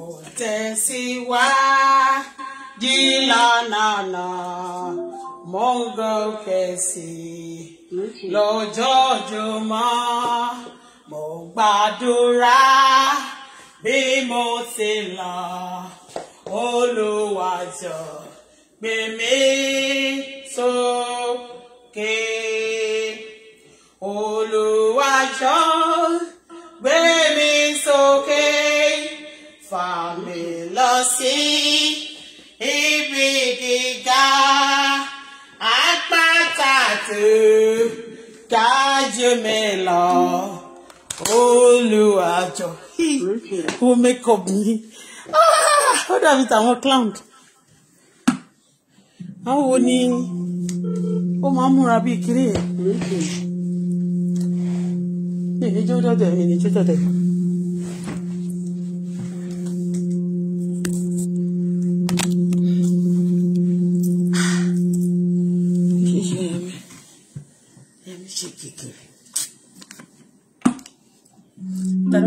Mo tẹ̀síwá jí lánàá mo ń gòkè mo gbàdúrà bí mo ti lọ Olúwa jọ̀ọ́ gbé mi sókè Olúwa jọ̀ọ́. fà mí lọ sí ibi gíga àpáta tó ga jù mí lọ olùwàjọ ó makeup mi ó dàbí tàwọn clown àwọn wo ni ó máa ń múra bíi kiri yẹn. 你你就这点，你就这点。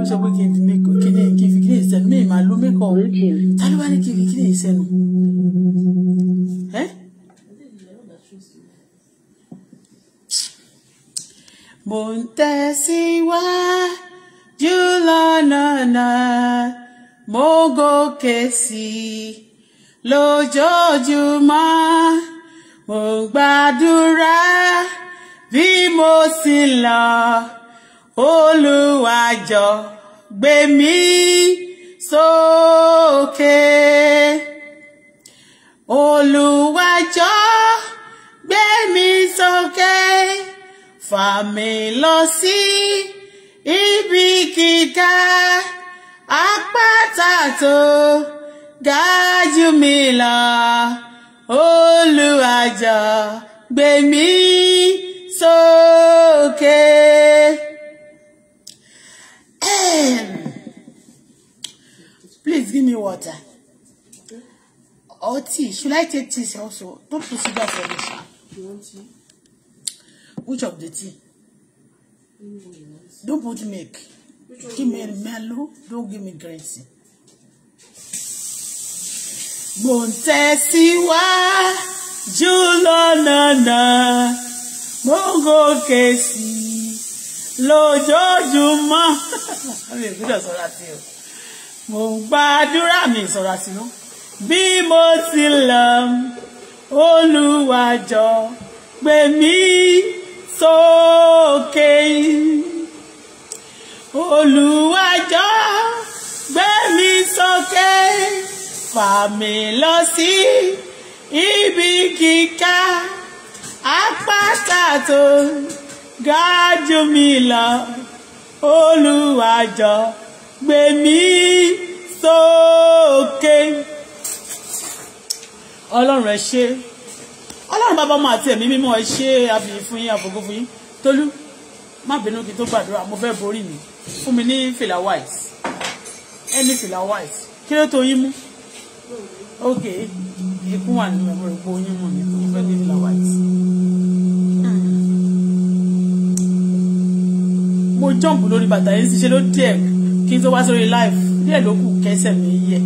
ló sọ pé kí n fi kí n fi kíni ìsẹ́nu mi máa lo mékọ̀ ta ló wá ní kí n fi kíni ìsẹ́nu. mo ń tẹ̀síwájú lọ́nà mo gòkè sí i lójoojúmọ́ mo gbàdúrà bí mo sì lọ. Olúwa jọ̀ọ́ gbé mi sókè Olúwa jọ̀ọ́ gbé mi sókè fà mí lọ sí ibi gíga àpáta tó ga jù mí lọ Olúwa gbé mi sókè. give me water or tea should I take tea also don't put sugar for me sha which of the tea mm. don't put milk give me mellow don't give me green tea gbòǹtẹ̀síwájú lọ́nàna mo ń gòkè sí i lójoojúmọ́. mi ò gbúdọ̀ sọ́ra sí o mo ń gbàdúrà mi ìsọ̀rọ̀ àsìná bí mo ti lọ Olúwa jọ gbé mi sókè Olúwa jọ gbé mi sókè fà mí lọ sí ibi gíga apáta tó ga jù lọ Olúwa gbé mi sókè ọlọ́run ẹ ṣé ọlọ́run bàbá ọmọ àti ẹ̀mí mímọ́ ẹ ṣé àbìyí fún yín àfogó fún yín tolú má bínú kí n tó gbàdúrà mo fẹ́ borí mi fún mi ní fìlà white ẹni fìlà white kí ló tó yín mú ok ikú wà nínú ẹ̀mọ́ ìpò oyún mọ̀ ní fún mi ní fìlà white. mo jump lórí bàtà yìí sì ṣe ló díẹ̀ kí n tó wá sórí life díẹ̀ ló kù kẹsẹ̀ mi yẹ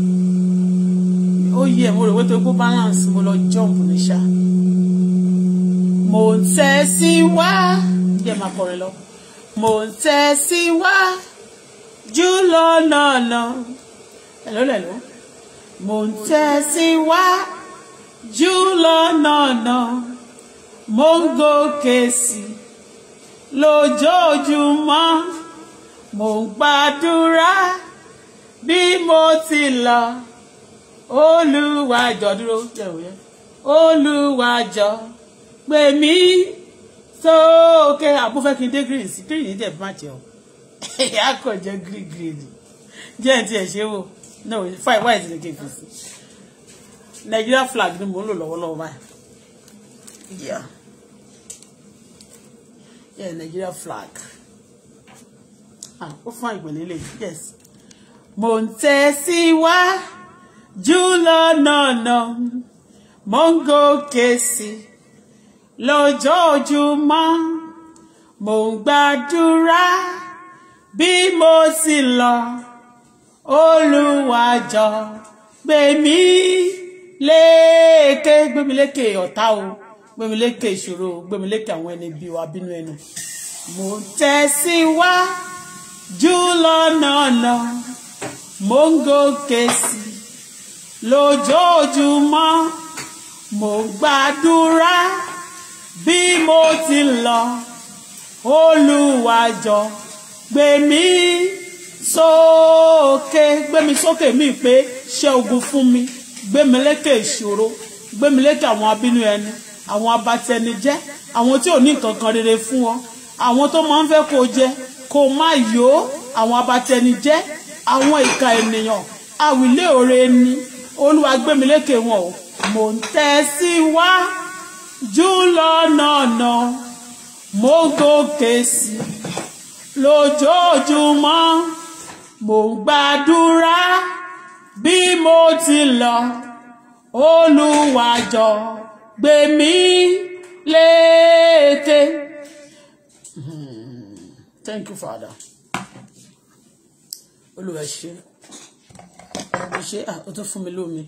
ó yẹ mo rò wé tó gbó balance mo lọ jump ní ṣá mo ń tẹ̀síwá díẹ̀ máa kọrin lọ mo ń tẹ̀síwá jù lọ́nà lọ ẹ̀ló lẹ̀ló mo ń tẹ̀síwá jù lọ́nà lọ mo ń gòkè sí i lójoojúmọ́ mò ń gbàdúrà bí mo ti lọ olúwa jọ̀ dúró yẹ̀wòyẹ́ olúwa jọ̀ pè mí sókè àbúfẹ́ ah, kí n dé green sí green yìí dẹ̀ má jẹ́ o ìyá kò green green jẹ́ ẹ̀ tí ẹ̀ ṣe wò no fine white is kí n fi Nigeria flag ni mò ń lò lọ́wọ́lọ́wọ́ báyìí. Yeah yeah Nigeria flag ah ó fún àgbẹ̀lẹ̀ lè yes mo ń tẹ̀síwájú lọ́nà mo ń gòkè sí lójoojúmọ́ mo ń gbàdúrà bí mo sì lọ olùwàjọ gbèmí lékè gbèmí lékè ọ̀tá o gbẹ̀mílékè ìṣòro gbẹ̀mílékè àwọn ẹni bí wa bínú ẹnu. mo tẹ̀síwá jù lọ́nà lọ mo ń gòkè sí lójoojúmọ́ mo gbàdúrà bí mo ti lọ olùwàjọ gbèmí sókè gbèmí sókè mi pé ṣe ogun fún mi gbèmí lékè ìṣòro gbèmí lékè àwọn abínú ẹni àwọn abatẹnijẹ́ àwọn tí ò ní nǹkan kan rere fún ọ àwọn tó máa ń fẹ́ kó jẹ kó má yó àwọn abatẹnijẹ́ àwọn ìka ènìyàn àwílé òre ni olúwa gbé mi lékè wọn o mò ń tẹ̀síwájú lọ́nà ọ̀nà mo gòkè sí lójoojúmọ́ mo ń gbàdúrà bí mo ti lọ olúwa jọ̀ọ́ gbèmí létè. thank you father olùwà ṣe mo ṣe ah o tó fún mi lómi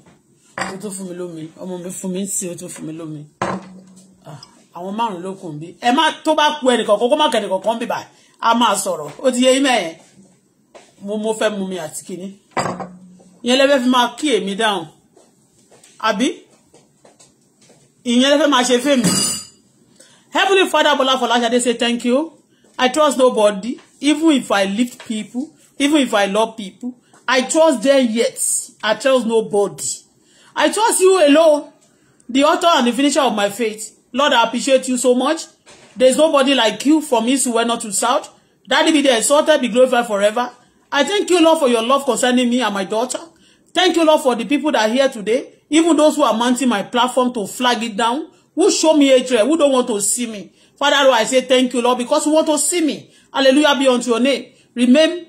o tó fún mi lómi ọmọ mi fún mi ń sìn o tó fún mi lómi ah àwọn márùn ló kùn bí ẹ má tó bá ku ẹnìkọ̀ọ̀kan kó má kẹ́nìkọ̀ọ̀kan bíbà á máa sọ̀rọ̀ ó ti yé imẹ̀ yẹn mo mo fẹ́ mu mi àti kínní yẹn lẹ́fẹ́ fi máa kí èmi dáhùn àbí ìyẹn lẹ́fẹ́ máa ṣe fèmí heavenly father Bola Folashade say thank you I trust nobody even if I lift people even if I love people I trust them yet I trust nobody I trust you alone the author and the finisher of my faith Lord I appreciate you so much there is nobody like you from east to west north to south Daddy be the exalted be glorified forever I thank you Lord for your love concerning me and my daughter thank you Lord for the people that are here today Even those who are mounting my platform to flag it down, who show me hatred, who don't want to see me. Father, Lord, I say thank you, Lord, because you want to see me. Hallelujah be unto your name. Remain,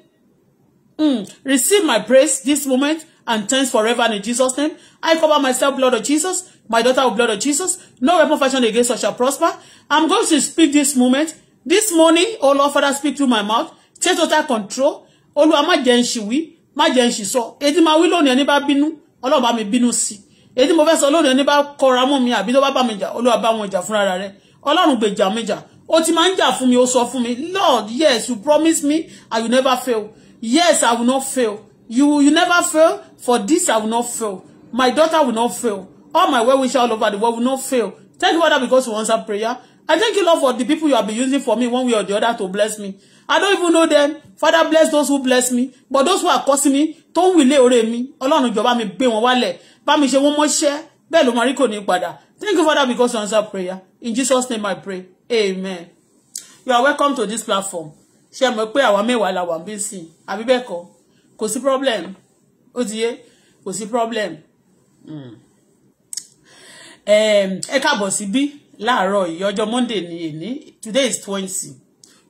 mm, receive my praise this moment and thanks forever in Jesus' name. I cover myself, blood of Jesus, my daughter with blood of Jesus. No weapon fashioned against us shall prosper. I'm going to speak this moment. This morning, oh Lord, Father, speak through my mouth. Take total control. Olúwa má jẹ́ n ṣì wí, má jẹ́ n ṣì sọ. Èyí tí màá wí lónìí ẹni bá bínú, èyí mo fẹ́ sọ lónìí ẹni bá kọra mú mi àbí tó bá bá mi jà olúwa bá wọn jà fúnra rẹ̀ ọlọ́run gbèjà mi jà ó ti máa ń jà mi ó sọ fún mi lord yes you promise me i will never fail yes i will not fail you you never fail for this i will not fail my daughter will not fail all my well wishes all over the world will not fail thank you father because you answer prayer i thank you lord for the people you have been using for me one way or the other to bless me i don't even know them father bless those who bless me but those who are cursing me tó ń wílé ọ̀rẹ́ mi ọlọ́run ìjọba mi gbé wọn wálẹ̀ bá mi ṣe wọ́n mọ́ṣẹ́ bẹ́ẹ̀ ló máa rí kò thank you father because you answer prayer in jesus name i pray amen you are welcome to this platform ṣe mọ̀ pé àwa mẹ́wàá la wà ń bí sí i àbí bẹ́ẹ̀ kọ́ kò sí problem ó ti yé kò sí problem hmm. ẹ káàbọ̀ síbí láàárọ̀ yìí ọjọ́ monday ni ni. today is twenty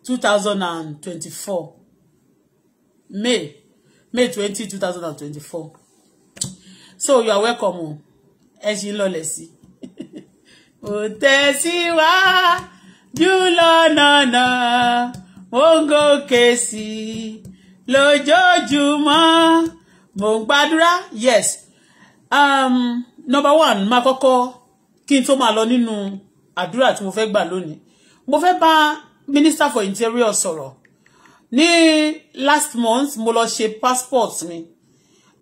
two thousand and twenty-four may may twenty two thousand and twenty-four so you are welcome o ẹ ṣì ń lọlẹ̀ sí i. ò tẹ̀síwájú lọ́nàna mo ń gòkè sí i lójoojúmọ́ mo ń gbàdúrà yes um, number one máa kọ́kọ́ kí n tó máa lọ nínú àdúrà tí mo fẹ́ gbà lónìí mo fẹ́ bá minister for interior sọ̀rọ̀ ní last month mo lọ ṣe passport mi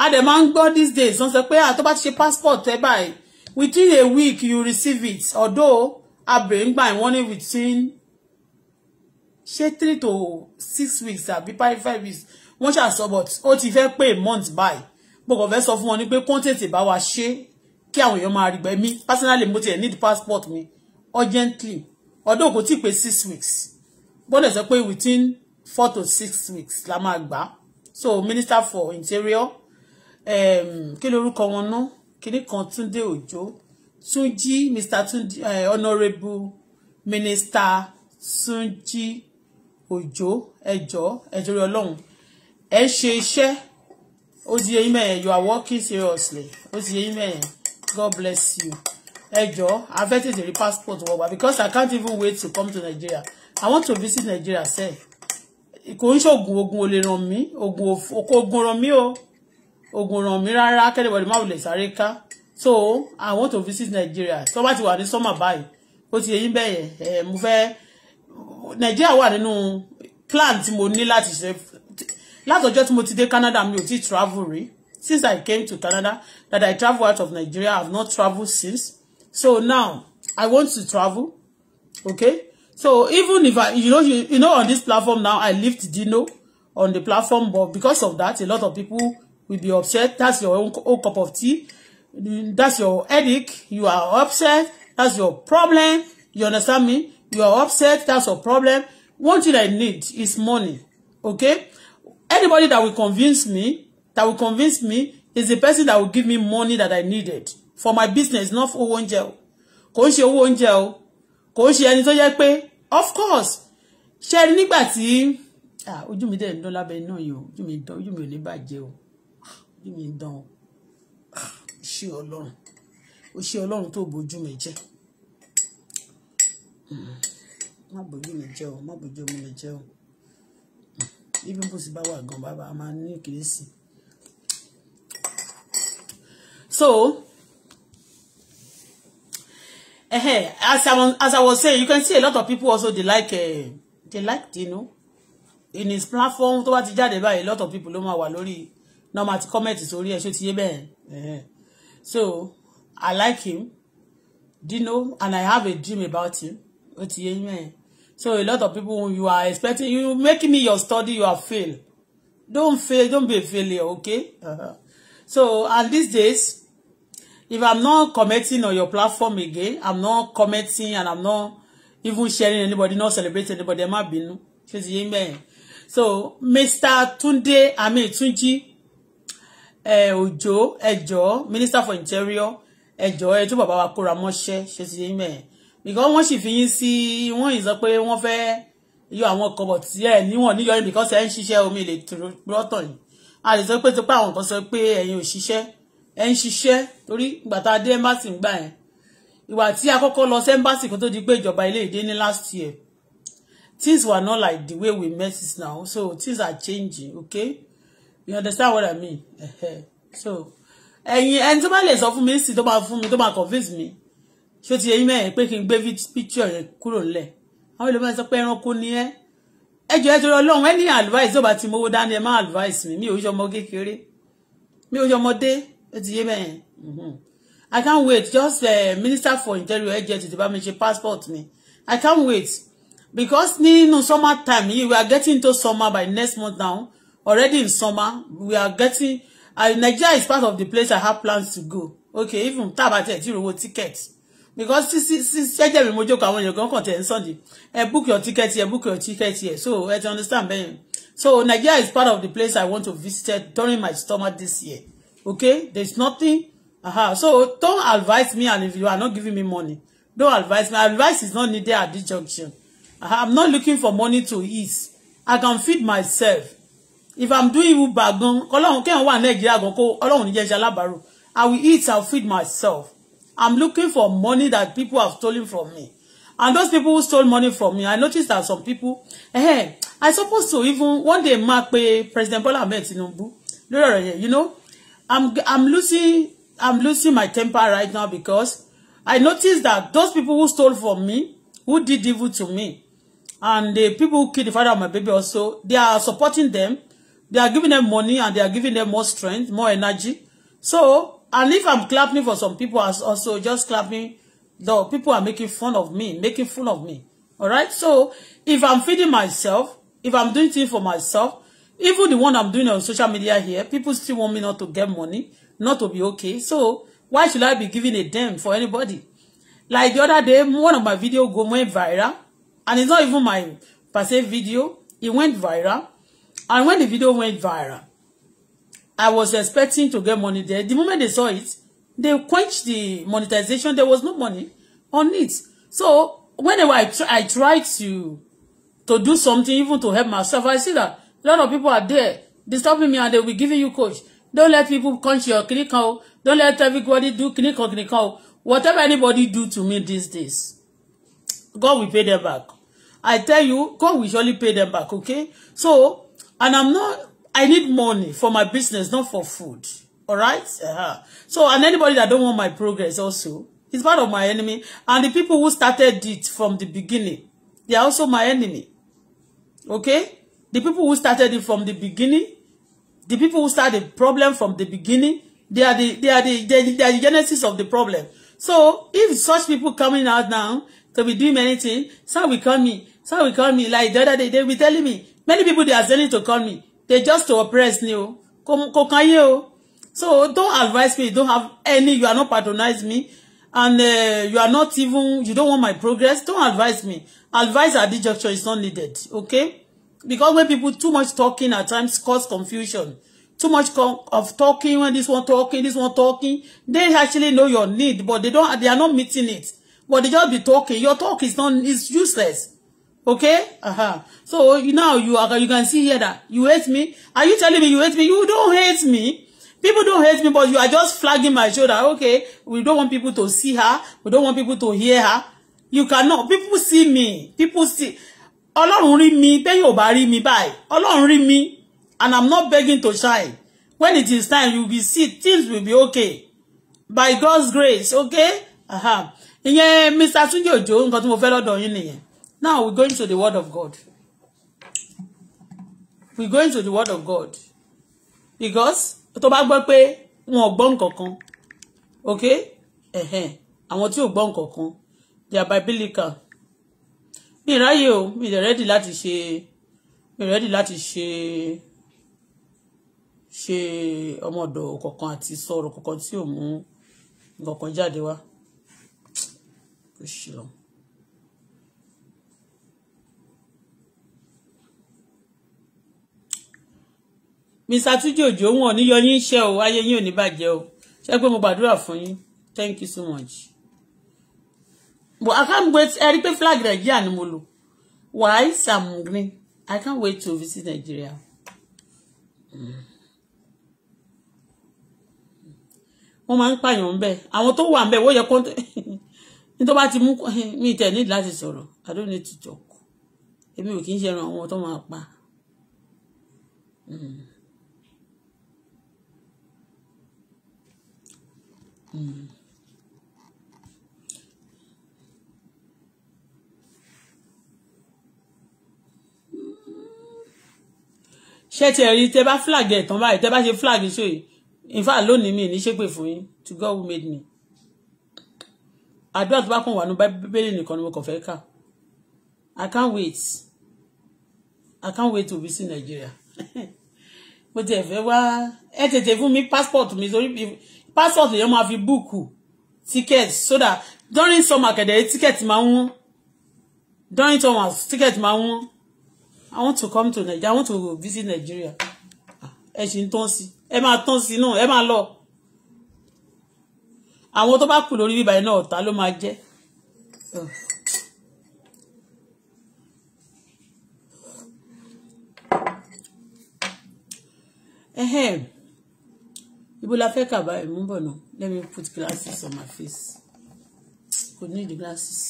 a dẹ̀ máa ń gbọ́ these days wọ́n sọ pé àtọ́ ah, bá ti ṣe passport ẹ báyìí within a week you receive it although abèrè ń gbà wọ́n ní within ṣé three to six weeks àbí five five weeks wọ́n ṣàṣọ but ó ti fẹ́ pay month by, gbogbo ọ̀fẹ́ sọ fún wọn ni pé kó tètè bá wa ṣe kí àwọn èèyàn máa rí gbẹ mí personally mo tiẹ̀ need passport mi urgently Although kò tí pé six weeks gbọ́dọ̀ sọ pé within four to six weeks la máa gbà so minister for interior Um, kí lorúkọ wọn ná kíní kan Túndé Òjó Túnjí Mr Túnjí uh, eh, honourable minister Túnjí Òjó ẹjọ ẹjọrí Ọlọ́run ẹ ṣe iṣẹ́ ó ti yẹ yín you are working seriously ó ti yẹ yín God bless you ẹjọ I fẹ́ tètè rí passport wọgbà because I can't even wait to come to Nigeria I want to visit Nigeria sef kò ń ṣoògùn ogun olè ràn mí ogun okó ràn mí o ogun ràn mí rárá kẹ́lẹ́bọ̀dì má wulẹ̀ sáré ká so I want to visit Nigeria tó bá ti wà ní summer báyìí ó ti yẹyìn bẹ́ẹ̀ ẹ̀ mo fẹ́ Nigeria wà nínú plan tí mo ní láti ṣe látọjọ́ tí mo ti dé Canada mi ò ti travel rí since I came to Canada that I travel out of Nigeria I have not traveled since so now I want to travel okay so even if I you know you, you know on this platform now I lift Dino on the platform but because of that a lot of people will be upset. That's your own, own cup of tea. That's your headache. You are upset. That's your problem. You understand me? You are upset. That's your problem. One thing I need is money. Okay? Anybody that will convince me, that will convince me, is the person that will give me money that I needed for my business, not for one gel. o. Kò ń ṣe owó oúnjẹ o. Kò ń ṣe ẹni of course, Share nígbà tí, ah, ojú mi dẹ̀ ń dán lábẹ́ náà You o, ojú mi dán, ojú mi ò ní o mi dán o ah, ọlọ́run o ṣé ọlọ́run tó bójú mi jẹ́ hmm. má bójú mi jẹ́ o má bójú mi jẹ́ o ibi hmm. bó ti bá wà gan bàbá a máa ní ìkérésì. so eh, as, I as I was saying you can see a lot of people also they like uh, they like you know in his platform tó bá ti jáde báyìí a lot of people ló máa wà lórí náà máa ti kọ́mẹ̀tì sórí ẹ̀ ṣó ti yé bẹ́ẹ̀ so I like him Dino and I have a dream about him ó ti yé yín ẹ̀ so a lot of people you are expecting you making me your study you are fail don't fail don't be a failure okay uh-huh. so and these days if I'm not commenting on your platform again I'm not commenting and I'm not even sharing anybody not celebrating anybody ẹ má bínú ṣé ti yé yín bẹ́ẹ̀ so Mr. Tunde I mean Tunji òjò ẹjọ́ minister for interior ẹjọ́ ẹjọ́ bàbá wa kóra mọ́ṣẹ́ ṣe ti yín mẹ́ẹ̀ because wọ́n sì fi yín sí wọ́n yìí sọ pé wọ́n fẹ́ yọ àwọn kan bọ̀ tí ẹ̀ níwọ̀n níyọ ẹ̀ because ẹ̀ ń ṣiṣẹ́ omi lè rọ́tàn yìí a lè sọ pé tó pé àwọn kan sọ pé ẹ̀yin ò ṣiṣẹ́ ẹ̀ ń ṣiṣẹ́ torí ìgbà tá a dé embassy gbà yẹn ìwà tí a kọ́kọ́ lọ sí embassy kó tó di pé ìjọba ilé ìdè ní last year things were not like the way we met it now so things are changing okay you understand what I mean so ẹ̀yin ẹni tó bá lè sọ fún mi sí tó máa fún mi tó máa convince mi ṣé ti yẹyin mẹ́rin pé kí n gbé picture yẹn kúrò ńlẹ̀ àwọn èlò máa sọ pé ẹranko ni ẹ ẹ jọ ẹ torí Ọlọ́run ẹ ní advice tó bá ti mówó dání ẹ má advice mi mi ò ṣe ọmọ kékeré mi ò ṣe ọmọdé ó ti yé mẹ́rin mm-hmm. I can't wait just uh, minister for interior ẹ jẹ tètè bá mi ṣe passport mi I can't wait because nínú summer time yìí we are getting to summer by next month now already in summer we are getting uh, Nigeria is part of the place I have plans to go okay even tábà tẹ̀ tí ìrówó ticket because sí sí sí ṣẹ́jẹ̀ mi mo jókòó àwọn èèyàn kan kàn tẹ̀ ń Sunday ẹ book your ticket here book your ticket here so ẹ ti understand bẹ́yẹn so Nigeria is part of the place I want to visit during my summer this year okay there is nothing aha so don't advise me and if you are not giving me money don't advise me advice is not needed at this junction aha I'm not looking for money to eat I can feed myself if i'm doing evil bad gan ọlọ́run kéèyàn wà nàìjíríà gan kó ọlọ́run ní jẹ́ alábàárò i will eat and feed myself i'm looking for money that people have stolen from me and those people who stole money from me i noticed that some people eh, i suppose to even one day máa pe president Bola Ahmed Tinubu lórí ọ̀rọ̀ yẹn you know i'm i'm losing i'm losing my temper right now because i noticed that those people who stole from me who did evil to me and the people who killed the father of my baby also they are supporting them They are giving them money and they are giving them more strength, more energy. So, and if I'm clapping for some people, as also just clapping, though people are making fun of me, making fun of me. All right. So, if I'm feeding myself, if I'm doing things for myself, even the one I'm doing on social media here, people still want me not to get money, not to be okay. So, why should I be giving a damn for anybody? Like the other day, one of my video go went viral, and it's not even my per se video. It went viral. And when the video went viral, I was expecting to get money there. The moment they saw it, they quenched the monetization. There was no money on it. So whenever I, tr I tried to to do something, even to help myself, I see that a lot of people are there disturbing me and they will be giving you coach. Don't let people punch your clinical. Don't let everybody do clinical, clinical. Whatever anybody do to me these days, God will pay them back. I tell you, God will surely pay them back, okay? So, And I'm not, I need money for my business, not for food. All right? Uh-huh. So, and anybody that don't want my progress also, is part of my enemy. And the people who started it from the beginning, they are also my enemy. Okay? The people who started it from the beginning, the people who started the problem from the beginning, they are the, they are the, they, they are the genesis of the problem. So, if such people coming out now to be doing anything, some will call me, some will call me, like the other day, they will be telling me, many people they are sending to call me they just to oppress me oh, kò kàn yín o oh. so don't advise me you don't have any you are not patronize me and uh, you are not even you don't want my progress don't advise me advice at this juncture is not needed okay because when people too much talking at times cause confusion too much of talking when this one talking this one talking they actually know your need but they don't they are not meeting it but they just be talking your talk is not is useless Okay? Uh-huh. So you, now you are you can see here that you hate me. Are you telling me you hate me? You don't hate me. People don't hate me, but you are just flagging my shoulder. Okay, we don't want people to see her. We don't want people to hear her. You cannot. People see me. People see. Alone, read me. Then you bury me by alone read me, and I'm not begging to shine. When it is time, you will be see things will be okay. By God's grace, okay? Aha. Ìyẹn Mr. Túnjí Òjó, nǹkan mo fẹ́ lọ́dọ̀ yín nìyẹn. Now we're going to the word of God. We're going to the word of God. Because tó bá gbọ́ pé wọn ò gbọ́ nǹkan kan. Okay? Ẹ̀hẹ́n. Àwọn tí ò gbọ́ nǹkan kan. They are biblical. Mi ráyè o, mi dẹ̀ rẹ́dì láti ṣe mi rẹ́dì láti ṣe ṣe ọmọdọ̀ kọ̀ọ̀kan àti sọ̀rọ̀ kọ̀ọ̀kan tí ò mú nǹkan kan jáde wá. Kò ṣe lọ́mọ. mr tuji òjò wọn ò ní yọ yín iṣẹ́ o ayé yín o ṣé pé mo gbàdúrà fún yín thank you so much. but i can't wait ẹ rí pé flag Nigeria ni mo lò why sam green i can't wait to visit Nigeria. Mm. wọ́n máa ń pààyàn ńbẹ àwọn tó wà ńbẹ wọ́n yẹ kọ́ńtẹ́ ní tó bá ti mú mi tẹ̀ ní láti sọ̀rọ̀ I don't need to talk èmi ò kì í ṣe ẹran àwọn tó pa. Mm. ṣé tí ẹ rí tẹ bá flag ẹ̀ tán báyìí tẹ bá ṣe flag ṣó yìí in fact lónìí mi ní ṣépè fún yín to God who made me àdúrà tó bá kàn wà ní bíbélì nìkan ni mo kàn fẹ́ kà I can't wait I can't wait to visit Nigeria mo tiẹ̀ fẹ́ wá ẹ tètè fún mi passport mi torí passport lèèyàn máa fi búùkù ticket so that during summer kẹ̀dẹ̀ ticket máa ń wọ́n during summer ticket máa ń I want to come to Nigeria I want to visit Nigeria ẹ ṣì ń tán sí ẹ máa tán sí náà ẹ máa lọ àwọn tó bá kù lórí bíbá iná ọ̀tá ló máa jẹ́. Ahem ibo la fẹ́ kà báyìí mú bọ̀ náà let me put glasses on my face kò need the glasses.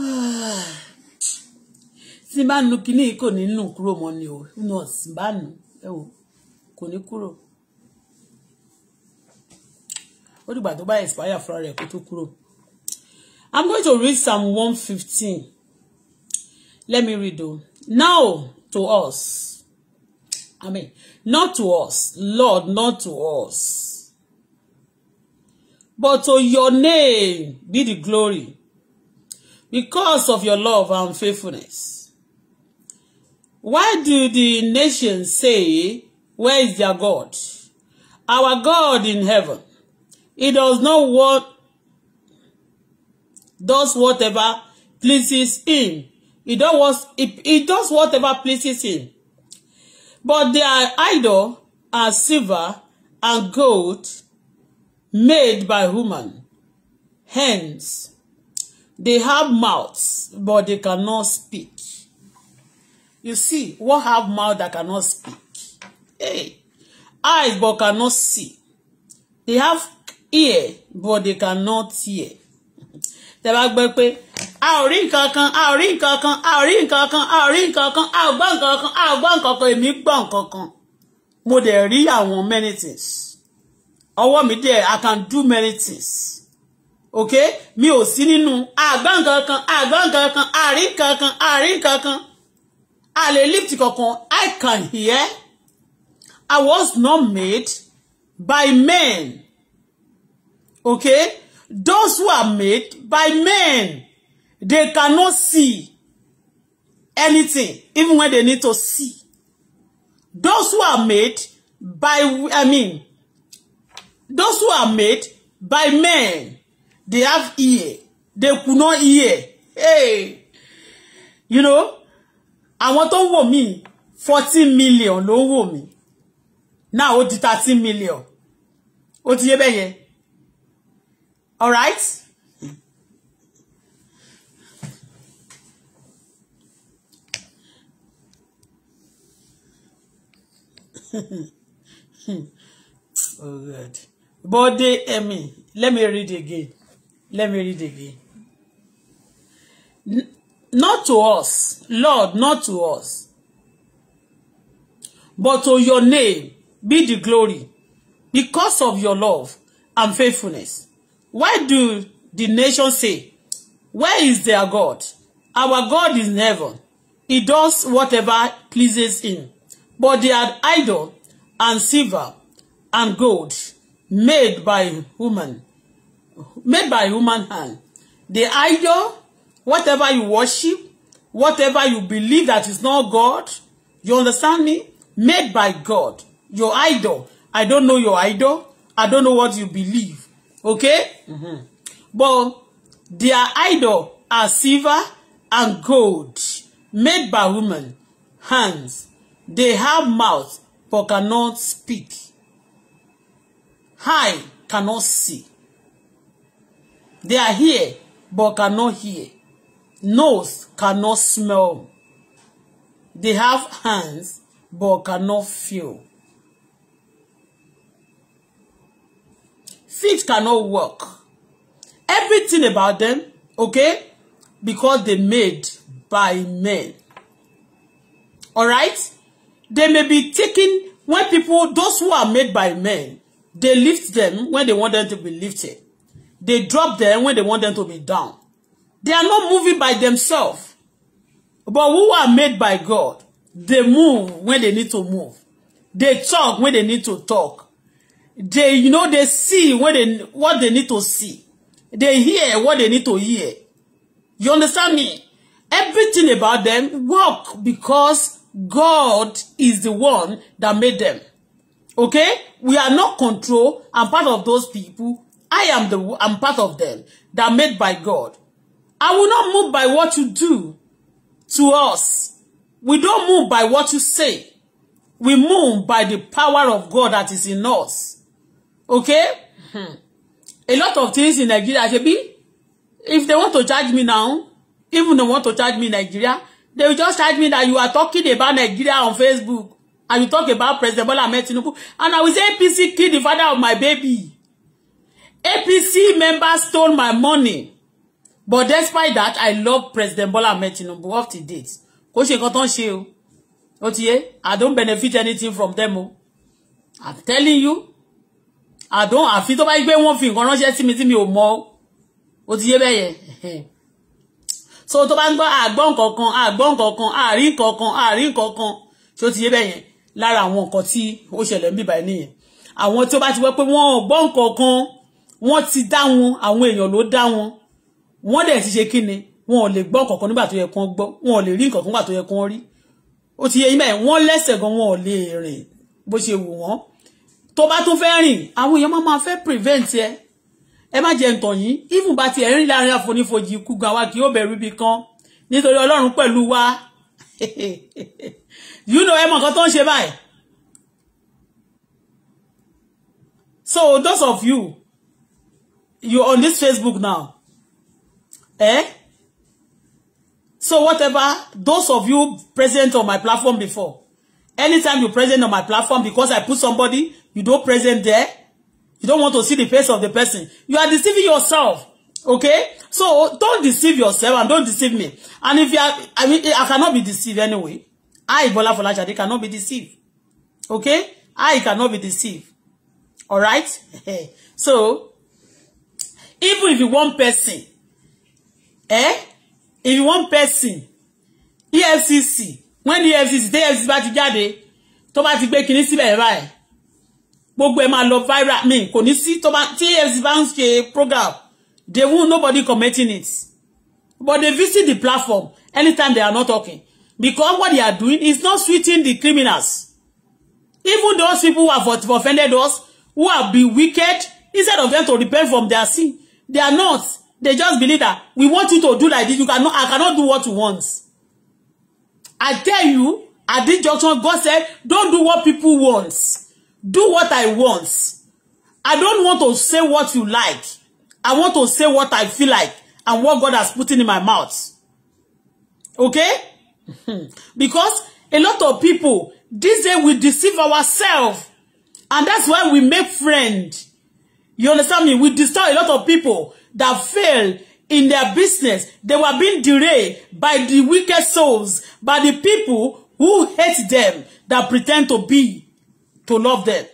tí bá nu kinní kò ní nù kúrò mọ́ ni o nù ọ̀sìn bá nu ẹ wò kò ní kúrò ó dìgbà tó bá expire fúnra rẹ̀ kó tó kúrò. I'm going to read Psalm one fifteen let me read o now to us i mean not to us lord not to us but to your name be the glory because of your love and faithfulness why do the nations say where is their god our god in heaven he does not want does whatever pleases him He don't want. he, he does whatever pleases him. But their idol are silver and gold made by woman. Hence, they have mouths, but they cannot speak. You see, what have mouth that cannot speak? Hey, eyes but cannot see. They have ear, but they cannot hear tẹ́ bá gbọ́ pé a ò rí nǹkan kan a ò rí nǹkan kan a ò rí nǹkan kan a ò rí nǹkan kan a ò gbọ́ nǹkan kan a ò gbọ́ nǹkan kan èmi gbọ́ nǹkan kan mo dẹ̀ rí àwọn many things ọwọ́ mi dẹ̀ I can do many things ok mi ò sí nínú àgbọ̀ nǹkan kan àgbọ̀ nǹkan kan àrí nǹkan kan àrí nǹkan kan a lè lift kankan I can hear I was not made by men okay Those who are made by men, they cannot see anything, even when they need to see. Those who are made by, I mean, those who are made by men, they have ear. They could not hear. Hey! You know, àwọn tó ń wò mí, 14 million ló ń wò mí. Now, ó di 13 million. Ó ti yé bẹ́yẹn all right. oh God. But they, I mean, let me read again. Let me read again. not to us, Lord, not to us, but to your name be the glory because of your love and faithfulness. Why do the nations say, Where is their God? Our God is in heaven. He does whatever pleases him. But they had idol and silver and gold made by woman, made by human hand. The idol, whatever you worship, whatever you believe that is not God, you understand me? Made by God. Your idol. I don't know your idol. I don't know what you believe. Okay? Mm-hmm. But their idol are silver and gold, made by women, hands. They have mouth, but cannot speak. Eye cannot see. They are here, but cannot hear. Nose cannot smell. They have hands, but cannot feel. feet cannot work. Everything about them, okay, because they made by men. All right? They may be taken when people, those who are made by men, they lift them when they want them to be lifted. They drop them when they want them to be down. They are not moving by themselves. But who are made by God, they move when they need to move. They talk when they need to talk they you know they see what they what they need to see they hear what they need to hear you understand me everything about them work because God is the one that made them okay we are not control I'm part of those people I am the I'm part of them that made by God I will not move by what you do to us we don't move by what you say we move by the power of God that is in us okay hmm. a lot of things in Nigeria ṣebí if they want to charge me now even they want to charge me Nigeria they will just charge me that you are talking about Nigeria on Facebook and you talk about President Bola Ahmed Tinubu and I will say APC killed the father of my baby APC members stole my money but despite that I love President Bola Ahmed Tinubu up to date kò ṣe nǹkan tó ń ṣe o ti yé I don't benefit anything from them o I'm telling you àdó àfi tó bá yí pé wọ́n fi nǹkan ránṣẹ́ sí mi tí mi ò mọ̀ ó ti yé bẹ́ẹ̀ yẹn so tó bá ń gbọ́ àgbọ́ nǹkan kan àgbọ́ nǹkan kan àrí nǹkan kan àrí nǹkan kan tí ó ti yé bẹ́ẹ̀ yẹn lára àwọn nǹkan tí ó ṣẹlẹ̀ ń bíbá ẹ̀ nìyẹn àwọn tí ó bá ti wẹ́ pé wọ́n ò gbọ́ nǹkan kan wọ́n ti dá wọn àwọn èèyàn ló dá wọn wọ́n dẹ̀ ti ṣe kí ni wọn ò lè gbọ́ nǹkan kan nígbà tó yẹ kán gbọ́ wọn ò lè rí nǹkan kan nígbà tó yẹ kán rí ó ti yé yín báyìí wọ́n lẹ́sẹ̀ gan wọn ò lè rìn bó ṣe wù wọ́n tó bá tún fẹ́ rìn àwọn èèyàn máa máa fẹ́ prevent ẹ ẹ má jẹ ǹtàn yìí even bá tiẹ̀ rìn láàrin àfonífojì ikú gan wa kì yóò bẹ̀rù ibì kan nítorí ọlọ́run pẹ̀lú wa you know ẹ mọ̀ nǹkan tó ń ṣe báyìí so those of you you on this Facebook now eh so whatever those of you present on my platform before Anytime you present on my platform because I put somebody, you don't present there. You don't want to see the face of the person. You are deceiving yourself. Okay? So don't deceive yourself and don't deceive me. And if you are, I mean, I cannot be deceived anyway. I, Bola Folashade, cannot be deceived. Okay? I cannot be deceived. Alright? so, even if you want person, eh? If you want person, EFCC, when the efcc tí efcc bá ti jáde tó bá ti gbé kinní síbẹ̀ báyìí gbogbo ẹ̀ máa lọ viral mi kò ní sí tí efcc bá ń ṣe program they will nobody committing it but they visit the platform anytime they are not talking because what they are doing is not sweeting the criminals even those people who have offended us who have been wicked instead of them to repent from their sin they are not they just believe that we want you to do like this you cannot I cannot do what you want. I tell you, at this junction, God said, don't do what people want. Do what I want. I don't want to say what you like. I want to say what I feel like and what God has put in my mouth. Okay? Because a lot of people, this day we deceive ourselves. And that's why we make friends. You understand me? We destroy a lot of people that fail in their business. They were being delayed by the wicked souls, by the people who hate them, that pretend to be, to love them.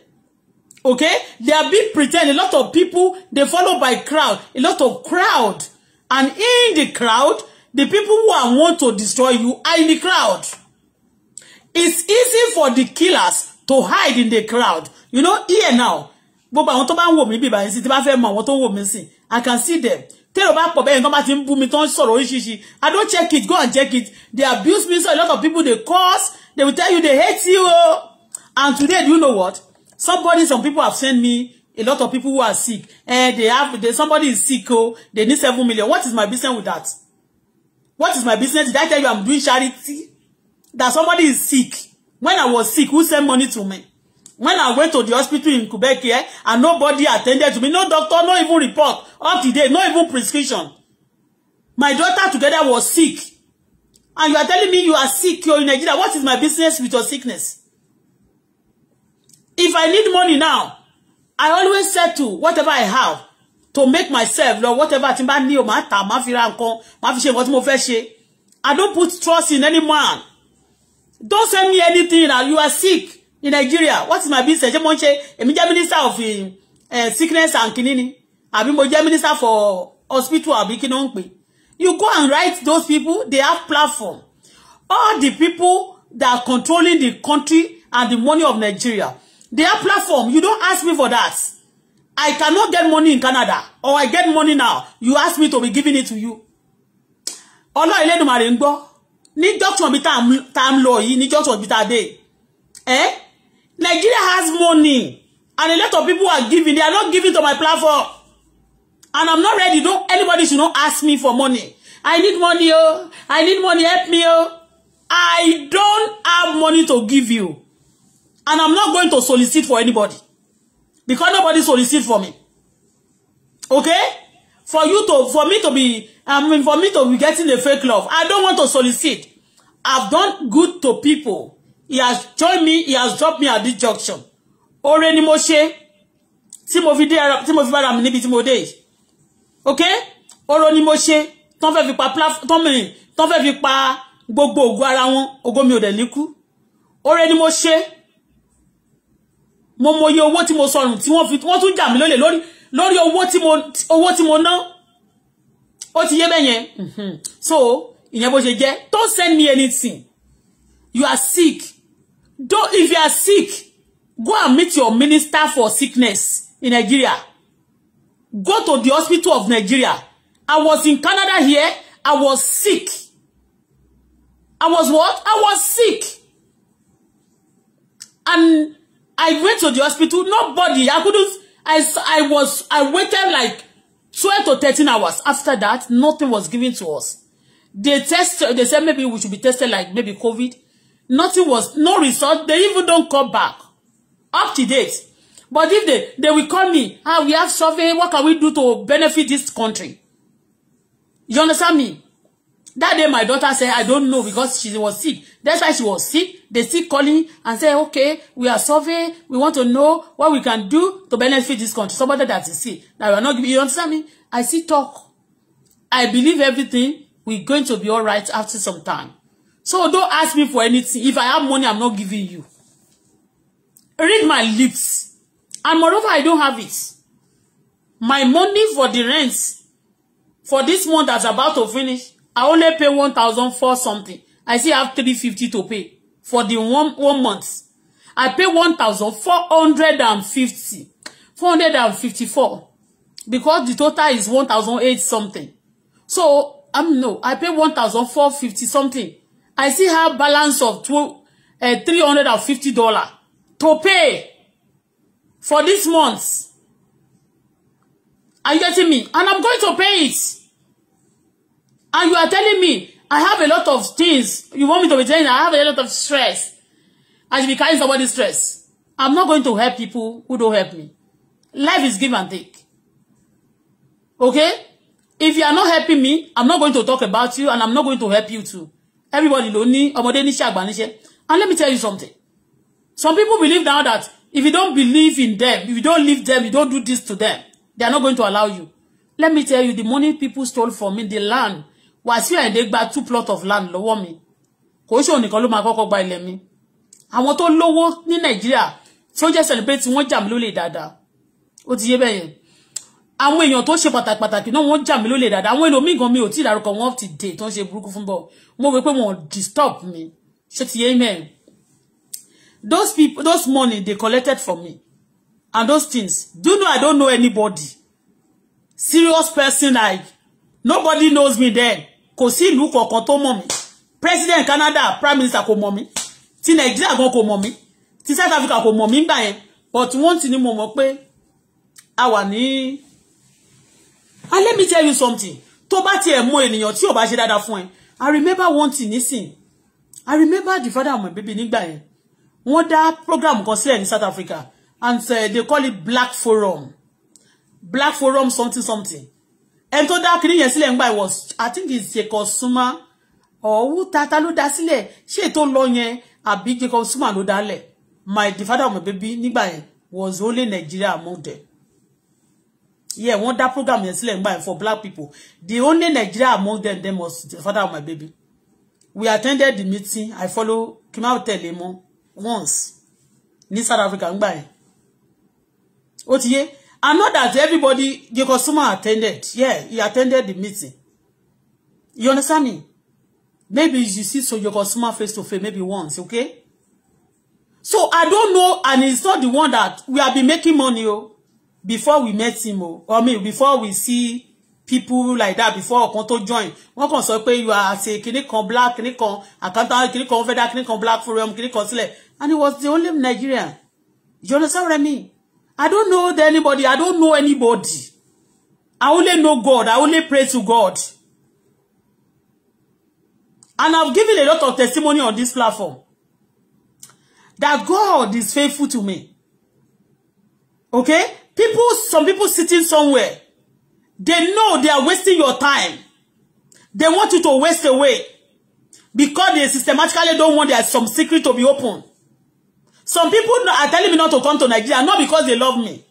Okay? They are being pretend. A lot of people, they followed by crowd. A lot of crowd. And in the crowd, the people who are want to destroy you are in the crowd. It's easy for the killers to hide in the crowd. You know, here now, gbogbo àwọn tó bá ń wò mí bíbá yẹn sí tí bá fẹ́ mọ àwọn tó ń wò mí sí I can see them tẹ́rọ bá pọ̀ bẹ́ẹ̀ nǹkan bá ti ń bú mi tó sọ̀rọ̀ oríṣiríṣi i don't check it go and check it they abuse me so a lot of people dey curse they will tell you they hate you o oh. and today do you know what somebody some people have sent me a lot of people who are sick eh they have they, somebody is sick Oh, they need seven million what is my business with that what is my business did i tell you i'm doing charity that somebody is sick when i was sick who sent money to me When I went to the hospital in Quebec here, eh, and nobody attended to me, no doctor, no even report, up to date, no even prescription. My daughter together was sick. And you are telling me you are sick, you're in Nigeria. What is my business with your sickness? If I need money now, I always to whatever I have to make myself, Lord, whatever I don't put trust in any man. Don't send me anything that you are sick in Nigeria what is my business ṣé mo ń ṣe minister of uh, sickness and kinini àbí mo jẹ́ minister for hospital àbí kí ló you go and write those people they have platform all the people that are controlling the country and the money of Nigeria they have platform you don't ask me for that I cannot get money in Canada or I get money now you ask me to be giving it to you ọlọ́ ìlẹ́dùnmarè ń gbọ́ ní jọ́tún ọ̀bí tá à ń lọ yìí ní jọ́tún ọ̀bí tá a dé eh? Nigeria has money. And a lot of people are giving. They are not giving to my platform. And I'm not ready. Don't anybody should not ask me for money. I need money, oh. I need money, help me, oh. I don't have money to give you. And I'm not going to solicit for anybody. Because nobody solicit for me. Okay? For you to, for me to be, I mean, for me to be getting a fake love. I don't want to solicit. I've done good to people he has joined me he has dropped me at this junction oore ni mo ṣe tí mo fi dé ara tí mo fi bára mi níbi tí mo dé yìí ok oore ni mo ṣe tán fẹ́ fi pa tán mìíràn tán fẹ́ fi pa gbogbo ògo ara wọn ògo mi ò dẹ̀ ní kú oore ni mo ṣe mo mọye owó tí mo sọnù tí wọ́n fi wọ́n tún jà mí lólè lórí lórí owó tí mo owó tí mo ná ó ti yé bẹ́yẹn so ìyẹn bó ṣe jẹ́ don't send me anything you are sick Don't, if you are sick, go and meet your minister for sickness in Nigeria. Go to the hospital of Nigeria. I was in Canada here. I was sick. I was what? I was sick. And I went to the hospital. Nobody. I couldn't. I, I was. I waited like 12 to 13 hours. After that, nothing was given to us. They tested. They said maybe we should be tested like maybe COVID. Nothing was, no result. They even don't call back. Up to date. But if they, they will call me, ah, we have survey, what can we do to benefit this country? You understand me? That day my daughter said, I don't know because she was sick. That's why she was sick. They still calling and say, okay, we are survey. We want to know what we can do to benefit this country. Somebody that is sick. Now you are not giving, you understand me? I see talk. I believe everything. We're going to be all right after some time. So don't ask me for anything. If I have money, I'm not giving you. Read my lips. And moreover, I don't have it. My money for the rent for this month that's about to finish, I only pay 1,000 for something. I still have 350 to pay for the one, one month. I pay 1,450. 454 because the total is 1,008 something. So, I'm no, I pay 1,450 something I see her balance of two, uh, eh, $350 to pay for this month. Are you getting me? And I'm going to pay it. And you are telling me, I have a lot of things. You want me to be telling you, I have a lot of stress. I should be carrying somebody's stress. I'm not going to help people who don't help me. Life is give and take. Okay? If you are not helping me, I'm not going to talk about you and I'm not going to help you too everybody ló ní ọmọdé níṣẹ́ àgbà níṣẹ́ and let me tell you something some people believe now that if you don't believe in them if you don't leave them you don't do this to them they are not going to allow you let me tell you the money people stole from me the land was here, and they gba two plots of land lọ́wọ́ mi kò ṣe òǹkan ló máa kọ́kọ́ gba ilẹ̀ mi àwọn tó lówó ní Nàìjíríà tí ó jẹ́ celebrate wọ́n jam mí lólè dáadáa ó ti yé bẹ́yẹn àwọn èèyàn tó ṣe pàtàkì pàtàkì náà wọ́n jà mí lólè dáadáa àwọn ẹlòmíì gan mi ò tí ì dárúkọ wọn ti dè tó ń ṣe burúkú fún bọ mo wí pé wọn disturb mi ṣé ti yé mẹ those people those money they collected for me and those things do you know I don't know anybody serious person like nobody knows me then kò sí ìlú kankan tó mọ̀ mi president Canada prime minister kò mọ̀ mi ti Nigeria gan kò mọ̀ mi ti South Africa kò mọ̀ mi gbà yẹn but one thing, ní mo mọ̀ pé a wà ní and let me tell you something tó bá tiẹ̀ mọ ènìyàn tí ò bá ṣe dáadáa fún ẹ i remember one thing nísìn i remember the father of my baby nígbà yẹn wọ́n dá program kan sílẹ̀ ní south africa and uh, they call it black forum black forum something something ẹni tó dá kiri yẹn sílẹ̀ nígbà was i think it's jacob suma ọ̀hún tata ló dá sílẹ̀ ṣé ètò ń lọ yẹn àbí jacob suma ló dálẹ̀ my the father of my baby nígbà yẹn was only nigeria among them yeah wọ́n that program yẹn sílẹ̀ nígbà for black people the only Nigeria among them them was the father of my baby we attended the meeting I follow kimau tẹ̀lé mọ́ once in South Africa nígbà yẹn ó ti yé that everybody the customer attended yeah he attended the meeting you understand me maybe you see so your customer face to face maybe once okay so I don't know and it's not the one that we have been making money oh before we met him o or me before we see people like that before ọ̀kan tó join wọ́n kàn sọ pé you are ṣe kinní kan black kinní kan àkántà kinní kan federal kinní kan black forum kinní kan sílẹ̀ and he was the only Nigerian you understand what I mean I don't know anybody I don't know anybody I only know God I only pray to God and I've given a lot of testimony on this platform that God is faithful to me okay People, some people sitting somewhere, they know they are wasting your time. They want you to waste away because they systematically don't want their some secret to be open. Some people are telling me not to come to Nigeria, not because they love me,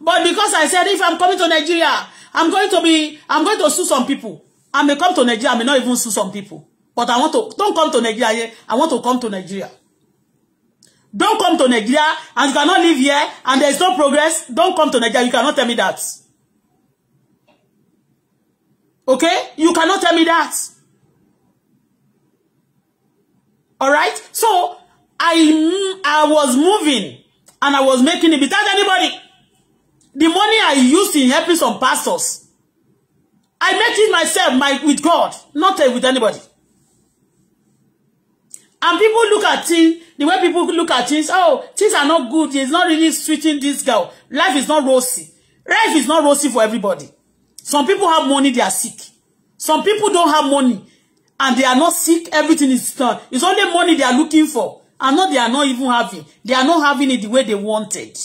but because I said if I'm coming to Nigeria, I'm going to be, I'm going to sue some people. I may come to Nigeria, I may not even sue some people. But I want to, don't come to Nigeria. I want to come to Nigeria. Don't come to Nigeria and you cannot live here and there is no progress. Don't come to Nigeria. You cannot tell me that. Okay? You cannot tell me that. Alright? So, I, I was moving and I was making it without anybody. The money I used in helping some pastors, I made it myself my, with God, not uh, with anybody. And people look at things, the way people look at things, oh, things are not good. It's not really sweeting this girl. Life is not rosy. Life is not rosy for everybody. Some people have money, they are sick. Some people don't have money and they are not sick. Everything is done. It's only money they are looking for. And not they are not even having. They are not having it the way they wanted.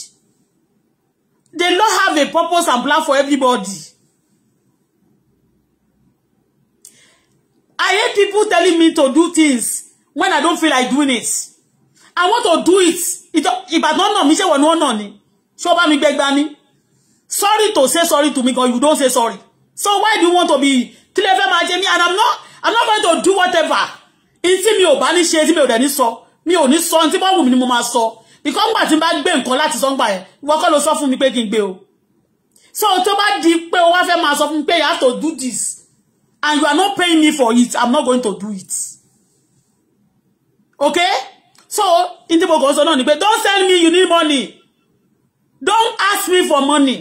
They don't have a purpose and plan for everybody. I hate people telling me to do things when I don't feel like doing it I want to do it if I don't know, wọ̀nú ọ̀nà ni ṣé o bá mi gbẹgbá ni sorry to say sorry to me because you don't say sorry so why do you want to be clever, my fẹ́ and I'm not I'm not going to do whatever ntí mi ò bá ní ṣe tí mi saw dẹ̀ ní sọ mi ò ní sọ ntí because ńgbà tí n bá gbé nǹkan láti sọ ńgbà yẹn ìwọ kọ́ ló sọ mi pé kí so tó bá di pé o wá fẹ́ máa sọ fún mi pé you have to do this and you are not paying me for it I'm not going to do it okay so in tí mo kàn sọ náà ni pé don't send me you need money don't ask me for money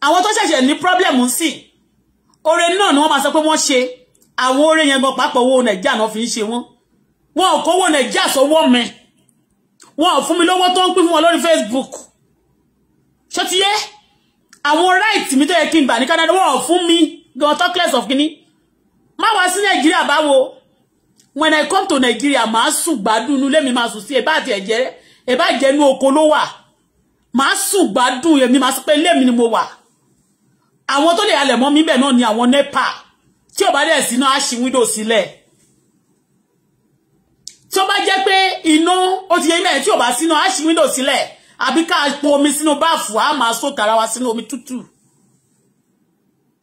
àwọn tó ṣẹ̀ṣẹ̀ ní problem ń sìn oore náà ni wọ́n máa sọ pé wọ́n ṣe àwọn oore yẹn gan papọ̀ owó nàìjíríà náà fi ń ṣe wọ́n wọn ò kówó nàìjíríà sọ́wọ́ mi wọn ò fún mi lówó tó ń pín fún wọn Facebook ṣó ti yé àwọn right mi tó yẹ kí n gbà ní Canada wọn ò fún go talk talkless of kínní má wá sí nàìjíríà báwo when I come to Nigeria màá sùn gbádùn inú lẹ́mi máa sùn sí ẹ̀bá àti ẹ̀jẹ̀ ẹ̀bá ìjẹ́ inú oko ló wà màá sùn gbádùn èmi màá sọ pé lẹ́mi ni mo wà àwọn tó lè halẹ̀ mọ́ mi bẹ̀ náà ni àwọn nepa tí ò bá dẹ̀ sí náà á ṣí wíńdò sílẹ̀ tí ó bá jẹ́ pé ti yẹ ilẹ̀ tí ò bá sí náà á ṣí wíńdò sílẹ̀ àbí po omi sínú báàfù á máa sókè ara wa sínú omi tútù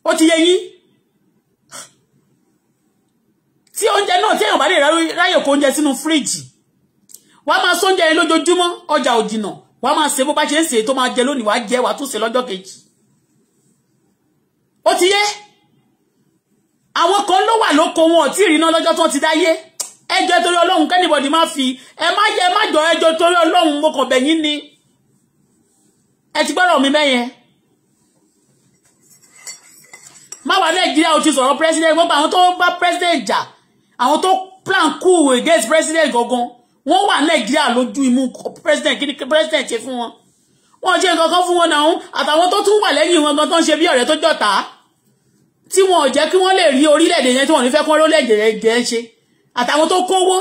ó ti yẹ yín tí oúnjẹ náà tí èèyàn bá lè ráyè kó oúnjẹ sínú fíríjì wàá máa sọ oúnjẹ yẹn lójoojúmọ́ ọjà òjìnà wàá máa ṣe bó bá ṣe ń ṣe tó máa jẹ lónìí wàá jẹ wàá tún ṣe lọ́jọ́ kejì ó ti yé àwọn kan ló wà lóko wọn ò tí ì ríná lọ́jọ́ tó ti dáyé ẹjọ́ torí ọlọ́run kẹ́nìbọ̀dì má fi ẹ má yẹ má jọ ẹjọ́ torí ọlọ́run mo kàn bẹ̀yìn ni ẹ ti gbọ́dọ̀ mi mẹ́yẹn má wà nàìjíríà ò ti sọ̀rọ̀ president gbogbo àwọn tó bá president jà àwọn tó plan coup against president gangan wọ́n wà nàìjíríà lójú imú president kí ni president ṣe fún wọn wọ́n ṣe nǹkan kan fún wọn náà àtàwọn tó tún wà lẹ́yìn wọn gan tó ń ṣe bí ọ̀rẹ́ tó jọ̀tá tí wọn ò jẹ́ kí wọ́n lè rí orílẹ̀-èdè yẹn tí wọ́n ní fẹ́ kọ́ orílẹ̀-èdè yẹn ṣe àtàwọn tó kówó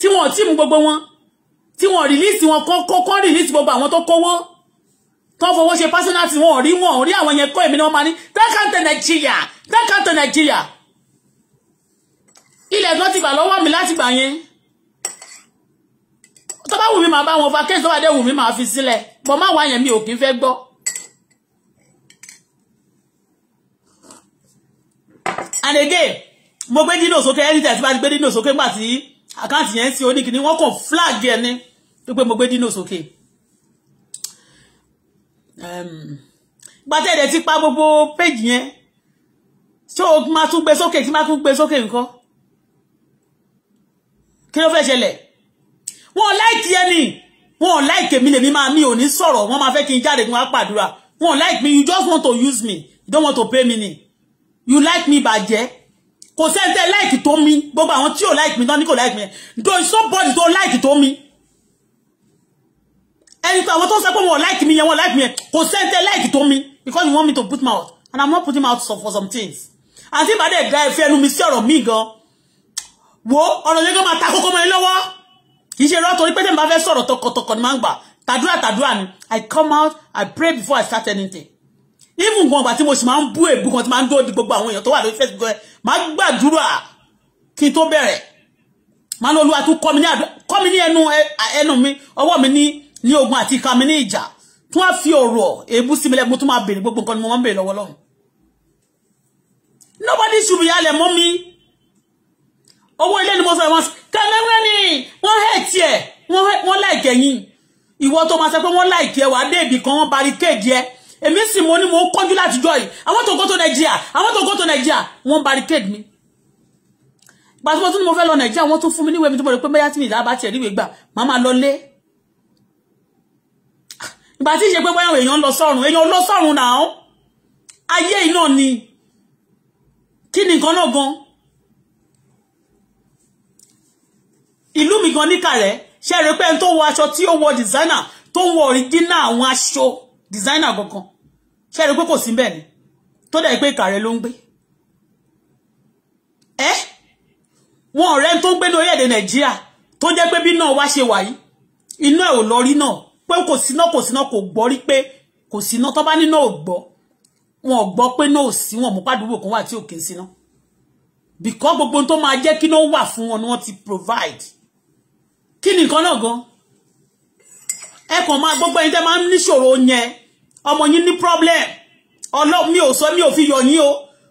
tí wọn ò tí mú gbogbo wọn tí wọn rìlíìsì wọn kọ́ kọ́ rìlíìsì gbogbo àwọn tó kówó tó fowó ṣe personality wọn ò rí wọn ò rí àwọn yẹn kọ́ èmi ni wọ́n máa ní dákàntẹ̀ nàìjíríà dákàntẹ̀ nàìjíríà ilẹ̀ gan ti gbà lọ́wọ́ mi láti gbà yẹn tó bá wù mí màá bá wọn vacate tó bá dé wù mí màá fi sílẹ̀ bọ́ má wá yẹn mi ò kí ń fẹ́ gbọ́. and again mo gbé dínà sókè anytime tí bá ti gbé dínà sókè nígbà tí àkáǹtì yẹn ti oníkìní wọn kàn flag ẹ ní tó pé mo gbé dínà sókè. Ehm, gbàtẹ́ ẹ̀dẹ̀ ti pa gbogbo péjì yẹn ṣé o máa tún gbé sókè tí máa tún gbé sókè nǹkan kí ló fẹ́ ṣẹlẹ̀ wọn láìkí ẹni wọn láìkí èmi lèmi máa mi ò ní sọ̀rọ̀ wọn máa fẹ́ kí n jáde kí wọn pàdúrà wọn like me you just want to use me you don't want to pay me ni you like me bàjẹ́ kò sẹ́ńtẹ́ like tó mi gbogbo àwọn tí ò like mi náà ní kò like mi do somebody tó like tó mi ẹni tó àwọn tó sọ pé wọn like mi yẹn wọn like mi yẹn kò sẹ́ńtẹ́ like tó mi because you want me to put mouth and i'm not putting mouth for some things àti ìbàdàn ẹ̀dá ẹ̀fẹ́ ẹnu mi sí ọ̀rọ̀ mi gan-an wo ọ̀rọ̀ yẹn kó máa ta kókó mọ́ ẹ lọ́wọ́ kì í ṣe irọ́ torí pé tẹ̀mí bá fẹ́ sọ̀rọ̀ tọkọtọkọ ni máa ń gbà tàdúrà tàdúrà ni I come out I pray before I start anything even gan ọgbà tí mo sì máa ń bú èébú kan tí máa ń dúró di gbogbo àwọn èèyàn tó wà lórí Facebook ẹ máa gbàdúrà kí n tó bẹ̀rẹ̀ máa ní olúwa tún kọ́ mi ní àdúrà kọ́ mi ní ẹnu ẹnu mi ọwọ́ mi ní ní ogun àti ìka mi ní ìjà tún wá fi ọ̀rọ̀ èébú sí mi lẹ́gbẹ̀ẹ́ mo máa béèrè gbogbo nǹkan ni mo máa ń béèrè lọ́wọ́ nobody should be yálẹ̀ mọ́ mi owó ilé ni mo sọ ẹ̀ wọ́n kẹ́lẹ́wẹ́ ni wọ́n hẹ̀ tiẹ̀ wọ́n láìkẹ́ yín ìwọ tó máa sọ pé wọ́n láìkẹ́ wà á dé ibì kan wọ́n barricade ẹ èmi sì mo ní mo ń kọjú láti jọ yìí àwọn tó go to Nàìjíríà àwọn tó go to Nàìjíríà wọ́n barricade mi gbàtúmọ̀ tún ni mo fẹ́ lọ Nàìjíríà wọ́n tún fún mi níwèé mi tó mọ̀ pé bóyá tí mi ìdá bá tiẹ̀ níwèé gbà máa máa lọ lé ìgbà tí ìṣe pé bóyá èèyàn lọ sọ́run èèyàn lọ sọ́run náà ayé iná ìlú mi gan níkàrẹ́ ṣe rí pé ẹni tó wọ aṣọ tí ó wọ designer tó wọ original àwọn aṣọ designer gangan ṣe rí pé kò sí bẹ́ẹ̀ ni tó dẹ̀ pé ìkàrẹ́ ló ń gbé ẹ́ wọn ọ̀rẹ́ tó ń gbé ní orílẹ̀-èdè nàìjíríà tó jẹ́ pé bí náà wá ṣe wà yìí iná ẹ̀ ò lọ rí náà pé kò síná kò síná kò gbọ́ rí pé kò síná tó bá níná ò gbọ́ wọn ò gbọ́ pé náà sí wọn mú pàdúgbò kan wà tí ò kí ń bìkọ́ gbogbo tó máa jẹ́ kí náà wà fún wọn ni wọ́n ti provide kí ni nǹkan náà gan ẹ kàn máa gbogbo ẹni tẹ́ máa ń níṣòro yẹn ọmọ yín ní problem ọlọ́ọ̀ mi ò sọ mi ò fi yọ yín o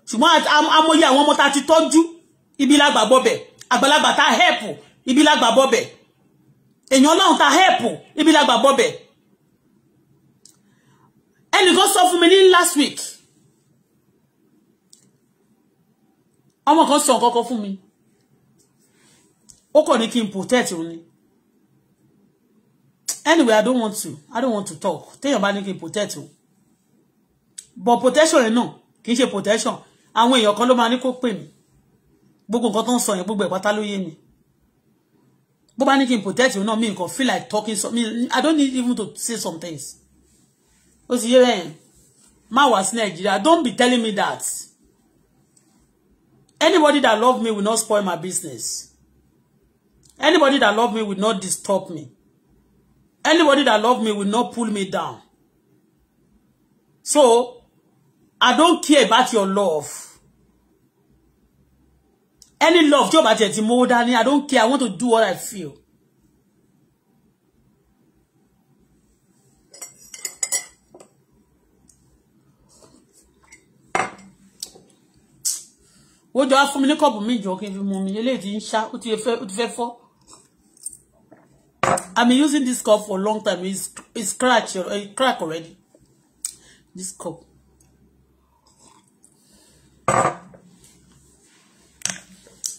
ṣùgbọ́n amóye àwọn ọmọ ta ti tọ́jú ibi la gbàgbọ́ bẹ̀ àgbàlagbà ta help ibi la gbàgbọ́ bẹ̀ èèyàn ọlọ́run ta help ibi la gbàgbọ́ bẹ̀ ẹnìkan sọ fún mi ní last week ọmọ kan sọ nǹkan kan fún mi ó kàn ní kí n protect òun ni anyway i don't want to i don't want to talk Tell your ní kí n protect you. but protection rẹ náà kì í protection And when kan ló máa ní kó pè mí gbogbo nǹkan tó ń sọ yẹn gbogbo ẹ̀ pátá ló yé mi protect you, not me. nǹkan feel like talking so me i don't need even to say some things ó sì yé bẹ́ẹ̀ má wá don't be telling me that anybody that love me will not spoil my business anybody that love me will not disturb me. Anybody that love me will not pull me down. So, I don't care about your love. Any love, job at it, more than I don't care. I want to do what I feel. Wo jọ á fún mi ní kọ́ọ̀bù mi jọ kí n fi mu mi eléyìí you feel? What ó ti fẹ́ fọ́. I've been using this cup for a long time. It's, it's cracked, it crack already. This cup.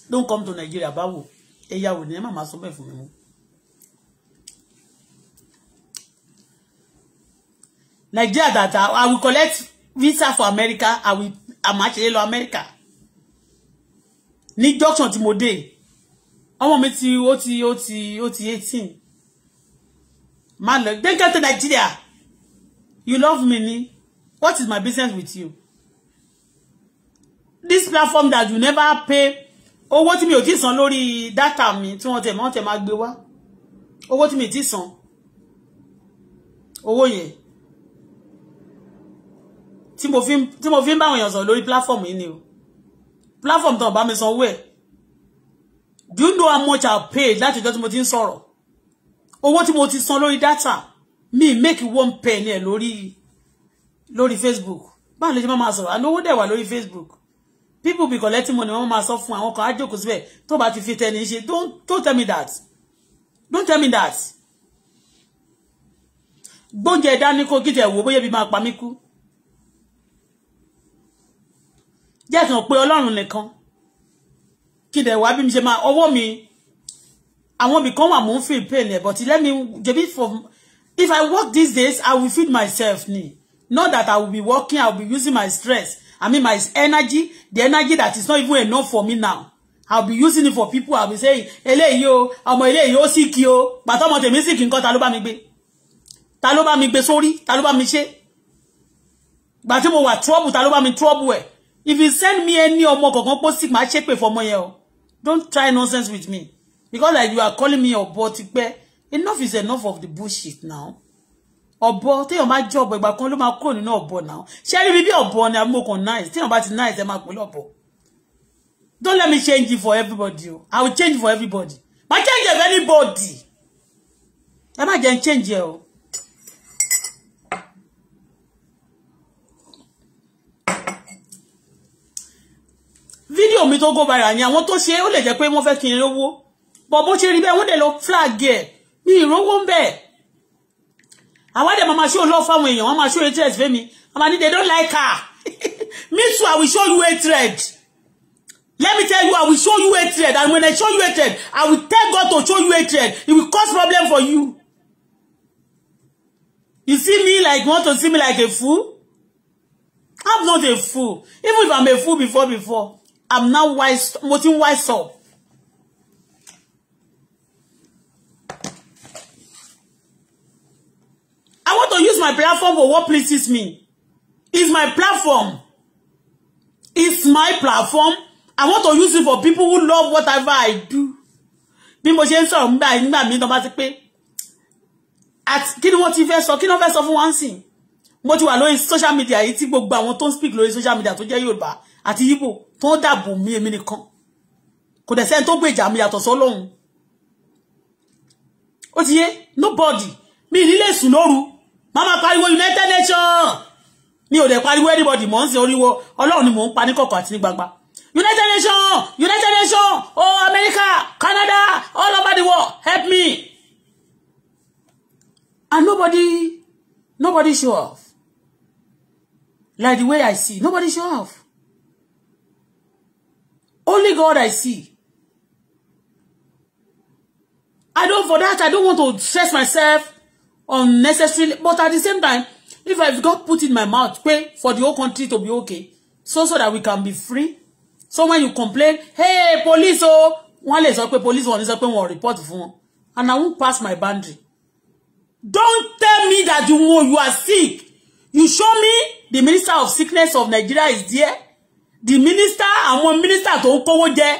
Don't come to Nigeria, Babu. Ẹ̀yà ò never ẹ má máa sọ Nigeria that I, will collect visa for America. I will, I'm actually in America. Need doctor tí mo ọmọ mi ti ó ti ó ti ó ti eighteen má lọ then get to Nigeria you love me ni what is my business with you this platform that you never pay owó tí mi ò ti san lórí data mi tí wọ́n tẹ̀ mọ́ tẹ̀ máa gbé wá owó tí mi ti san owó yẹn tí mo fi ń bá àwọn èèyàn sọ̀rọ̀ lórí platform yìí ni o platform tán ò bá mi san owó ẹ̀ do you know how much I paid láti ọjọ́ tí mo ti ń sọ̀rọ̀ owó tí mo ti san lórí data mi make one penny ẹ̀ lórí lórí Facebook báwo ló ṣe máa sọ̀rọ̀ àná owó dẹ̀ wà lórí Facebook people be collecting money wọ́n máa sọ fún àwọn kan á jókòó síbẹ̀ tó bá ti fi tẹni ṣe don't don't tell me that don't tell me that gbóúnjẹ dání kó gíjẹ wò bóyá ibi máa pa mí kú jẹ́ kí n pé Ọlọ́run nìkan kí dẹ̀ wá bí mi ṣe máa ọwọ́ mi àwọn ibì kan wà mò feel pain ẹ̀ but let me give it for if I work these days I will feed myself ni not that I will be working I will be using my stress I mean my energy the energy that is not even enough for me now I will be using it for people I will be saying eléyìí o ọmọ eléyìí ó sì kí o pàtó ọmọ tèmi sì kí nǹkan ta ló bá mi gbé ta ló bá mi gbé sórí ta ló bá mi ṣe gbà tí mo wà trouble ta ló bá mi trouble ẹ̀ if you send me any ọmọ kankan pọ́ sí máa ṣépè fọmọ yẹn o. Don't try nonsense with me. Because like you are calling me ọ̀bọ tipẹ́. Enough is enough of the bullshit now. Ọ̀bọ téèyàn máa jẹ́ ọ̀bọ ìgbà kan ló máa kúrò nínú ọ̀bọ now. Ṣé rí bíbí ọ̀bọ ni àmọ́ kan nice. Téèyàn bá ti nice ẹ máa pè lọ́bọ. Don't let me change it for everybody. I will change for everybody. Má change it for anybody. Ẹ má jẹ́ n change ẹ o. fídíò mi tó go viral ni àwọn tó ṣe ó lè jẹ́ pé wọ́n fẹ́ kí n rówó bọ̀ bó ṣe rí bẹ́ẹ̀ wọ́n dẹ̀ lọ flag ẹ̀ mi ìrówó ń bẹ̀ àwádẹ́ máa ṣó lọ́ fáwọn èèyàn wọ́n máa ṣó hatred fẹ́mi wọ́n máa ní they don't like her me too I will show you hatred let me tell you I will show you hatred and when I show you hatred I will tell God to show you hatred it will cause problem for you you see me like want to see me like a fool I'm not a fool even if I'm a fool before before i'm now wise mo ti wise up. i want to use my platform for what pleases me it's my platform it's my platform i want to use it for people who love whatever i do bí mo ṣe ń sọ̀rọ̀ nígbà nígbà mi At bá ti pé àti kí ni wọ́n ti fẹ́ sọ kí ni wọ́n social media yìí book gbogbo I tó ń speak lórí social media tó jẹ́ yorùbá àti igbo tó ń dàbò mí èmi nìkan kò dẹ̀ sẹ́ni tó gbèjà mi yàtọ̀ sọ́lọ́hun ó ti yé nobody mi nílé sùn lóru màmá pariwo united nations mi ò dẹ̀ pariwo anybody mò ń sin oríwo ọlọ́run ni mò ń pa ní kọ̀kọ̀ àti ní gbangba united nations united nations oh america canada all over the world help me and nobody nobody show off like the way i see nobody show off Only God I see. I don't, for that, I don't want to stress myself unnecessarily. But at the same time, if I've got put in my mouth, pray for the whole country to be okay. So, so that we can be free. So when you complain, hey, police, oh, one is okay, police one is sọ one report fún And I won't pass my boundary. Don't tell me that you, you are sick. You show me the minister of sickness of Nigeria is there the minister àwọn minister tó ń kówó jẹ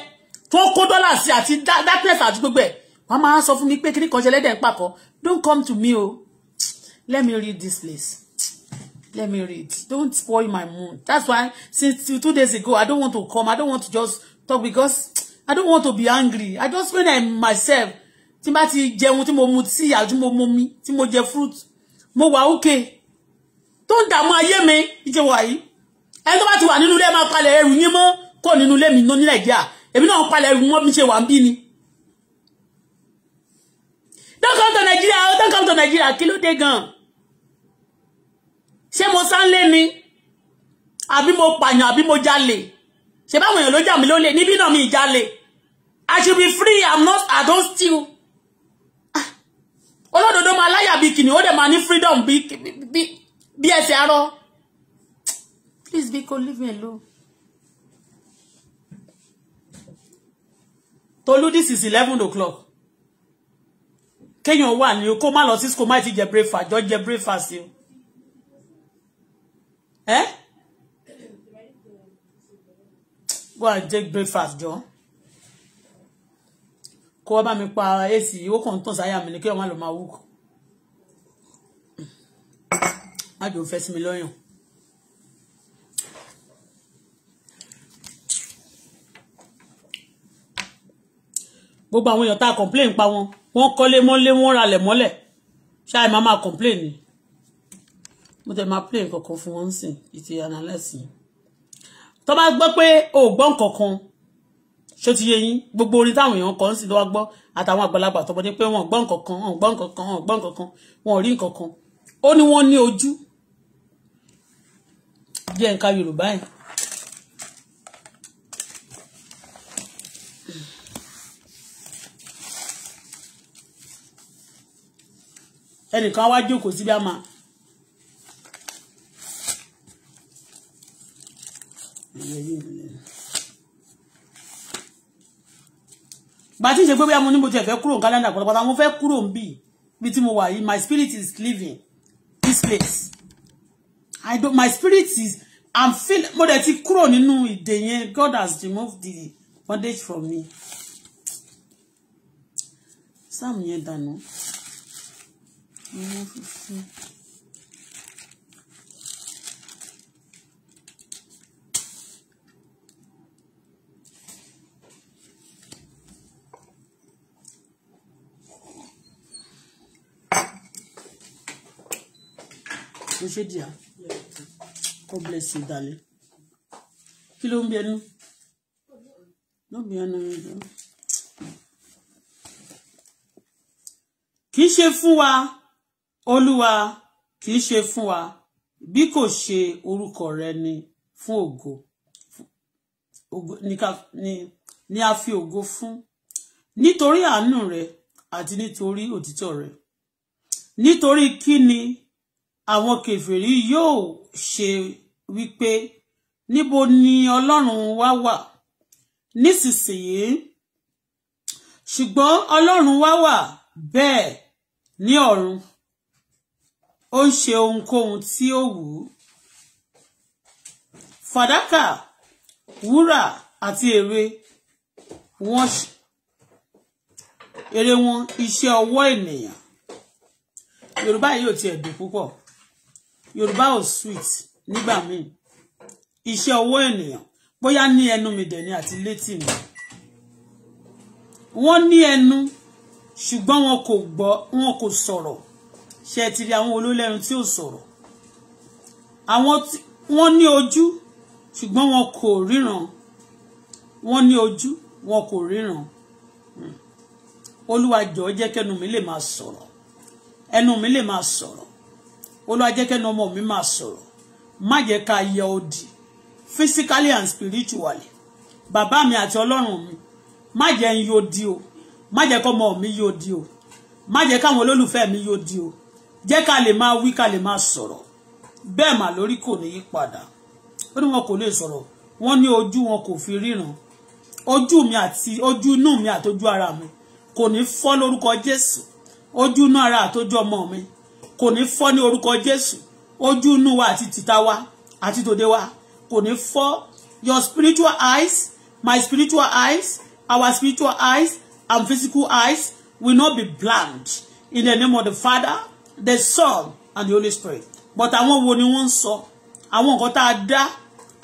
tó ń kó dọ́là sí àti darkness àti gbogbo ẹ̀ wọ́n máa sọ fún mi pé kíní kan ṣe lẹ́dẹ̀ ń pàkọ́ don't come to me o let me read this place let me read don't spoil my mood that's why since two days ago i don't want to come i don't want to just talk because i don't want to be angry i just feel like myself tí n bá ti jẹun tí mo mu tí àjú mo mu mi tí mo jẹ fruit mo wà okay tó ń dààmú ayé mi ìjẹwàá yìí ẹni tó bá ti wà nínú ilé máa palẹ̀ ẹrù yín mọ́ kó nínú ilé mi ní nàìjíríà èmi náà palẹ̀ ẹrù mọ́ mi ṣe wà ń bí ni. don't come to Nigeria oh, don't come to Nigeria kí ló dé gan-an ṣé mo sánlé ni àbí mo pààyàn àbí mo jalè ṣe báwọn èèyàn ló jà mí lólè níbí náà mi ìjalè I should be free I'm not I don't steal ah. olódodo máa láyà bí kìnìún ó dẹ̀ máa ní freedom bí ẹsẹ̀ arọ. Please, be cool. leave me alone. Tolu, this is 11 o'clock. Kéèyàn one, you come out má lọ sí school má ti breakfast jọ jẹ breakfast o. Ẹ́ wà jẹ breakfast John? Kwa ba bá mi pa èsì ó kàn ń tàn sáyà mi ni kéèyàn má lọ máa wúkọ̀. Má jò fẹ́ sí mi gbogbo àwọn èèyàn tá a complain pa wọn wọ́n kọ́lé mọ́lé wọ́n ralẹ̀ mọ́lẹ̀ ṣáà máa máa complain ni mo tẹ̀ máa play kankan fún wọn sìn ìtì analyse tó bá gbọ́ pé o ò gbọ́ nkankan ṣó ti yé yín gbogbo orin táwọn èèyàn kan sì ló wá gbọ́ àtàwọn àgbàlagbà tọmọdé pé wọn ò gbọ́ nkankan wọn ò gbọ́ nkankan wọn ò gbọ́ nkankan wọn rí nkankan ó ní wọ́n ní ojú díẹ̀ nǹka yorùbá yẹn ẹnìkan wá jókòó síbi àmà bàtí ìṣe pé bí amú ní mo ti ẹ̀fẹ́ kúrò ní Canada pátápátá mo fẹ́ kúrò ń bì bí tí mo wà yìí my spirit is leaving this place I don't my spirit is I'm feel mo dẹ̀ ti kúrò nínú ìdè yẹn God has removed the bondage from me. Sam yẹn dànù. No? inú fífún. o ṣe díà God bless you darling kí ló ń bí ẹnu ló bí ẹnu rẹ jọ olúwa kì í ṣe fún wa bí kò ṣe orúkọ rẹ ni fún ògo ni a fi ògo fún nítorí àánú rẹ àti nítorí òtítọ́ rẹ nítorí kí ni àwọn kèfèrí yóò ṣe wípé níbo ni ọlọ́run wa wà nísinsìnyí ṣùgbọ́n ọlọ́run wa wà bẹ́ẹ̀ ní ọ̀run ó ń ṣe ohunkóhun tí ó wù ú fàdákà wúrà àti èrè wọn èrè wọn iṣẹ́ ọwọ́ ènìyàn yorùbá yìí ò tiẹ̀ dùn púpọ̀ yorùbá ò sweet nígbà míì iṣẹ́ ọwọ́ ènìyàn bóyá ní ẹnu mi dẹ̀ ni àti létí mi wọ́n ní ẹnu ṣùgbọ́n wọn kò gbọ́ wọn kò sọ̀rọ̀ ṣe ti rí àwọn olólẹ́nu tí ò sọ̀rọ̀ àwọn tí wọ́n ní ojú ṣùgbọ́n wọn kò ríran wọ́n ní ojú wọn kò ríran olúwa jọ̀ọ́ jẹ́ kẹ́nu mi lè máa sọ̀rọ̀ ẹnu mi lè máa sọ̀rọ̀ olúwa jẹ́ kẹ́nu ọmọ mi máa sọ̀rọ̀ má jẹ́ ká yẹ odi physically and spiritually bàbá mi àti ọlọ́run mi má jẹ́ ń yóò di o má jẹ́ kọ́mọ mi yóò di o má jẹ́ káwọn olólùfẹ́ mi yóò di o jẹ́ ká lè máa wí ká lè máa sọ̀rọ̀ bẹ́ẹ̀ mà lórí kò ní yí padà ó ní wọn kò lè sọ̀rọ̀ wọ́n ní ojú wọn kò fi ríran ojú mi àti ojú inú mi àtọjú ara mi kò ní fọ́ lórúkọ Jésù ojú inú ara àtọjú ọmọ mi kò ní fọ́ ní orúkọ Jésù ojú inú wa àti tìta wa àti tòde wa kò ní fọ́ your spiritual eyes my spiritual eyes our spiritual eyes and physical eyes will not be blind in the name of the Father the Son and the Holy Spirit but àwọn wo ni wọ́n ń sọ àwọn nǹkan tá a dá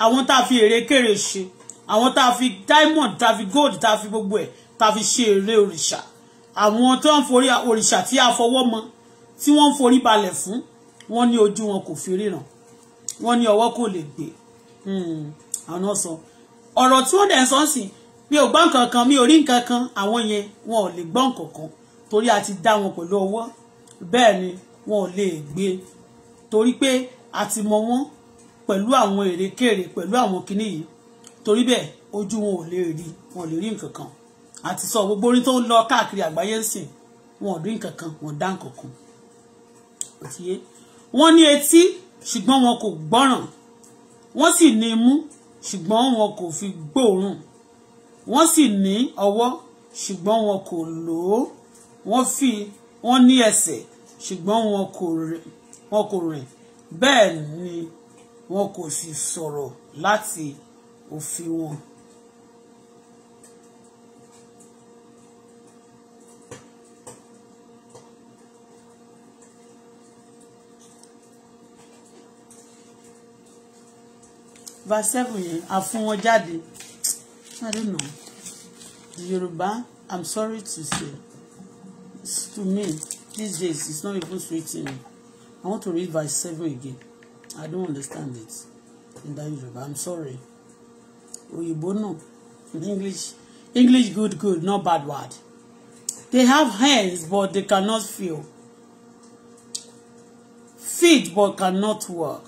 àwọn tá a fi èrè kéré ṣe àwọn tá a fi diamond tá a fi gold tá a fi gbogbo ẹ̀ tá a fi ṣe èrè òrìṣà àwọn tó ń forí òrìṣà tí a fọwọ́ mọ tí wọ́n ń forí balẹ̀ fún wọ́n ní ojú wọn kò fi ríran wọ́n ní ọwọ́ kò lè gbé hmm, àwọn náà sọ ọ̀rọ̀ tí wọ́n dẹ̀ ń sọ ń sìn mi ò gbọ́ nǹkan kan mi ò rí nǹkan kan àwọn yẹn wọn ò lè gbọ́ nǹkan torí a ti dá wọn pẹ̀lú ọwọ́ bẹ́ẹ̀ ni wọn ò lè gbé torí pé a ti mọ wọn pẹ̀lú àwọn èrèkèrè pẹ̀lú àwọn kinní yìí torí bẹ́ẹ̀ ojú wọn ò lè rí wọn ò lè rí nǹkan kan àti sọ gbogbo orin tó ń lọ káàkiri àgbáyé ń sìn wọn ò rí nǹkan kan wọn dá nǹkan kan òtíye wọ́n ní etí ṣùgbọ́n wọn kò gbọ́ràn wọ́n sì ní imú ṣùgbọ́n wọn kò fi gbóòórùn wọ́n sì ní ọwọ́ ṣùgbọ́n wọn kò lò ó wọ́n fi wọ́n ní ẹsẹ̀ ṣùgbọ́n wọn kò rẹ̀ wọn kò rẹ̀ bẹ́ẹ̀ ni wọn kò sì sọ̀rọ̀ láti òfin wọn. verse seven yẹn a fún wọn jáde i don't know the Yorùbá i'm sorry to say to me These days, it's not even sweet in me. I want to read verse seven again. I don't understand it in that Yoruba. I'm sorry. Oyibo no. In English, English good, good, not bad word. They have hands, but they cannot feel. Feet, but cannot walk.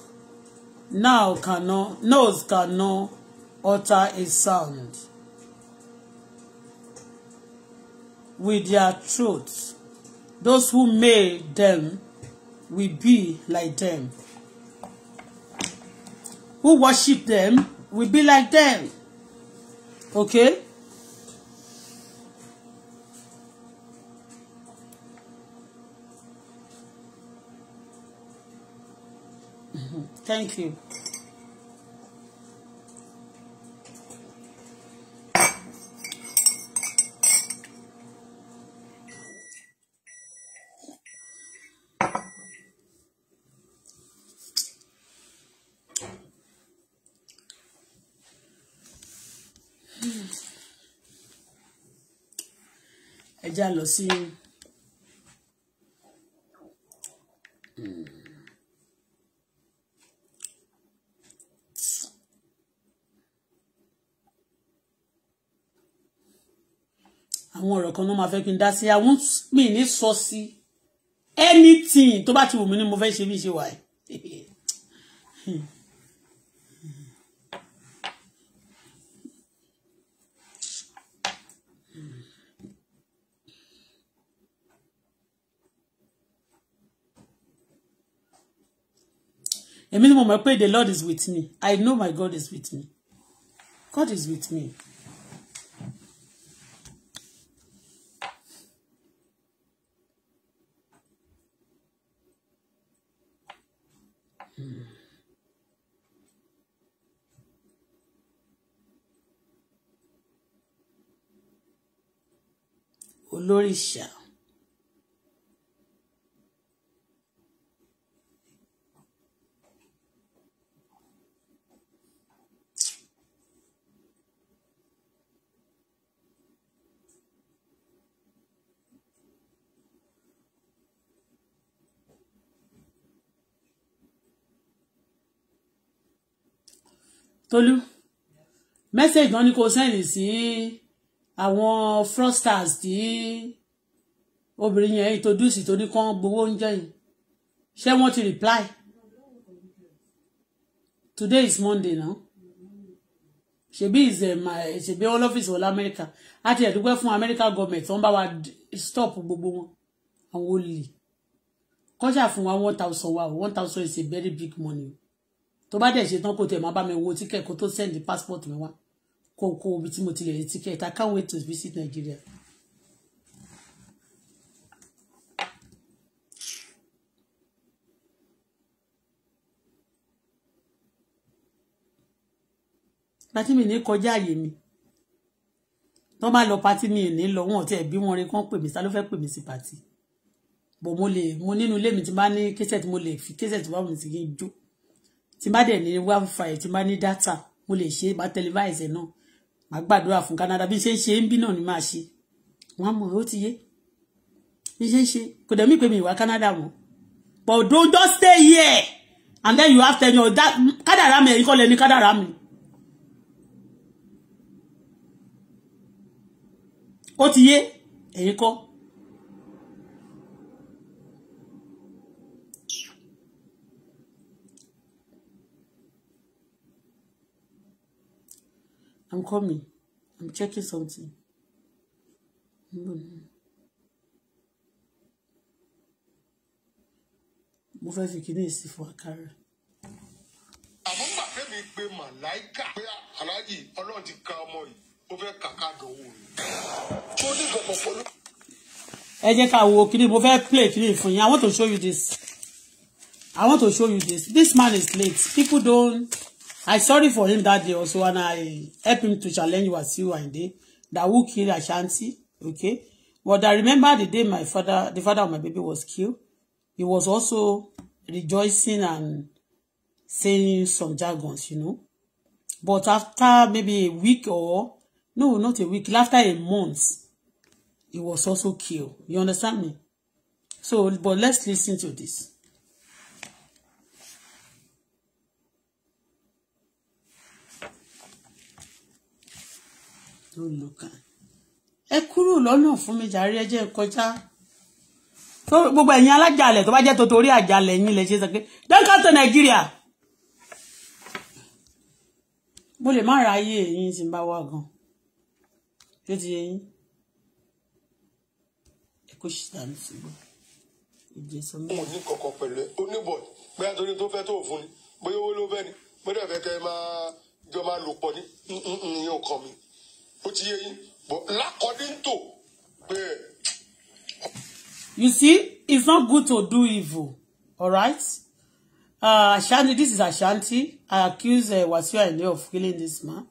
Now cannot, nose cannot utter a sound. With their throats, Those who made them will be like them. Who worship them will be like them. Okay? Mm-hmm. Thank you. ẹ já lọ sí. àwọn ọ̀rọ̀ kan ló máa fẹ́ kí n dá sí àwọn mi ní sọ sí anything tó bá ti wù mí ni mo fẹ́ ṣe bí ṣe wà yìí. èmi ni mo mọ̀ pé the Lord is with me I know my God is with me God is with me. olóríṣà. Hmm. Tolu message náà ni kò sẹ́yìn sí àwọn fraudsters tí obìnrin yẹn introduce tó ní kán gbowó oúnjẹ yìí ṣé wọ́n ti reply today is Monday now ṣebí is eh, ṣebí all office wọlé Amẹ́ríkà àti ẹ̀dúgbẹ́ fún America government wọ́n bá wa stop gbogbo wọn àwọn olè kọjá fún wa one thousand wa one thousand is a very big money tó bá dẹ̀ ṣe tán kò tẹ̀ máa bá mi wo ticket kó tó send passport mi wá kó kó ibi tí mo ti lè ticket I can't wait to visit Nigeria. pati mi ní kọjá àyè mi tó bá lọ pati mi ní lọ wọn tẹ bí wọn rí kán pè mí sá ló fẹ́ pè mí sí pati bò mo lè mo nínú ilé mi ti bá ní kẹsẹ̀ tí mo lè fi kẹsẹ̀ tí wọn mi sì kí jó tí má dẹ̀ ní wifi tí má ní data mo lè ṣe má televise náà má gbàdúrà fún Canada bí ṣe ń ṣe ń bí náà ni máa ṣe wọn mọ ó ti yé bí ṣe ń ṣe kò dẹ̀ mí pé mi ìwà Canada mọ́ but don't just stay here and then you have ten your that kádàrá mi ẹ̀yin kọ́ lẹ́ni kádàrá mi. ó ti yé ẹ̀yin kọ́. I'm coming. I'm checking something. Mo fẹ́ fi kíní sí fún àkàrà. Àmọ́ gbà tẹ́mi pé màláìkà pé aláàjì ọlọ́run ti ka ọmọ yìí, ó fẹ́ kàkà dánwò rẹ̀. Tó ní gbọ̀ngàn fọlú. Ẹ jẹ́ ká wo kíní, mo fẹ́ play kíní fún yín. I want to show you this. I want to show you this. This man is late. People don't. I sorry for him that day also and I help him to challenge Wasiu Ayinde that who kill Ashanti, okay? But I remember the day my father, the father of my baby was killed. He was also rejoicing and saying some jargons, you know. But after maybe a week or, no, not a week, after a month, he was also killed. You understand me? So, but let's listen to this. don't look at ẹ kúrò lọ́nà fún mi jàre ẹ jẹ́ kọjá gbogbo ẹ̀yin alájàlẹ̀ tó bá jẹ́ tòtò orí àjàlẹ̀ yín lè sọ pé don't come to mo lè má ra ayé ẹ̀yin tí ń bá wá gan tó ti yẹyin ẹ kó ṣì dànù síbẹ̀ ìjẹ sọ mí. mo ní kọkọ pẹ̀lú ẹ tó níbọ bóyá torí tó fẹ́ tó fún ni bóyá owó ló fẹ́ ni bóyá fẹ́ kẹ máa jọ máa lò pọ̀ ní ìyẹn ò you see it's not good to do evil all right? uh, Ashanti this is Ashanti I accuse uh, Wasiu Ayinde of killing this man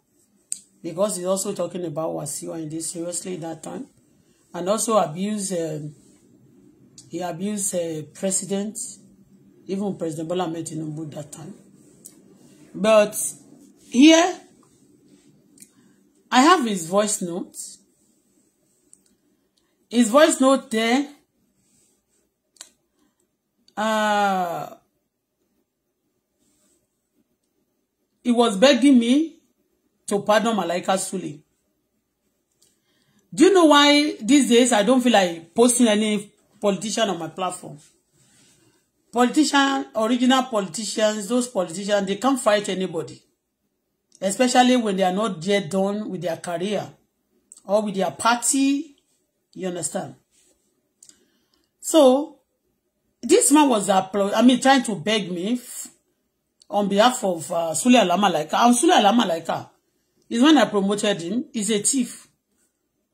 because he's also talking about Wasiu Ayinde seriously that time and also abuse um, he abused uh, president even President Bola Ahmed Tinubu that time but here I have his voice note. His voice note there. Uh, he was begging me to pardon Malaika Suli. Do you know why these days I don't feel like posting any politician on my platform? Politician, original politicians, those politicians, they can't fight anybody especially when they are not yet done with their career or with their party. You understand? So, this man was, applaud I mean, trying to beg me on behalf of uh, Sule Alama I'm Sule Alama Is when I promoted him. He's a thief.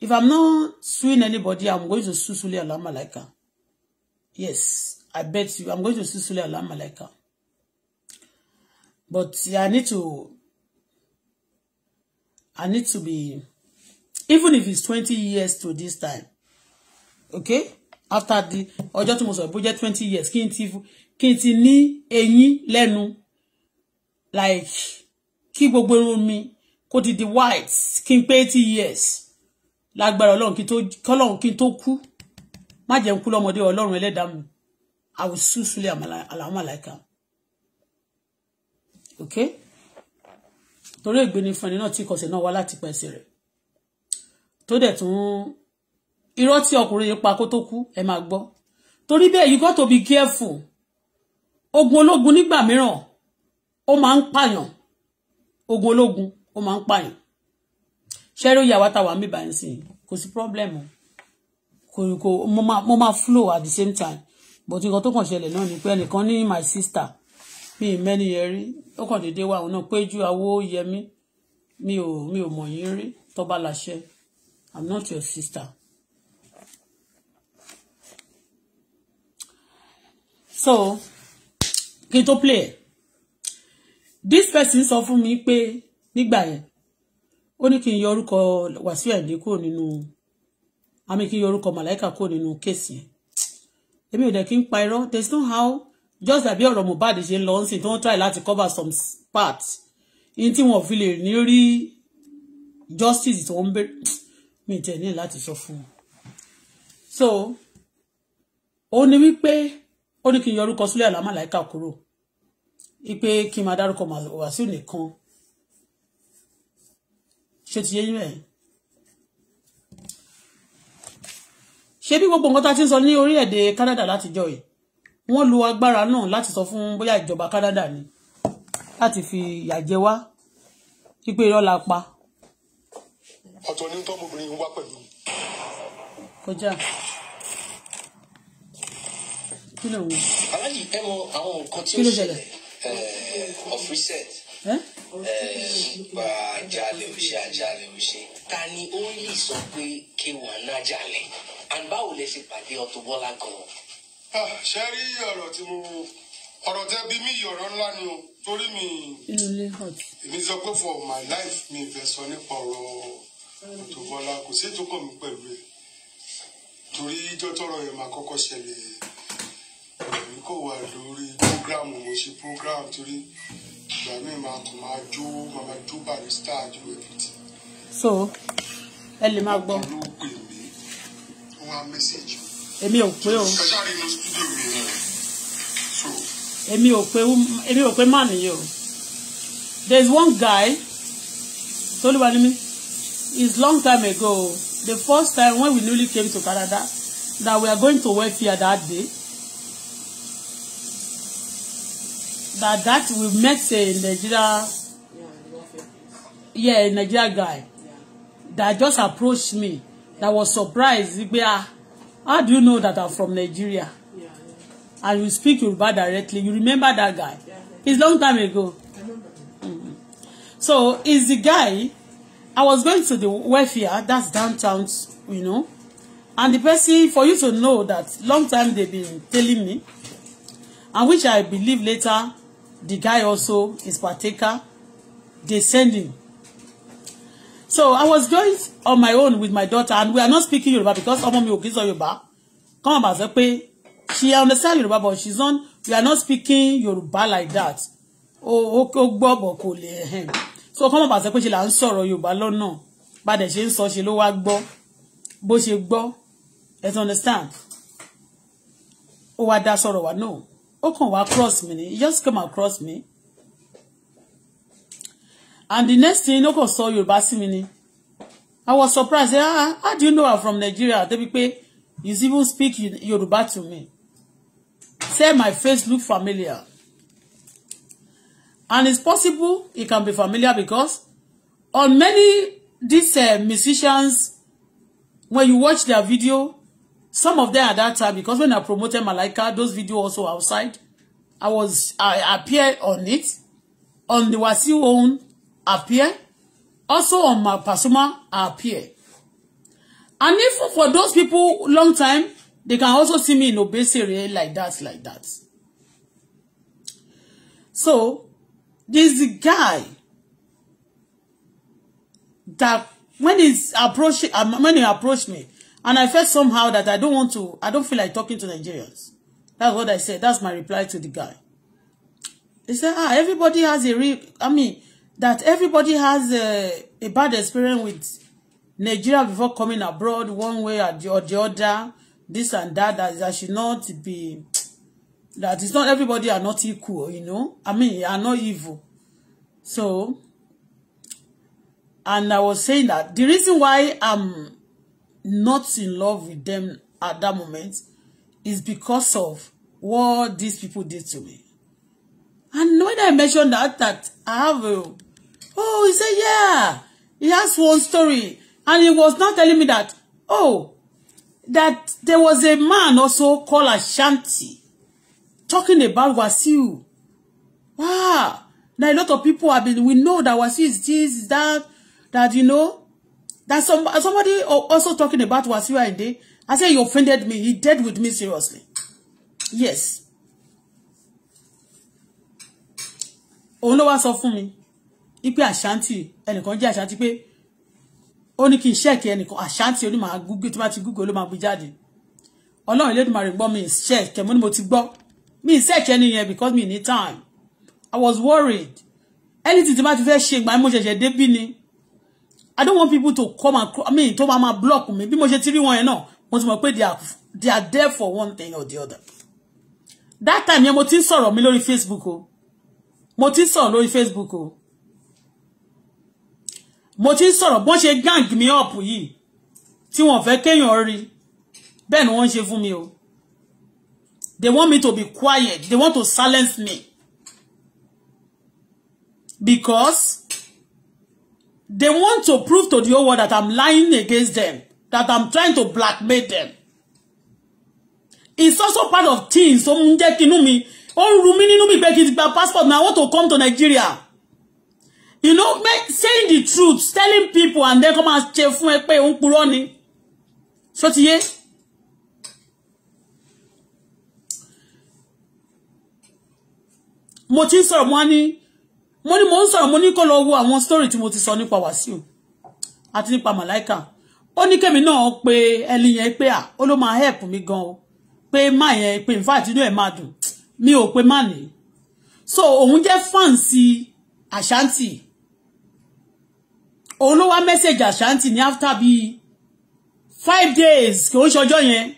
If I'm not suing anybody, I'm going to sue Sule Alama Yes, I bet you. I'm going to sue Sule Alama But yeah, I need to I need to be, even if it's 20 years to this time, okay? After the, ọjọ́ tí mo sọ bó 20 years, kí n ti kí n like, keep gbogbo with me. kó ti di white, kí n 80 years, like ọlọ́run kí n tó kọ́lọ́run kí n tó kú, má jẹ́ n kú lọ́mọdé ọlọ́run ẹlẹ́dàá mi, àwòsúsúlẹ̀ àmàlà àlàmàlà kan, okay? torí ègbé ni fún ẹni náà tí ìkọ̀sẹ̀ náà wá láti pẹ̀sẹ̀ rẹ̀ tó dẹ̀ tún irọ́ tí ọkùnrin yìí pa kó tó kú ẹ máa gbọ́ torí bẹ́ẹ̀ you got to be careful ogun ológun nígbà mìíràn ó máa ń pààyàn ogun ológun ó máa ń pààyàn ṣẹ́rí òye àwa táwa ń bíbá sí kò sí problem o kò kò mo máa flow at the same time but nǹkan tó kàn ṣẹlẹ̀ náà ni pé ẹnìkan ní my sister mi mẹ́ni yẹn rí ó kàn déédé wà òun náà Péjú Awóyẹmí mi ò mi ò mọ̀ yín rí tọ́ba láṣẹ i'm not your sister. so kí n tó play ẹ̀ this person sọ fún mi pé nígbà yẹn ó ní kí n yọ orúkọ Wàsíù Àyìndé kúrò nínú àmì kí n yọ orúkọ màláìkà kúrò nínú kéèsì yẹn èmi ò dẹ̀ kí n pa irọ́ there is no how just àbí ọ̀rọ̀ Mohbad ṣe ń lọ ń sìn tí wọ́n try láti cover some parts in tí wọ́n fi lè ní rí justice tí wọ́n ń bẹ̀rẹ̀ mi tẹ̀ ní láti sọ fún wọn. so ó ní wípé ó ní kí n yọ orúkọ sílẹ̀ àlámàláìkà kúrò wípé kí n máa dárúkọ Wàsíù nìkan ṣé ti yé yín rẹ̀ ṣé bí gbogbo nǹkan tá a ti ń sọ ní orílẹ̀-èdè Canada látijọ́ yìí wọ́n lo agbára náà láti sọ fún bóyá ìjọba Canada ni láti fi ìyà wá wípé irọ́ la pa. ọ̀tọ̀ ni tọ́mọbìnrin wá pẹ̀lú. kọjá kí ló ń wọ. aláyìí ẹ mọ àwọn nǹkan tí ó ṣẹlẹ̀ ọ̀fíìsẹ̀ àjálẹ̀ eh, eh, òṣè àjálẹ̀ òṣè ta ni ó ń lè sọ pé kéwàá náà jálẹ̀ and báwo lè ṣe pàdé Auto Bola gan-an. Ah, ṣe rí ọ̀rọ̀ tí mo ọ̀rọ̀ tẹ́ bí mi ìyọ̀rọ̀ ńlá ni o torí mi èmi sọ pé for my life mi ìfẹ́ sọ nípa ọ̀rọ̀ Auto Bola kò sí ètò kàn mí pẹ̀lú ẹ̀ torí ìjọ yẹn máa kọ́kọ́ ṣẹlẹ̀ èmi kò wà lórí program mo ṣe program torí ìgbà mi máa kàn máa jó máa jó barista àjò ẹ̀fìtì. so ẹ lè máa gbọ́. ọkọ pè mí wọn á mẹ́sẹ̀jì mi èmi ò pé o èmi ò pé èmi ò pé má nìyẹn o there is one guy tolúwa ni mi it's long time ago the first time when we newly came to Canada that we are going to welfare that day that that we met a Nigeria yeah a Nigeria guy yeah. that just approached me yeah. that was surprised wípé ah. How do you know that I'm from Nigeria? Yeah, yeah. And you speak Yoruba directly. You remember that guy? Yeah, yeah. It's long time ago. Mm-hmm. So is the guy, I was going to the welfare, that's downtown, you know, and the person, for you to know that long time they've been telling me, and which I believe later, the guy also is partaker, they send him so I was going on my own with my daughter and we are not speaking Yoruba because ọmọ mi ò kì í sọ Yoruba kọ́mọ̀ bá sọ pé she understand Yoruba but she's not we are not speaking Yoruba like that ó gbọ́ bọ̀ kò lè ẹ̀hẹ́n eh, eh. so come bá sọ pé ṣe là ń sọ̀rọ̀ Yorùbá lọ́nà bá dẹ̀ ṣe ń sọ ṣe ló wá gbọ́ bó ṣe gbọ́ ẹ ti understand ó wá dá sọ̀rọ̀ wá náà ó kàn wá cross mi ni he just come across me and the next thing no go sọ Yorùbá sí mi ni I was surprised say ah how do you know I'm from Nigeria debi pe you even speak Yoruba to me say my face look familiar and it's possible it can be familiar because on many these uh, musicians when you watch their video some of them at that time because when I promoted Malaika those video also outside I was I appeared on it on the Wasi own appear. Also on my Pasuma appear. And if for those people long time, they can also see me in obesity like that, like that. So, this guy that when he's approaching, um, when he approached me, and I felt somehow that I don't want to, I don't feel like talking to Nigerians. That's what I said. That's my reply to the guy. He said, ah, everybody has a real, I mean, that everybody has a, a bad experience with Nigeria before coming abroad one way or the, or the other this and that that that should not be that it's not everybody are not equal you know I mean are not evil so and I was saying that the reason why I'm not in love with them at that moment is because of what these people did to me and when I mentioned that that I have a oh he said yeah he has one story and he was not telling me that oh that there was a man also called Ashanti talking about Wasiu wow now a lot of people have been we know that Wasiu is this is that that you know that some somebody also talking about Wasiu and they. I said he offended me he dead with me seriously yes Oh no, what's sọ fún mi ipe àṣántì ẹnìkan jẹ́ àṣántì pé ó ní kí n ṣẹ́ẹ̀kì ẹnìkan àṣántì ó ní màá bá ti gúgbé ló máa gbé jáde ọlọ́run Elédùmarè gbọ́ mi ṣẹ́ẹ̀kì mo ní mo ti gbọ́ mi ṣẹ́ẹ̀kì ẹni yẹn because mi ní time I was worried anything tí bá ti fẹ́ ṣe ìgbà mo ṣẹ̀ṣẹ̀ dé ni I don't want people to come and I mean to máa máa block me. bí mo ṣe ti rí wọn yẹn náà mo ti mọ̀ pé they are they are there for one thing or the other that time yẹn mo ti ń sọ̀rọ̀ mi lórí Facebook o mo ti ń sọ̀rọ̀ lórí Facebook o mo ti ń sọ̀rọ̀ bọ́n ṣe gang mi up yìí tí wọ́n fẹ́ kéèyàn rí bẹ́ẹ̀ ni wọ́n ń ṣe fún mi o they want me to be quiet they want to silence me because they want to prove to the whole world that I'm lying against them that I'm trying to blackmail them it's also part of things ó ń jẹ́ kí inú mi ó ń ru mí nínú mi pé kí n gba passport na I want to come to Nigeria you know make, saying the truth telling people and then come and ṣe fún ẹ pé òun purọ́ ni so ti yé mo ti ń sọ̀rọ̀ mo ní mo ní mo ń sọ̀rọ̀ mo ní kó lọ wo àwọn story tí mo ti sọ nípa Wàsíù àti nípa Màláìkà ó ní kẹ́mi náà pé ẹni yẹn pé à ó ló máa help mi gan o pé má yẹn pé in fact inú máa dùn mi ò pé má nìí so òun jẹ́ fáǹsì àṣántì òun ló wá mẹ́sẹ̀gì after bíi five days kò ń ṣọjọ́ yẹn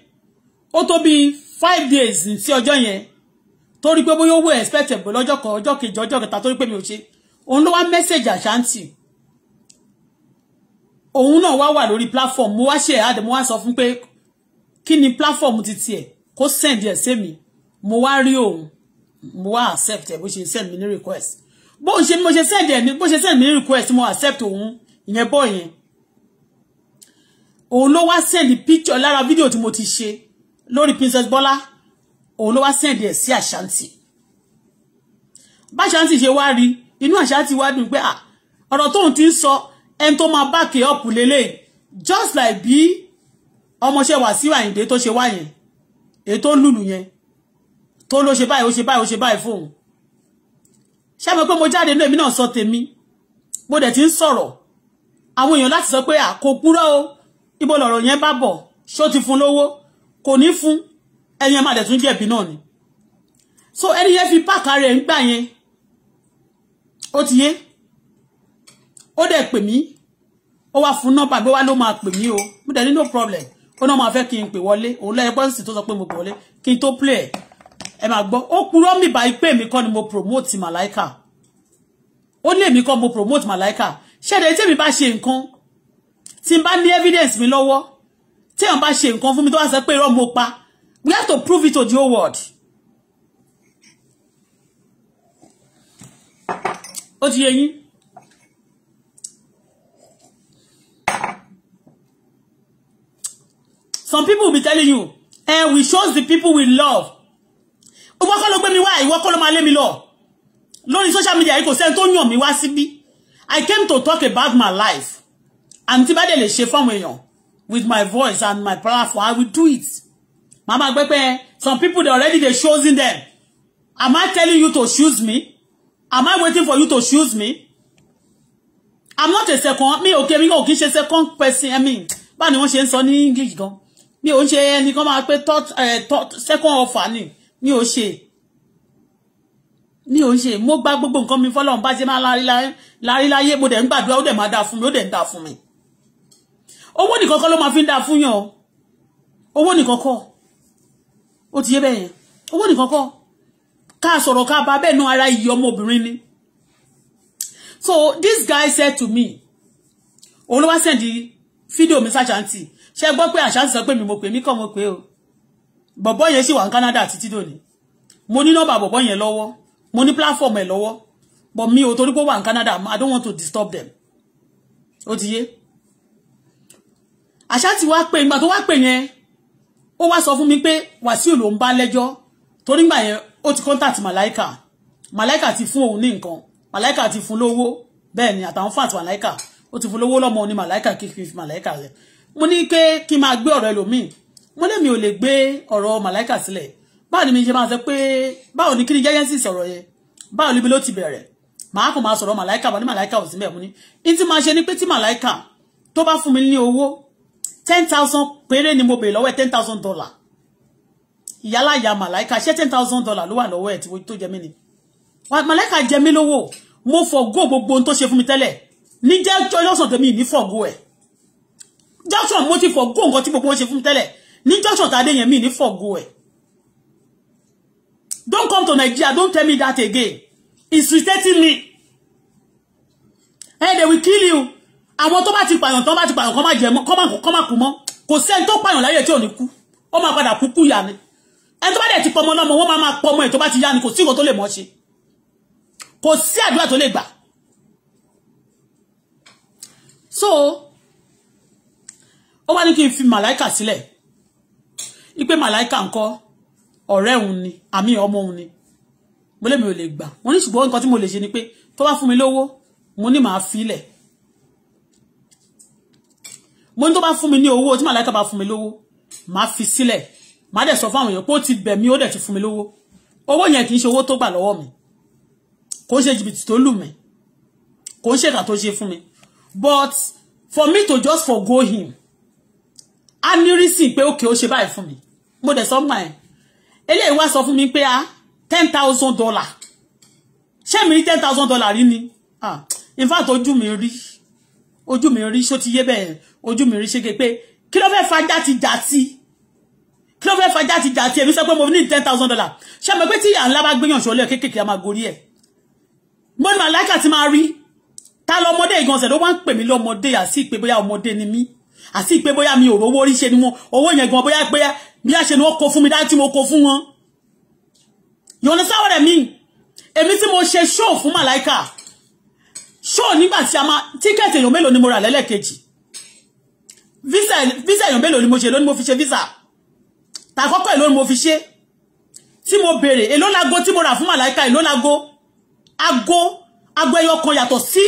ó tó bíi five days sí ọjọ́ yẹn torí pé bóyá owó expect ẹ̀bùn lọ́jọ́ kan ọjọ́ kejì ọjọ́ kẹta torí pé mi ò ṣe òun ló wá òun náà wá wà lórí platform mo wá ṣe àdè mo wá sọ fún pé kí ni platform ti tiẹ̀ kó send ẹ̀ sí mi mo wá rí òun mo wá accept ẹ̀ bó ṣe send mi ní request bó ń ṣe mo ṣe send ẹ̀ ni bó ṣe send mi ní request mo accept òun ìyẹn bọ́ yẹn òun ló wá send picture lára fídíò tí mo ti ṣe lórí Princess Bọ́lá òun ló wá send ẹ̀ sí Àṣántì bá Àṣántì ṣe wá rí inú Àṣántì wá dùn pé ah, ọ̀rọ̀ tóun ti ń sọ ẹni tó máa bá kè ọ̀pù lélẹ̀ just like bí ọmọọṣẹ́ Wàsíù Àyìndé tó ṣe wá yẹn èyí tó lùlù yẹn tó ló ṣe báyìí ó ṣe báyìí ó ṣe báyìí fóun ṣé mo pé mo jáde inú èmi náà sọ tèmi mo dẹ̀ ti ń sọ̀rọ̀ àwọn èèyàn láti sọ pé àkó púrọ́ o ibo lọ̀rọ̀ yẹn bá bọ̀ ṣó ti fún lówó kò ní fún ẹni má dẹ̀ tún jẹ̀bi náà ni so ẹni yẹn fi páàkà rẹ̀ ń gbà yẹn ó ti yé ó dẹ̀ pè mí ó wá fún nọ́mbà gbé wá ló máa pè mí o mo dẹ̀ ní no problem ó náà máa fẹ́ kí n pè wọlé òun lẹ́yìn pọ́ǹsì tó sọ pé mo pè wọlé kí n tó play ẹ máa gbọ́ ó purọ́ mi báyìí pé èmi kọ́ ni mo promote màláìkà ó ní èmi kọ́ mo promote màláìkà ṣẹ́dẹ̀ tẹ́mi bá ṣe nǹkan tí n bá ní evidence mi lọ́wọ́ téèyàn bá ṣe nǹkan fún mi tó wá sọ pé irọ́ mo pa we have to prove it to the whole world. ó ti yé yín. some people will be telling you eh we shows the people we love ìwọ kọ́ ló gbé mi wá ìwọ kọ́ ló máa lé mi lọ lórí social media yìí kò sẹ́ni tó yàn mí wá síbí I came to talk about my life and tí bá dẹ̀ lè ṣe fáwọn with my voice and my platform I will do it mama gbẹgbẹ some people they already they choosing them am I telling you to choose me am I waiting for you to choose me I'm not a second Me okay, me okay. She second person I mean báwo ni wọ́n ṣe ń sọ ní English gan mi ò ń ṣe ẹnìkan máa pé eh, second offer ni mi ò ṣe mi ò ṣe mo gba gbogbo nǹkan mi fọlọ́run bá ṣe máa lárí láyé mo dẹ̀ ń gbàdúrà ó dẹ̀ máa dáa fún mi ó dẹ̀ ń dáa fún mi owó nìkan ló máa fi ń dáa fún yàn owó nìkan ó ti yé bẹ́ẹ̀ yẹn owó nìkan ká sọ̀rọ̀ ká bá bẹ́ẹ̀ ná ara iyì ọmọbìnrin ni so this guy said to me òun ló wá sẹ́ndì fídíò mi sáṣántì ṣe gbọ́ pé àṣántì sọ pé mi mo pè mí kàn mo pè o bọ̀bọ́ yẹn sì wà ní Canada títí ni mo ní nọ́mbà bọ̀bọ́ yẹn lọ́wọ́ mo ní platform ẹ̀ lọ́wọ́ but mi ò torí pé ó wà Canada I don't want to disturb them ó ti yé àṣà ti wá pé ìgbà tó wá pè yẹn ó wá sọ fún mi pé Wàsíù ló ń bá lẹ́jọ́ torí ìgbà yẹn ti contact Màláìkà Màláìkà ti fún òun ní nǹkan Màláìkà ti fún lówó bẹ́ẹ̀ ni àtàwọn fàtí Màláìkà ó ti fún lówó lọ́mọ ní Màláìkà kí fi Màláìkà rẹ̀ mo ní pé kí n máa gbé ọ̀rọ̀ mo lè mi ò lè gbé ọ̀rọ̀ Màláìkà sílẹ̀ báwo ni mi ṣe máa sọ pé báwo ni kí ni jẹ́yẹ́ sì sọ̀rọ̀ yẹn báwo ni mi ló ti bẹ̀rẹ̀ màá kò máa sọ̀rọ̀ màláìkà wọn ní màláìkà ò sí mẹ́ẹ̀ mú ní tí máa ṣe ni pé tí màláìkà tó bá fún mi ní owó ten thousand péré ni mo bèèrè lọ́wọ́ ẹ̀ ten thousand dollar ìyálàyà màláìkà ṣé ten thousand dollar ló wà lọ́wọ́ ẹ̀ tó jẹ mí ni màláìkà jẹ mí lówó mo fọ̀gó gbogbo ohun tó ṣe fún mi tẹ́lẹ̀ ní jẹ́jọ́ lọ́sàn tèmi ní fọ̀gó ẹ̀ junction mo ti fọ̀gó nǹkan tí gbogbo wọn ṣe mi tẹ́lẹ̀ ní junction tàdé ẹ̀ Don't come to Nigeria. Don't tell me that again. It's irritating me. Hey, they will kill you. Àwọn tó bá ti pààyàn tó bá ti pààyàn kọ́ Come jẹ come kọ́ come kọ́ máa kú mọ́. Kò sí ẹni tó pààyàn láyé tí ò ní kú. Ó máa padà kú kú yà ni. Ẹni tó bá dẹ̀ ti pọmọ lọ́mọ, wọ́n máa máa pọmọ ẹ̀ tó bá ti yá ni. Kò sí ìwọ tó lè mọ́ ṣe. Kò sí àdúrà tó lè gbà. So, ó wá ní kí ọ̀rẹ́ òun ni àmì ọmọ òun ni mo lè mi ò lè gbà mo ní ṣùgbọ́n nǹkan tí mo lè ṣe ni pé tó bá fún mi lówó mo ní màá filẹ̀ mo ní tó bá fún mi ní owó tí màláìka bá fún mi lówó màá fi sílẹ̀ màá dẹ̀ sọ fún àwọn èèyàn pé ó ti bẹ̀ mí ó dẹ̀ ti fún mi lówó owó yẹn kì í ṣe owó tó gbà lọ́wọ́ mi kò ń ṣe jìbìtì tó lù mí kò ń ṣe ìkà tó ṣe fún mi but for me to just forgo him a ní rí sí pé ó kè ó ṣe báyìí fún mi mo dẹ̀ sọ mọ́ ẹ̀ eléyìí wá sọ fún mi pé a ten thousand dollar ṣé mi rí ten thousand dollar rí ni ah in fact ojú mi rí ojú mi rí ṣó ti yé bẹ́ẹ̀ ojú mi rí ṣége pé kí ló fẹ́ fa játijàti kí ló fẹ́ fa játijàti èmi sọ pé mo ní ten thousand dollar ṣé mo pé tí ìyá ńlá bá gbéyàn ṣọlẹ̀ kéékèèké a máa gorí ẹ̀ mo ní màláìka ti máa rí ta lọmọdé ìgbọ̀nsẹ̀ ló wá ń pè mí lọmọdé àti ìpè bóyá ọmọdé ni mí àti pé bóyá mi ò rówó rí ṣe ni wọn owó yẹn gan bóyá pé bí a ṣe ni wọ́n kó fún mi dájú tí mo kó fún wọn you understand what I mean èmi tí mo ṣe show fún màláìka show nígbà tí a máa tíkẹ́ẹ̀tì èèyàn mélòó ni mo rà lẹ́lẹ́kejì visa visa èèyàn mélòó ni mo ṣe lónìí mo fi ṣe visa tàkọ́kọ́ èló ni mo fi ṣe tí mo béèrè èló lago tí mo rà fún màláìka èló lago ago ago ẹyọ kan yàtọ̀ sí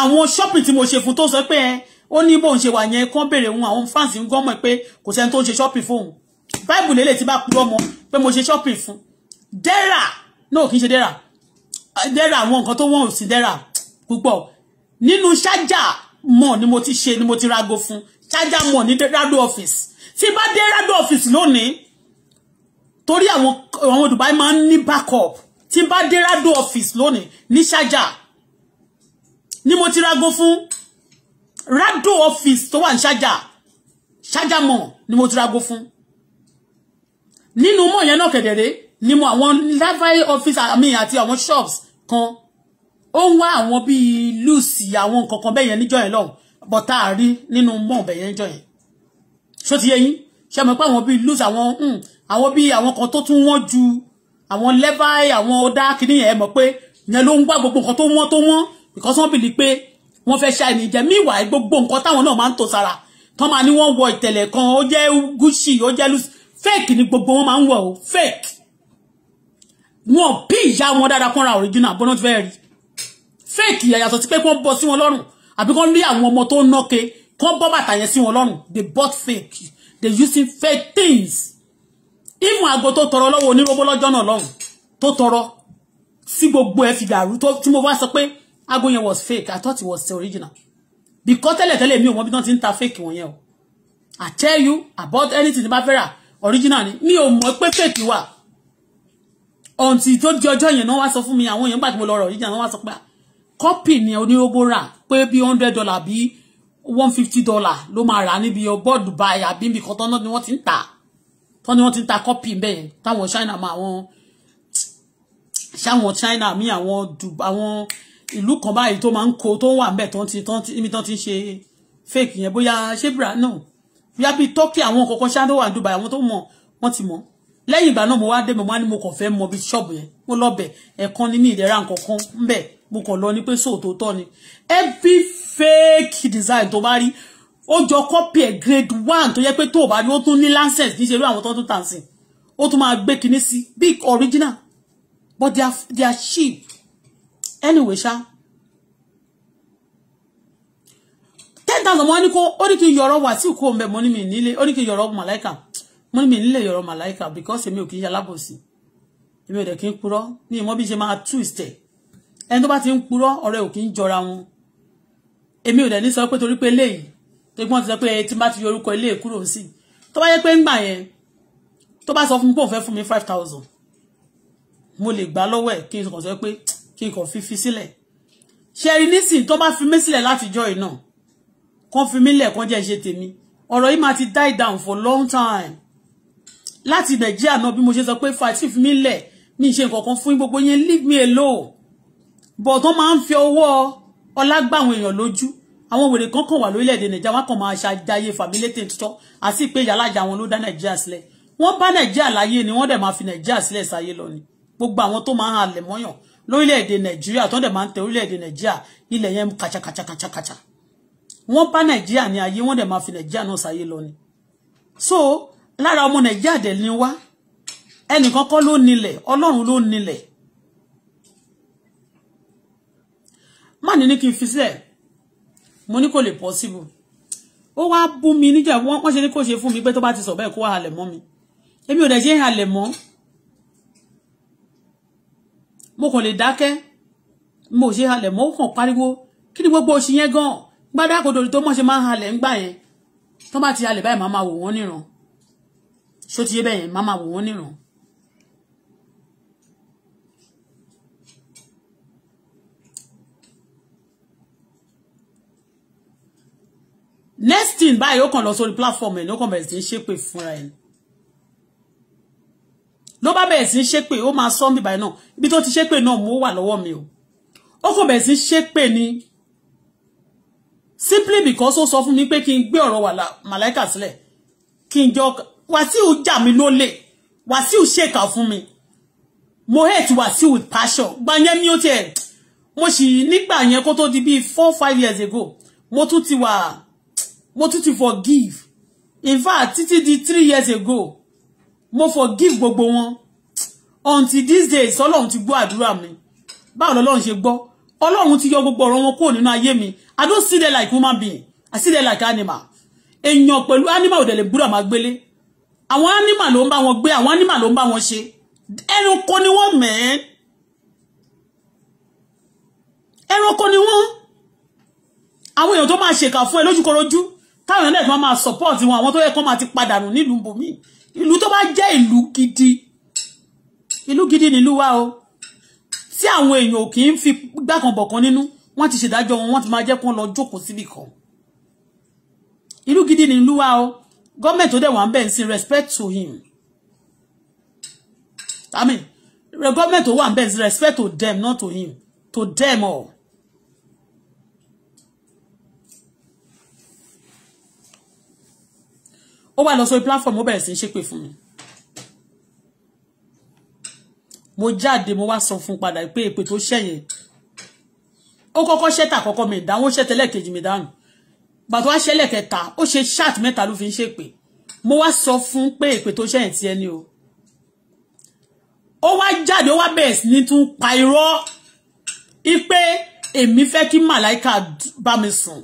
àwọn shopping tí mo ṣe fún tó sọ pé ẹ ó ní bóun ṣe wà yẹn kán béèrè òun àwọn fans ń gọ́mọ̀ pé kò sẹ́ni tó ń ṣe shopping fóun báìbù lélẹ̀ tí bá kú lọ́mọ pé mo ṣe shopping fún dẹ́rà náà kì í ṣe dẹ́rà dẹ́rà àwọn nǹkan tó wọ́n ò sí dẹ́rà púpọ̀ nínú ṣájà mọ̀ ni mo ti ṣe ni mo ti rago fún ṣájà mọ̀ ní rádó ọ́fíìsì tí bá dé rádó ọ́fíìsì lónìí torí àwọn àwọn Dubai máa ń ní backup tí bá dé rádó ọ́fíìsì lónìí ní ṣájà ni mo ti rago fún rado office tó wà ní ṣájà ṣájà mọ̀ ni mo ti rago fún nínú mọ̀ yẹn náà kẹ̀dẹ̀rẹ́ ni mo àwọn lavai office àmì àti àwọn shops kan ó ń wá àwọn bíi lucy àwọn nǹkan kan bẹ́yẹn níjọ́ yẹn lọ́hùn bọ́tà rí nínú mọ̀ bẹ́yẹn níjọ́ yẹn ṣó ti yẹ yín ṣe mọ̀ pé àwọn bíi lucy àwọn hmm, àwọn bíi àwọn kan tó tún wọ́n ju àwọn lẹ́bàáì àwọn ọ̀dà kìíní yẹn mọ̀ pé yẹn ló ń gbá gbogbo nǹkan tó wọ́n tó wọ́n because wọ́n bìlì pé wọ́n fẹ́ ṣá ẹni jẹ meanwhile gbogbo nǹkan táwọn náà máa ń tò sára tán máa ní wọ́n wọ ìtẹ̀lẹ̀ kan ó jẹ́ Gucci ó jẹ́ lùs fake ni gbogbo wọn máa ń wọ̀ o fake wọn bí ìyá wọn dáadáa kán ra original bọ́nà ti fẹ́ rí fake yàyàtọ̀ sí pé kán bọ́ sí wọn lọ́rùn àbí kán rí àwọn ọmọ tó ń nọ́ke kán bọ́ bàtà yẹn sí wọn lọ́rùn they bought fake they using fake things even àgọ́ tó tọrọ lọ́wọ́ onírúurú lọ́jọ́ náà lọ́rùn tó tọrọ sí gbogbo ẹ̀ fi dàrú tí mo bá sọ pé aago yẹn was fake I thought it was original because tẹ́lẹ̀tẹ́lẹ̀ mi ò mọ bí wọ́n ti ń ta fake wọ̀nyẹn o I tell you about anything tí bá fẹ́ rà original ni mi ò mọ̀ pé fake wà until tó di ọjọ́ yẹn náà wá sọ fún mi àwọn èèyàn gbà tí mo lọ rọ̀ original náà wá sọ pé ah, Copy ni onírúurú rà pé bí hundred dollar bí one fifty dollar ló máa rà níbi bọ́ọ̀dù báyìí àbí ibi kan tán náà ni wọ́n ti ń tà tán ni wọ́n ti ń ta kọ́pì bẹ́ẹ̀ táwọn China máa wọn ṣáwọn China mi àwọn Dubai àwọn ìlú kan báyìí tó máa ń kó tó ń wà ń bẹ̀ tó ti ibi tó ti ń ṣe fake yẹn bóyá ṣé bra náà bóyá bíi Turkey àwọn kọ̀ọ̀kan ṣáà tó wà ní Dubai àwọn tó mọ̀ wọ́n ti mọ̀ lẹ́yìn ìgbà náà mo wá dé mo wá ní mo kàn fẹ́ mọ bí ṣọ́ọ̀bù yẹn mo lọ bẹ̀ ẹ̀kan ní ní ìlera nǹkankan ń bẹ̀ mo kàn lọ ní pé sóòtò tọ́ ni every fake design tó bá rí ó jọ copy ẹ̀ grade one tó yẹ pé tó o bá rí ó tún ní license kì í ṣe irú àwọn tó tún tàn sí ó tún máa gbé kinní sí big original but they are, they are cheap anyway ṣá ten thousand money ní kó ó ní kí n yọ̀rọ̀ Wàsíù kó mbẹ́ mo ní mi nílé ó ní kí n yọ̀rọ̀ màláìkà mo mi nílé yọ̀rọ̀ màláìkà because èmi ò kì í ṣe alábòsí èmi ò dẹ̀ kí n purọ́ ní ìmọ̀ bí ṣe máa twist ẹ̀ ẹni tó bá ti ń purọ́ ọ̀rẹ́ ò kì í jọra wọn èmi ò dẹ̀ ní sọ pé torí pé léyìí tó gbọ́n ti sọ pé tí n bá ti yọ orúkọ ilé kúrò sí tó bá yẹ pé ń gbà yẹn tó bá sọ fún mi mi five thousand mo lè gbà lọ́wọ́ ẹ̀ kí n kàn sọ pé kí n kàn fi fi sílẹ̀ ṣe rí nísìn tó bá fi mí sílẹ̀ látijọ́ yìí náà kàn fi mí lẹ̀ jẹ́ ṣe tèmi ọ̀rọ̀ yìí máa ti die down for long time láti nàìjíríà náà bí mo ṣe sọ pé fatif mi lẹ̀ mi ṣe nǹkan kan fún gbogbo yín leave me alone but wọ́n máa ń fi ọwọ́ ọlá gbà àwọn èèyàn lójú àwọn wèrè kan kàn wà lórílẹ̀‐èdè nàìjíríà wọn kàn máa ṣàjáyé fàmílétè tuntun àti pé ìyálàjà wọn ló dá nàìjíríà sílẹ̀ wọ́n bá nàìjíríà láyé ni wọ́n dẹ̀ máa fi nàìjíríà sílẹ̀ sáyé lọ ni gbogbo àwọn tó máa ń halẹ̀ mọ́yàn lórílẹ̀‐èdè nàìjíríà tó ń dẹ̀ máa ń tẹ orílẹ̀‐èdè nàìjíríà ilẹ̀ yẹn kàchàkàchàkàchà wọ́n bá nàìjíríà ní ayé wọ́n dẹ̀ máa fi nàìjíríà náà sáyé lọ ni so lára ọmọ nàìjíríà dẹ̀ ni wá ẹnìkan kọ́ ló nílẹ̀ ọlọ́run ló nílẹ̀ má ní ní kí n fi sílẹ̀ mo ní kò lè possible ó wá bú mi níjà wọ́n ṣe ní kó ṣe fún mi pé tó bá ti sọ bẹ́ẹ̀ kó wá halẹ̀ mọ́ mi èmi ò dẹ̀ ṣe halẹ̀ mọ́ mo kàn lè dákẹ́ mo ṣe halẹ̀ mo kàn pariwo kí ni gbogbo òṣì yẹn gan gbádá kòtòrí tó mọ̀ ṣe máa ń halẹ̀ ńgbà yẹn tó bá ti halẹ̀ báyìí máa máa wò wọ́n níran ṣó ti yé bẹ́ẹ̀ yẹn máa máa wò wọ́n níran. next thing báyìí ó kàn lọ sórí platform ẹ̀ ló kàn bẹ̀rẹ̀ sí í ṣépè fúnra ẹ̀ ló bá bẹ̀rẹ̀ sí ṣépè ó máa sọ́ mi báyìí náà ibi tó ti ṣépè náà mo wà lọ́wọ́ mi o ó kò bẹ̀rẹ̀ sí ṣépè ni simply because ó sọ fún mi pé kí n gbé ọ̀rọ̀ wà màláìkà sílẹ̀ kí n jọ wàsíù jà mí lólè wàsíù ṣèkà fún mi mo hate wàsíù with passion gbanyẹ ní ó tiẹ̀ mo sì nígbà yẹn kó tó di bíi four five years ago mo tún ti wà mo tún ti forgive in fact títí di three years ago mo forgive gbogbo wọn until these days ọlọ́run ti gbọ́ àdúrà mi báwo lọ́lọ́run ṣe gbọ́ ọlọ́run ti yọ gbogbo ọ̀rọ̀ wọn kúrò nínú ayé mi i don't see them like human being i see them like animal èèyàn pẹ̀lú animal ò dẹ̀ lè búra máa gbélé àwọn animal ló ń bá wọn gbé àwọn animal ló ń bá wọn ṣe ẹranko ni wọ́n mẹ́ẹ́ ẹranko ni wọ́n àwọn èèyàn tó máa ṣèkà fún ẹ lójúkọrojú táwọn èèyàn náà máa support wọn àwọn tó yẹ kán máa ti padà nù nílùú bòmíì ìlú tó bá jẹ́ ìlú gidi ìlú gidi nílùú wa o tí àwọn èèyàn ò kì í fi gbàkànbọ̀kan nínú wọ́n ti ṣèdájọ́ wọn wọ́n ti máa jẹ́ kó lọ jókòó síbì kan ìlú gidi nílùú wa o gọ́ọ̀mẹ̀ntì tó dẹ̀ wà ń bẹ̀ ń sin respect to him I mean gọ́ọ̀mẹ̀ntì tó wà ń bẹ̀ ń sin respect to them not to him to them all. ó wà lọ sórí platform ó bẹ̀rẹ̀ sí í ṣépè fún mi mo jáde mo wá sọ fún padà pé èpè tó ṣẹ̀yìn ó kọ́kọ́ ṣẹ́ tà kọ́kọ́ mi ìdáhùn ó ṣẹ́ tẹ́lẹ̀ kejì mi dáhùn gbàtọ́ wá ṣẹlẹ̀ kẹta ó ṣe ṣáàt mẹ́ta ló fi ń ṣépè mo wá sọ fún pé èpè tó ṣẹ̀yìn tiẹ̀ ni o ó wá jáde ó wá bẹ̀rẹ̀ sí ní tún pa irọ́ ipe èmi fẹ́ kí màláìka bá mi sùn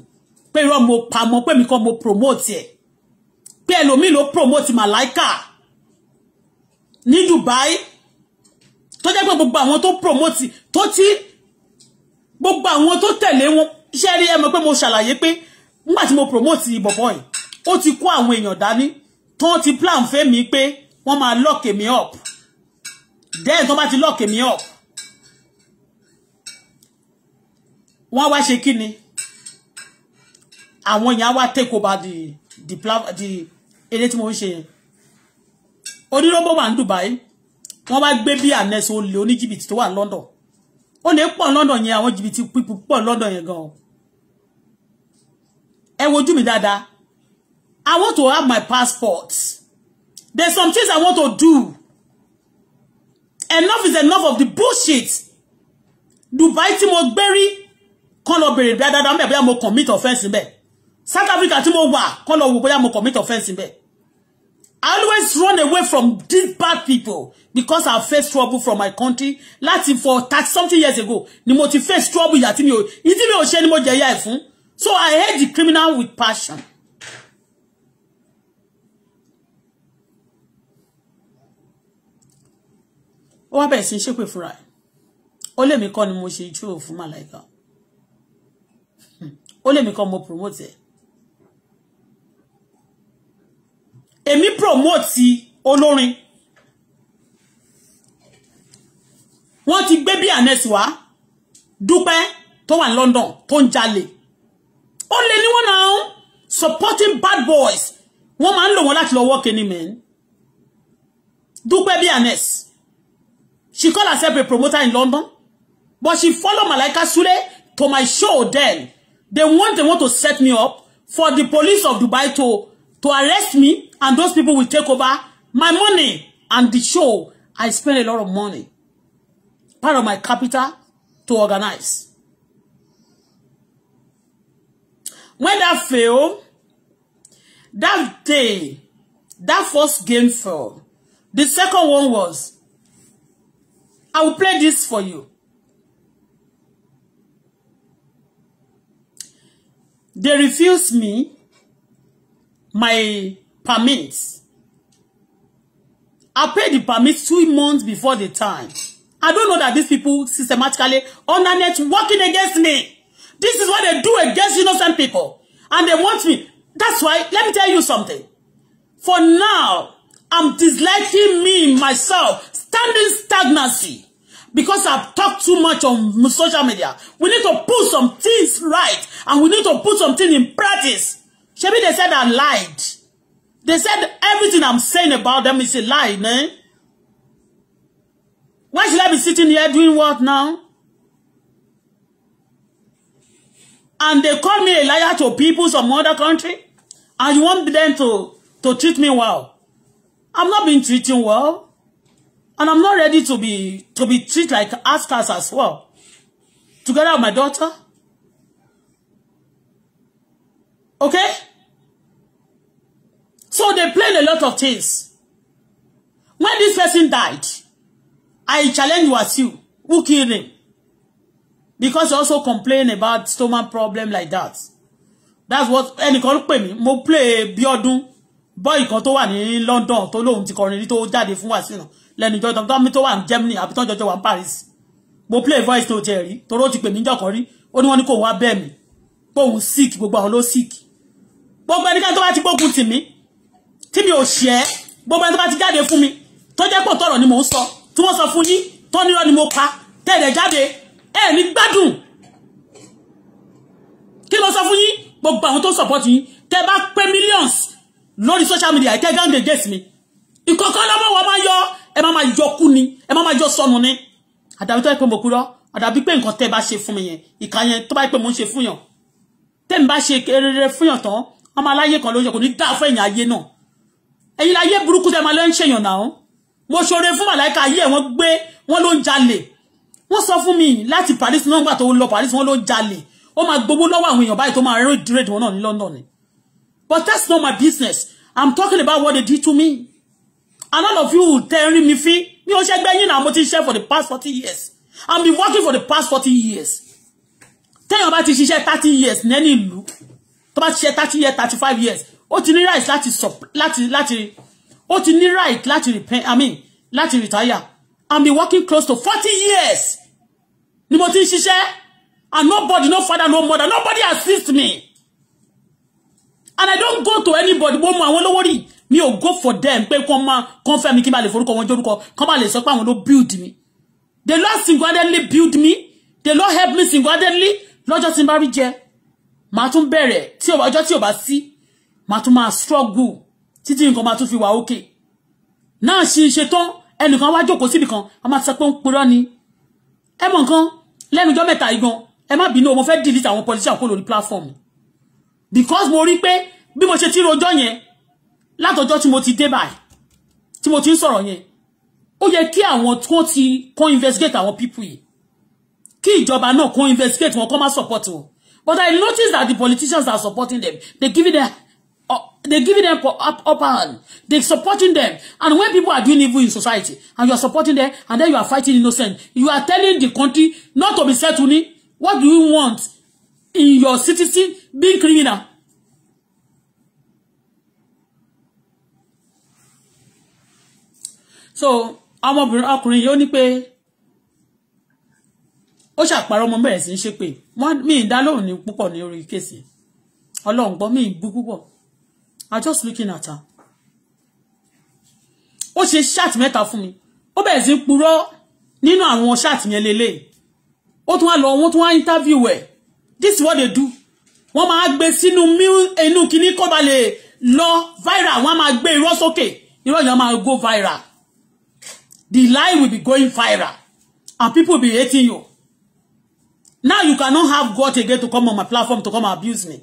pé irọ́ mo pa mọ́ pé mi kọ́ mo promote ẹ̀ pé ẹlòmíì ló promote màláìkà ní Dubai tó jẹ́ pé gbogbo àwọn tó promote tó ti gbogbo àwọn tó tẹ̀lé wọn ṣe rí ẹ pé mo ṣàlàyé pé nígbà tí mo promote bọ̀bọ̀ yìí ó ti kó àwọn èèyàn dání tó ti plan fẹ́ mi pé wọ́n máa lock me up then tó bá ti lock me up wọ́n wá ṣe kí ni àwọn èèyàn wá take over the the, the eré tí mo ń ṣe yẹn onírọ́bó wà ní Dubai wọ́n bá gbé bí ànẹ́sì olè oníjìbìtì tó wà London ó lè pọ̀ London yẹn àwọn jìbìtì pípù pọ̀ London yẹn gan-an ẹ mi dáadáa I want to have my passport there's some things I want to do enough is enough of the bullshit Dubai tí mo gbé rí kán lọ bèrè dáadáa bóyá mo commit offence níbẹ̀ South Africa tí mo wà kán lọ wò bóyá mo commit offence níbẹ̀ always run away from these bad people because I face trouble from my country. Láti for tax something years ago ni mo ti face trouble ìyà tí mi ò ìdí mi ò ṣe ni mo jẹ ìyà ẹ̀ So I hate the criminal with passion. Ó wá bẹ̀rẹ̀ sí ṣépè fúnra ẹ̀. Ó lèmi kọ́ ni mo ṣe ìjíròrò fún Màláìka. Hmm. Ó lèmi kọ́ mo promote ẹ̀. èmi promote olórin wọ́n ti gbé bí aneswa wá to tó London to ń jalè ó lè ní wọ́n supporting bad boys wọ́n máa ń lò wọ́n láti work any men dúpẹ́ bí anes she call herself a promoter in London but she follow Malaika Sule to my show then they want they want to set me up for the police of Dubai to to arrest me and those people will take over my money and the show. I spend a lot of money, part of my capital to organize. When that failed, that day, that first game failed. The second one was, I will play this for you. They refused me my permit. I paid the permit two months before the time. I don't know that these people systematically on the net working against me. This is what they do against innocent people. And they want me. That's why, let me tell you something. For now, I'm disliking me, myself, standing stagnancy. Because I've talked too much on social media. We need to put some things right. And we need to put something in practice. Shebi they said I lied. They said everything I'm saying about them is a lie, man. Why should I be sitting here doing what now? And they call me a liar to people from other country. And you want them to, to treat me well. I'm not being treated well. And I'm not ready to be to be treated like askers as well. Together with my daughter. Okay? So they plan a lot of things. When this person died, I challenge was you. Who killed him? Because you also complain about stomach problem like that. That's what ẹnìkan pè mí. Mo play Bíọ́dún. Boy kan tó wà ní London tó lóun ti kọrin rí tó jáde fún Wasiu. Lẹ́nu ìjọ ìtàn tó wà ní Germany àbí tán jọjọ wà Paris. Mo play voice note ẹ̀ rí. ti pè mí jọ̀kan rí. Ó ní wọ́n ní kò mi. Pé òun sick gbogbo àwọn ló sick gbogbo ẹnikẹ́ni tó bá ti gbógun tì mí tí mi ò ṣe é gbogbo ẹni tó bá ti jáde fún mi tó jẹ́ pọ̀ tọ̀rọ̀ ni mò ń sọ tí wọ́n sọ fún yín tó nírọ́ ni mo pa tẹ̀lẹ̀ jáde ẹ̀ ní gbádùn kí ló sọ fún yín gbogbo àwọn tó ń support yín tẹ bá pé millions lórí social media ẹ̀ tẹ́ gáǹdé gẹ̀ẹ́sì mi ìkọ̀kọ́ lọ́mọ wọn máa yọ ẹ máa máa yọ kú ni ẹ máa máa yọ sọnù ni àdàbí tó yẹ pé mo kú lọ àdàbí pé nǹkan tẹ́ bá ṣe fún mi yẹn ìkà yẹn tó bá yẹ pé mo ń ṣe fún yàn tẹ́mi bá ṣe rere fún yàn tán ọmọ aláyé kan ló ń ṣe kò ní dá fún ẹ̀yìn ayé náà ẹ̀yìn ayé burúkú sẹ́ẹ̀ máa lọ ń ṣèyàn náà mo ṣoore fún màláìka ayé ẹ̀ wọ́n gbé wọ́n ló ń jalè wọ́n sọ fún mi láti Paris náà gbà tó lọ Paris wọ́n ló ń jalè ó máa gbowó lọ́wọ́ àwọn èèyàn báyìí tó máa rẹ́rẹ́ dírẹ́dì wọn náà London ni but that's not my business I'm talking about what they did to me and all of you tẹ́rí mi fín mi ò ṣẹ́gbẹ́ yín náà mo ti ṣe for the past 40 years I've been working for the past 40 years Tell téèyàn bá ti ṣiṣẹ́ 30 years nẹ́ni ìlú tó bá ṣiṣẹ́ thirty years thirty five years ó ti ní right láti láti láti ó ti ní right láti repent i mean láti retire I'm be working close to forty years ni mo ti ń ṣiṣẹ́ and nobody no father no mother nobody assist me and i don't go to anybody mo mọ àwọn olówó rí mi ò go for them pé kán máa confirm fẹ́ mi kí n bá lè forúkọ wọn jórúkọ kán bá lè sọ build me. the Lord single build me the Lord help me single-handedly just in n bá màá tún bẹ̀rẹ̀ tí ọjọ́ tí ò bá sí màá tún máa struggle títí nǹkan máa tún fi wà òkè náà ṣe ṣe tán ẹnìkan wá jókòó síbì kan a máa sọ pé ń purọ́ ni ẹ mọ̀ nǹkan lẹ́nu ọjọ́ mẹ́ta igan ẹ má bínú mo fẹ́ delete àwọn politician kó lórí platform because mo rí pé bí mo ṣe ti rojọ́ yẹn látọjọ́ tí mo ti dé báyìí tí mo ti ń sọ̀rọ̀ yẹn ó yẹ kí àwọn ti kó investigate àwọn people yìí kí ìjọba náà kó investigate wọn kó má support wọn But I noticed that the politicians are supporting them. They're giving them, uh, they're giving them up, up hand. They're supporting them. And when people are doing evil in society, and you're supporting them, and then you are fighting innocent, you are telling the country not to be settling. What do you want in your citizen being criminal? So, I'm ọkùnrin yìí ó ní pé ó ṣàparọ́ ọmọ bẹ̀rẹ̀ sí í ṣépè wọ́n mi ì dá lóhùn ní púpọ̀ ní orí kéèsì ọlọ́run gbọ́ mi ì bú púpọ̀ i'm just looking at her ó ṣe ṣáàtì mẹ́ta fún mi ó bẹ̀rẹ̀ sí í purọ́ nínú àwọn ṣáàtì yẹn lélẹ̀ ó tún wá lọ wọ́n tún wá interview ẹ̀ this is what they do wọ́n máa gbé sínú inú kíní kó ba lè lọ viral wọ́n máa gbé irọ́ sókè irọ́ yẹn máa go viral the lie will be going viral and people be hating you now you cannot have God again to come on my platform to come and abuse me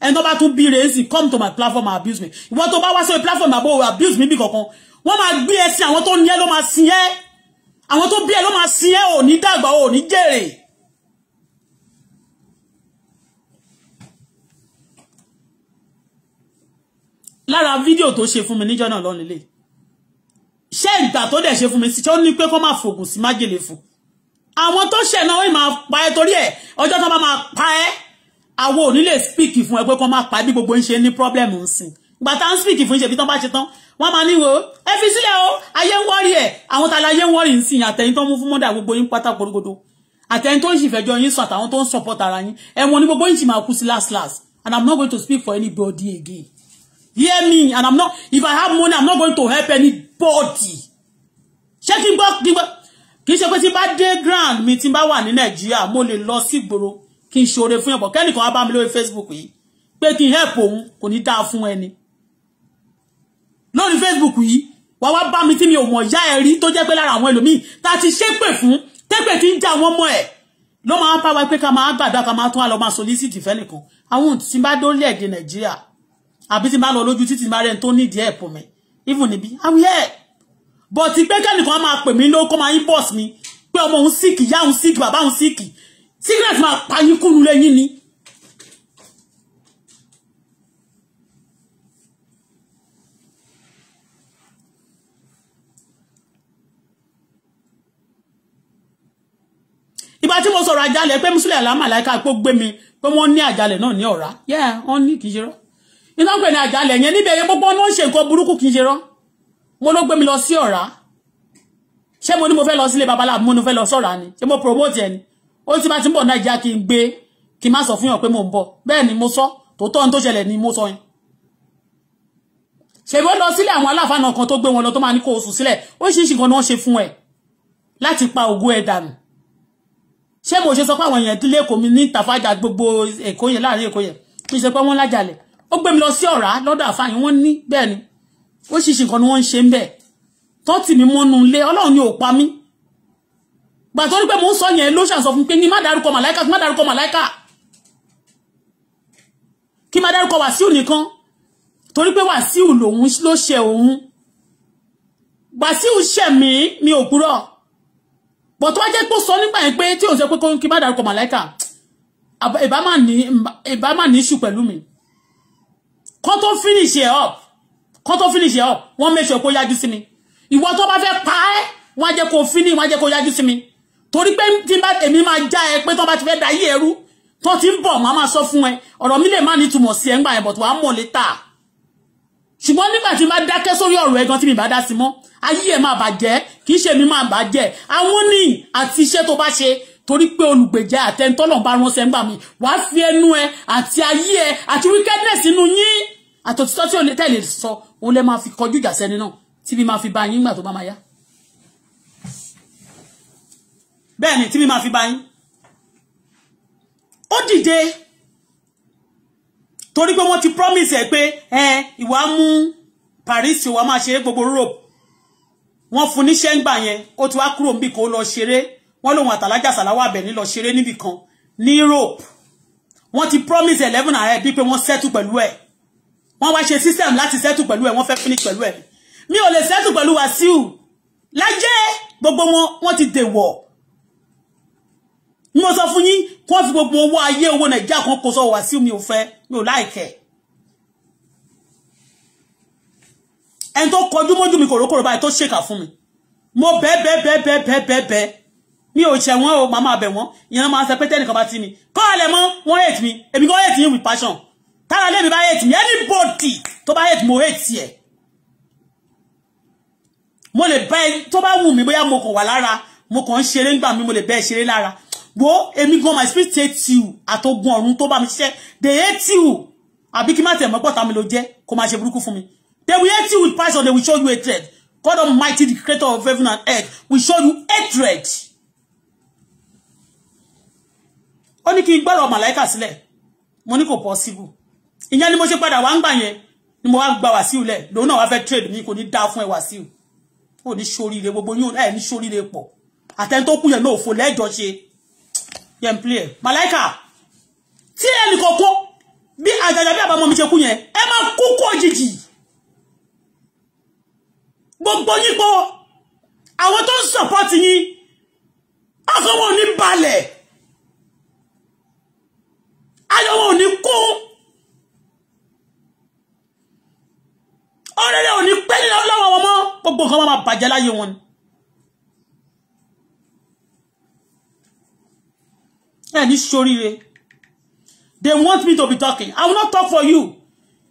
and tó bá be lazy, come to my platform and abuse me ìwọ tó what's on sí platform àbò abuse me because kankan wọ́n máa gbé ẹ sí àwọn tó ní my ló máa sin ẹ àwọn tó bí ẹ ló máa sin ẹ ò video dàgbà ò ní jèrè. lára fídíò tó ṣe fún mi níjọ́ náà lọ́nà ilé ṣé ìgbà tó dẹ̀ ṣe fún mi sí ṣé àwọn tó ṣẹ̀ náà wọ́n máa pa ẹ́ torí ẹ̀ ọjọ́ tó bá máa pa ẹ́ àwọn ò ní lè speak fún ẹ pé kó máa pa bí gbogbo ń ṣe ní problem ń sìn ìgbà tá ń speak fún ìṣèbí tán bá ṣe tán wọ́n máa níwò ẹ fi sílẹ̀ o ayé ń wọ́rí ẹ̀ àwọn tá láyé ń wọ́rí ń sìn àtẹ̀yìn tó ń mú fún mọ́dà gbogbo yín pátá koríkodo àtẹ̀yìn tó ń ṣìfẹ́jọ́ yín sùn àtàwọn tó ń support ara yín ẹ̀wọ̀n ní gbogbo yín sì máa kú sí last last and I'm not going to speak for anybody again hear me and I'm not if I have money I'm not going to help anybody ṣé kí n gbọ́ kí gbọ́ kì í ṣe pé tí bá dé ground mi tí bá wà ní nàìjíríà mo lè lọ sí ìgboro kí n ṣoore fún ẹ̀bọ̀ kẹ́nìkan wá bá mi lórí facebook yìí pé kí n help òun kò ní dáa fún ẹni lórí facebook yìí wà wá bá mi tí mi ò mọ̀ yá ẹ rí tó jẹ́ pé lára àwọn ẹlòmíì tá a ti ṣépè fún tẹ́pẹ̀ tí ń já wọn mọ́ ẹ̀ ló máa ń bá wa pé ká máa gbàdá ká máa tún á lọ máa solicit ìfẹ́ nìkan àwọn tí bá dórílẹ̀ èdè nàìjíríà àbí tí bá lọ lójú títí má rẹ̀ tó nídìí ẹ̀ mẹ́ even níbí àwọn yẹ́ẹ̀ but pé kẹ́nìkan máa pè mí ló kó máa yín bọ́ọ̀sì mi pé ọmọ òun síkì ìyá òun síkì bàbá òun síkì sickness máa pa yín kúrú lẹ́yìn ni. ìgbà tí mo sọ̀rọ̀ àjálẹ̀ pé mùsùlùmí àlámàláìka pé ó gbé mi pé wọ́n ní àjálẹ̀ náà ní ọ̀rá yẹ́ wọ́n ní kì ni ṣe rọ́ iná pè ní àjálẹ̀ yẹn níbi gbogbo wọn ń ṣe nǹkan burúkú mo ló gbé mi lọ sí ọ̀rá ṣé mo ní mo fẹ́ lọ sílé babaláwo mo ní mo fẹ́ lọ sọ̀rá ni ṣé mo promote ẹni ó ti bá ti ń bọ̀ nàìjíríà kí n gbé kí n má sọ fún yàn pé mo ń bọ̀ bẹ́ẹ̀ ni mo sọ tòótọ́ ní tó ṣẹlẹ̀ ni mo sọ yẹn ṣèbí ó lọ sílé àwọn aláfáà kan tó gbé wọn lọ tó máa ní kó o sùn sílẹ̀ oríṣiríṣi nǹkan ni wọ́n ṣe fún ẹ láti pa ògo ẹ dànù ṣé mo ṣe sọ pé èèyàn ìdílé èkó mi ní tàfájà gbogbo èkó yẹn láàrin èkó yẹn kí ṣe pé wọ́n lájàlẹ̀ ó gbé mi lọ sí ọ̀rá lọ́dọ̀ àfáàyàn wọ́n ní bẹ́ẹ̀ ni ó ṣìṣì nǹkan ni wọ́n ń ṣe ń bẹ̀ tọ́tì mi mọ́nu lé ọlọ́run ni ò pa mí gbà tó rí pé mò ń sọ yẹn ló ṣàǹsọ fún pé ní má dárúkọ màláìka má dárúkọ màláìka kí má dárúkọ wàsíù nìkan torí pé wàsíù lòun ló ṣe òun wàsíù ṣẹ̀ mí mi ò kúrọ̀ bọ̀ tó wá jẹ́ pé sọ nígbà yẹn pé tí òun sọ pé kí má dárúkọ màláìka ìbá má ní ìṣù pẹ̀lú mi kó tó finish ẹ̀ up kan to finish ẹ ọ wọ́n make sure kó yájú sí mi ìwọ tó bá fẹ́ pa ẹ́ wọ́n á jẹ́ kó finish wọ́n á jẹ́ kó yájú sí mi torí pé tí bá èmi máa já ẹ pé tó bá ti fẹ́ da yí ẹrú tó ti ń bọ̀ màá máa sọ fún ẹ ọ̀rọ̀ mi lè má ní túmọ̀ sí ẹ ńgbà yẹn but wa mọ̀ létà ṣùgbọ́n nígbà tí n bá dákẹ́ sórí ọ̀rọ̀ ẹ̀gan tí mi bá dá sí mọ́ ayé ẹ̀ máa bàjẹ́ kì í ṣe mi máa bàjẹ́ àwọn ní àti iṣẹ́ tó bá ṣe torí pé olùgbèjà àtẹnutọ́nà bá ránṣẹ́ ń gbà mí wà á fi ẹnu ẹ àti ayé ẹ àti wickedness inú yín àtòtítọ́ tí ò òun lẹ máa fi kọjú ìjà sẹ́ni náà tí mi máa fi bá yín gbà tó bá máa yá ni tí mi máa fi bá yín ó dìde torí pé wọ́n ti promise ẹ̀ pé ẹ ìwà mú Paris ìwà máa ṣe gbogbo Europe wọ́n fún níṣẹ́ ń gbà yẹn ó ti wá kúrò níbì kó lo ṣeré wọ́n lòun àtàlájà sàláwà Àbẹ̀ní lọ ṣeré níbì kan ní Europe wọ́n ti promise eleven ahead bí pé wọ́n settle pẹ̀lú ẹ̀ wọ́n wá ṣe system láti settle pẹ̀lú ẹ̀ wọ́n fẹ́ finish pẹ̀lú ẹ̀ mi ò lè settle pẹ̀lú Wàsíù láyé gbogbo wọn wọ́n ti dèwọ̀ mo sọ fún yín kó fi gbogbo owó ayé owó Nàìjíríà kan kó sọ Wàsíù mi ò fẹ́ mi ò láìkẹ́ ẹni tó kọjú mójú mi kòrókòrò báyìí tó ṣèkà fún mi mo bẹ́ẹ̀ bẹ́ẹ̀ bẹ́ẹ̀ bẹ́ẹ̀ bẹ́ẹ̀ bẹ́ẹ̀ bẹ́ẹ̀ mi ò ṣẹ̀ wọ́n o màmá bẹ̀ wọ́n ìyẹn máa ń sẹ pé tẹ́nìkan bá ti mi kọ́ ọ̀lẹ̀ mọ́ wọ́n hate mi èmi kò hate yín with passion tára lè mi bá Me mi anybody to bá hate mo hate ye. mo le bá To tó bá wù mí mo ko wà lára mo kàn ń ṣeré ńgbà mi mo lè bẹ́ẹ̀ ṣeré lára wo èmi gan my spirit hate you àtogun ọ̀run to bá mi ṣiṣẹ́ they hate you Abi kí má tẹ̀ mọ́ pọ̀tà mi ló jẹ́ kó má ṣe burúkú fún mi they will hate you with passion they will show you hatred God Almighty the creator of heaven and earth will show you hatred. ó ní kí n gbọ́dọ̀ màláìkà sílẹ̀ mo ní kò possible ìyẹn ni mo ṣe padà wá ń gbà yẹn ni mo wá gba Wàsíù lẹ̀ lòun náà wá fẹ́ trade mi kò ní dáa fún ẹ Wàsíù ò ní ṣoríire gbogbo yín ẹ ní ṣoríire pọ̀ àtẹni tó kú yẹn náà òfò lẹ́jọ́ ṣe yẹn play ẹ̀ màláìkà tí ẹnì kọ̀ọ̀kan bí àjàjà bí àbámọ́ mi ṣe kú yẹn ẹ máa kú kó òjijì gbogbo yín pọ̀ àwọn tó ń support yín àkọ́wọ́ ò ní balẹ̀ ayọ̀wọ́ ò ní kú. ọ̀rẹ́rẹ́ ò ní pẹ́ ní ọlọ́wọ́ wọn mọ́ gbogbo nǹkan máa bàjẹ́ láyé wọn ni. ẹ ní ṣoríire they want me to be talking i will not talk for you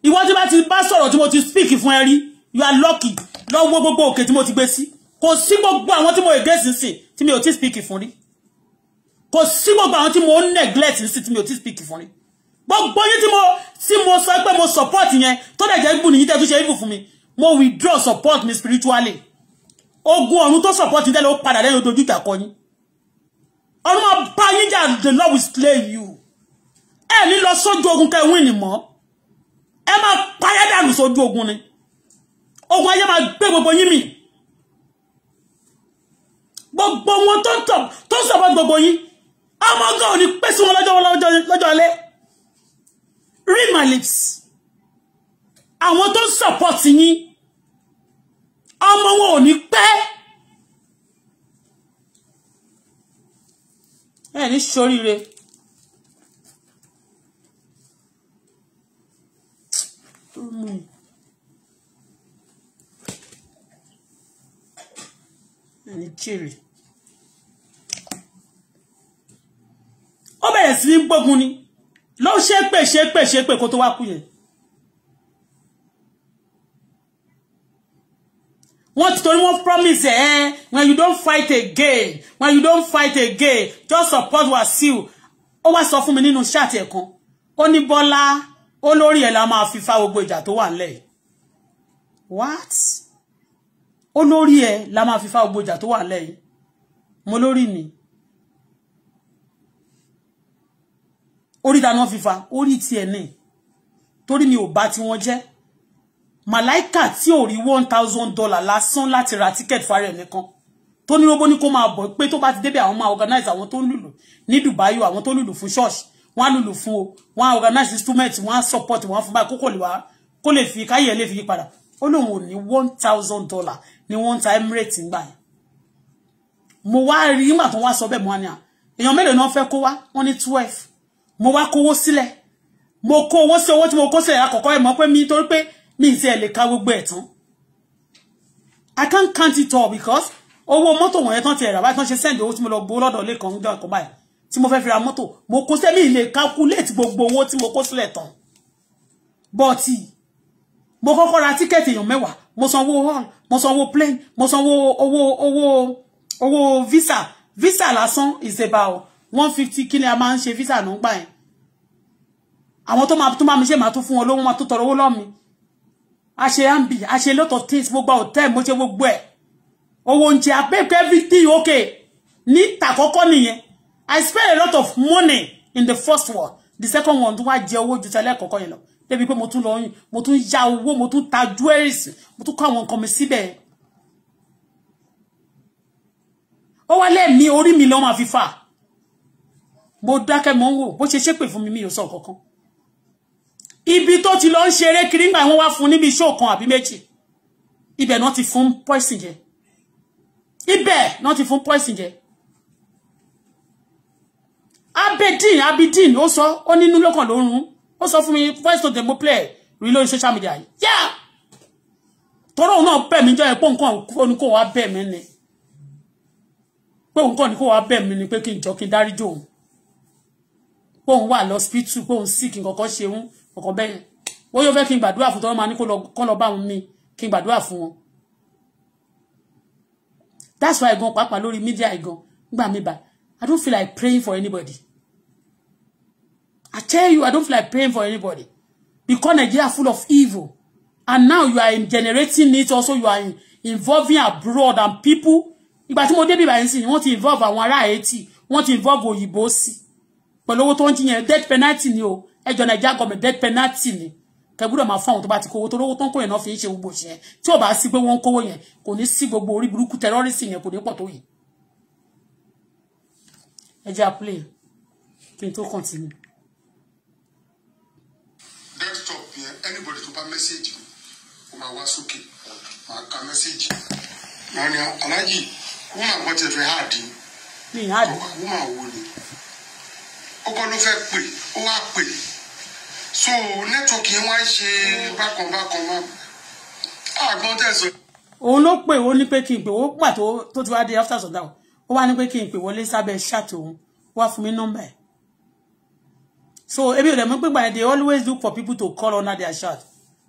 ìwọ tí bá ti bá sọ̀rọ̀ tí mo ti speak fún ẹ rí you are lucky lọ́wọ́ gbogbo òkè tí mo ti gbé sí kò sí gbogbo àwọn tí mo ègé sínsìn tí mi ò ti speak fún rí kò sí gbogbo àwọn tí mo neglect sínsìn tí mi ò ti speak fún rí gbogbo yín tí mo tí mo sọ pé mo support yẹn tó dẹ̀ jẹ́ ibù nìyí tẹ́ tún ṣe ibù fún mi mo withdraw support mi spiritually ogun ọ̀run tó support tẹ́lẹ̀ ó padà lẹ́yìn ojú ìjà kọyín ọ̀run máa bá yín jà the Lord will slay you ẹ ní lọ sójú ogun kẹwìn ni mọ́ ẹ máa payá dànù sójú ogun ni ogun ayé máa gbé gbogbo yín mì gbogbo wọn tó support gbogbo yín ọmọ ọgọ́ ò ní pèsè wọn lọ́jọ́ lọ́jọ́ lọ́jọ́ lẹ́ read my lips àwọn tó ń support yín ọmọ wọn ò ní pẹ́ ẹ ní ṣoríire ẹ ní jèrè ó bẹ̀rẹ̀ sí ní gbógun ni ló ṣépè ṣépè ṣépè kó tó wá kú yẹn wọ́n ti torí wọ́n promise ẹ̀ eh, when you don't fight again when you don't fight again just support Wasiu ó wá sọ fún mi nínú ṣáàtì ẹ̀kan ó ní Bọ́lá ó lórí ẹ̀ la máa fi fa gbogbo ìjà tó wà nílẹ̀ what ó lórí ẹ̀ la máa fi fa gbogbo ìjà tó wà nílẹ̀ mo lórí mi Ori ta náà fífa orí tiẹ̀ ní torí mi ò bá tiwọn jẹ́ màláìkà tí ò rí one thousand dollar lásán láti ra ticket fara ẹ̀ nìkan tó ní rogbó ní kó máa bọ̀ pé tó bá ti débẹ̀ àwọn máa organize àwọn tó ń lùlù Dubai àwọn tó lùlù fún church wọ́n á lùlù fún o wọ́n organize instrument wọ́n support wọ́n á fún báyìí kókò lè wá kó lè fi káyé ẹ̀ fi yí padà ó lóun ò one thousand dollar ni one time ta Emirates ń gbà yẹn mo wá rí nígbà tó wa sọ bẹ́ẹ̀ mo wá ní à èèyàn mélòó náà fẹ́ kó wá wọ́n ní twelve mo wá kówó sílẹ̀ mo kó owó sí owó tí mo kó sílẹ̀ àkọ́kọ́ ẹ̀ mọ́ pé mi torí pé mi ti ẹ̀ lè ka gbogbo ẹ̀ tán I can't count it all because owó mọ́tò wọ̀nyẹn tán ti ẹ̀rà báyìí tán ṣe sẹ́ǹdì owó tí mo lọ gbowó lọ́dọ̀ ilé kan níjọ́ ẹ̀kọ́ báyìí tí mo fẹ́ fi ra mọ́tò mo kó sẹ́mi lè calculate gbogbo owó tí mo kó sílẹ̀ tán bọ́ọ̀tì mo kọ́kọ́ ra tíkẹ́ẹ̀tì èèyàn mẹ́wàá mo san owó hall mo san owó plane mo san owó owó owó owó visa visa lásán is about one fifty kí ni a máa ń ṣe visa ló ń gbà yẹn àwọn tó máa tó máa mi ṣe máa tó fún wọn lówó máa tó tọrọ owó lọ́mi a ṣe ambi a ṣe lot of things gbogbo hotel mo ṣe gbogbo ẹ̀ owó oúnjẹ àpẹ́kọ̀ everything okay ní tàkọ́kọ́ nìyẹn I spend a lot of money in the first one the second one tó wá jẹ owó ju tẹ́lẹ̀ kọ̀ọ̀kan yẹn lọ débi pé mo tún lọ mo tún ya owó mo tún ta jewelries mo tún kọ́ àwọn nǹkan mi síbẹ̀ ó wá lẹ́ẹ̀mí orí mi lọ́ máa fi fà mo dákẹ́ mo ń wò bó ṣe ṣépè fún mi mi ò sọ kankan ibi tó ti lọ ń ṣeré kiri nígbà wọn wá fún níbi iṣẹ́ kan àbí méjì ibẹ̀ náà ti fún poison jẹ ibẹ̀ náà ti fún poison jẹ abedin abedin ó sọ ó nínú lọ́kàn ló ń ó sọ fún mi voice to demo play rí lórí social media yìí yá tọrọ náà bẹ̀ mí jọ pé nǹkan oníkó wa bẹ̀ mí ni pé nǹkan oníkó wa bẹ̀ mí ni pé kí n jọ kí n dáríjì òun kóun wà lọ́spítù kóun sì kí nǹkan kan ṣe ń kọ̀ọ̀kan bẹ́ẹ̀ wọ́n yóò fẹ́ kí n gbàdúrà fún tọ́wọ́ ní kó lọ bá wọn mi kí n gbàdúrà fún wọn. that's why gan pàápàá lórí media gan gbà mí bá i don't feel like praying for anybody i tell you i don't feel like praying for anybody because nigeria full of evil and now you are generating it also you are involving abroad and people ìgbà tí mo débi ìbàyẹn sí ni wọ́n ti involve àwọn ará haiti wọ́n ti involve òyìnbó sí i pẹ̀lú owó tó ń jiyàn death penalty ni o ẹjọ́ nàìjíríà gọọmẹ̀ death penalty ni kẹgbúdọ̀ máa fún àwọn tó bá ti kówó tó lówó tó ń kó yẹn náà fi ń ṣe gbogbo ìṣẹ́ tí ò bá sí pé wọ́n ń kówó yẹn kò ní sí gbogbo orí burúkú tẹrọ́rìsì yẹn kò ní pọ̀ tó yìí. ẹ jẹ́ àpúlẹ̀ kí n tó kọ̀ǹtínú. desktop yẹn anybody tó bá mẹ́sẹ̀gì o máa wá sókè máa ka mẹ́sẹ̀gì máa ní aláàjì wọ́n máa gbọ́ tẹ̀ fẹ́ háàdì wọ́n máa wò ni kọ́kọ́ ló fẹ́ pè ó wá pè so network yẹn wá ń ṣe bákan bákan má àgbọn ah, tẹ̀sán. òun ló pè ó ní pé kí n pè ó pàtó tó ti wá dé after some time ó wá ní pé kí n pè wọlé sábẹ́ ṣáàtì òun wá fún mi nọ́mbà ẹ̀ so ebi ò dẹ̀ mọ́ pípa ẹ̀ they always look for people to call under their shout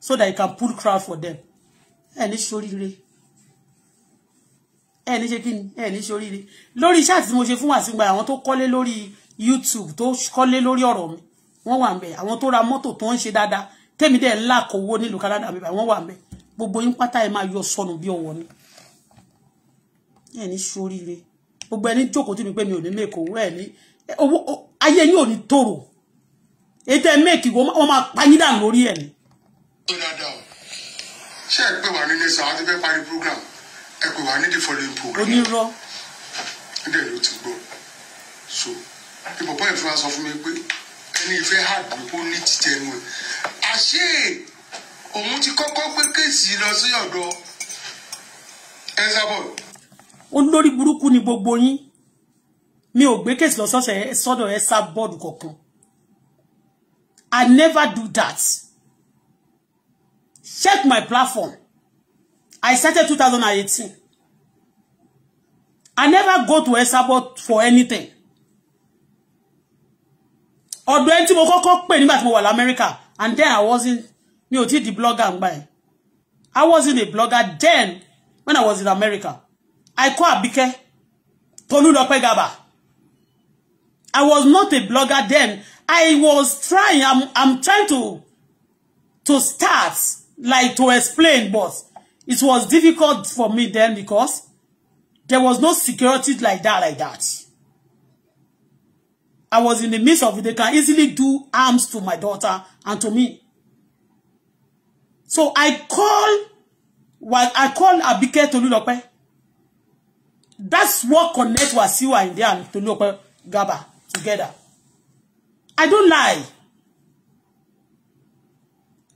so that you can pull crowd for them ẹ̀ ní ṣoríire ẹ̀ ní ṣe kí ni ẹ̀ ní ṣoríire lórí ṣáàtì tí mo ṣe fún wàsígbà àwọn tó kọ́lé lórí YouTube tó kọ́lé lórí ọ̀rọ̀ mi wọ́n wà ń bẹ̀ àwọn tó ra mọ́tò tó ń ṣe dáadáa tèmi dẹ̀ ńlá kò owó nílùú Canada mi báyìí wọ́n wà ń bẹ̀ gbogbo yín pátá ẹ̀ máa yọ sọnù bí ọwọ́ ni ẹ̀ ní ṣoríire gbogbo ẹni jókòó tí mi pé mi ò ní mẹ́kọ̀ owó ẹ̀ ní owó ayé yín ò ní tòrò èyí tẹ́ mẹ́kì wọ́n máa pa yín dànù lórí ẹ̀ ni. ṣé ẹ pè wá ní ní sàn á ti fẹ́ parí program ẹ pè ní ìfúnra sọ fún mi pé ẹni ìfẹ́ hàbí ó ní jíjẹ nu ẹ̀ àṣé òun ti kọ́kọ́ pé kéèsì lọ sí ọ̀dọ̀ ẹ̀sàbọ̀. olórí burúkú ni gbogbo yín mi ò gbé kéèsì lọ sọ́dọ̀ ẹ̀sàbọ̀ kankan I never do that check my platform I started 2018 I never go to ẹ̀sàbọ̀ for anything ọ̀dọ̀ ẹni tí mo kọ́kọ́ pè nígbà tí mo wà lamẹ́ríkà and then I wasn't mi ò tí di blogger ngbà yẹn I wasn't a blogger then when I was in America I call Abike Tolulope Gaba I was not a blogger then I was trying I'm, I'm trying to to start like to explain but it was difficult for me then because there was no security like that like that. I was in the midst of it. They can easily do arms to my daughter and to me. So I call, well, I call Abike Tolulope. That's what connects Wasiwa in there and Tolulope Gaba together. I don't lie.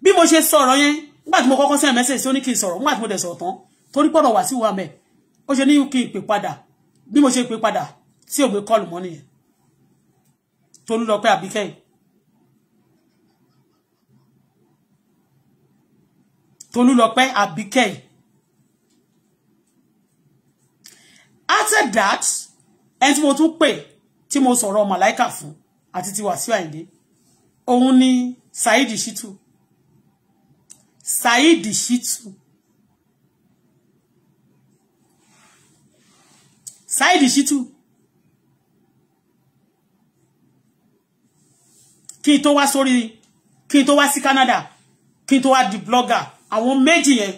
Bí mo ṣe sọ̀rọ̀ yẹn, nígbà tí mo kọ́kọ́ send message tó ni kí n sọ̀rọ̀, nígbà tí mo dẹ̀ sọ̀rọ̀ Tori torí pọ̀rọ̀ Wasiwa mẹ́, ó ṣe ní kí n pè padà, bí mo ṣe pè padà, tí ò gbé kọ́ọ̀lù mọ́ nìyẹn. Tolúlọpẹ́ Àbíkẹ́ Tolúlọpẹ́ Àbíkẹ́ after that ẹni tí mo tún pè tí mo sọ̀rọ̀ màláìkà fún àti ti Wàsíù Àyìndé òun ni Saheed Shittu Saheed Shittu Saheed shitu. kí n tó wá sórí kí n tó wá sí Canada kí tó wá di blogger àwọn méjì yẹn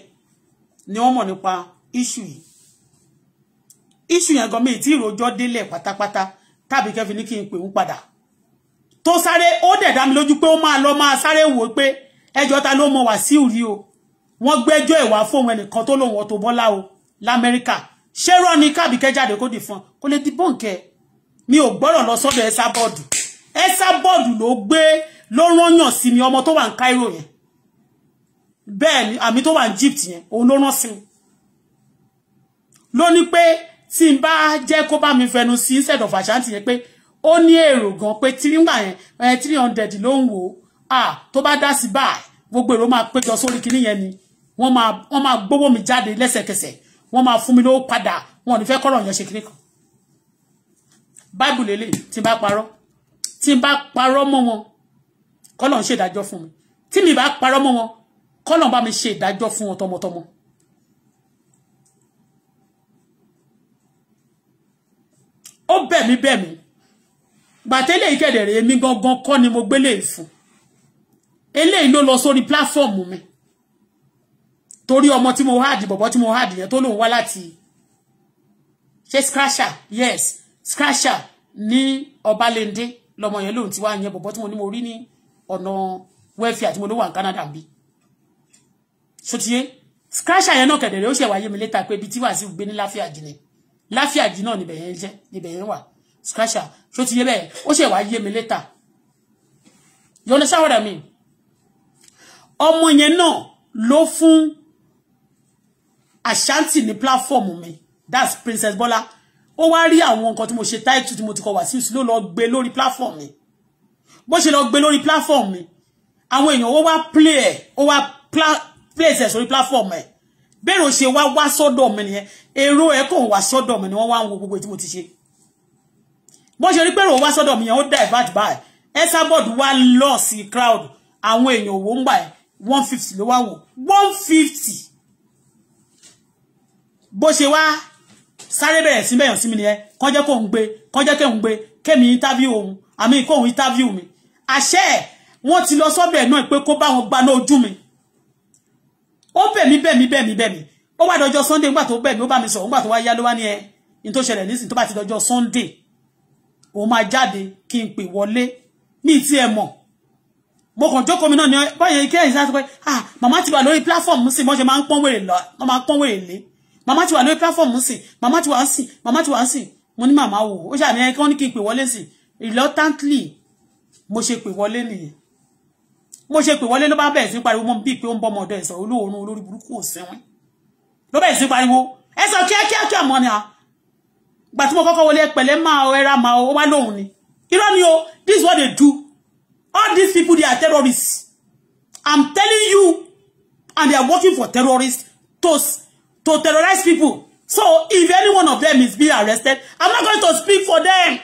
ni wọ́n mọ̀ nípa issue yìí issue yẹn gan mi tí ìròjọ́ délẹ̀ pátápátá tàbí kẹfì ní kí n pè ń padà tó sáré ó dẹ̀ dá mi lójú pé ó máa lọ máa sáré wò pé ẹjọ́ ta ló mọ Wàsíù rí o wọ́n gbẹ́jọ́ ìwà fóun ẹnìkan tó lòun Auto Bola o lamẹ́ríkà ṣé rọ́ ni kábìkẹ́ jáde kó dì fún kó lè di bọ́ǹkẹ́ mi ò gbọ́rọ̀ lọ sọ́dọ̀ ẹ sábọ́ọ̀dù ẹ́sà bọ́ọ̀dù ló gbé ló rányàn sí mi ọmọ tó wà ní Cairo yẹn bẹ́ẹ̀ ni àmì tó wà ní Egypt yẹn òun ló rán sí mi ló ní pé tí n bá jẹ́ kó bá mi fẹnu sí instead of yẹn pé ó ní èrò gan pé tíríngbà yẹn three hundred ló ń wò ó ah tó bá dá sí báyìí gbogbo èrò máa péjọ sórí kinní yẹn ni wọ́n máa wọ́n máa gbówó mi jáde lẹ́sẹ̀kẹsẹ̀ wọ́n máa fún mi lówó padà wọn ò ní fẹ́ kọ́rọ̀ yẹn ṣe kinní kan báìbù lélẹ̀ tí n bá parọ́ tí n bá parọ́ mọ́ wọn kọ́lọ̀ ń ṣe ìdájọ́ fún mi tí mi bá parọ́ mọ́ wọn kọ́lọ̀ ń bá mi ṣe ìdájọ́ fún wọn tọmọtọmọ. ó bẹ̀ mí bẹ̀ mí gbàtẹ́lẹ̀ ìkẹ̀dẹ̀ rẹ̀ èmi gangan kọ́ ni mo gbélé ìfún eléyìí ló lọ sórí pláfọ́ọ̀mù mi torí ọmọ tí mo háàdì bọ̀bọ̀ tí mo háàdì yẹn tó lòun wá láti ṣe scratcher yes scratcher ní ọbalẹ́ndé lọmọ yẹn lòun ti wá yẹn bọ̀bọ̀ tí mo ní mo rí ní ọ̀nà wẹ́fì àti mo ló wà ní Canada bí sotiye scratcher yẹn náà kẹ̀dẹ̀rẹ̀ ó ṣe wáyé mi létà pé ibi tí wàásù gbé ní láfíà jì ni láfíà jì náà níbẹ̀ yẹn jẹ́ níbẹ̀ yẹn wà scratcher sotiye bẹ́ẹ̀ ó ṣe wáyé mi létà you understand what I mean ọmọ yẹn náà ló fún Ashanti ní platform mi that's Princess Bola ó wá rí àwọn nǹkan tí mo ṣe title tí mo ti kọ wá sí ló lọ gbé lórí platform mi bó ṣe lọ gbé lórí platform mi àwọn èèyàn ó wá play ẹ̀ ó wá play ẹ̀ sórí platform ẹ̀ bẹ́ẹ̀rù ṣe wá wá sọ́dọ̀ mi nìyẹn èrò ẹ̀ kò wá sọ́dọ̀ mi ni wọ́n wá ń wo gbogbo tí mo ti ṣe bó ṣe rí pẹ̀rù wá sọ́dọ̀ mi yẹn ó divert by ẹ sábọ̀d wá lọ sí crowd àwọn èèyàn wò ń gbà ẹ̀ one fifty ló wá wò one fifty bó ṣe wá sáré bẹ̀rẹ̀ sí bẹ̀yàn sí mi nìyẹn kọjẹ́ kò ń gbé kọjẹ́ kò ń gbé kémi interview òun àmì kò ń interview mi àṣẹ wọ́n ti lọ sọ́dọ̀ ẹ̀ náà pé kó bá wọn gbaná ojú mi ó bẹ̀mí bẹ̀mí bẹ̀mí bẹ̀mí ó wá dọjọ́ Sunday nígbà tó bẹ̀mí ó bá mi sọ̀rọ̀ nígbà tó wá yá ló wá ní ẹ ní tó ṣẹlẹ̀ nísìnyí tó bá ti dọjọ́ Sunday òun máa jáde kí n pè wọlé ní ti ẹ̀ mọ̀ mo kàn jókòó mi náà ní báyẹn kí ẹ̀yìn sáà sọ pé ah màmá ti wà lórí platform sí mọ́ ṣe máa ń pọ́n wèrè lé Mama, ti wà lórí platform sìn Mama, ti wà ń sìn màmá ti wà ń sìn mo ní màmá wò ó ṣàní ni kí wọ́n ní kí n pè wọlé sìn reluctantly mo ṣe pè wọlé nìyẹn mo ṣe pè wọlé ló bá bẹ̀rẹ̀ sí pariwo mo bíi pé ó ń bọ́mọ ọ̀dọ̀ ẹ̀sọ́ olóòórùn olórí burúkú òsínwín ló bẹ̀rẹ̀ sí pariwo ẹ sọ kíákíákíá mọ́ ni a gbà tí mo kọ́kọ́ wọlé pẹ̀lẹ́ máa ọ ẹra máa ọ wá lóhùn ni irọ́ ni o this what they do all these people they are terrorists i'm telling you and they are working for terrorists to to terrorize people. So if any one of them is being arrested, I'm not going to speak for them.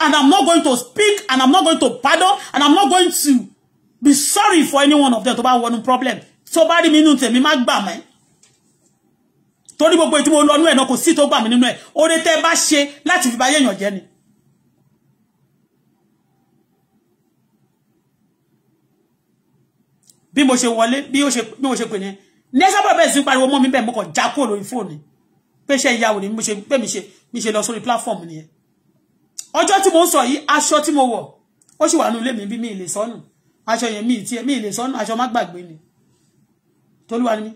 And I'm not going to speak, and I'm not going to pardon, and I'm not going to be sorry for any one of them tó bá wọnú problem. Tó bá rí mi nínú tèmi má gbà mí. Torí gbogbo e mo lọ́nú ẹ̀ náà kò sí tó gbà mí nínú ẹ̀. Oore tẹ́ bá ṣe láti fi ba yéèyàn jẹ́ ni. Bí mo ṣe wọlé, bí ó ṣe bí mo ṣe pè ní nẹ́sà bàbá ẹ̀sìn pariwo mọ́ mi bẹ́ẹ̀ mo kàn já kúrò lórí fóònù pé ṣe ìyàwó ni mo ṣe pé mi ṣe mi ṣe lọ sórí platform nìyẹn ọjọ́ tí mo ń sọ yìí aṣọ tí mo wọ̀ ó sì wà nínú ilé mi bí mi ì lè sọnù aṣọ yẹn mi ì tiẹ̀ mi ì lè sọnù aṣọ má gbàgbé ni tolúwa ni mí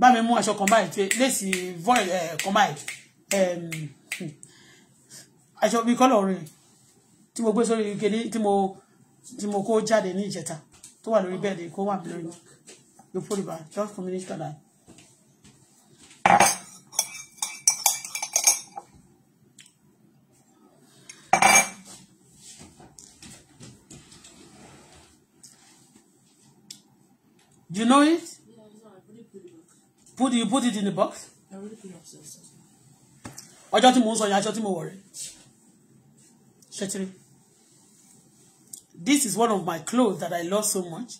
bá mi mú aṣọ kan báyìí tí lèsì void eh, kan báyìí ehm, aṣọ bíi kọ́lọ̀ rẹ̀ tí mo gbé sórí kéde tí mo tí mo kó jáde ní ìjẹta tó wà lórí bẹ́ẹ̀dì kó wà lórí lóforí ba just for minister die. Do you know it? Yeah, no, I put it in the box. Put you put it in the box? I already put it upstairs. I tí mo ń sọ I aṣọ tí mo wọ̀ rẹ̀. This is one of my clothes that I love so much.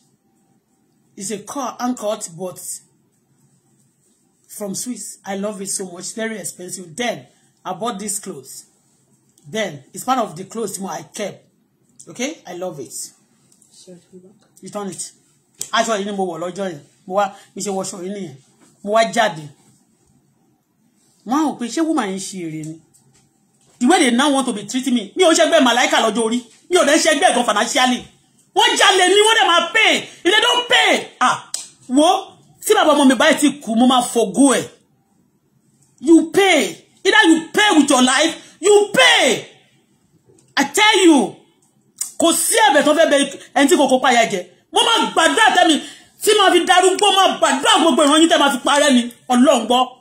It's a car uncut, but from Swiss. I love it so much. Very expensive. Then I bought this clothes. Then it's part of the clothes I kept. Okay, I love it. You turn it. Aṣọ yìí ni mo wọ̀ lọ́jọ́ yẹn. Mo wá mi ṣe wọṣọ yìí nìyẹn. Mo wá jáde. Wọ́n rò pé ṣé wúmà yẹn ṣe èrè ni? The way they now want to be treating me. Mi ò ṣẹgbẹ́ màláìkà lọ́jọ́ orí. Mi ò dẹ́ ṣẹgbẹ́ ẹ̀gàn financially wọ́n jalè ní wọ́n dẹ̀ máa pay if they don't pay ah wo tí bàbá ọmọ mi báyìí ti kú mo máa forgo ẹ̀ you pay either you pay with your life you pay I tell you kò sí ẹ̀bẹ̀ tó fẹ́ bẹ ẹni tí kò kópa ìyà jẹ mo máa gbàdúrà tẹ́mi tí máa fi darúgbó máa gbàdúrà gbogbo ìrànyìn tẹ́ máa fi parẹ́ ni ọlọ́run gbọ́.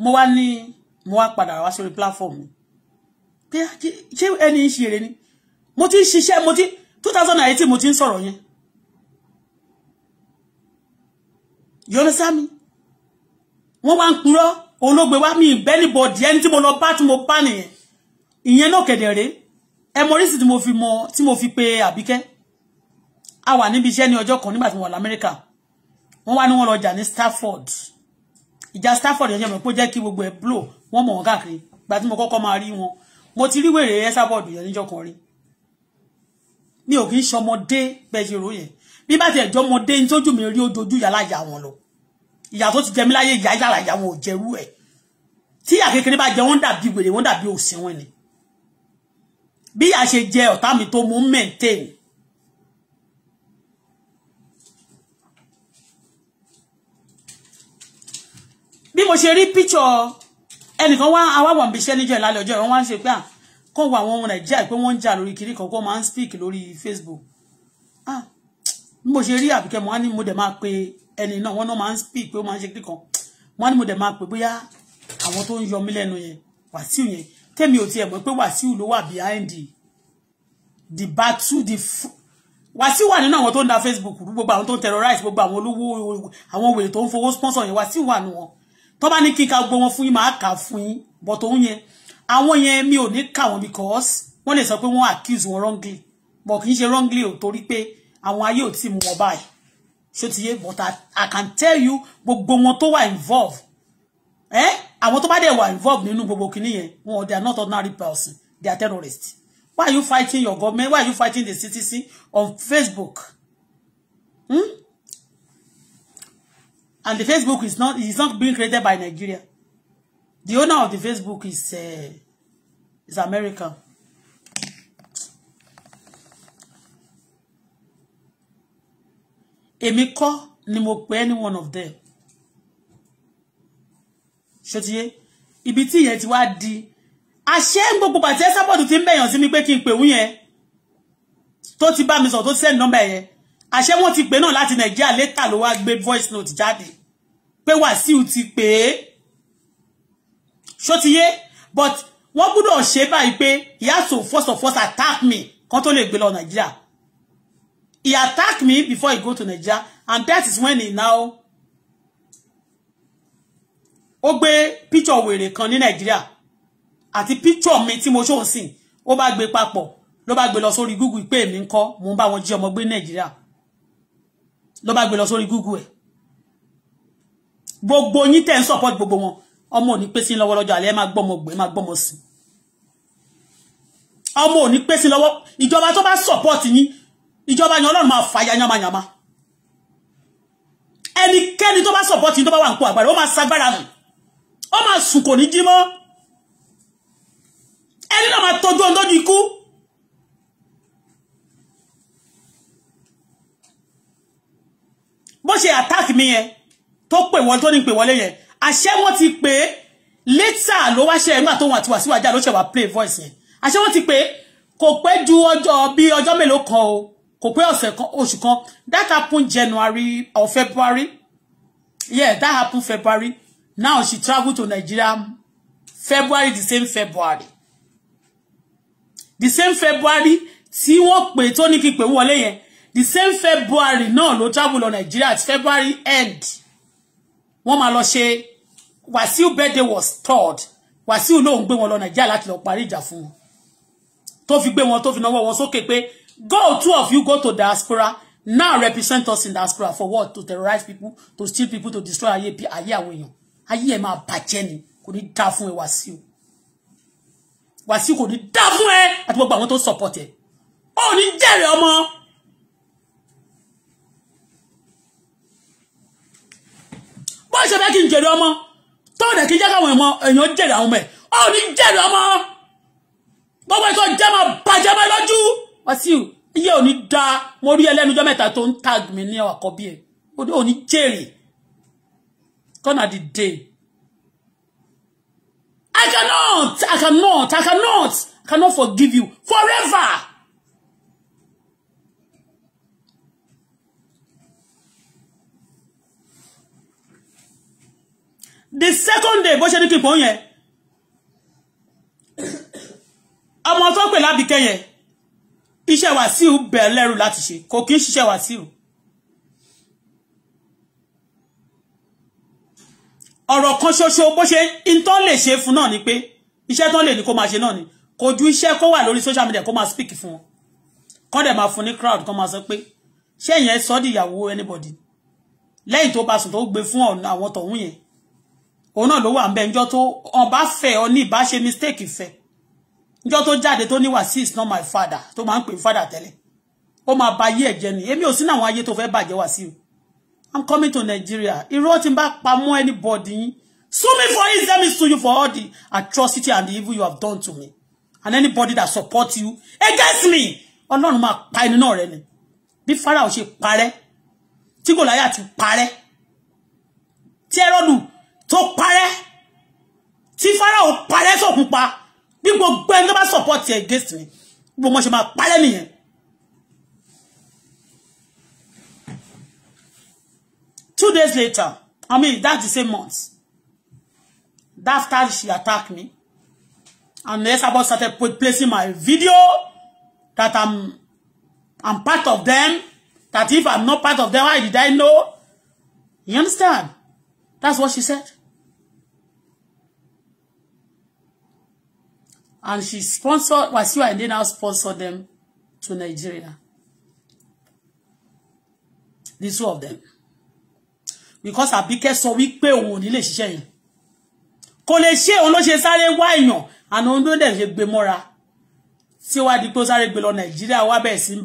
mo wá ní mo wá padà wá sórí platform mi pé ṣé ẹni ṣe èrè ni mo ti ń ṣiṣẹ́ mo ti two thousand and eighteen mo ti ń sọ̀rọ̀ yẹn you understand me wọ́n wá ń purọ́ olóògbé wá mi ìbẹ́nìbọ̀dì ẹni tí mo lọ bá tí mo bá nìyẹn ìyẹn náà kẹ̀dẹ̀ rèé ẹ mọ orísìí mo fi tí mo fi pe àbíkẹ́ a wà níbi iṣẹ́ ní ọjọ́ kan nígbà tí mo wà lamẹ́ríkà wọ́n wá ní wọ́n lọ jà ní Stafford ìjà Stafford ọjọ́ mọ̀ pé ó jẹ́ kí gbogbo ẹ̀ blow wọ́n mọ̀ wọ́n káàkiri gba tí mo kọ́kọ́ máa rí wọn mo ti rí wèrè Esabod yẹn níjọ́ kan rí mi ò kì í ṣọmọdé bẹ́ẹ̀ ṣe ròyìn bí bá tiẹ̀ jọmọdé ní tójú mi rí ojojú yàrá ìyá wọn lọ ìyá tó ti jẹ mí láyé ìyá yàrá ìyá wọn ò jẹrú ẹ̀ tí ìyá kékeré bá jẹ wọ́n dàbí wèrè wọ́n dàbí òsínwìn ni bí ìyá ṣe jẹ ọ̀tá mi tó mú mẹ́ǹtẹ́ẹ̀nì bí mo ṣe rí píṣọ ẹnìkan wá awáwọ̀ ń bíṣẹ́ níjọ́ ìlàlẹ̀ ọjọ́ ìwọ́n wá ń ṣe pé à kàn wọ àwọn ọmọ nàìjíríà pé wọ́n ń jà lórí kiri kan kó máa ń speak lórí Facebook ah bí mo ṣe rí àbíkẹ́ mo wá ní mo dẹ̀ máa pe ẹni náà wọ́n náà máa ń speak pé ó máa ń ṣe kiri kan mo wá ní mo dẹ̀ máa pe bóyá àwọn tó ń yọ mí lẹ́nu yẹn wàsíù yẹn tẹ́mi ò tiẹ̀ mọ̀ pé wàsíù ló wà behind the battle the wàsíù wà nínú àwọn tó ń da Facebook gbogbo àwọn tó ń terrorize gbogbo àwọn olówó àwọn wèrè tó ń fowó sponsor yẹn wàsíù wà nù wọn tó bá ní kí n ka gbogbo wọn fún yín màá kà fún yín but òun yẹn àwọn yẹn mi ò ní kà wọn because wọ́n lè sọ pé wọ́n accuse wọn wrongly but kì í wrongly ò torí pé àwọn ayé ò tí mu wọn báyìí ṣó ti yé but I, I can tell you gbogbo wọn tó wà involve ẹ àwọn tó bá dẹ̀ wà involve nínú gbogbo kìíní yẹn wọn they are not ordinary person they are terrorists why are you fighting your government why are you fighting the citizen on Facebook? Hmm? And the Facebook is not is not being created by Nigeria. The owner of the Facebook is uh, is America. Emiko, kọ́ ni mo pe any one of them. Ṣòtíyé ibi tí ìyẹn ti wá di àṣẹ gbogbo pàtẹ́ sábọ̀dù ti ń bẹ̀yàn sí mi pé kí n pè wú yẹn tó ti bá mi sọ tó send number yẹn àṣẹ wọn ti pè náà láti nàìjíríà létà ló wá gbé voice note jáde pé wàsíù ti pè é ṣótiyé but wọn gbúdọ̀ ṣe báyìí pé he has to first of all attack me kan tó lè gbé lọ nàìjíríà he attack me before he go to nigeria and that is when he now ó gbé píchọ wèrè kan ní nàìjíríà àti píchọ mi tí mo ṣóhun sìn ó bá gbé papọ̀ ló bá gbé lọ sórí google pé èmi ń kọ́ mo ń bá wọn jí ọmọ gbé nàìjíríà ló bá gbé lọ sórí google ẹ̀ gbogbo yín tẹ̀ ń support gbogbo wọn ọmọ òní pèsè lọ́wọ́ lọ́jọ́ alẹ́ máa gbọ́mọ gbé máa gbọ́mọ sí ọmọ òní pèsè lọ́wọ́ ìjọba tó bá support yín ìjọba yẹn ọlọ́run máa fàyà yamayama ẹnikẹ́ni tó bá support yín tó bá wà nípò àgbàdo ó máa sagbára nù ó máa sùn kò ní jí mọ́ ẹni náà máa tọ́jú ọdọ́jú ikú. bó ṣe attack mi yẹn tó pè wọ́n tó ní pè wọlé yẹn àṣẹ wọn ti pè é later ló wá ṣe ẹgbà tó wọn àti Wasiu Ajah ló play voice yẹn àṣẹ wọn ti pè é kò pẹ́ ju ọjọ́ bí ọjọ́ mélòó kan o kò pẹ́ ọ̀sẹ̀ kan oṣù kan that happen January or February yeah that happen February now she travel to Nigeria February the same February the same February tí wọ́n pè tó ní kí pè wọlé yẹn the same February náà ló travel lọ Nigeria at February end wọ́n máa lọ ṣe Wàsíù birthday was third Wasiu lóun gbé wọn lọ Nigeria láti lọ parí ìjà fún wọn tó fi gbé wọn tó fi náwó wọn sókè pé go two of you go to diaspora now represent us in diaspora for what to terrorize people to steal people to destroy ayé ayé àwọn èèyàn ayé ẹ máa bàjẹ́ ni kò ní dá fún ẹ Wàsíù Wàsíù kò ní dá fún ẹ àti gbogbo àwọn tó support ẹ ó ní jẹ́rìí ọmọ bó ṣe fẹ́ kí n jèrè ọmọ tó kí n jẹ́ káwọn èèyàn jèrè àwọn ọmọ ẹ̀ ó ní jèrè ọmọ gbogbo ìtọ́ jẹ́ máa bàjẹ́ máa lójú Wàsíù iye ò ní da mo rí ẹlẹ́nujọ́ mẹ́ta tó ń tag mi ní àkọ́bí ẹ̀ ò ní jèrè gonna the day I cannot I cannot I cannot I cannot forgive you forever. the second day bó ṣe ní kí n pọ̀ yẹn ọmọ tó pè lábìkẹ́ yẹn iṣẹ́ Wàsíù bẹ̀ lẹ́rù láti ṣe kò kí ń ṣiṣẹ́ Wàsíù ọ̀rọ̀ kan ṣoṣo bó ṣe ìtọ́ lè ṣe fún náà ni pé iṣẹ́ tán lè ní kó máa ṣe náà ni kò ju iṣẹ́ kó wà lórí social media kó máa speak fún wọn kọ́ dẹ̀ máa fún ní crowd kó máa sọ pé ṣé ìyẹn sọ́ di ìyàwó anybody lẹ́yìn tó bá sùn tó gbé fún àwọn tọ̀hún yẹn òun náà ló wà ń bẹ ńjọ́ tó ọba fẹ́ ọ ní ìbá mistake fẹ́ ńjọ́ tó jáde tó ní Wasiu is not my father tó máa ń father tele. O ma ba ayé ẹ̀jẹ̀ ni èmi ò sí náwọn ayé tó fẹ́ bàjẹ́ Wasiu i'm coming to Nigeria irọ́ tí n bá pa mọ́ anybody yín sue me for his let me sue you for all the atrocity and the evil you have done to me and anybody that support you against me ọlọ́run máa pa ẹni náà rẹ ni bí Fáráò ṣe parẹ́ tí Gòláyà ti parẹ́ tí Hẹ́rọ́dù tó parẹ́ tí Fáráò parẹ́ sókun pa bí gbogbo ẹni tó bá support ẹ̀ against mi gbogbo wọn ṣe máa parẹ́ nìyẹn. two days later I mean that's the same month that after she attacked me and Esabod started placing my video that I'm I'm part of them that if I'm not part of them why did I know you understand that's what she said and she sponsored and Ayinde now sponsored them to Nigeria. The two of them. Because I sọ so we pay ní lè ṣiṣẹ́ yẹn. Kò lè ṣe òun ló ṣe sáré wá èèyàn àná òun ló dẹ̀ ṣe gbé mọ́ra. Tí ó wá di pé ó sáré gbé lọ Nàìjíríà wá bẹ̀rẹ̀ sí ń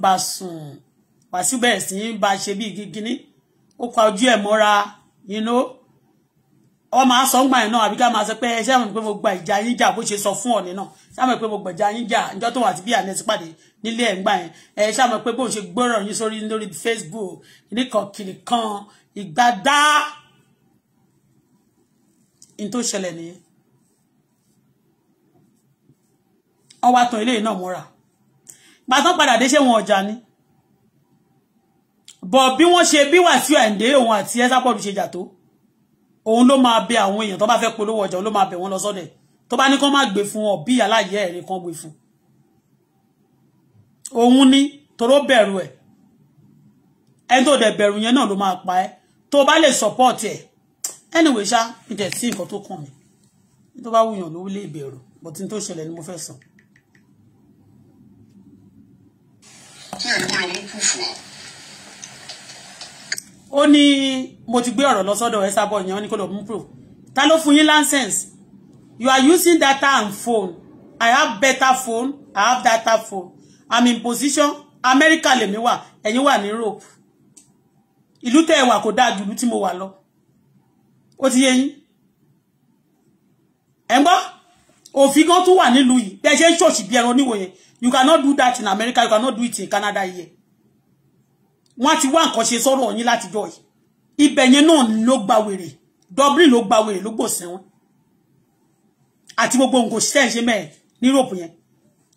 ba you know ọ máa sọ ń gbà yẹn náà àbí ká máa sọ pé ẹ ṣáà mọ̀ pé mo gba ìjà yín jà bó ṣe sọ fún ọ̀nì náà ṣáà mọ̀ pé mo gba ìjà yín jà níjọ́ tó wà àti bí àná ti pàdé nílé ẹ̀ ń gbà yẹn ẹ ṣáà mọ̀ pé bóun ṣe gbọ́rọ̀ yín sórí lórí Facebook níkànkiri kan ìgbádá in tó ṣẹlẹ̀ nìyẹn wọ́n wá tan eléyìí náà mọ́ra gbàtán padà dé ṣé wọn ọjà ni bọ̀ bí wọ́n ṣe bí Wàsíù Àyìndé òun àti ẹ́sàpọ̀lù ṣe jà tó òun ló máa bẹ àwọn èèyàn tó bá fẹ́ polówó ọjà ló máa bẹ wọn lọ sọ́dẹ̀ tó bá ní kán má gbé fún ọ bí aláyẹ ẹ̀rí kan gbé fún òun ní toró bẹ̀rù ẹ̀ ẹni tó dẹ̀ bẹ̀rù yẹn náà ló máa pa ẹ́ tó bá lè support ẹ̀ anyway ṣá ìjẹ̀ sí nǹkan tó kàn mí tó bá wùyàn ló lè bẹ̀rù bọ̀tí tó ṣẹlẹ̀ ni mo fẹ́ sọ. ní ẹni kó lọ mú kúfù ọ ó ní mo ti gbé ọ̀rọ̀ lọ sọ́dọ̀ Esabod yẹn ó ní kó lọ mú ta ló fún yín license you are using data and phone I have better phone I have data phone I'm in position America lèmi wà ẹ̀yin wà ní Europe ìlú tẹ́ ẹ wà kò dáa ju ìlú tí mo wà lọ ó ti yé yín ẹ̀ ń gbọ́ òfin kan tún wà nílùú yìí bí ẹ ṣe ń ṣòṣì bí ẹran oníwòye you cannot do that in America you cannot do it in Canada here wọ́n ti wá nǹkan ṣe sọ́rọ̀ yín látijọ́ yìí ibẹ̀ yẹn náà ló gba wèrè Dublin ló gba wèrè ló gbò sẹ́wọ̀n àti gbogbo nǹkan ṣiṣẹ́ ṣe mẹ́ẹ̀ ní Europe yẹn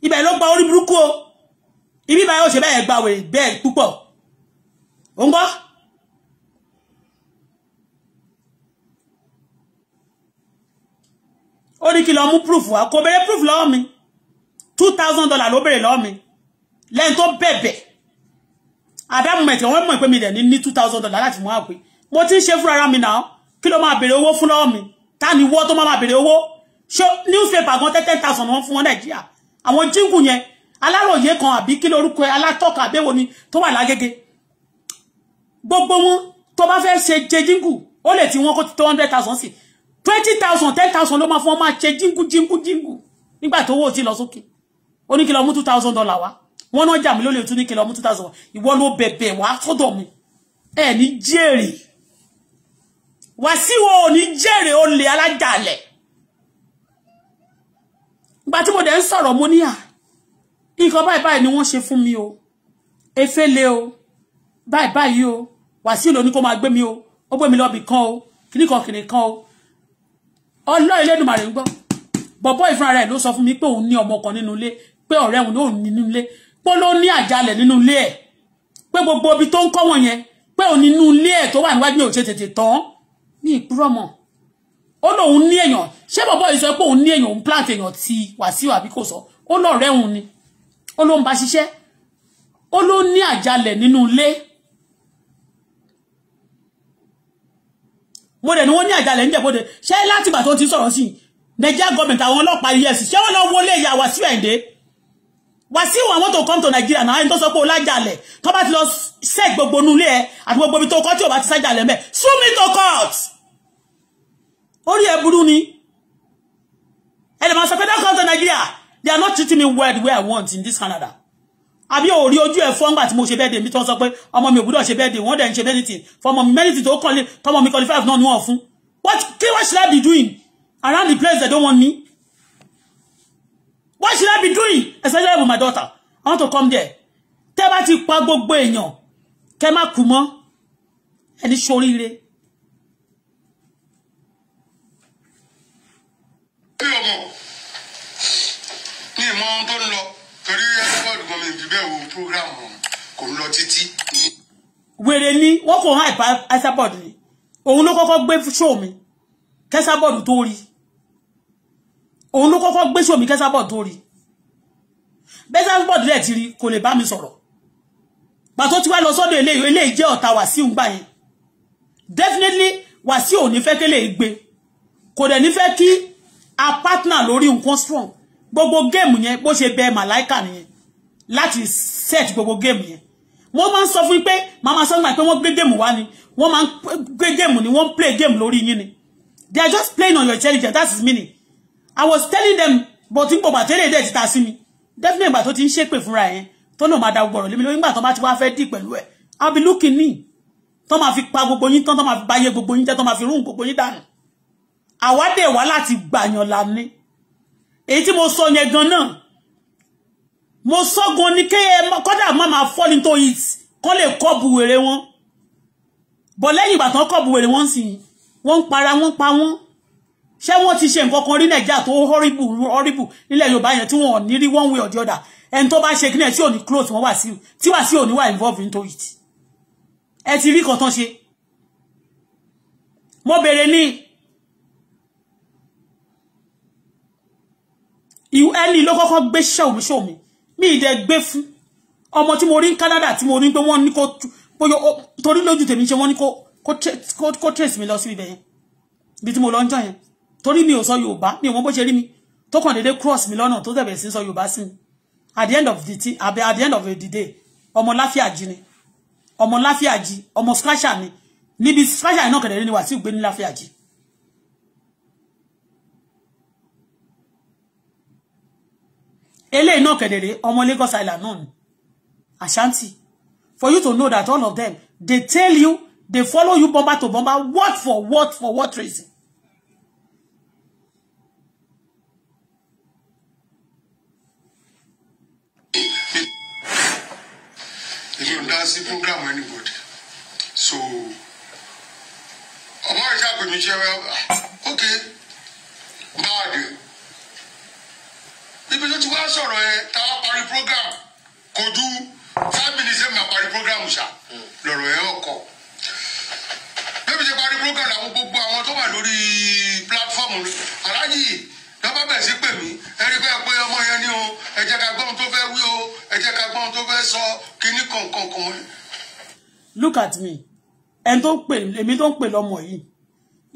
ibẹ̀ ló gba orí burúkú o ibi báyìí ó ṣe bẹ́ẹ̀ gba wèrè bẹ́ẹ̀ púpọ̀ ó ń gbọ́. ó ní kí lọ mú proof wa kò béèrè proof lọ́wọ́ mi two thousand dollar ló béèrè lọ́wọ́ mi lẹ́yìn tó bẹ̀bẹ̀ at that moment wọ́n mọ̀ pé mi dẹ̀ ní ní two thousand dollars láti mú àpè mo ti ń ṣe fúnra mi náà kí ló máa béèrè owó fún lọ́wọ́ mi ta ni wọ́ tó máa béèrè owó ṣé newspaper gan ten thousand wọ́n fún wọn nàìjíríà àwọn jíngù yẹn aláròye kan àbí kí lórúkọ alátọ́ka àbẹ́wò ni tó wà lágége gbogbo wọn tó bá fẹ́ ṣe jẹ jíngù ó lè ti wọn kó ti tó hundred thousand sí twenty thousand ten thousand ló máa fún wọn máa ṣe jíngù jíngù jíngù nígbà tó owó ti lọ sókè ó ní kí lọ mú two thousand dollar wá wọ́n náà jà mí lólè tún ní kí lọ mú two thousand ìwọ ló bẹ̀bẹ̀ wá sọ́dọ̀ mi ẹ ní jèrè Wàsíù ò ní jèrè olè alájàlẹ̀ ìgbà tí mo dẹ̀ ń sọ̀rọ̀ mo ní à nǹkan báyìí báyìí ni wọ́n ṣe fún mi o efe le o báyìí báyìí o Wàsíù ló ní kó máa gbé mi o ó gbé mi lọ bì kan o kìnnìkan kìnnìkan o ọlọ́ọ̀ ilé ìdùnmọ̀ rẹ̀ ń gbọ́ bọ̀bọ́ ìfúnra rẹ̀ ló sọ fún mi pé òun ní ọmọ kan nínú ilé pé ọ̀rẹ́ òun ní òun nínú ilé pé ló ní àjálẹ̀ nínú ilé ẹ̀ pé gbogbo ibi tó ń kọ́ wọn yẹn pé òun nínú ilé ẹ̀ tó wà níwájú mi ò ṣe tètè tán ní ìpúrọ̀ mọ̀ ó lóun ní èèyàn ṣé bọ̀bọ̀ yìí sọ pé òun ní èèyàn òun plant èèyàn ti Wàsíù àbí kò sọ ó lọ́ọ̀rẹ́ òun ni ó ló ń bá ṣiṣẹ́ ó ló ní àjálẹ̀ nínú ilé mo dẹ̀ ni wọ́n ní àjálẹ̀ ń jẹ̀bọ́dẹ̀ ṣé látìgbà tó ti sọ̀rọ̀ sí Nàìjíríà gọ́ọ̀mẹ̀ntì àwọn ọlọ́pàá efcc ṣé wọ́n lọ wọlé ìyá Wàsíù Àyìndé Wasi, Wàsíù àwọn to come to Nigeria náà ẹni tó sọ pé olájàlẹ̀ tó bá ti lọ sẹ́ gbogbo nulẹ̀ ẹ àti gbogbo ibi tó kọ́ tí ò bá ti sájàlẹ̀ mẹ́ sue me to court orí ẹ burú ni ẹni máa sọ pé don't come to Nigeria they are not treating me well the way I want in this Canada àbí ò rí ojú ẹ̀ fún ọgbà tí mo ṣe bẹ́ẹ̀dẹ̀ mi tó ń sọ pé ọmọ mi ò gbúdọ̀ ṣe bẹ́ẹ̀dẹ̀ wọ́n dẹ̀ ń ṣe anything fọmọ mi mẹ́rìndì tó kọ́ tọmọ mi qualify náà ni wọ́n fún what What should I be doing around the place they don't want me What should I be doing? Especially with my daughter. I want to come there. Tẹ́ ti pa gbogbo èèyàn. Kẹ́ má kú mọ́. Ẹni ṣoríire. Mi mọ ohun tó ń lọ torí ẹ́fọ́ọ̀dù wo prógráàmù kò ń lọ títí. Wèrè ni wọ́n kò hàn àìsàbọ̀dù ni. Òun ló kọ́kọ́ gbé ṣóò mi òun ló kọ́kọ́ gbé ṣòmí kẹ́sàbọ̀ tó rí bẹ́sàbọ̀ dẹ̀ ti rí kò lè bá mi sọ̀rọ̀ pàtó tí wá lọ sọ́dọ̀ eléyìí eléyìí jẹ́ ọ̀tá Wàsíù ń gbà yẹn definitely Wàsíù ò ní fẹ́ kélé gbé kò dẹ̀ ní fẹ́ kí a partner lórí nǹkan strong gbogbo géèmù yẹn bó ṣe bẹ màláìkà nìyẹn láti set gbogbo géèmù yẹn wọ́n máa ń sọ fún pé màmá sọ pé wọ́n gbé géèmù wá ni wọ́n máa ń gbé géèmù ni wọ́n ń play géèmù lórí yín ni they are just playing on your intelligence that's his meaning I was telling them but n gbogbo àtẹ́lẹ̀ dẹ̀ ti ta me. mi definitely ìgbà tó ti ń ṣépè fúnra yẹn tó náà máa da gbọ̀rọ̀ lémi lórí nígbà tó bá ti wá fẹ́ dì pẹ̀lú ẹ̀ I'll be looking ní tó máa fi pa gbogbo yín tán tó máa fi báyé gbogbo yín jẹ́ tó máa fi rún gbogbo yín dànù àwa dẹ̀ wá láti gbàyàn lání èyí tí mo sọ yẹn gan náà mo sọ gan ni kí ẹ kọ́dà má máa fall into it kọ́ lè kọ́ bu wèrè wọn bọ̀ lẹ́yìn ìgbà tán kọ́ bu wèrè wọn sì wọ́n ń para wọ́n pa wọ́n ṣé wọ́n ti ṣe nǹkan kan rí nàìjíríà tó horrible horrible nílẹ̀ yorùbá yẹn tí wọ́n ní rí one way or the other ẹni tó bá ṣe kí náà tí ò ní close wọn wà sí tí wà sí ò ní wà involved into it ẹ ti rí kan ṣe mo bèrè ní ẹni ló kọ́kọ́ gbé ṣẹ́wò mi ṣẹ́wò mi mi ìdẹ gbé fún ọmọ tí mo rí ní Canada tí mo rí pé wọ́n ní kó torí lójú tèmi ṣe wọ́n ní kó trace mi lọ sí ibẹ̀ yẹn ibi tí mo lọ ń jọ yẹn torí mi ò sọ Yorùbá mi ò mọ bó ṣe rí mi tó kàn déédéé cross mi lọ́nà tó tẹ̀bẹ̀ sí sọ Yorùbá sí mi at the end of the ti at the end of the day ọmọ láfíàjì ni ọmọ láfíàjì ọmọ scratcher ni níbi scratcher náà kẹ̀dẹ̀ ní Wàsíù gbé ní láfíàjì. eléyìí náà kẹ̀dẹ̀rẹ̀ ọmọ Lagos Island náà ni Ashanti for you to know that all of them they tell you they follow you bomber to bomber what for what for what reason èmi ò dá sí program anybody so I'm rẹ ṣàpè mí ṣe Okay, bad ibi tó ti wá sọ̀rọ̀ yẹn táwa parí program kò ju five minutes ẹ̀ máa parí program ṣá lọ̀rọ̀ yẹn ọkọ̀ bébí ṣe parí program làwọn gbogbo àwọn tó wà lórí platform aláàjì dábàá bẹ̀ sí pè mí ẹni pé pé ọmọ yẹn ni o ẹ ká gbọ́ tó fẹ́ wí o ẹ ká gbọ́ tó fẹ́ sọ kíní kọ̀ọ̀kan. look at me ẹni tó ń pè èmi tó ń pè lọmọ yìí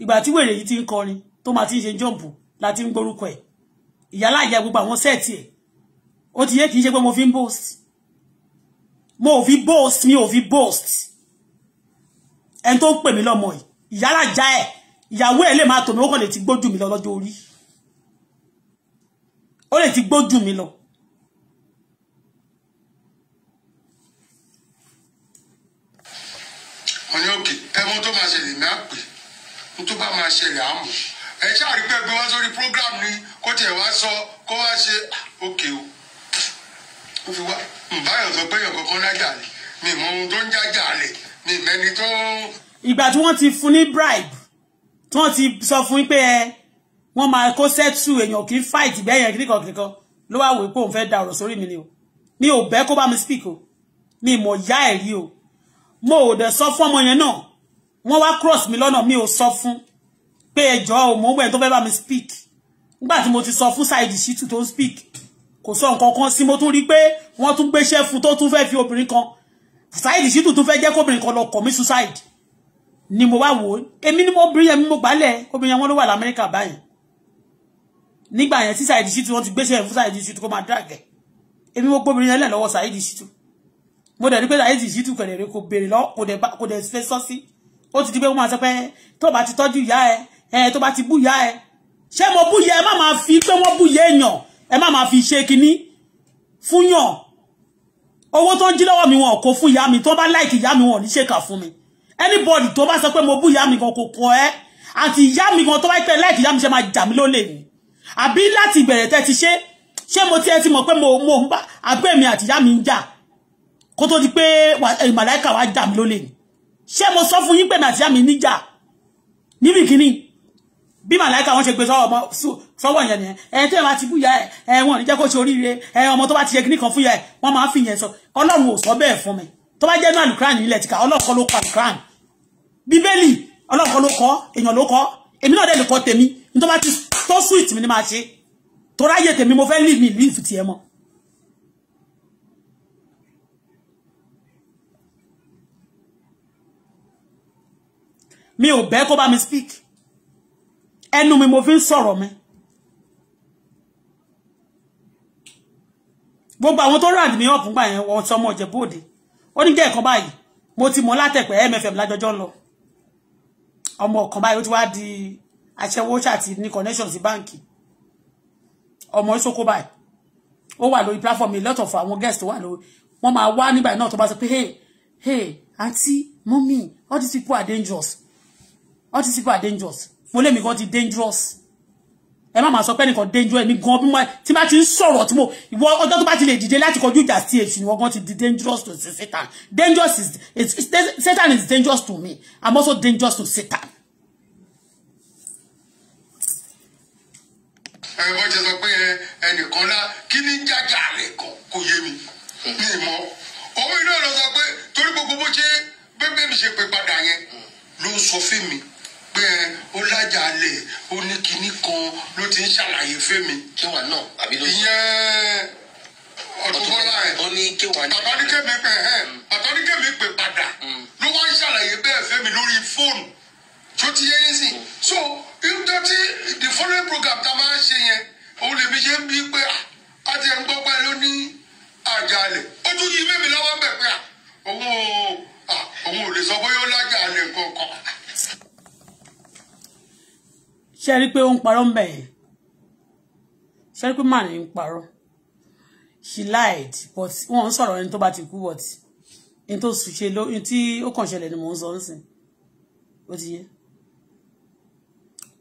ìgbà tí wèrè yìí ti ń kọrin tó máa ti ń ṣe jọ́ǹpù láti ń gbórúkọ ẹ̀ ìyálà ìyá gbogbo àwọn sẹ́ẹ̀tì ẹ̀ ó ti yé kì í ṣe pé mo fi ń boast mo ò fi boast mi ò fi boast ẹni tó ń pè mí lọmọ yìí ìyálà já ẹ̀ ìyàwó ẹ̀ lè máa tò ó kàn lè ti gbójú mi lọ lọ́jọ́ orí ó lè ti gbójú mi lọ. wọ́n òkè ẹmọ tó máa ṣẹlẹ̀ mi á pè n tó bá máa ṣẹlẹ̀ á mọ̀ ẹ ṣáà pé gbé wá sórí program ni kó tiẹ̀ wá sọ kó wá ṣe ah, òkè o ó fi wá hmm, báyọ̀ sọ pé èèyàn kankan lájà lè mi mọ ohun tó ń jájà lè mi mẹ́ni tó. ìgbà tí wọ́n ti fún ní bribe tí wọ́n ti sọ fún pé ẹ wọ́n máa kó sẹ́tù èèyàn kì í fight bẹ́yẹn kíríkan kíríkan ló wá wò pé òun fẹ́ da ọ̀rọ̀ sórí mi ni o mi ò bẹ́ kó bá mi speak o mi mo yá ẹ̀ o mo ò dẹ̀ sọ fún ọmọ yẹn náà wọ́n wá cross mi lọ́nà mi ò sọ fún pé ẹjọ́ o mò ń wẹ̀ tó fẹ́ mi speak nígbà tí mo ti sọ fún Saheed Shittu tó ń speak kò sọ nǹkan kan sí mo tún rí pé wọ́n tún gbéṣẹ́ fún tó tún fẹ́ fi obìnrin kan Saheed Shittu tún fẹ́ jẹ́ kóbìnrin kan lọ kọ̀ mí suicide ni mo wá wò ó ni mo bí yẹn mi mo gbálẹ̀ obìnrin yẹn wọ́n ló wà lamẹ́ríkà báyìí nígbà yẹn tí Saheed Shittu wọn ti gbéṣẹ́ fún Saheed Shittu kó máa dàgẹ̀ èmi mo gbóbìnrin yẹn lẹ̀ lọ́wọ́ Saheed Shittu mo dẹ̀ ní pé Saheed Shittu kẹ̀lẹ̀ rẹ kò béèrè lọ kò dẹ̀ fẹ́ sọ́ sí ó ti di pé wọ́n máa sọ pé tó bá ti tọ́jú ìyá ẹ ẹ tó bá ti bú ìyá ẹ ṣé mo bú ìyá ẹ má máa fi pé wọ́n bú ìyá èèyàn ẹ má máa fi ṣe kinní fún yàn owó tó ń jí lọ́wọ́ mi wọn kò fún ìyá mi tó bá láìkì ìyá mi wọn ní ṣèkà fún mi anybody tó bá sọ pé mo bú ìyá mi gan kò kọ ẹ àti ìyá mi gan tó bá pẹ́ láìkì ìyá mi ṣe máa jà mí lólè ni àbí láti ìbẹ̀rẹ̀ tẹ́ ti ṣe ṣé mo tiẹ̀ ti mọ̀ pé mo mo ń bá àgbẹ̀ mi àtìyá mi ń jà kó tó di pé màláìka wa jà mí lólè ṣé mo sọ fún yín pé màtìyá mi níjà níbi kíní bí màláìka wọn ṣe gbé sọ́wọ́ sọ́wọ́ yẹn nìyẹn ẹni tẹ́ bá ti ya ẹ wọn ò ní jẹ́ kó ṣe oríire ẹ ọmọ tó bá ti ṣe kíní kan fún yà ẹ wọ́n máa ń fi yẹn sọ ọlọ́run ò sọ bẹ́ẹ̀ fún mi tó bá jẹ́ náà lùkran nílẹ̀ tìka ọlọ́run kọ́ ló kọ́ lùkran bíbélì tó sweet mi ni ma ṣe tó ráyè tèmi mo fẹ́ live mi live tiẹ̀ mọ́. mi ò bẹ́ kó bá mi speak Enu mi mo fi ń sọ̀rọ̀ mi gbogbo àwọn tó rà mí ọ̀pùn gbà yẹn wọ́n sọmọ ọ̀jẹ̀ bóde ó ní jẹ́ ẹ̀kan báyìí mo ti mọ̀ látẹ̀pẹ́ mfm lájọjọ́ lọ ọmọ ọ̀kan báyìí ó ti wá di aṣẹ́wó ṣàti ní connection sí báǹkì ọmọ ìṣoko báyìí ó wà lórí platform a lot of àwọn guest wà lórí wọ́n máa wá nígbà náà tó bá sọ pé hey hey aunty mummy all these people are dangerous all these people are dangerous mo lè mi gan ti dangerous ẹ má máa sọ pé ẹnìkan dangerous ẹ̀mí gan bí mo ti bá ti ń sọ̀rọ̀ tí mo ìwọ ọjọ́ tó bá ti lè dìde láti kọjú ìjà sí èṣù ni wọ́n gan ti di dangerous to Satan dangerous is Satan is dangerous to me I'm also dangerous to Satan ẹ̀rọ ṣe sọ pé ẹnìkan lá kí ní jájà rẹ̀ kan kò yé mi ní ìmọ̀ òun iná lọ sọ pé torí gbogbo bó ṣe bébè mi ṣe pé padà yẹn ló ń sọ fún mi pé ó lájà alẹ̀ ó ní kinní kan ló ti ń ṣàlàyé fún mi. kí náà àbí ló sọ. ìyẹn ọdúnbọ́lá àtọ́nikẹ́mi pè ẹ̀ mm. àtọ́nikẹ́mi pè padà mm. ló wá ń ṣàlàyé bẹ́ẹ̀ fún lórí fóònù tó ti yẹ yín sí mm. so níjọ́ tí the following program ta máa ń ṣe yẹn òun lèmi ṣe ń bí pé ah, a ti ẹ̀ ń gbọ́ pẹ́ ló ní àjàlẹ̀ ó tún yí mímí lọ́wọ́ bẹ̀ pé ah, òun ò ah, òun ò lè sọ bóyá ó lájàlẹ̀ kankan. ṣe rí i pé ó ń parọ́ mbẹ̀ yẹn ṣe rí i pé màá ní parọ́ she lied but wọn ń sọ̀rọ̀ ẹni tó bá ti kú but ẹni tó ṣe ló ẹni tí ó kàn ṣẹlẹ̀ ni mò ń sọ ń sìn ó ti yé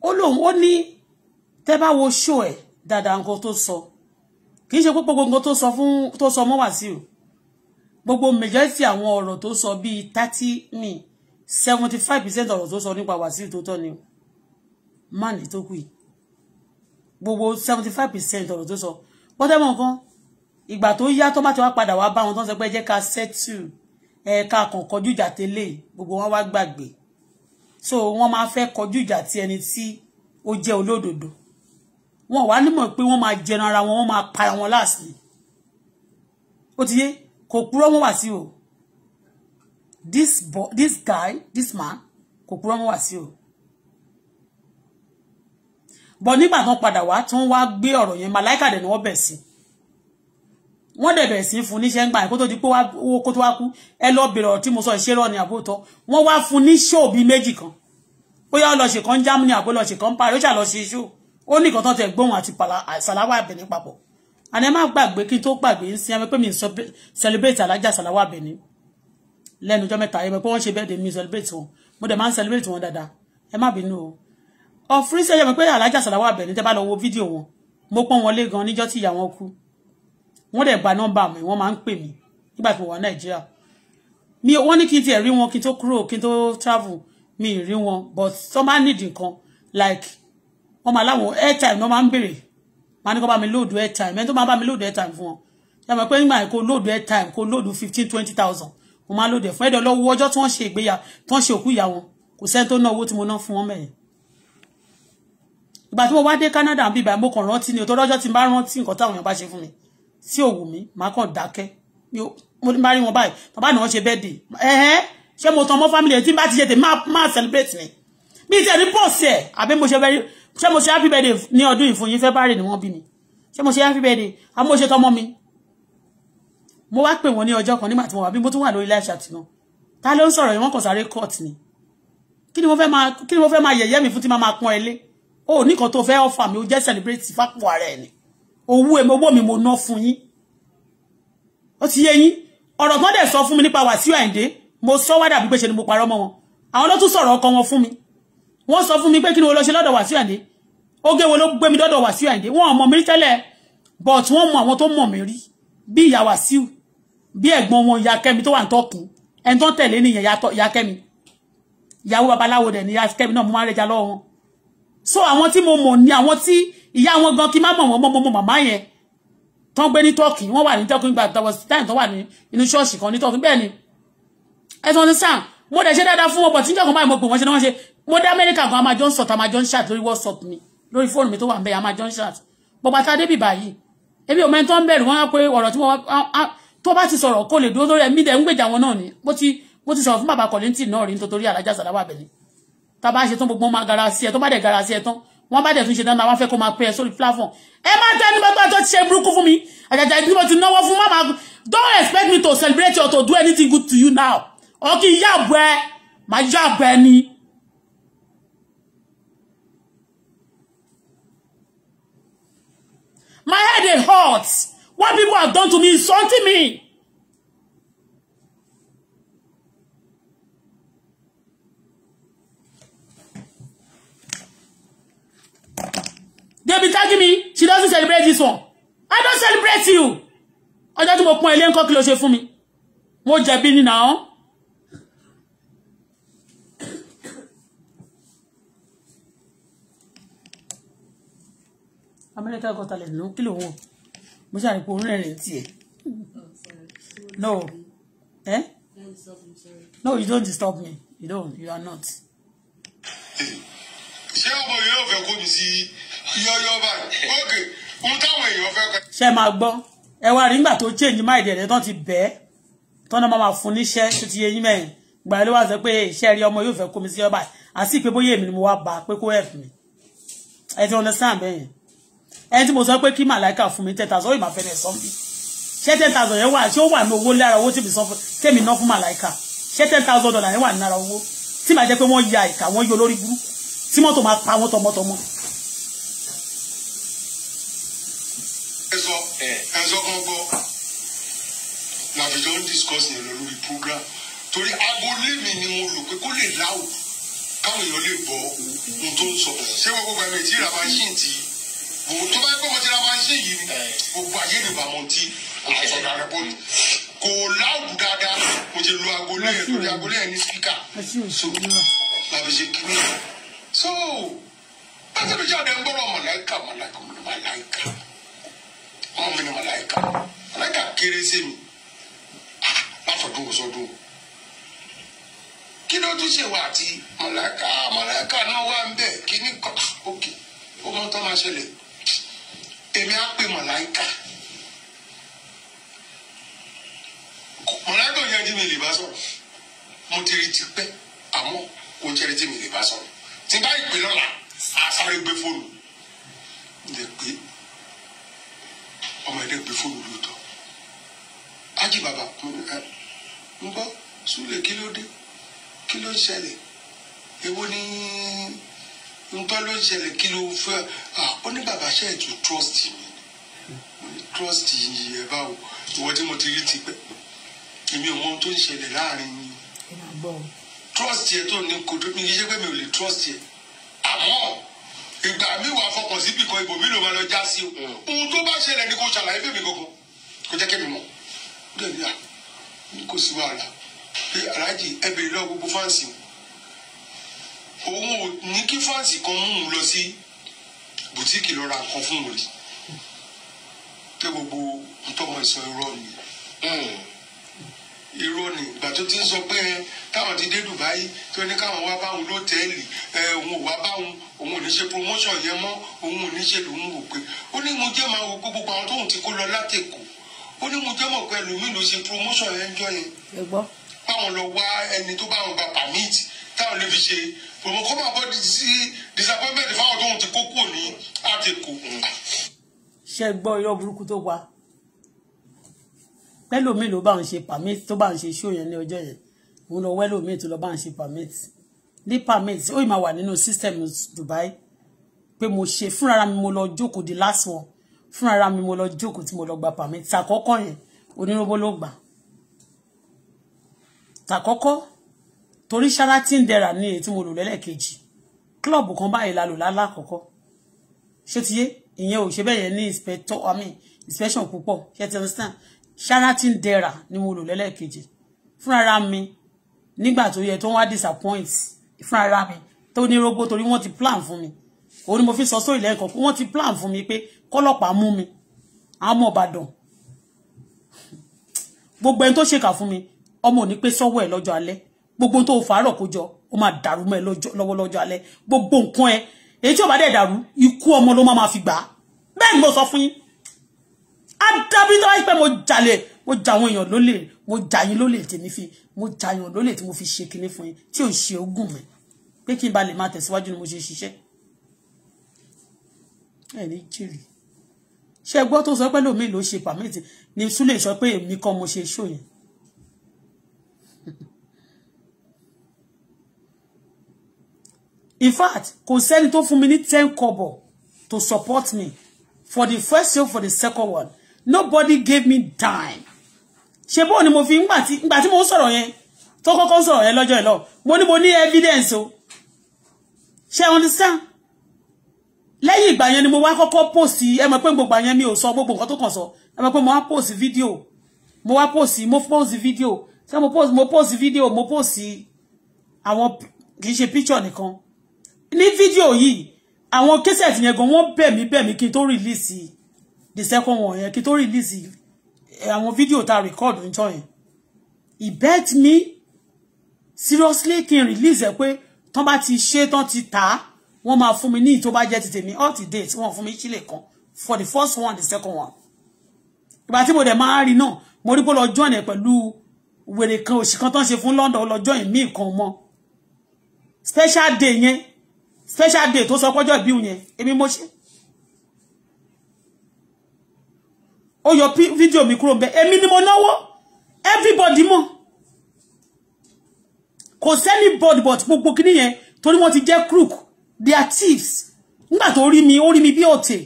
ó lóun ó ní tẹ́ bá wo ṣó ẹ̀ dáadáa nǹkan tó sọ kì í ṣe pé gbogbo nǹkan tó sọ fún tó sọ mọ́ Wàsíù gbogbo majority àwọn ọ̀rọ̀ tó sọ bíi thirty mi seventy five percent ọ̀rọ̀ tó sọ nípa Wàsíù tó tọ́ ni máàlì tó kù yìí gbogbo seventy five percent ọ̀rọ̀ tó sọ pọ́tẹ́mọ̀ nǹkan ìgbà tó yá tó bá ti wá padà wá bá wọn tó ń sọ pé jẹ́ ká settle ẹ̀ka kọ̀ọ̀kan jújà tẹ́lẹ̀ gbogbo wọn wá gbàgbé so wọ́n máa fẹ́ kọjú ìjà ti ẹni tí ó jẹ́ olódodo wọn wá nímọ̀ pé wọ́n máa jẹran ara wọn wọ́n máa para wọn láàsì ó ti yé kò purọ́ mọ́ wá sí o this boy this guy this man kò purọ́ mọ́ wá sí o bọ̀ nígbà kan padà wá tí wọ́n wá gbé ọ̀rọ̀ yẹn màláìkà ni wọ́n bẹ̀ sí i wọ́n dẹ̀ bẹ̀rẹ̀ sí fún níṣẹ́ ńgbà kó tó di pé owó kó tó wá kú ẹ lọ bèrè ọ̀rọ̀ tí mo sọ ìṣerọ́ ni àbótọ́ wọ́n wá fún ní ṣó bíi méjì kan bóyá ó lọ ṣe kan Germany àbó lọ ṣe kan Paris ó ṣà lọ ṣe ṣó ó ní nǹkan tó tẹ gbóhùn àti sàláwà Àbẹ̀ní papọ̀ àná ẹ má gbàgbé kí n tó gbàgbé ń sin ẹ pé mi ń celebrate alájà sàláwà Àbẹ̀ní lẹ́nu ọjọ́ mẹ́ta ẹ pé wọ́n ṣe bẹ́ẹ̀ mi celebrate wọn mo dẹ̀ máa ń celebrate wọn dáadáa ẹ má bínú o ọ̀fun ṣe yẹ mi pé alájà wọ́n dẹ̀ gba nọ́mbà mi wọ́n máa ń pè mí nígbà tí mo wà nàìjíríà mi wọ́n ní kí n tiẹ̀ rí wọn kí n tó kúrò kí n tó travel mi ì rí wọn but some máa need nǹkan like wọ́n máa láwọn airtime ni wọ́n máa ń béèrè máa ní kó bá mi lóòdù airtime ẹni tó máa bá mi lóòdù airtime fún wọn ẹ mọ̀ pé nígbà yẹn kó lóòdù airtime kó lóòdù fifteen twenty thousand mo máa lóòdù ẹ̀ fún ẹ̀dọ̀ lọ́wọ́ ọjọ́ tí wọ́n ṣe ìgbéyà tí wọ́n ṣe òkú ìyá wọn kò sẹ́ni tó ná owó tí mo ná fún wọn mẹ́yìn ìgbà tí mo wá dé Canada bíbá mo kàn rántí ni òtọ́ lọ́jọ́ tí n bá rántí nǹkan táwọn èèyàn bá ṣe fún mi tí ò wù mí màá kàn dákẹ́ mo ti máa rí wọn báyìí bàbá ni wọ́n ṣe bẹ́ẹ̀ dì ẹ̀hẹ́ ṣé mo tan mọ́ family ẹ̀ tí bá ti ṣe tèmi máa celebrate ni bí ti ẹni pọ̀ sí ẹ̀ àbí mo ṣe bẹ́ẹ̀ ṣé mo ṣe happy birthday ní ọdún ìfún yín February ni wọ́n bí mi ṣé mo ṣe happy birthday àmọ́ mo ṣe tọmọ mi mo wá pè wọ́n ní ọjọ́ kan nígbà tí mo wà bí mo tún wà lórí live chat náà ta ló ń sọ̀rọ̀ yìí wọ́n sáré court ni kí ni mo fẹ́ máa yẹ̀yẹ́ mi fún tí máa máa pọ́n ẹ lé o ní kan tó fẹ́ offer mi o jẹ́ celebrate fápò ara ẹ̀ ni owó èmi owó mi mo ná fún yín ó ti yé yín ọ̀rọ̀ kan dẹ̀ sọ fún mi nípa Wàsíù Àyìndé mo sọ wá dàbí pé ṣe ni mo parọ́ mọ́ wọn àwọn ló tún sọ̀rọ̀ ọkọ wọn fún mi wọ́n sọ fún mi pé kí ni mo lọ ṣe lọ́dọ̀ Wàsíù Àyìndé oge wo ló gbé mi lọ́dọ̀ Wàsíù Àyìndé wọn mọ̀ mí tẹ́lẹ̀ but wọ́n mọ àwọn tó mọ̀ mí rí bí ìyá Wàsíù bí ẹ̀gbọ́n wọn ìyá Kẹ́mi tó wà ń tọ́kùn ẹni tó ń tẹ̀lé nìyẹn ìyá Kẹ́mi ìyàwó babaláwo dẹ̀ ni ìyá Kẹ́mi náà mo máa ń rẹjà lọ́wọ́ wọn so àwọn tí mo mọ̀ ni àwọn tí ìyá wọn gan kí má mọ̀ wọn mọ́ mọ́ màmá yẹn tán gbé ní tọ́kì wọ́n wà ní tọ́kì nígbà tọwọ́ táyì tó wà ní inú ṣọ́ọ̀ṣì kan ní tọ́kì bẹ́ẹ̀ ni ẹ̀sán ní sáà mo dẹ̀ ṣe dáadáa fún wọn bọ̀ tí njẹ́ kan báyìí mo pè wọ́n ṣe ni wọ́n ṣe mo dé amẹ́ríkà gan amájọ́ ń sọ̀tà amájọ́ ń ṣàt lórí whatsapp mi lórí fóònù mi tó wà ń bẹ̀ amájọ́ ń ṣàt bọ̀bá ta débì báyìí ebi òmẹ́ni tó ń bẹ̀rù wọn pé ọ̀rọ̀ tí wọ́n tó bá ti sọ̀rọ̀ kó lè dúró lórí ẹ̀mí dẹ̀ ń gbèjà wọn náà ni bó ti bó ti sọ̀rọ̀ fún bàbá kọ̀lẹ́ntì náà rí nítorí alájà sàdáwà bẹ̀lẹ̀ tá a bá ṣe tán gbogbo máa gara sí ẹ tó bá dẹ̀ gara sí ẹ tán wọ́n bá dẹ̀ tún ṣe dáná wọ́n fẹ́ kó máa pẹ́ ẹ sórí platform ẹ má tẹ́ nígbà tó ti ṣe burúkú fún mi àjàjà ìdí mo ti náwó fún mama don't expect me to celebrate or to do anything good to you now Okay, yàgbọ́ ẹ máa yàgbọ́ ẹ ni. my head dey hurt what people have done to me insulting me. They be tagging me. She doesn't celebrate this one. I don't celebrate you. I tí want my ilé ńkọ́ kí ló ṣe fún mi. Mo jẹ̀bi ni now. America got talent ló kí ló wọ̀. Mo ṣàrí pé orin rẹ̀ tiẹ̀. No. Eh? No, you don't disturb me. You don't. You are not. Ṣé ọmọ yìí yóò fẹ́ kó mi yọyọ báyìí ok ohun táwọn èèyàn fẹ́ kọ. ṣe máa gbọ́ ẹ wá rí nígbà tó change mind rẹ̀ tán ti bẹ́ẹ̀ tọ́nà máa fún níṣẹ́ tó ti yẹ yín mẹ́rin gbà ló wá sọ pé iṣẹ́ rí ọmọ yóò fẹ́ kó mi sí ọba àti pé bóyá èmi ni mo wá bá pé kó help mi ẹ ti understand bẹ́yẹn ẹni tí mo sọ pé kí màláìka fún mi ten thousand ó yìí máa fẹ́ rẹ̀ sọ́mbì ṣé ten thousand yẹn wà ṣé ó wà ní owó lára owó tí mi sọ fún tèmi ná fún màláìka ṣé ten thousand dollar yẹn wà ní lára owó tí màá jẹ́ pé wọ́n ya ìka wọ́n yọ lórí burúkú tí mọ́tò máa pa wọ́n tọmọtọmọ ẹ sọ ẹ sọ kan gbọ́ làbìjọ ń discuss yẹn lọ lórí program torí agolé mi ni mo lò pé kó lè láwò káwọn èèyàn lè gbọ́ ohun tó ń sọ ṣé wọn gbogbo ẹgbẹ́ tí ra machine ti òun tó bá yẹ kó mo ti ra machine yìí gbogbo ayé mi bá mo ti àìsàn rẹ bọ́ọ̀lù kò láwù dáadáa mo ti lo agolé yẹn lórí agolé yẹn ní speaker so làbìjọ kìíní so bàtà bìjọ ọdẹ ń gbọ́rọ̀ mọ̀láìkà mọ̀láìkà mọ̀láìkà wọn mi ni màláìka màláìka kéré sí mi má fọdún kò sọdún kí ló tún ṣe wà àti màláìka màláìka náà wà ń bẹ kí ní kọ òkè ó mọ tó máa ṣẹlẹ̀ èmi á pè màláìka màláìka ò yẹ mi lè bá sọ̀rọ̀ mo ti rí ti pẹ́ àmọ́ kò rí ti mi lè bá sọ̀rọ̀ tí bá ìpè lọ́la àṣàrò ìgbé fóònù lè pè ọmọ ẹ̀dẹ́ gbé fóònù lóòótọ́ ájì bàbá ń bọ́ súlẹ̀ kí ló dé kí ló ń ṣẹlẹ̀ èwo ni nǹkan ló ń ṣẹlẹ̀ kí ló fẹ́ ó ní bàbá ṣe ètò trust mi trust yìí ẹ̀ báwo ìwọ tí mo ti rí ti pẹ́ èmi ò mọ ohun tó ń ṣẹlẹ̀ láàrin yìí trust yẹ tó ní kò tó mi yíṣẹ́ pé mi ò lè trust yẹ àmọ́ ìgbà mi wà fọkàn sí bìkan ibò mi ló máa lọ já sí o hmm. ohun tó bá ṣẹlẹ̀ ni kò ṣàlàyé fèmí kankan kò jẹ́ kémi mọ̀ dẹ̀bi à kò sí wàhálà pé aláàjì ẹ bèrè lọ gbogbo fáǹsì o òun ò ní kí fáǹsì kan mú un lọ sí bùtíìkì lọ ra nǹkan fún un rí pé gbogbo ntọ́mọ ìsọ irọ́ ni. Hmm irọ́ ni ìgbà tó ti ń sọ pé táwọn ti dé Dubai tí ó ní káwọn wá báwọn lọ́tẹ̀ẹ̀lì òun ò wá báwọn òun ò ní ṣe promotion yẹn mọ́ òun ò ní ṣe lòun ò pé ó ní mo jẹ́ máa wo gbogbo àwọn tóun ti kó lọ látẹ̀kù ó ní mo jẹ́ mọ̀ pé ẹlòmíì ló ṣe promotion yẹn jọ yẹn báwọn lọ wá ẹni tó báwọn gba permit táwọn lè fi ṣe promo kó máa bọ́ sí disappointment fáwọn tóun ti kó kúrò ní àtẹ̀kù. ṣe gbọ́ irọ́ burúkú tó wà pẹ́lòmíì ló bá ń ṣe permit tó bá ń ṣe show yẹn ní ọjọ́ yẹn òun lọ wẹ́lòmíì tó lọ bá ń ṣe permit ní permit ó ì máa wà nínú system Dubai pé mo ṣe fúnra mi mo lọ jókòó di last one fúnra mi mo lọ jókòó tí mo lọ gba permit tàkọ́kọ́ yẹn onírúbó ló gbà tàkọ́kọ́ torí Sheraton dẹ́ra ní èyí tí mo lò lẹ́lẹ́kejì klọ́ọ̀bù kan báyìí la lò lálákọ̀ọ́kọ́ ṣé ti yé ìyẹn ò ṣe bẹ́ẹ̀ yẹn ní inspector àmì inspection púpọ̀ ṣé ti understand Sheraton Dera ni mo lò lẹ́lẹ́kejì fúnra mi nígbà tó yẹ tó wá disappoint fúnra mi tó ní rógbó torí wọ́n ti plan fún mi òun ni mo fi sọ sórí lẹ́ẹ̀kan pé wọ́n ti plan fún mi pé kọ́lọ́pàá mú mi àwọn ọmọ Ìbàdàn gbogbo ẹni tó ṣèkà fún mi ọmọ ò ní pé sọ́wọ́ ẹ̀ lọ́jọ́ alẹ́ gbogbo tó fàárọ̀ kó jọ ó máa dàrú mọ́ ẹ lọ́wọ́ lọ́jọ́ alẹ́ gbogbo nǹkan ẹ èyí tí ó bá dẹ̀ dàrú ikú ọmọ ló máa fi gbà á bẹ́ẹ̀ ni mo sọ fún yín adábí tó wáyé pé mo jalè mo ja àwọn èèyàn lólè mo ja yín lólè tèmi fi mo ja yín lólè tí mo fi ṣe kinní fún yín tí ò ṣe ogún mi pé kí n ba lè máa tẹ̀síwájú ni mo ṣe ṣiṣẹ́ ẹ̀ ní jèrè ṣe gbọ́ tó sọ pé lómi ló ṣe pàmìtì ni súlè sọ pé èmi kọ́ mo ṣe ṣó yẹn in fact kò sẹ́ni tó fún mi ní ten kọ́bọ̀ to support me for the first show for the second one nobody gave me time. ṣe bóun ni mo fi ngbà tí ngbà mo ń sọ̀rọ̀ yẹn tó kọ́kọ́ ń sọ̀rọ̀ yẹn lọ́jọ́ ìlọ mo ní mo ní evidence o ṣe understand lẹ́yìn ìgbà yẹn ni mo wá kọ́kọ́ pòsì ẹ mọ̀ pé gbogbo yẹn mi ò sọ gbogbo nǹkan tó kàn sọ ẹ mọ̀ pé mo wá pòsì fídíò mo wá pòsì mo pòsì fídíò ṣé mo pòsì mo pòsì fídíò mo pòsì àwọn kì í ṣe píṣọ̀ nìkan ní fídíò yìí àwọn kẹsẹ̀tì yẹn gan wọ́n bẹ̀ mí bẹ̀ mí kí n tó rìlíìsì the second one yẹn kí release àwọn fídíò tá a record níjọ́ yẹn he bet me seriously can release ẹ pé tán bá ti ṣe tán ti tà á wọ́n máa fún mi ní ìtó bá jẹ́ ti tèmi up to date wọ́n fún mi sílẹ̀ kan for the first one the second one ìgbà tí mo dẹ̀ máa rí náà mo rí pé lọ join ẹ̀ pẹ̀lú wèrè kan òsì kan tán ṣe fún London lọ join mí kan mọ́ special day yẹn special day tó sọ pọ́jọ́ ìbí yẹn èmi mo ṣe ó yọ video mi kúrò bẹ́ẹ̀ èmi ni mo náwó everybody mọ̀ kò sẹ́ni body but gbogbo kíní yẹn torí wọ́n ti jẹ́ crook they are thieves nígbà tó rí mi ó rí mi bi òtè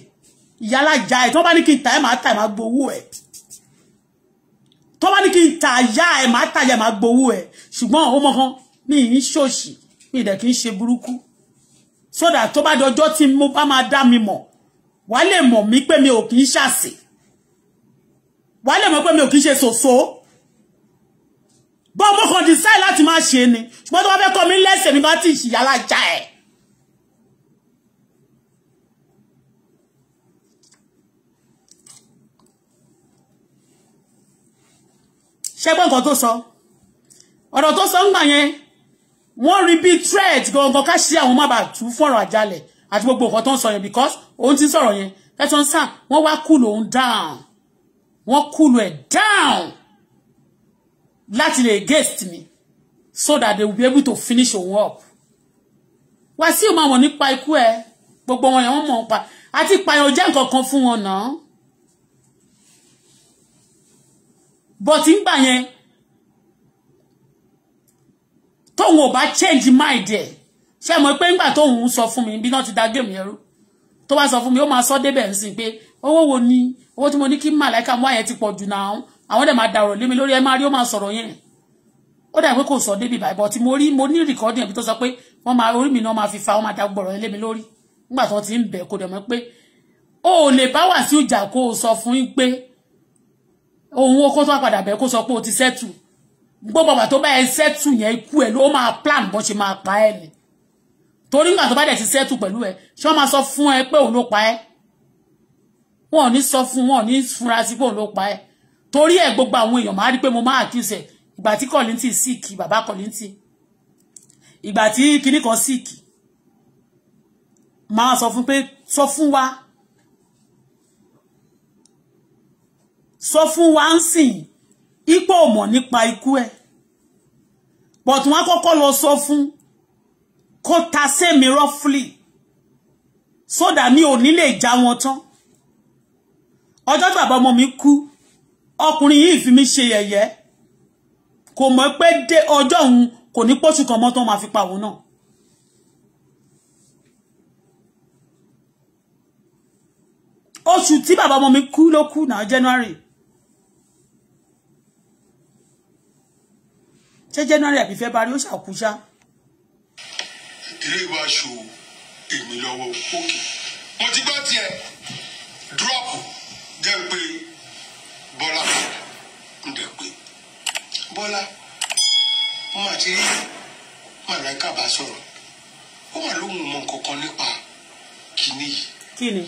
ìyálà ìjà ẹ̀ tó bá ní kí n ta ẹ̀ máa ta ẹ̀ máa gbowó ẹ̀ tó bá ní kí n ta ìyá ẹ̀ máa ta ẹ̀ máa gbowó ẹ̀ ṣùgbọ́n ó mọ̀ kan mi ì ń mi ìdẹ̀ kì í ṣe burúkú sódà tó bá dọjọ́ tí mo bá máa dá mi mọ̀ wàá lè mọ̀ mí pé mi ò kì í ṣàṣì wàá lè mọ̀ pé mi ò kí ń ṣe ṣòṣo bọ́ ọmọ kan decide láti máa ṣe ni ṣùgbọ́n tó bá fẹ́ kọ́ mi lẹ́sẹ̀ mi bá ti ìṣìyà lájà ẹ̀. ṣẹ́gbọ́n nǹkan tó sọ ọ̀rọ̀ tó sọ ń gbà yẹn wọ́n rí bíi threat gangan ká ṣe àwọn má bàa tú fọ̀rọ̀ àjálẹ̀ àti gbogbo nǹkan tó ń sọ yẹn because òun ti sọ̀rọ̀ yẹn fẹ́tọ́ ń sàn wọ́n wá cool òun down wọ́n kùnú ẹ̀ down láti lè against mi so that they will be able to finish òun up Wàsíù máa mọ̀ nípa ikú ẹ̀ gbogbo wọn yẹn wọ́n mọ̀ nípa àti ìpààyàn jẹ́ nǹkan kan fún wọn náà bọ̀tí ń gbà yẹn tóun ò bá change mind ẹ̀ ṣé mo pé ńgbà tóun sọ fún mi bí náà ti da géèmù yẹn rú tó bá sọ fún mi ó máa sọ débẹ̀ nsìn pé owó wo ni owó tí mo ní kí màláìka mú àyẹn ti pọ̀ jù náà àwọn dẹ̀ máa dàrọ̀ lé mi lórí ẹ máa rí ó máa sọ̀rọ̀ yẹn ó dàbí kò sọ débi báyìí bọ́ tí mo rí mo ní rìkọ́dì ẹ̀bí tó sọ pé wọ́n máa orí mi náà máa fi fa wọ́n máa dàgbọ̀ ọ̀rọ̀ lé mi lórí nígbà tó ti ń bẹ̀ kó dẹ̀ mọ́ pé o ò lè bá wà sí ìjà kó o sọ fún yín pé òun ó kó tó padà bẹ̀ kó sọ pé o ti sẹ́tù gbogbo àgbà tó bá ẹ sẹ́tù yẹn ikú ẹ ló máa plan bó ṣe máa pa ẹ ni torí nígbà tó bá dẹ̀ ti sẹ́tù pẹ̀lú ẹ ṣé wọ́n máa sọ fún ẹ pé òun ló pa ẹ́ wọn ò ní sọ fún wọn ò ní fúnra sí pé òun ló pa ẹ torí ẹ gbogbo àwọn èèyàn máa rí pé mo máa accuse ẹ ìgbà tí kọ̀lìntì síìkì bàbá kọ̀lìntì ìgbà tí kinní kan síìkì máa sọ fún pé sọ fún wa sọ fún wa ń sìn ipò mọ̀ nípa ikú ẹ̀ but wọ́n kọ́kọ́ lọ sọ fún kó ta sẹ́mi roughly so that mi ò ní lè já wọn tán ọjọ́ tí bàbá ọmọ mi kú ọkùnrin yìí fi mí ṣe yẹ̀yẹ́ kò mọ̀ pé dé ọjọ́ òun kò ní pọ̀ṣù kan mọ́ tó máa fi pa òun náà. oṣù tí bàbá ọmọ mi kú ló kú náà January ṣé January àbí February ó ṣàkú ṣá. ilé ìwà aṣọ èmi lọ́wọ́ òkè mo ti gbọ́ tiẹ̀ dúrọ́pù jẹ́ ń pé bọ́lá ń dẹ̀ pé bọ́lá mo mà ti rí màláìka bá sọ̀rọ̀ ó mà lóhùn mọ kankan nípa kínní yìí kíni.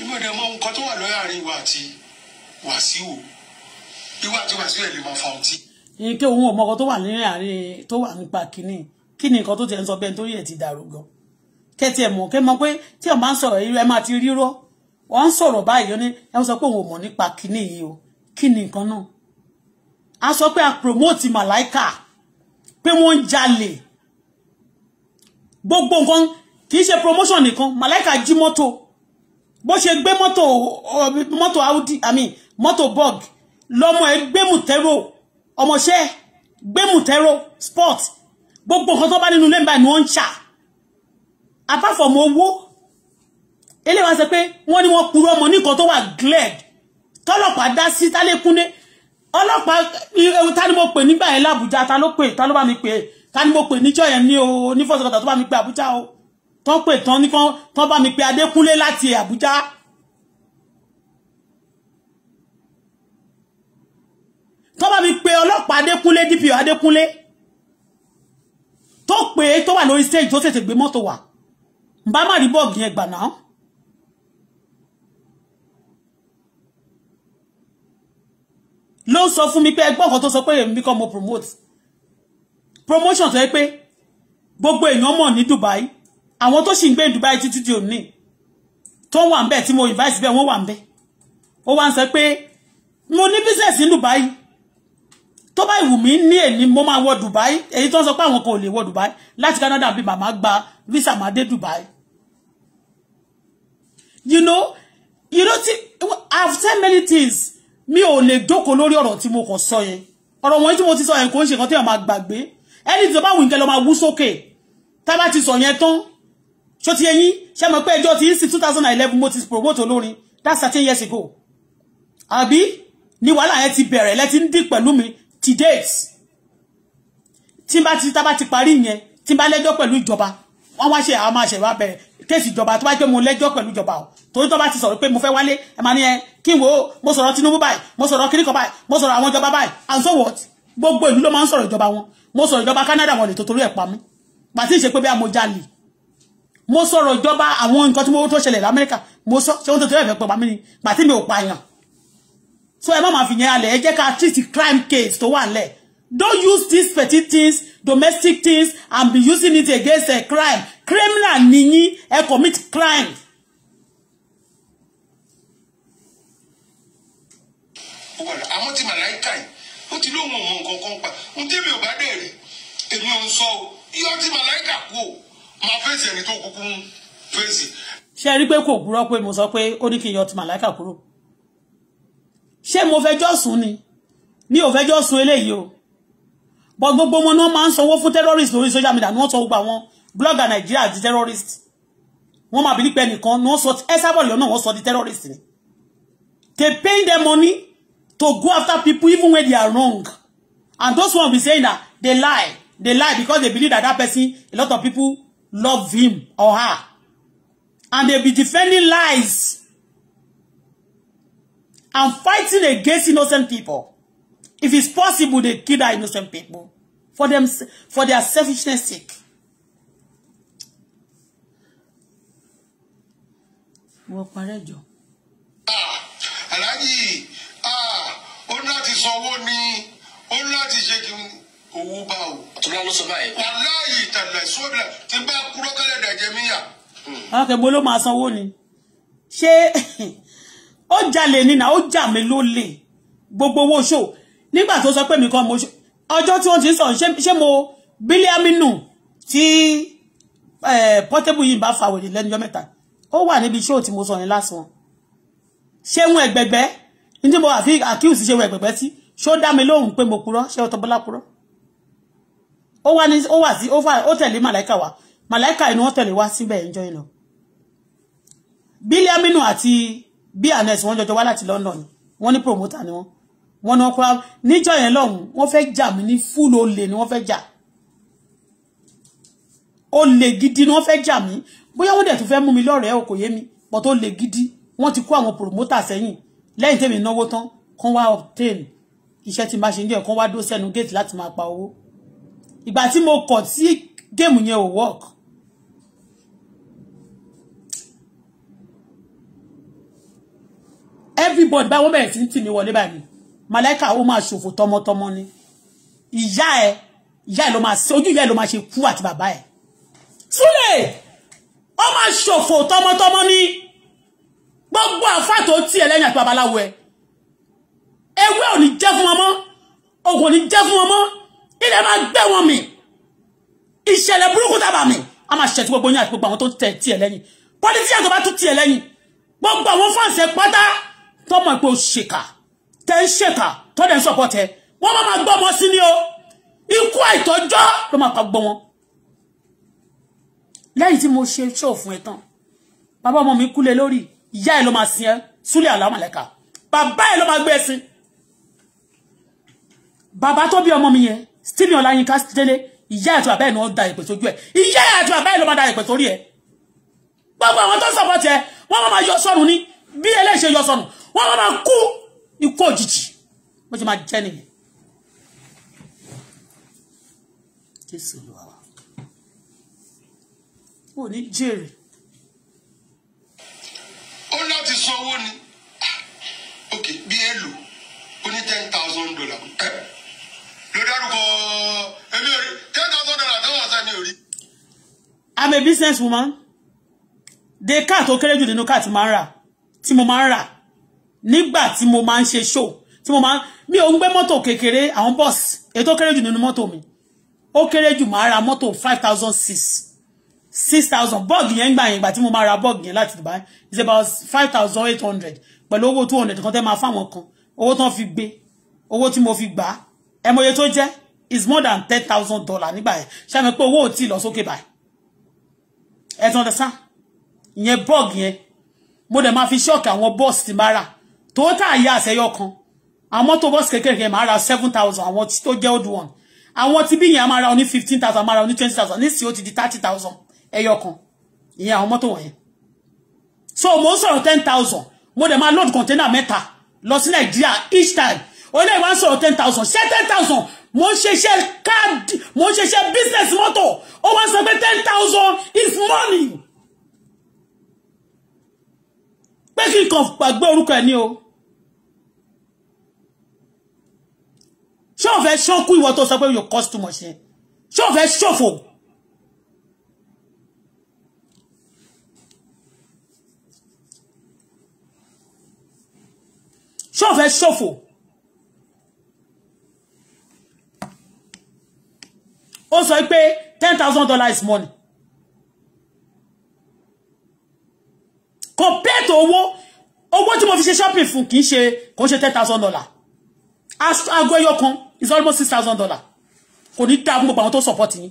ìmọ̀ ìdè ọmọ nǹkan tó wà lọ́yà àárín ìwà àti wàsíù ìwà àti wàsíù ẹ̀ lè máa fa ọtí. ìyẹn kí òun ọmọ kan tó wà ní àárín tó wà nípa kínní kínní nǹkan tó ti ń sọ bẹ́ẹ̀ nítorí ẹ̀ ti dàrú gan kẹ́tì ẹ̀ mọ̀ kẹ́ mọ̀ pé tí ọ̀ máa ń sọ̀rọ̀ irú ẹ máa ti rírọ́ wọ́n ń sọ̀rọ̀ báyìí ní ẹ sọ pé òun ò mọ̀ nípa kíní yìí o kíní nǹkan náà a sọ pé a promote màláìkà pé wọ́n ń jalè gbogbo nǹkan kì í ṣe promotion nìkan màláìkà jí mọ́tò bó ṣe gbé mọ́tò mọ́tò audi i mean mọ́tò bug lọ́mọ ẹ gbé mùtẹ́rò ọmọṣẹ́ gbé mùtẹ́rò sport gbogbo nǹkan tó bá nínú ilé ìbáyìí ni wọ́n ń ṣà apart from owó eléyìí wá sọ pé wọ́n ní wọ́n kúrú ọmọ nìkan tó wà gled tọ́lọ́pàá dá sí tálékúndé ọlọ́pàá ta ni mo pè nígbà yẹn lábújá ta ló pè ta ló bá mi pè ta ni mo pè níjọ́ yẹn ní o onífọ̀sọ̀kọ̀tà tó bá mi pè àbújá o tán pè tán ní kán tán bá mi pè adékúnlé láti àbújá. tán bá mi pè ọlọ́pàá adékúnlé dpo adékúnlé tó pè é tó wà lórí stage tó tètè gbé mọ́tò wà bá má rí bọ́ọ̀gì yẹn gbà náà. ló so fún mi pé ẹgbọ́n kan to sọ pé èmi kọ́ mo promote promotion tó yẹ pé gbogbo èèyàn mọ̀ ní Dubai àwọn tó sì ń gbé Dubai títí di òní to wà ń bẹ̀ tí mo invite bẹ́ẹ̀ wọ́n wà ń bẹ̀ ó wá ń sọ pé mo ní business in Dubai To bá ìwù mí ní èmi mo máa wọ Dubai èyí tó ń sọ pé àwọn kò lè wọ Dubai láti Canada bí màmá gba visa máa dé Dubai you know you know ti I have said many things mi ò lè jókòó lórí ọ̀rọ̀ tí mo kàn sọ yẹn ọ̀rọ̀ wọ̀nyí tí mo ti sọ yẹn kò ń ṣe nǹkan tí ma máa gbàgbé ẹni tí o bá wù nǹkan lọ máa wú sókè tá a ti sọ yẹn tán ṣó ti yẹyìn ṣe mọ̀ pé ẹjọ́ ti ń sin mo ti promote olórin that certain years ago Abi ni wala yẹn ti bẹ̀rẹ̀ lẹ́tí ń dì pẹ̀lú mi to date tí n bá ti tá a bá ti parí yẹn tí n bá lẹ́jọ́ pẹ̀lú ìjọba wọ́n wá ṣe àwọn máa ṣe wá bẹ̀rẹ̀ kéèsì ìjọba tó bá mo lẹ́jọ́ pẹ̀lú ìjọba o torí tó bá ti sọ̀rọ̀ pé mo fẹ́ wálé ẹ máa ní ẹ kí n wò ó mo sọ̀rọ̀ Tinubu báyìí mo sọ̀rọ̀ kíríkọ báyìí mo sọ̀rọ̀ àwọn ìjọba báyìí and so what gbogbo ìlú ló máa ń sọ̀rọ̀ ìjọba wọn mo sọ̀rọ̀ ìjọba Canada wọn lè tó torí ẹ̀ pa mí pàtí ìṣe pé bí amọ̀ jalè mo sọ̀rọ̀ ìjọba àwọn nǹkan tí mo tó ṣẹlẹ̀ lamẹ́ríkà mo sọ ṣé wọ́n tó torí ẹ̀ fẹ́ pa mí ni pàtí mi ò pa èèyàn so ẹ má máa fi yẹn alẹ̀ ẹ jẹ́ ká treat crime case tó wà nílẹ̀ don't use these petty things domestic things and be using it against a crime criminal nìyí ẹ commit crime kó wà rà àmọ́ ti màláìka yìí ó ti lóun ò mọ nǹkan kan pa ń tẹ́mi ò bá dẹ̀ rí èmi ò ń sọ o iyọ́ ti màláìka kú o máa fèsì ẹni tó kúkú ń fèsì. ṣé ẹ rí pé kò gbúrọ́ pé mo sọ pé ó ní kí iyọ́ ti màláìka kúrò ṣé mo fẹjọ́ sùn ni ní ò fẹjọ́ sùn eléyìí o bọ́ gbogbo wọn náà máa ń sanwó fún terrorist lórí social media ni wọ́n sọ gbogbo àwọn blogger nàìjíríà di terrorist wọ́n máa bí nípa ẹnìkan ni wọ́n sọ ẹ sábà lọ́nà wọ́n sọ di terrorist ni they pay them money to go after people even when they are wrong. And those will be saying that they lie. They lie because they believe that that person, a lot of people love him or her. And they'll be defending lies and fighting against innocent people. If it's possible, they kill that innocent people for them for their selfishness sake. Wọ́n parẹ́ jọ. Ah, Ah, ó ní láti sanwó ni ó ní láti ṣe kí owó bá o. àtúndà ló sọ báyìí. wàláyé ìtàlá ìsọ́bìlà tí bá kúrọ́ kálẹ̀ dàjẹ́ mi yà. Hmm. akẹ́gbẹ́ ah, ló máa sanwó ni ṣé ó jalè ni na ó jà mí lólè gbogbo owó ṣò nígbà tó sọ pé mi kan mo ṣe ọjọ́ tí wọ́n ti sọ ṣé mo bílíàmínú tí pọ́tébù yìí bá fa wèrè lẹ́nu ọjọ́ mẹ́ta ó wà níbi ṣó tí mo sọ yẹn lásán ṣé ń ẹgbẹgbẹ́ ní mo àfi accuse ṣe wẹ̀ pẹ̀pẹ́ sí ṣó dá mi lóhùn pé mo purọ́ ṣé Auto Bola purọ́ ó wá ní ó wà sí ó fà ó tẹ̀lé màláìkà wá màláìkà inú wọn tẹ̀lé wá síbẹ̀ ìjọ ìnà bílíọ̀mínú àti bns wọn jọjọ wá láti London wọn ní promoter ni wọn wọn náà kọ́ níjọ yẹn lọ́hùn wọn fẹ́ jà mí ní fúlù olè ni wọ́n fẹ́ jà olè gidi ni wọ́n fẹ́ jà mí bóyá wọ́n dẹ̀ tún fẹ́ mú mi lọ́rẹ̀ẹ́ o kò yé olè gidi wọ́n ti kó àwọn promoter sẹ́yìn lẹ́yìn tèmi náwó tán kán wá obtain iṣẹ́ tí máa ṣe ń jẹ́ kán wá dó sẹ́nu gate láti máa pa owó ìgbà tí mo kọ̀ tí géèmù yẹn ò work everybody báwo bẹ̀rẹ̀ sí ń tì mí wọlé báyìí màláìka ó máa ṣòfò tọmọtọmọ ni ìyá ẹ ìyá ẹ ló máa ojú ìyá ẹ ló máa ṣe kú àti bàbá ẹ súlẹ̀ ó máa ṣòfò tọmọtọmọ ni gbogbo àfà tó tí ẹ lẹ́yìn àti babaláwo ẹ ewé ò ní jẹ́ fún wọn mọ́ ògùn ò ní jẹ́ fún wọn mọ́ ilẹ̀ máa gbé wọn mì ìṣẹ̀lẹ̀ burúkú dábàá mi a máa ṣẹ̀tí gbogbo yín àti gbogbo àwọn tó tẹ̀ tí ẹ lẹ́yìn pọ́lítíà tó bá tún tí ẹ lẹ́yìn gbogbo àwọn fáǹsì ẹ pátá tó mọ̀ pé o ṣèkà tẹ́ ń ṣèkà tó dẹ̀ ń sọ̀pọ̀ tẹ wọ́n máa gbọ́ ọmọ sí ni o ikú àìtọ́jọ́ ló máa pa gbọ́ wọn. lẹ́yìn tí mo ṣe ṣóò fún ẹ tán bàbá ọmọ mi kúlẹ̀ lórí ìyá ẹ̀ ló máa sin ẹ́ súlẹ̀ àlámàlẹ́ka bàbá ẹ̀ ló máa gbé ẹ sin bàbá tó bí ọmọ mi yẹn stephen ọláyínká délé ìyá àti bàbá e náà da ìpè sójú ẹ̀ ìyá àti bàbá ẹ̀ ló máa da ìpè sórí ẹ̀ gbogbo àwọn tó sọ̀kọ̀ tiẹ̀ wọ́n máa yọ sọnù ní bí eléṣe yọ sọnù wọ́n máa kú ikú òjijì bó ṣe máa jẹ́ nìyẹn. jésù ló wà wá ò ní jèrè ó láti san owó ni ok bí èlò ó ní ten thousand dollar ló dárúkọ èmi ò rí ten thousand dollar tó wà sani ò rí. I'm a business woman de car tó kéré jù nínú car tí máa ń rà tí mo máa ń rà nígbà tí mo máa ń ṣe show tí mo máa mi ò ń gbé mọ́tò kékeré àwọn bọ́ọ̀sì èyí tó kéré jù nínú mọ́tò mi ó kéré jù máa ra mọ́tò five thousand six six thousand bọ́ọ̀gì yẹn ń gbà yẹn ìgbà tí mo máa ra bọ́ọ̀gì yẹn láti Dubai it's about five thousand eight hundred pẹ̀lú owó two hundred kan tẹ́ máa fáwọn kan owó tán fi gbé owó tí mo fi gbà á ẹ mọye tó jẹ́ is more than ten thousand dollar nígbà yẹn ṣáà mi pé owó ò tí ì lọ sókè báyìí ẹ tán dẹ́sán ìyẹn bọ́ọ̀gì yẹn mo dẹ̀ máa fi ṣọ́ọ̀kì àwọn bọ́ọ̀sì ti máa rà tóótà ayé àṣẹyọ kan àwọn mọ́tò bọ́ọ̀sì kékeré máa ra seven thousand àwọn tó jẹ́ old one àwọn tí bí yẹn a máa ra oní fifteen thousand a máa ra oní twenty thousand nísìnyí ó ti di thirty thousand ẹyọ kan ìyẹn àwọn mọ́tò wọ̀nyẹn so mo ń sọ̀rọ̀ ten thousand mo dẹ̀ máa load container mẹ́ta lọ sí nàìjíríà each time olè wa ń sọ̀rọ̀ ten thousand ṣé ten thousand mo ń ṣiṣẹ́ káàdì mo ń ṣiṣẹ́ business mọ́tò ó wá sọ pé ten thousand is money pé kí n kàn gbàgbé orúkọ ẹ̀ ní o. ṣé o fẹ́ ṣọ́kú ìwọ tó sọ pé yóò cost too much ṣé o fẹ́ ṣòfò. ṣọ́ọ̀fẹ́ ṣòfò ó sọ pé ten thousand dollars money compared to owó owó tí mo fi ṣe shopping fún kì í ṣe kò ń ṣe ten thousand dollars aago ẹyọ kan is almost six thousand dollars kò ní dáa fún gbogbo àwọn tó support yín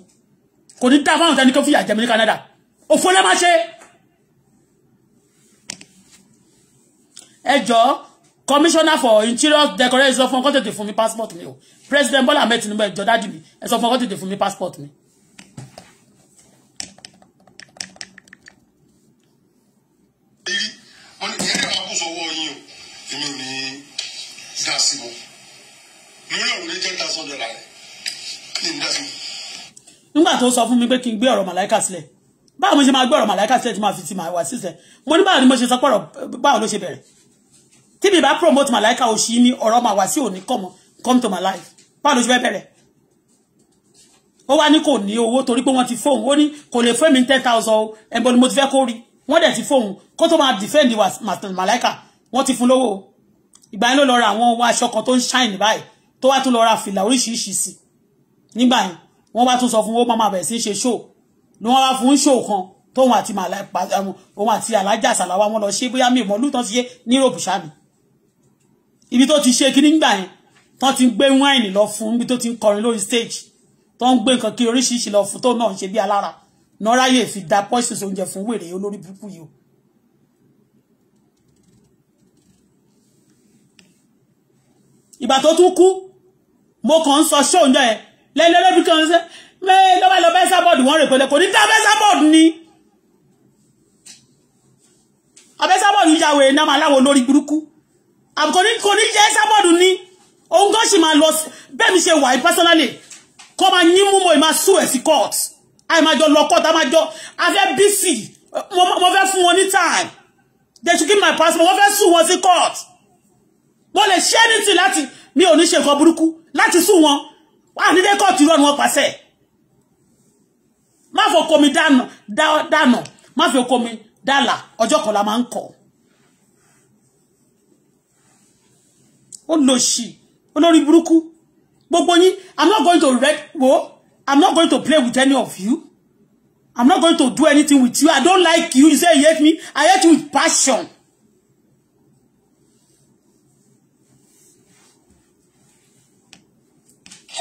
kò ní dáa fáwọn tẹnikẹ́ fìyà jẹmi ní Canada òfò lẹ́ máa ṣe ẹjọ́ commissioner for interior decoration sọ fún ọkọ tètè fún mi passport mi o president Bọ́lá Ahmed Tinubu ẹjọ dájú mi ẹ sọ fún ọkọ tètè fún mi passport mi. mo ní ìyẹn náà kó sọwọ́ yín o èmi ò ní dá sí wọn mílíọ̀nù ní ten thousand dollar rẹ̀ ní dá sí wọn. nígbà tó sọ fún mi pé kí n gbé ọ̀rọ̀ màláìka sílẹ̀ báwo mo ṣe máa gbé ọ̀rọ̀ màláìka sílẹ̀ tí máa fi ti máa wá sílẹ̀ mo ní báwo ni mo ṣe sọ pé ọ̀rọ̀ báwo ló ṣe bẹ̀rẹ̀ tí mi bá promote Malaika òṣì mi ọ̀rọ̀ máa wá sí òní kọ̀mọ́ come to my life báwo ló ṣe fẹ́ bẹ̀rẹ̀ ó wá ní kò ní owó torí pé wọ́n ti fóun ó ní kò lè fẹ́ mi ten thousand o ẹ̀bọ ni mo ti fẹ́ kó rí wọ́n dẹ̀ ti fóun kó tó máa defend wa Malaika wọ́n ti fún lówó ìgbà yẹn ló lọ ra àwọn ohun aṣọ kan tó ń shine báyìí tó wá tún lọ ra fìlà oríṣiríṣi sí nígbà yẹn wọ́n bá tún sọ fún ó máa bẹ̀rẹ̀ sí ṣe show ni wọ́n wá fún show kan tóun àti àlájà sàlàwà wọn lọ ṣe bóyá mi ìmọ̀lú tán ti ṣe ní ròbùṣà mi ibi tó ti ṣe kí nígbà yẹn tán ti gbé wáìnì lọ fún níbi tó ti ń kọrin lórí stage tó ń gbé nǹkan kí oríṣiríṣi lọ fún tóun náà ṣe bí alára náà ráyè fi da pọ́ìsìs oúnjẹ fún wèrè olórí burúkú yìí o. ìgbà tó tún kú mo kàn ń sọ ṣóòjọ yẹn lẹ́nu ẹlẹ́bí kan ṣe pé lọ́ba lọ bẹ́ẹ̀ sábọ́ọ̀dù wọ́n rè pẹ̀lẹ́ kò ní dá bẹ́ẹ̀ sábọ́ọ̀dù ni. abẹ́sábọ́ọ̀dù yà wèrè náà máa láwọn olórí burúkú àbùkọ́ni kò ní jẹ́ sábọ́ọ̀dù ni òun kan sì máa lọ bẹ́ẹ̀ mi ṣe wà yìí personally kọ́ máa yín mú mọ́ ẹ̀ sùn ẹ̀ sí court àì máa jọ lọ court àì máa jọ afẹ́ bísì mo fẹ́ fún wọn ní time they should give my passport wọ́n fẹ́ sùn wọn sí court mo lè ṣe anything láti mi ò ní ṣe nǹkan burúkú láti sùn wọn wà nílé court ìrọ̀rùn wọn pàṣẹ má fọkọ mi dànù má fọkọ mi dàlà ọjọ́ kan la máa ń kọ̀ọ́. olóṣì olórí burúkú gbogbo yín i'm not going to wreck. wo i'm not going to play with any of you i'm not going to do anything with you i don't like you you say you hate me i hate you with passion.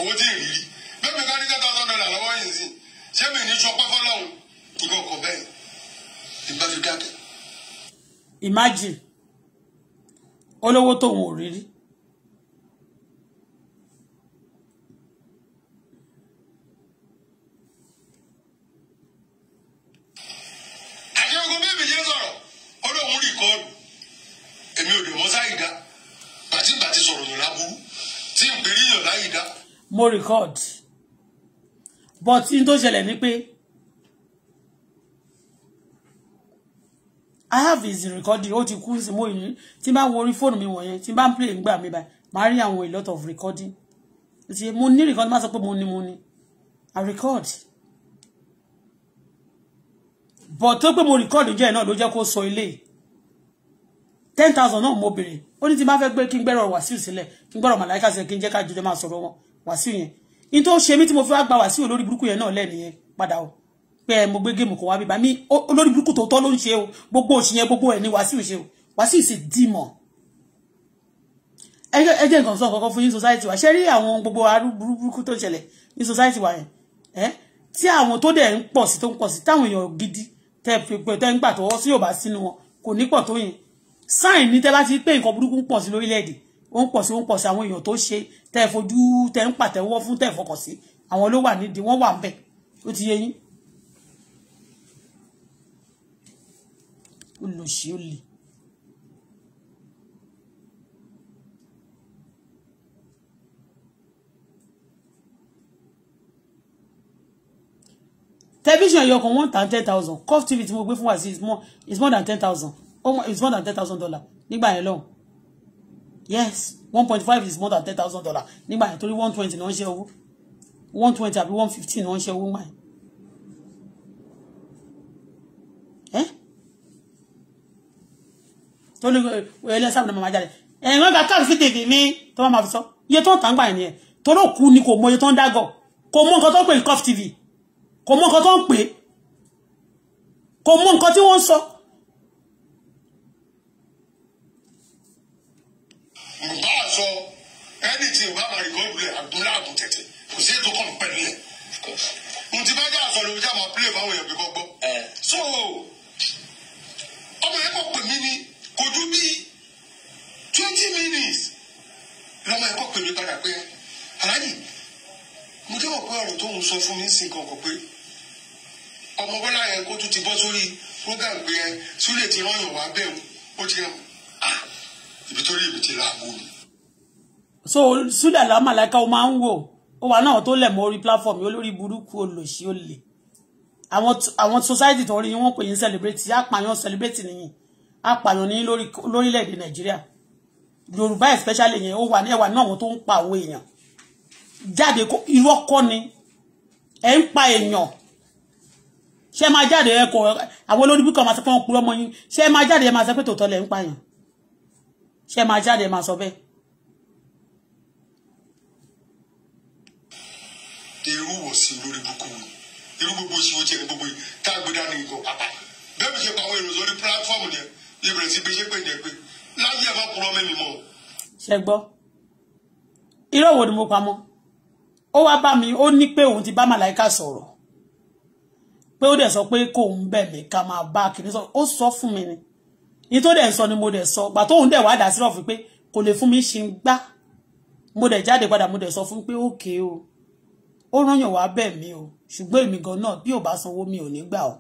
owó tí ì bẹ́ẹ̀ mi ní ten thousand dollar lọ́wọ́ yìí sí ṣé mi ní sọ pé fọlọ́hún ìgbà ọkọ̀ bẹ́ẹ̀ ìgbà fi dákẹ́. imagine olówó tóun ò rí rí gbogbo bí èmi yẹn sọ̀rọ̀ ọlọ́run rìkọ́ọ̀dù èmi ò lè mọ sáyìdá bàtìgbà ti sọ̀rọ̀ yàn láburú tí n pè yàn láyìdá. mo record but n tó ṣẹlẹ̀ ni pé I have his recording ó ti kú sí mo yìí tí n bá wo fóònù mi wọ̀nyẹn tí n bá ń play ngbà mi báyìí màá rí àwọn a lot of recording mo ní recording má sọ pé mo ní mo ní I record but tó pé mo record jẹ́ náà ló jẹ́ kó sọ ilé ten thousand náà mo bèrè ó ní tí n bá fẹ́ gbé kí n gbẹ́rọ̀ Wàsíù sílẹ̀ kí n gbẹ́rọ̀ màláìka sílẹ̀ kí n jẹ́ ká jọjọ máa sọ̀rọ̀ wọn Wàsíù yẹn in tó ṣe mí tí mo fi wá gba Wàsíù olórí burúkú yẹn náà lẹ́nu yẹn padà o pé mo gbé géèmù kan wá bíbá mi olórí burúkú tó tọ́ ló ń ṣe o gbogbo òṣì yẹn gbogbo ẹ̀ ní Wàsíù ṣe o Wàsíù sì dìmọ̀ ẹ jẹ́ nǹkan sọ kankan fún yín society wa ṣe rí àwọn gbogbo arúgbó burúkú tó ń ṣẹlẹ̀ ní society wa yẹn tí àwọn tó dẹ̀ ń pọ̀ sí tó ń pọ̀ sí táwọn èèyàn gidi tẹ́ fi gbé tẹ́ ń gbà tọwọ́ sí yóò bá sínú wọn kò ní pọ̀ tó yẹn sáìn ní tẹ́ bá ti pé nǹkan burúkú ń pọ̀ sí lórílẹ̀‐èdè ó ń pọ̀ sí ó ń pọ̀ sí àwọn èèyàn tó ṣe tẹ́ fojú tẹ́ ń pàtẹ́wọ́ fún tẹ́ fọkàn sí àwọn ló wà nídìí wọ́n wà ń bẹ̀ ó ti yé yín. olùsí television ẹyọ kan one thousand ten thousand cough tv tí mo gbé fún wa sí is more is more than ten thousand is more than ten thousand dollar nígbà yẹn lọ́hùn yes one point five is more than ten thousand dollar nígbà yẹn torí one twenty ni wọ́n ṣe owó one twenty àbí one fifteen ni wọ́n ṣe owó gbà yẹn. tó ní ẹlẹ́ sábà máa jáde ẹ̀wọ́n gba káàkiri sí tèmi mi tó máa fi sọ iye tó ń tàn gbà yẹn nìyẹn tó ló kú ni kò mọ iye tó ń dágọ̀ kò mọ nǹkan tó pè ní cough tv kò mọ nǹkan tó ń pè é kò mọ nǹkan tí wọ́n ń sọ. yorùbá sọ ẹni tí yorùbá máa rí gọ́ọ̀bù rẹ̀ àdúrà àbò tẹ̀tẹ̀ kò sí ètò kan pẹ̀lú ẹ̀. mo ti bá dá àsọ̀rọ̀ ìjà máa pílẹ̀ fáwọn èèyàn bí kò so ọmọ yẹn kò pè mí ni kò ju bí twenty minutes lọ́mọ yẹn pè mí padà pé aláàjì mo dé wò pé ọ̀rọ̀ tó ń sọ fún mi sì kọ̀ọ̀kan pé ọmọ bọ́lá yẹn kó tún ti bọ́ sórí program gbé yẹn súlẹ̀ ti rán wá bẹ́ẹ̀ ó ti rán ah ibi tó rí ibi ti làágbo ni. so súlẹ̀ lámàlẹ́kà ó máa ń wò ó wà náà tó lẹ̀ mọ́ orí platform yìí olórí burúkú olòṣì olè àwọn society tó rí yín wọ́n pè yín celebrate apààyàn celebrate nìyí apààyàn ní lórílẹ̀‐èdè nàìjíríà yorùbá especially yẹn ó wà ní ẹ̀wà náà àwọn tó ń pa àwọn èèyàn jáde kó irọ́ kọ́ ni ẹ̀ ń pa èèyàn ṣé máa jáde ẹ kò àwọn olórí kan máa sọ pé wọn purọ́ mọ́ yín ṣé máa jáde ẹ máa sọ pé tòótọ́ lẹ̀ ń pààyàn ṣé máa jáde ẹ máa sọ bẹ́ẹ̀. irú wò sí lórí burúkú irú gbogbo ìṣòwò tiẹ̀ gbogbo yìí tá a gbé dání nǹkan pàpà bẹ́ẹ̀ mi ṣe pa àwọn èrò sórí pílátífọ́ọ̀mù yẹn ìbẹ̀rẹ̀ sí bí ṣe pé jẹ́ pé láyé ẹ̀ bá purọ́ mẹ́mi mọ́. ṣe gbọ́ irọ́ wo ni mo pamọ́ ó wá bá mi ó ní pé òun ti bá màláìka sọ̀rọ̀ pé ó dẹ̀ sọ pé kò ń bẹ̀ mí ká máa bá kìnìún sọ ó sọ fún mi ni ní tó dẹ̀ ń sọ ni mo dẹ̀ sọ gbà tóun dẹ̀ wá dà sí rọ̀fù pé kò lè fún mi ṣe ń gbá mo dẹ̀ jáde padà mo dẹ̀ sọ fún pé òkè o ó rányàn wá bẹ̀ mí o ṣùgbọ́n èmi gan náà bí ò bá sanwó mi ò ní gbà o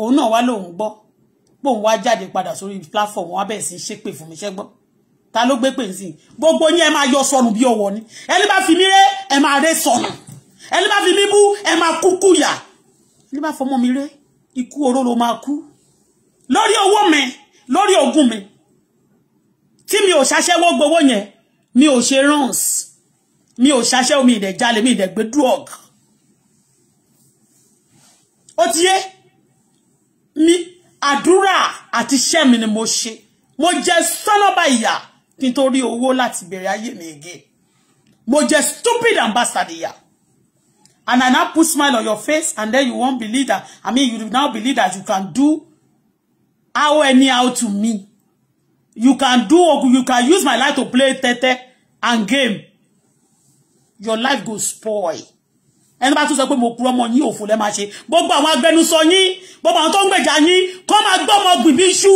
òun náà wá lòun gbọ́ pòun wá jáde padà sórí platform wọn á bẹ̀rẹ̀ sí í ṣépè fún mi ṣẹ́gbọ́n ta ló gbé pè ń sìn gbogbo yín ẹ máa yọ sọnù bí ọwọ́ ni ẹni bá fi mí ré ẹ máa ré sọnù ẹni bá fi mí bú ẹ máa kúkú yà ẹni bá fọmọ mi ré ikú oró máa kú lórí owó mi lórí ogún mi tí mi ò ṣaṣẹ́wó gbowó yẹn mi ò ṣe runs mi ò ṣaṣẹ́ omi ìdẹ̀ jalè mi ìdẹ̀ gbé drug ó ti yé mi àdúrà àti iṣẹ́ mi ni mo ṣe mo jẹ sọ́nà bá kí n tó rí owó láti bẹ̀rẹ̀ ayé mi again mo jẹ́ stupid ambassador yà and I now put smile on your face and then you won't believe that I mean you now believe that you can do how anyhow to me you can do you can use my life to play tete and game your life go spoil ẹni bá tún sọ pé mo kúrò ọmọ yín òfò lẹ́ máa ṣe gbogbo àwọn agbẹnusọ yín gbogbo àwọn tó ń gbèjà yín kọ́ máa gbọ́ ọmọ gbìbí ṣú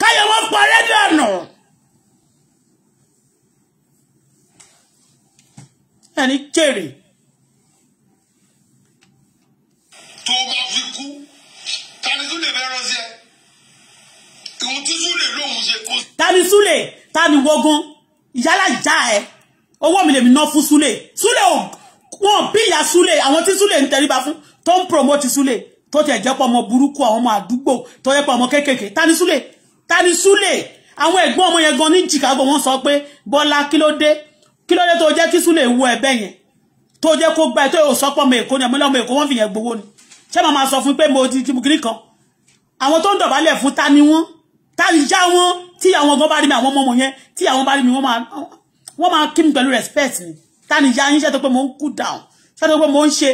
káyọ̀ wọ́n parẹ́ dànù. ẹni jèrè. tó o bá fi kú tani tún lè fẹ́ ránṣẹ́ lòun ṣe kó. tani súlè tani wogun ìyálà ìjà ẹ owó mi lè mi ná fún Sule súlè ò wọn bí ìyá súlè àwọn tí súlè ń tẹríba fún tó ń promote súlè tó ti ẹ̀jẹ̀ pọ̀ ọmọ burúkú àwọn ọmọ àdúgbò tó yẹ pọ̀ ọmọ kéékèèké tani súlè tani súlè àwọn ẹ̀gbọ́n ọmọ yẹn gan ní Chicago wọ́n sọ pé Bọ́lá kí ló dé kí ló dé tó jẹ́ kí sùn lè wo ẹ̀bẹ̀ yẹn tó jẹ́ kó gbá ẹ tó yóò sọ́pọ̀ ọmọ èkó ni ọmọ ọmọ èkó wọ́n fi yẹn gbowó ni ṣé màá máa sọ fún pé mo ti ti kiri kan àwọn tó ń dọ̀bálẹ̀ fún ta ni wọ́n ta ni já wọn tí àwọn gan bá rí mi àwọn ọmọ ọmọ yẹn tí àwọn bá rí mi wọ́n máa wọ́n máa kí mi pẹ̀lú respect ni ta ni já yín ṣe tó pé mo ń cool down ṣe tó pé mo ń ṣe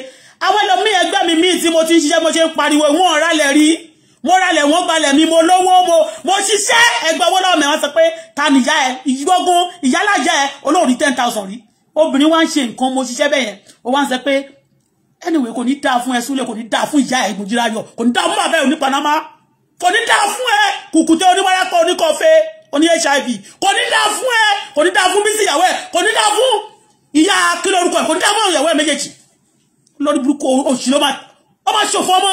àwọn ẹlòmíì ẹgbẹ́ mi míì tí mo ti ń ṣiṣẹ́ mo ṣe ń pariwo ìwọ̀n ọ̀rá lẹ̀ rí mo ra ralẹ̀ wọ́n gbalẹ̀ mi mo lówó mo mo ṣiṣẹ́ ẹgbẹ́ owó lọ́wọ́ mi wọ́n sọ pé ta nìyá ẹ ìgbógun ìyálàjẹ ẹ olóòrí ten thousand rí obìnrin wá ń ṣe nǹkan mo ṣiṣẹ́ bẹ́ẹ̀ yẹn o wá ń sọ pé anyway kò ní dáa fún ẹ súlẹ̀ kò ní dáa fún ìyá ẹ ìgbòjìlá yọ kò ní dáa fún bàbá ẹ òní panama kò ní dáa fún ẹ kùkùté oníwárápá oníkọ̀ọ́fẹ́ oní hiv kò ní dáa fún ẹ kò ní dáa fún bísí ìyàwó ẹ kò ní dáa fún ìyá kí lórúkọ ẹ kò ní dáa fún ìyàwó ẹ méjèèjì lórí burúkú òṣì ló máa ṣòfò ọmọ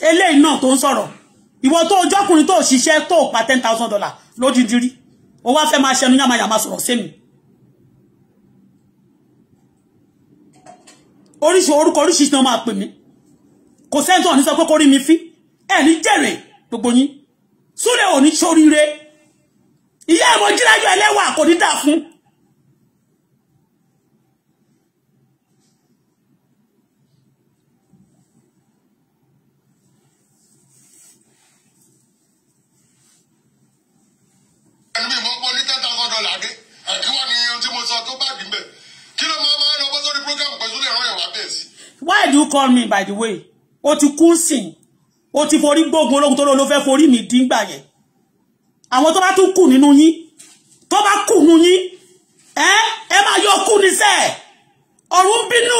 eléyìí náà tó ń sọ̀rọ̀ ìwọ tó ọjọ́kùnrin tó ṣiṣẹ́ tó pa ten thousand dollar lódìdí rí o wá fẹ́ máa ṣẹnu yàmà yàmà sọ̀rọ̀ sẹ́mi oríṣi orúkọ oríṣiríṣi náà máa pè mí kò sẹ́ńtọ̀ ní sọ pé kó rí mi fí ẹ̀ ní jèrè gbogbo yín súlẹ̀ ò ní sóríire ìyá ẹ̀mọ́ jíráyọ̀ ẹlẹ́wà kò ní dà fún ẹlòmí mo gbọ́ ní ten thousand dollar dé kí wọ́n ní ohun tí mo sọ tó bá dì kí ló máa máa lọ bọ́ sórí program pẹ̀lú ẹ̀rọ ẹ̀wà bẹ́ẹ̀ sí. why do you call me by the way o ti kú sìn o ti forí gbógun ológun tó ló fẹ́ forí mi dín gbà yẹn àwọn tó bá tún kù nínú yín tó bá kù nínú yín ẹ ẹ máa yọ kú níṣẹ́ ọ̀run bínú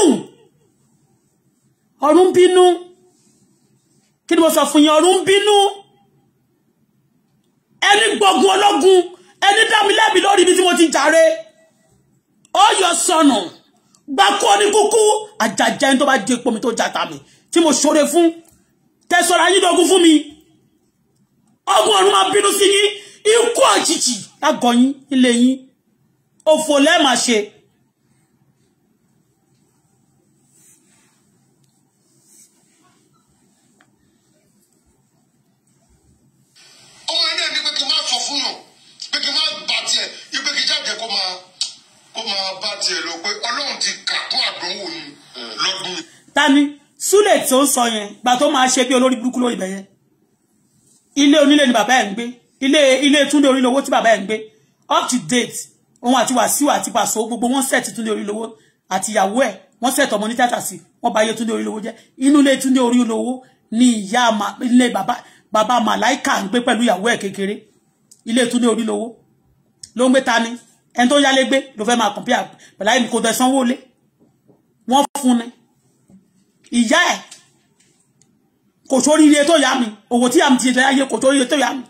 ọ̀run bínú kí ni mo sọ fún yín ọ̀run bínú ẹni gbógun ológun ẹni dá mi lẹ́bi lórí ibi tí mo ti jàre ó yọ sọnù gba kú ọ ní kúkú àjàjẹ́ ẹni tó bá di epo mi tó jata mi tí mo ṣoore fún tẹ̀sọ̀rọ̀ ayídọ́gún fún mi ọgbọ́n ọ̀run máa bínú sí yín ikú òjijì lágọ̀ọ́ yín ilé yín òfò lẹ́ẹ̀mà ṣe. ọmọ ẹni ẹni pé kí n má sọ fún yàn pé kí n má bà tiẹ̀ ipe kí jáde kó máa kó máa bá tiẹ̀ lọ pé ọlọ́run ti kà kún àdánwò ni lọ́dún. tani súlẹ̀ tí ó ń sọ yẹn gbà tó máa ṣe bí olórí burúkú lórí ibẹ̀ yẹn ilé onílé ni bàbá ẹ̀ ń gbé ilé ilé túndé orílówó tí bàbá ẹ̀ ń gbé up to date òun àti wàsíù àti pàṣọ gbogbo wọn sẹ̀tì túndé orílówó àti ìyàwó ẹ̀ wọ́n sẹ̀tọ̀ ọmọ ní tàtà sí wọ́n bá yé túndé orílówó jẹ́ inú ilé túndé orílówó ni ìyá ilé bàbá bàbá màláìkà ń gbé pẹ̀lú ìyàwó ẹ̀ kékeré ilé ìtúndé onílówó ló ń gbé ta ni ẹni tó yálé gbé ló fẹ́ máa kọ̀mpíà pẹ̀lú àìní kò tẹ̀ sanwó lé wọ́n fún ni ìyá ẹ̀ kò sórí iye tó yá mi owó tí àmì ti ṣe ayé kò sórí iye tó yá mi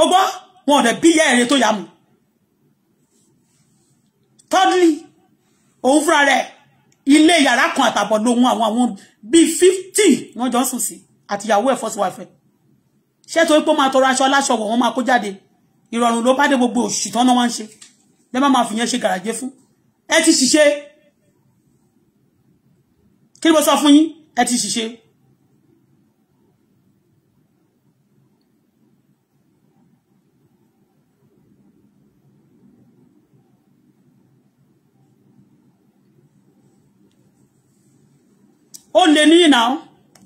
ó gbọ́ wọn ò dẹ̀ bí ìyá ẹ̀rẹ́ tó yá mi tọ́dúlì òun fúnra rẹ̀ ilé yàrá kan àtàbọ̀ lòun àwọn àwọn bíi fifty wọ́n jọ sùn sí àtìyàwó ẹ̀ fọ́síwáfẹ́ ṣé torí pé ó máa tọrọ aṣọ aláṣọ wọ̀ wọ́n máa kó jáde ìrọ̀rùn ló bá dé gbogbo òṣì tán náà wá ń ṣe lẹ́ má máa fìyẹn ṣe gàràjé fún ẹ ti ṣiṣẹ́ kí ni mo sọ fún yín ẹ ti ṣiṣẹ́. ó lè ní ìnáwó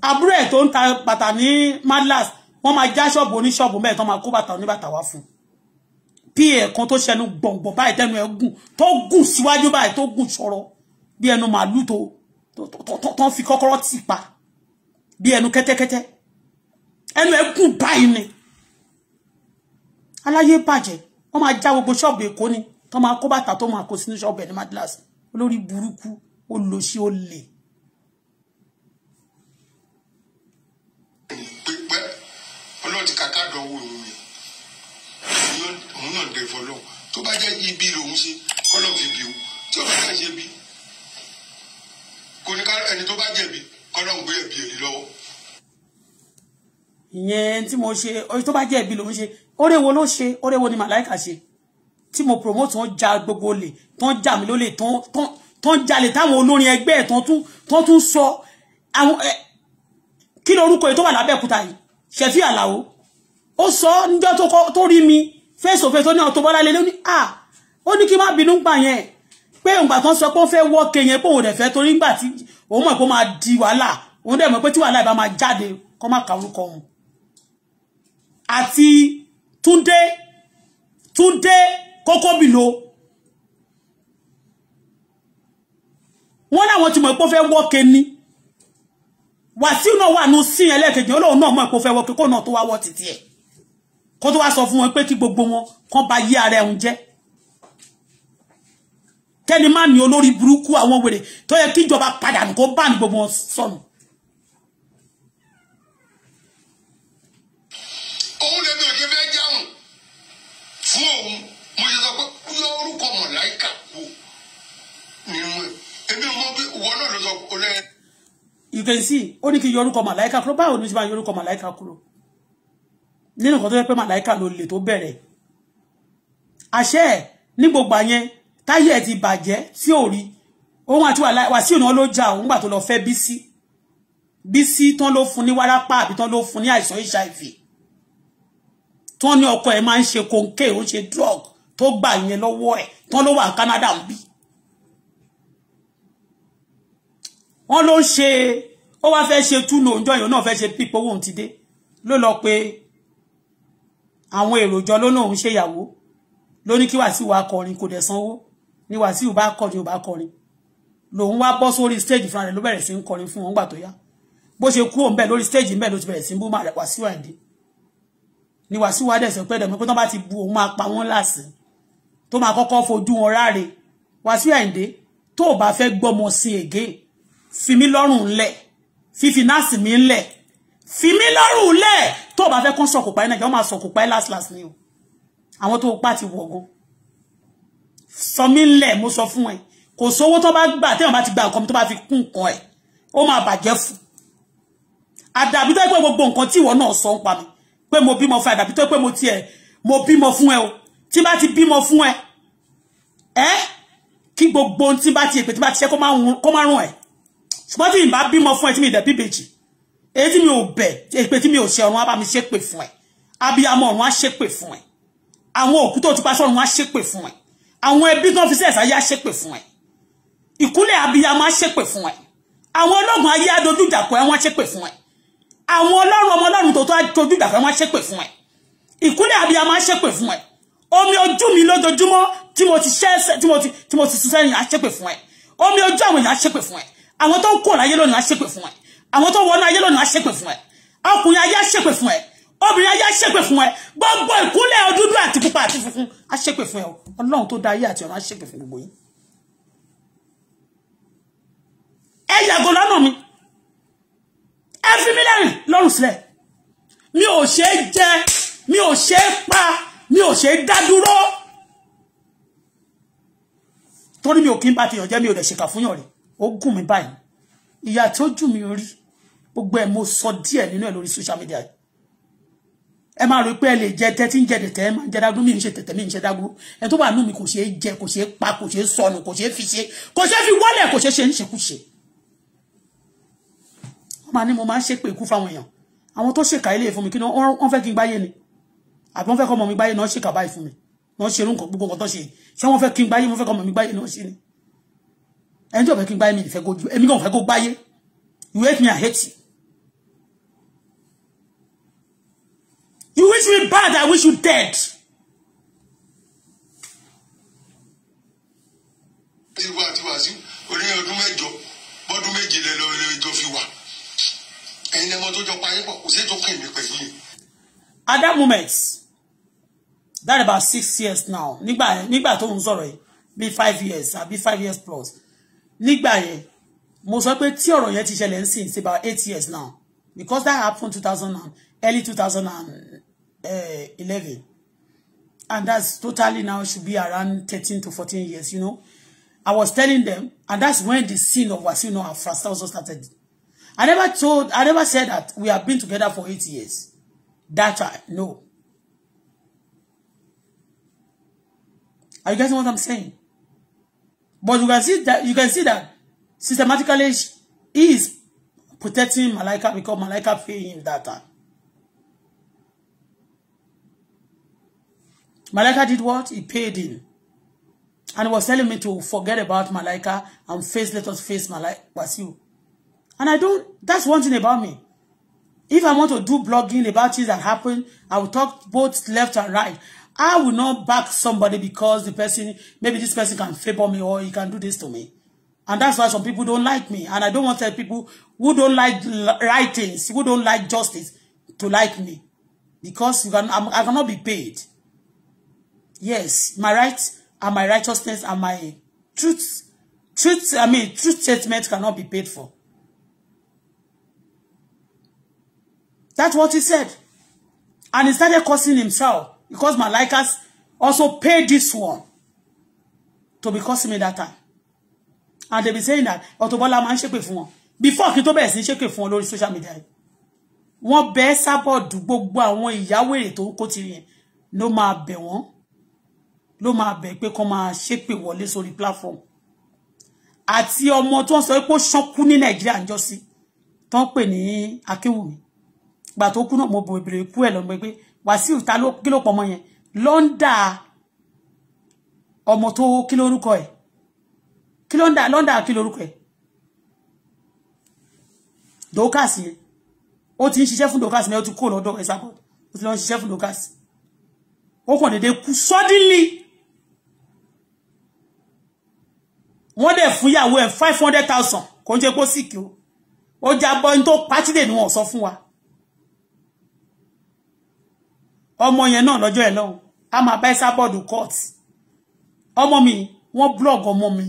àbúrò ẹ̀ tó ń ta bàtà ní madlas wọ́n máa já ṣọ́ọ̀bù oníṣọ́ọ̀bù mẹ́ẹ̀ tán máa kó bàtà oníbàtà wá fún bí ẹ̀kan tó ṣẹnu gbọ̀ngbọ̀n báyìí tẹnu ẹ̀ gùn tó gùn síwájú báyìí tó gùn ṣọ̀rọ̀ bí ẹnu màálù tó tó fi kọ́kọ́rọ́ tì pa bí ẹnu kẹ́tẹ́kẹ́tẹ́ ẹnu ẹ̀ gùn báyìí ni aláyé bàjẹ́ wọ́n máa já gbogbo ṣọ́ọ̀bù èkó ni tán máa kó bàtà tó máa kó sínú ṣọ́ọ̀bù ẹ̀ ní madlas olórí burúkú olóṣì olè yọ̀ǹde fọlọ́ tó bá jẹ́ ibi lòun ṣe kọ́lọ́ fi bí o tí o bá fẹ́ ṣe bí kò ní ká ẹni tó bá jẹ̀bi kọ́lọ́ ń gbé ẹ̀bi èlé lọ́wọ́. ìyẹn tí mo ṣe tó bá jẹ́ ibi lòun ṣe oréwo ló ṣe oréwo ni màláìkà ṣe tí mo promote wọn ja gbogbo olè tán jà mí lólè tán jalè táwọn olórin ẹgbẹ́ ẹ̀ tán tún sọ àwọn kí lorúkọ yìí tó wà lábẹ́òkúta yìí ṣẹ̀fí àlàó ó sọ níjọ́ tó rí mi face to face ó ní Auto Bola lé lóní ah ó ní kí m'a bínú gbà yẹn pé òǹgbà kan sọ pé ó fẹ́ wọ́ọ̀kẹ́ yẹn pé òun dẹ̀ fẹ́ torí ńgbà tí òun mọ̀ pé ó máa di wàhálà òun dẹ̀ mọ̀ pé tí wàhálà ìbá máa jáde kọ́ má ka orúkọ òun àti Túndé Túndé Kókóbìló wọ́n láwọn ti mọ̀ pé ó fẹ́ wọ́ọ̀kẹ́ ni Wàsíù náà wà nù sí ẹlẹ́kẹ̀jẹ̀ olóòun náà mọ̀ pé ó fẹ́ wọ́ọ̀kẹ́ kó náà tó wá wọ́ títí ẹ̀ kó tó wá sọ fún wọn pé kí gbogbo wọn kán bá yí ara ẹ̀hún jẹ́ kẹ́ni má ní olórí burúkú àwọn wèrè tó yẹ kí ìjọba padà nù kó bá ní gbogbo wọn sọnù. òun lèmi ò ṣe fẹ́ jáhùn fún òun mo ṣe sọ pé yọ orúkọ mọ̀láìkà kú nínú ẹ̀ èmi bí ìwọ náà ló sọ olóyè. you can see ó ní kí yọ orúkọ màláìkà kúrò báwo ni ó ṣe máa yọ orúkọ màláìkà kúrò nínú nǹkan tó fẹ́ pé màláìka ló lè tó bẹ̀rẹ̀ àṣẹ ẹ̀ ní gbogbo àyẹn táyé ẹ̀ ti bàjẹ́ tí ò rí òun àti Wàsíù náà ló jà òun gbà tó lọ fẹ́ Bísí Bísí tán ló fún ní wárápá àbí tán ló fún ní àìsàn HIV tán ní ọkọ ẹ̀ máa ń ṣe kòńké ó ń ṣe drug tó gbà yẹn lọ́wọ́ ẹ̀ tán ló wà Canada ń bí wọ́n ló ń ṣe ó wá fẹ́ ṣe túnú òǹjọ́ yìí ó náà fẹ́ ṣe pípọ̀ owó òun ti dé ló lọ pé àwọn èròjọ ló náà ń ṣèyàwó ló ní wa wàsíù wá kọrin kò dẹ̀ sanwó ni wàsíù bá kọ̀ ni ò bá kọrin lòun wá bọ́ sórí stage fúnra rẹ̀ ló bẹ̀rẹ̀ sí ń kọrin fún wọn gbà tó yá bó ṣe kúrò ń bẹ̀ lórí stage ń bẹ̀ ló ti bẹ̀rẹ̀ sí ń bú màrẹ̀ wàsíù àìdí ni wàsíù wá dẹ̀ sọ pé dẹ̀mọ́ pé tó bá ti bu òun máa pa wọ́n láàsì tó máa kọ́kọ́ fojú wọn ráre wàsíù àìdí tó o bá fẹ́ gbọ́mọ sí ègé fi mí lọ́rùn ńlẹ̀ fífi náàsì mi ńlẹ̀ fi mí lọ́rùn ńlẹ̀ tó bá fẹ́ kán sọ̀kò pa ẹ́ nàìjíríà máa sọ̀kò pa last last ni o àwọn tó pa ti wọ̀ gan sọ mí ńlẹ̀ mo sọ fún ẹ kò sówó tó bá gbà téèyàn bá ti gba nǹkan tó bá fi kún nǹkan ẹ̀ ó máa bàjẹ́ fún àdàbí tó pé gbogbo nǹkan tí ìwọ náà sọ ń pa mi pé mo bímọ fún àdàbí tó pé mo tiẹ̀ mo bímọ fún ẹ o tí bá ti bímọ fún ẹ ẹ kí gbogbo tí bá ti èpè tí bá ti ṣe kó máa rún ẹ ṣùgbọ́n tí ìbá bímọ fún ẹ tí mi ìdẹ̀ bíbèjì èyí tí mi ò bẹ̀ èpè tí mi ò ṣe ọ̀run á bá mi ṣépè fún ẹ abiyamọ ọ̀run á ṣépè fún ẹ àwọn òkú tó ti pa sọ́run á ṣépè fún ẹ àwọn ẹbí tó fi sẹ̀sà yá ṣépè fún ẹ ìkúnlẹ̀ abiyamọ á ṣépè fún ẹ àwọn ọlọ́gbọ̀n ayé adójúdàpọ̀ ẹ wọ́n ṣépè fún ẹ àwọn ọlọ́run ọmọ ọlọ́run tó tó adójúdàpọ̀ ẹ wọ́n ṣépè fún ẹ ìkúnlẹ̀ abiyamọ á ṣépè fún ẹ omi ojú mi lójoojúmọ́ tí mo ti ṣẹ́ tí mo ti tí mo ti ṣiṣẹ́ yìí á ṣépè fún ẹ omi ojú àwọn èèyàn á ṣépè fún ẹ àwọn tó ń kó láyé lónìí á ṣépè fún ẹ àwọn tó wọnú ayé lónìí á ṣépè fún ẹ ọkùnrin ayé á ṣépè fún ẹ obìnrin ayé á ṣépè fún ẹ gbogbo ìkúnlẹ̀ dúdú àti pupa àti funfun á ṣépè fún ẹ o ọlọ́run tó dá ayé àti ọ̀run á ṣépè fún gbogbo yín. ẹ yàgò lọ́nà mi ẹ fi mí lẹ́rìn lọ́rùn sílẹ̀ mi ò ṣe é jẹ mi ò ṣe é pa mi ò ṣe é dá dúró torí mi ò kí n bá ti yàn mi ò dẹ̀ ṣèkà fún yàn rẹ̀ ó gùn mí báyìí ìyà tó jù mí orí gbogbo ẹ̀ mo sọ díẹ̀ nínú ẹ̀ lórí social media yìí ẹ máa rò pé ẹ lè jẹ tẹ́tí ń jẹ tẹ̀tẹ̀ ẹ máa ń jẹ dágún mi ń ṣe tẹ̀tẹ̀ mi ń ṣe dágún ẹ tó wà nù mí kò ṣeé jẹ kò ṣeé pa kò ṣeé sọnù kò ṣeé fi ṣe kò ṣeé fi wọlé kò ṣeé ṣe ń ṣekúṣe. wọ́n máa ní mo máa ń ṣépè ikú fáwọn èèyàn àwọn tó ṣèkà ilé fún mi kí ni wọ́n fẹ́ kí n gbáyé ni àbí wọ́n fẹ́ kọ́ ọmọ mi gbáyé náà ṣèkà báyìí fún mi wọ́n ṣe irú nǹkan gbogbo nǹkan tó ṣe ṣé wọ́n fẹ́ kí n gbáyé wọ́n fẹ́ kọ́ ọmọ mi gbáyé You wish me bad, I wish you dead. at that moment that about six years now nígbà nígbà to ń be five years be five years plus nígbà yẹn mo sọ pé tí ọ̀rọ̀ about eight years now because that happened two thousand and early two thousand and uh, eh, 11 and that's totally now should be around 13 to 14 years you know I was telling them and that's when the scene of Wasiu Noah and Frasta also started I never told I never said that we have been together for eight years that time no are you guys know what I'm saying but you can see that you can see that systematically he is protecting Malika because Malika pay him that time Malaika did what? He paid him. And he was telling me to forget about Malaika and face, let us face Malaika, Wasiu. And I don't, that's one thing about me. If I want to do blogging about things that happen, I will talk both left and right. I will not back somebody because the person, maybe this person can favor me or he can do this to me. And that's why some people don't like me. And I don't want to tell people who don't like right things, who don't like justice, to like me. Because you can, I'm, I cannot be paid. Yes, my rights and my righteousness and my truth, truth, I mean, truth statement cannot be paid for. That's what he said. And he started cursing himself because Malaika's also paid this one to be cursing me that time. And they be saying that Auto Bola máa ń ṣépè Before kí n tó bẹ̀rẹ̀ sí ṣépè fún social media yìí. Wọ́n bẹ́ẹ̀ sábọ̀dù gbogbo àwọn ìyáwó èrè tó ń kó tiri yẹn ló máa ló máa bẹ̀ pé kán máa ṣépè wọlé sórí platform àti ọmọ tó ń sọ pé ó ṣánkú ní nàìjíríà ń jọ sí tó ń pè ní akéwùmí gbà tó kú náà mo bò ìbèrè ikú ẹ̀ lọ́gbẹ́ pé wàsíù ta ló kí ló pọ̀ ọmọ yẹn lọ́ńdà ọmọ tó kí lórúkọ ẹ̀ kí lọ́ńdà lọ́ńdà kí lórúkọ ẹ̀ dókàsì yẹn ó ti ń ṣiṣẹ́ fún dókàsì yẹn ó ti kó lọ́dọ̀ ẹ̀sàkọ́ ó ti lọ́ ń ṣiṣẹ́ fún dókàsì ó kàn déédéé kú suddenly wọ́n dẹ̀ fún ìyàwó ẹ̀ five hundred thousand kò ń jẹ́ kó sì kí o ó jábọ́ ní tó pátìdè ni wọ́n sọ fún wa ọmọ yẹn náà lọ́jọ́ ẹ̀ lọ́hùn a máa bá ẹ̀sà bọ́ọ̀dù court ọmọ mi wọ́n blog ọmọ mi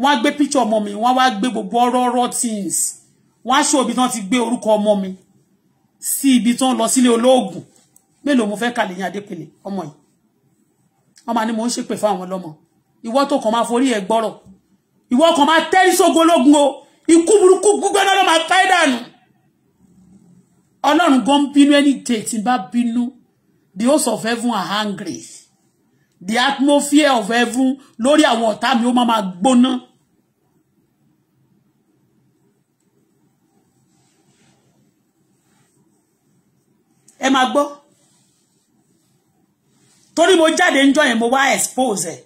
wọ́n á gbé picture ọmọ mi wọ́n wá gbé gbogbo ọ̀rọ̀ things wọ́n á ṣe òbí tán ti gbé orúkọ ọmọ mi sí ibi tán lọ sílé olóògùn mélòó mo fẹ́ kàlẹ́ yín adépele ọmọ yìí wọ́n máa ní mo ń ṣépè fáwọn ọlọ́mọ ìwọ tó kàn máa forí ẹ̀ gbọ́rọ̀ ìwọ ọkàn máa tẹ́rí sógun ológun o ikú burúkú gbígbóná ló máa pa ẹ́ dànù ọlọ́run gan bínú ẹni dè tí bá bínú the host of heaven are hungry the atmosphere of heaven lórí àwọn ọ̀tá mi ó máa máa gbóná. ẹ máa gbọ́ torí mo jáde níjọ́ yẹn mo wá expose ẹ̀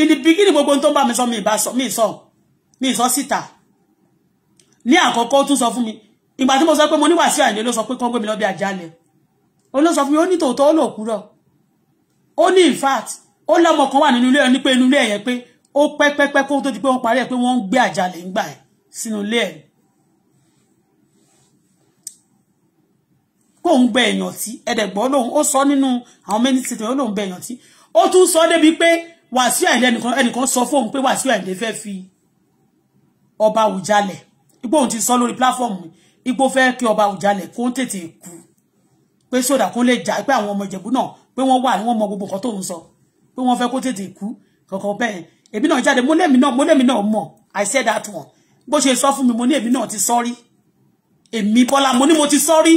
in the beginning gbogbo tó ń bá mi sọ mi ì bá sọ mi ì mi sọ síta ní àkọ́kọ́ ó tún sọ fún mi ìgbà tí mo sọ pé mo ní Wàsíù Àyìndé ló sọ pé kọ́ńgbé mi lọ bí àjálẹ̀ ó ló sọ fún mi ó ní tòótọ́ ó lò ó ní in fact ó lọ́mọ kan wà nínú ilé ẹni pé inú ilé ẹ̀yẹn pé ó pẹ́pẹ́pẹ́ kó tó di pé wọ́n parí ẹ̀ pé wọ́n ń gbé àjálẹ̀ ńgbà ẹ̀ sínú ilé ẹ̀ kó ń gbẹ èèyàn tí ẹ̀dẹ̀gbọ́ lòun ó sọ nínú àwọn many statement ó lòun gbẹ èèyàn tí ó tún sọ débi pé Wàsíù Àyìndé ẹnìkan sọ fóun pé Wàsíù Àyìndé fẹ́ fi Oba Ujale, ipò òun ti sọ lórí pláfọ́ọ̀mù ipò fẹ́ kí ọba Awùjalẹ̀ kó ń tètè kú pé sódà kó lè jà pé àwọn ọmọ Ìjẹ̀bú náà pé wọ́n wà wọ́n mọ gbogbo nǹkan tó ń sọ pé wọ́n fẹ́ kó tètè kú kankan bẹ́ẹ̀ èmi náà jáde mo lèmi náà mo lèmi náà mọ̀ I said that one bó ṣe sọ fún mi mo ní èmi náà ti sọ́rí èmi Bọ́lá mo ní mo ti sọ́rí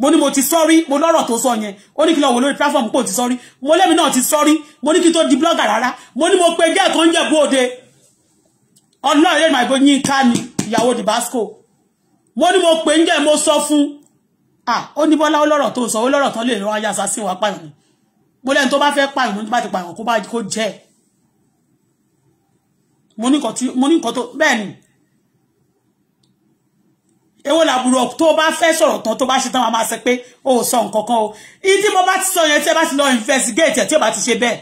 mo ní mo ti sọ́rí mo lọ́rọ̀ tó sọ yẹn ó ní kí lọ wò lórí platform kò ti sọ́rí mo lèmi náà ti sọ́rí mo ní kí tó di blogger rárá mo ní mo pe gẹ́ẹ̀kan jẹ̀bú òde ọlọ́run lè máa gbé yínká ni ìyàwó dìbásíkò mo ní mo pè ń jẹ́ mo sọ fún ah ó ní bọ́lá ó lọ́rọ̀ tó sọ ó lọ́rọ̀ tán lè rán ayáṣá sí wa pààyàn ni mo lẹ́nu tó bá fẹ́ pààyàn mo ní bá ti pààyàn kó bá kó jẹ́ mo ní nǹkan tó bẹ́ẹ̀ ni èwo làbúrò tó bá fẹ́ sọ̀rọ̀ tán tó bá ṣe tán wa máa ṣe pé ó sọ nǹkan kan o ìyí tí mo bá ti sọ yẹn tí ẹ bá ti lọ investigate ẹ̀ tí ò bá ti ṣe bẹ́ẹ̀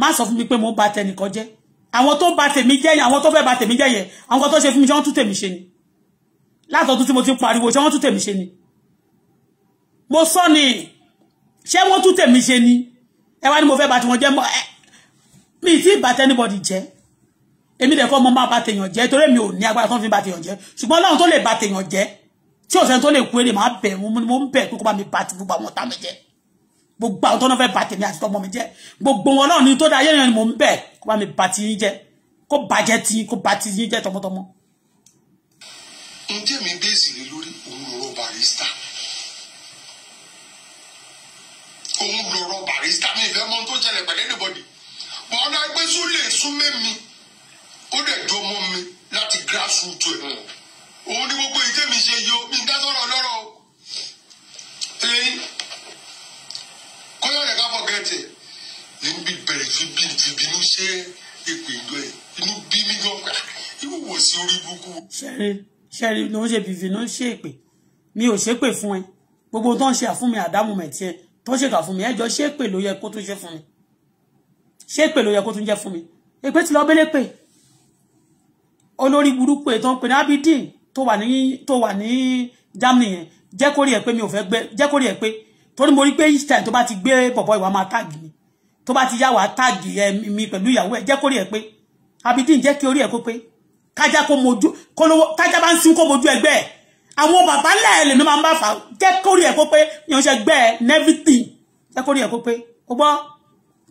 má sọ fún mi pé mo ń ba tẹnìkan jẹ́ àwọn tó bà tèmi jẹ́ yẹn àwọn tó fẹ́ bà tèmi jẹ́ yẹn àwọn kan tó ṣe fún mi ṣé wọ́n tún tèmi ṣe ni látọ̀tún tí mo ti pariwo ṣé wọ́n tún tèmi ṣe ni mo sọ ni ṣé wọ́n tún tèmi ṣe ni ẹ wá ní mo fẹ́ bà tiwọn jẹ́ mọ́ ẹ mi ì tí ì bà tẹ́nibọ̀dì jẹ́ èmi dẹ̀ kọ́ mo máa bà tèèyàn jẹ́ torí mi ò ní agbára tó fi bà tèèyàn jẹ́ ṣùgbọ́n láwọn tó lè bà tèèyàn jẹ́ tí òṣèlú tó lè kú èrè máa bẹ̀ mo ń bẹ̀ kó kó bá mi bà ti gbogbo àwọn ọ̀tá mi jẹ́ gbogbo àwọn tó náà fẹ́ bà tèmi àti tọmọ mi jẹ́ gbogbo wọn náà ní tó dáa yẹ́yàn ni mò ń bẹ̀ kó bá mi bà ti yín jẹ́ kó bàjẹ́ ti kó bà ti yín jẹ́ tọmọtọmọ. ǹjẹ́ mi bẹ́ẹ̀sì ni lórí òun lọ́rọ̀ barista òun lọ́rọ̀ barista mi ìfẹ́ mọ́ tó jẹlẹ̀ pẹ̀lẹ́ níbọ̀dì mọ́ ọ́nà ẹgbẹ́ sún lè sún mẹ́mi ó dẹ̀ jọ mọ́ mi láti grassroot ẹ̀ òun ni gbogbo ìjẹ́ mi ṣe yọ mi dá sọ̀rọ̀ lọ́rọ̀ ọlọ́run ẹ̀ka fọ̀ gẹ̀ẹ́tì inú bí bẹ̀rẹ̀ fi bí ti bínú ṣe èpè ìjọ ẹ̀ inú bí mí gan pa ah, irú wò sí orí burúkú. ṣẹ́rí ṣẹ́rí ló ń ṣe bìbìnú ṣe èpè mi ò ṣépè fún ẹ gbogbo tó ń ṣe àfún mi àdámù mẹ̀tí ẹ tó ń ṣèkà fún mi ẹjọ́ ṣépè ló yẹ kó tún ṣe fún mi ṣépè ló yẹ kó tún jẹ́ fún mi èpè ti lọ bẹ́lẹ̀ pè olórí burúkú ètò ń pè ní abidin tó wà ní Germany yẹn jẹ́ kórìí ẹ̀ pé mi ò fẹ́ gbẹ́ jẹ́ kórìí ẹ̀ pé torí mo rí pé each time tó bá ti gbé bọ̀bọ̀ ìwà máa táàgì mi tó bá ti yá wàá táàgì eh, mi pẹ̀lú ìyàwó ẹ̀ jẹ́ kórè ẹ̀ pé abidin jẹ́ kí orí ẹ̀ kó pé kájá kó mojú kólówó kájá bá ń sin kó mojú ẹgbẹ́ ẹ̀ àwọn bàbá lẹ́ẹ̀lẹ̀ ló máa ń bá fà jẹ́ kórè ẹ̀ kó pé yàn ṣe gbẹ́ ẹ̀ everything jẹ́ kórè ẹ̀ kó pé ó gbọ́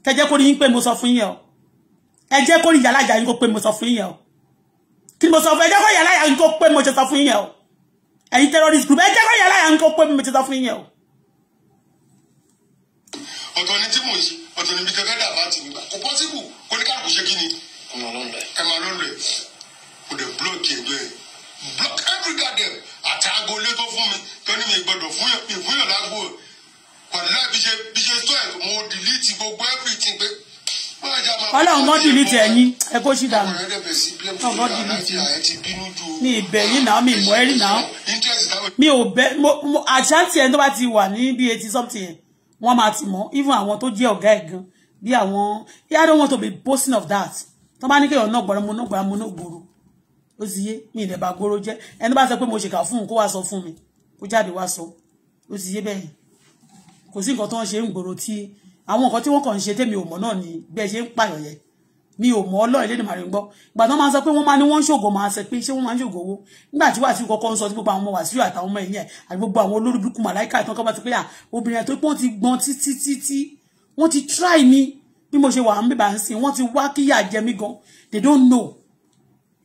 kẹ jẹ́ kórè yín pé mo sọ fún yín o ẹ jẹ́ kórè yàlájà yín kó pé mo sọ fún yín o kí ni mo sọ fún ẹ jẹ́ kórè yàlájà yín kó pé mo ṣe sọ fún yín o ẹ̀yin terrorist group ẹ jẹ́ kórè yàlájà yín kó pé mo ṣe sọ fún yín o ọ̀tọ̀ ni tí mò ń ṣe ọ̀tọ̀ ni bí tẹ́fẹ́ dàbá ti nígbà kò pọ́sibù kó ní káàkó ṣe kí ni. ẹ máa ló ń lọ ẹ kò dé búlọ̀kì ẹgbẹ́ ẹ block every garden àti aago ilé tó fún mi tó ní mi gbọdọ̀ fún ìfúnyàn lágbo pàdánù bí ṣe bí ṣe tó ẹ mo delete gbogbo everything pé ọlọ́run mọ́ delete ẹ̀yìn ẹ kó ṣì dànù ọmọ delete mi ìbẹ̀ yín náà mi ìmọ̀ ẹ́rì náà mi ò bẹ́ àṣà tiẹ̀ tó bá ti wà ní bíi eighty something wọ́n máa ti mọ̀ even àwọn tó jẹ́ ọ̀gá ẹ̀ gan bí àwọn I don't want to be boasting of that tó bá ní kéèyàn náà gbọ́dọ̀ mo náà gbọ́dọ̀ mo náà gbòòrò ó ti yé mi ìdẹ̀ bá gbòòrò jẹ́ ẹni bá sọ pé mo ṣèkà fún un kó wá sọ fún mi kó jáde wá sọ ó ti yé bẹ́ẹ̀ kò sí nǹkan tó ń ṣe ń gbòòrò tí àwọn nǹkan tí wọ́n kàn ń ṣe tèmi ò mọ̀ náà ni bẹ́ẹ̀ ṣe ń pààyàn yẹn mi ò mọ̀ ọlọ́run lẹ́nu màrí ń gbọ́ ìgbà tó máa sọ pé wọ́n máa ní wọ́n ń ṣògo máa sọ pé ṣé wọ́n máa ń ṣògo owó nígbà tí Wàsíù kọ́kọ́ ń sọ tí gbogbo àwọn ọmọ Wàsíù àtàwọn ọmọ ẹ̀yìn ẹ̀ àti gbogbo àwọn olórí burúkú màláìka ìtàn kọ́ba ti pé à obìnrin tó pọ́n ti gbọ́n títí títí wọ́n ti try mi bí mo ṣe wà ń bèbà ń sìn wọ́n ti wá kí yà jẹ mí gan they don't know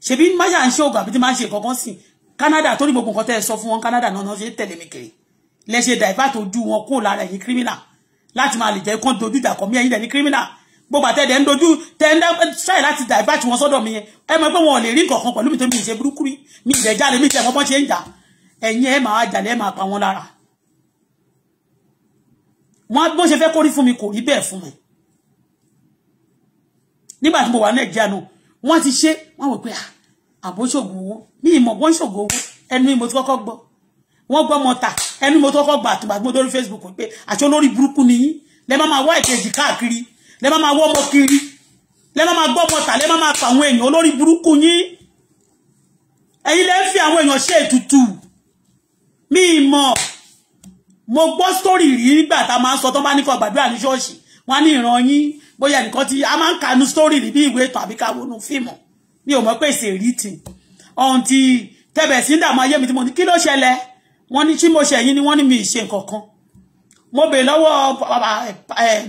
ṣèbí má ṣà ń ṣògo àbí ti máa ń ṣe kankan Canada torí gbogbo nǹkan tẹ́ ẹ sọ fún wọn Canada náà náà ṣe tẹ̀lé mi kiri lẹ ṣe divert ojú wọn kó lára ẹ̀yin criminal láti máa lè jẹ́ kán dojú ìjà kọ́ mí ẹ̀yin lẹ́ni criminal gbogbo àtẹ̀dẹ̀ ń dojú tẹ̀ndá ṣáì láti divert wọn sọ́dọ̀ mi yẹn ẹ mọ̀ pé wọn ò lè rí mi tó mi ṣe mi ìjẹ́ jáde mi ìjẹ́ wọn bọ́n ṣe ń jà ẹ̀yin ẹ̀ máa jà lẹ́ẹ̀ máa pa wọn lára wọn bó ṣe fẹ́ kórí fún mi kò rí bẹ́ẹ̀ fún mi nígbà tí mo wà nàìjíríà náà wọn ti ṣe wọn wò pé ah, àbó ṣògùn mi ìmọ̀ bó ń ṣògùn mi mo ti kọ́kọ́ gbọ́ wọ́n gbọ́ mọ́ta ẹnu mi mo ti kọ́kọ́ gbà àtùgbà tí mo dórí Facebook pé àti olórí burúkú ni yín lẹ́ máa máa wá ìkejì lẹ́ máa máa wọ́ ọmọ kiri lẹ́ máa máa gbọ́ ọmọ tà lẹ́ máa máa pa àwọn èèyàn olórí burúkú yín ẹ̀yin lẹ́ ń fi àwọn èèyàn ṣe ètùtù mi mọ̀ mo gbọ́ sítórì rí nígbà tá a máa ń sọ tó bá ní kó gbàdúrà ní ṣọ́ọ̀ṣì wọ́n á ní ìran yín bóyá nìkan tí a máa ń kanu sítórì rí bí ìwé tàbí ká wọnú fíìmù mi ò mọ̀ pé èsì rí tì ọ̀ǹtì tẹ̀bẹ̀ sí dààmú ayé mi tí mo ní kí ló ṣẹlẹ̀ wọ́n ní tí mo ṣẹ̀yìn ni wọ́n ní mi ṣe nǹkan kan mo bèè lọ́wọ́ eh, eh,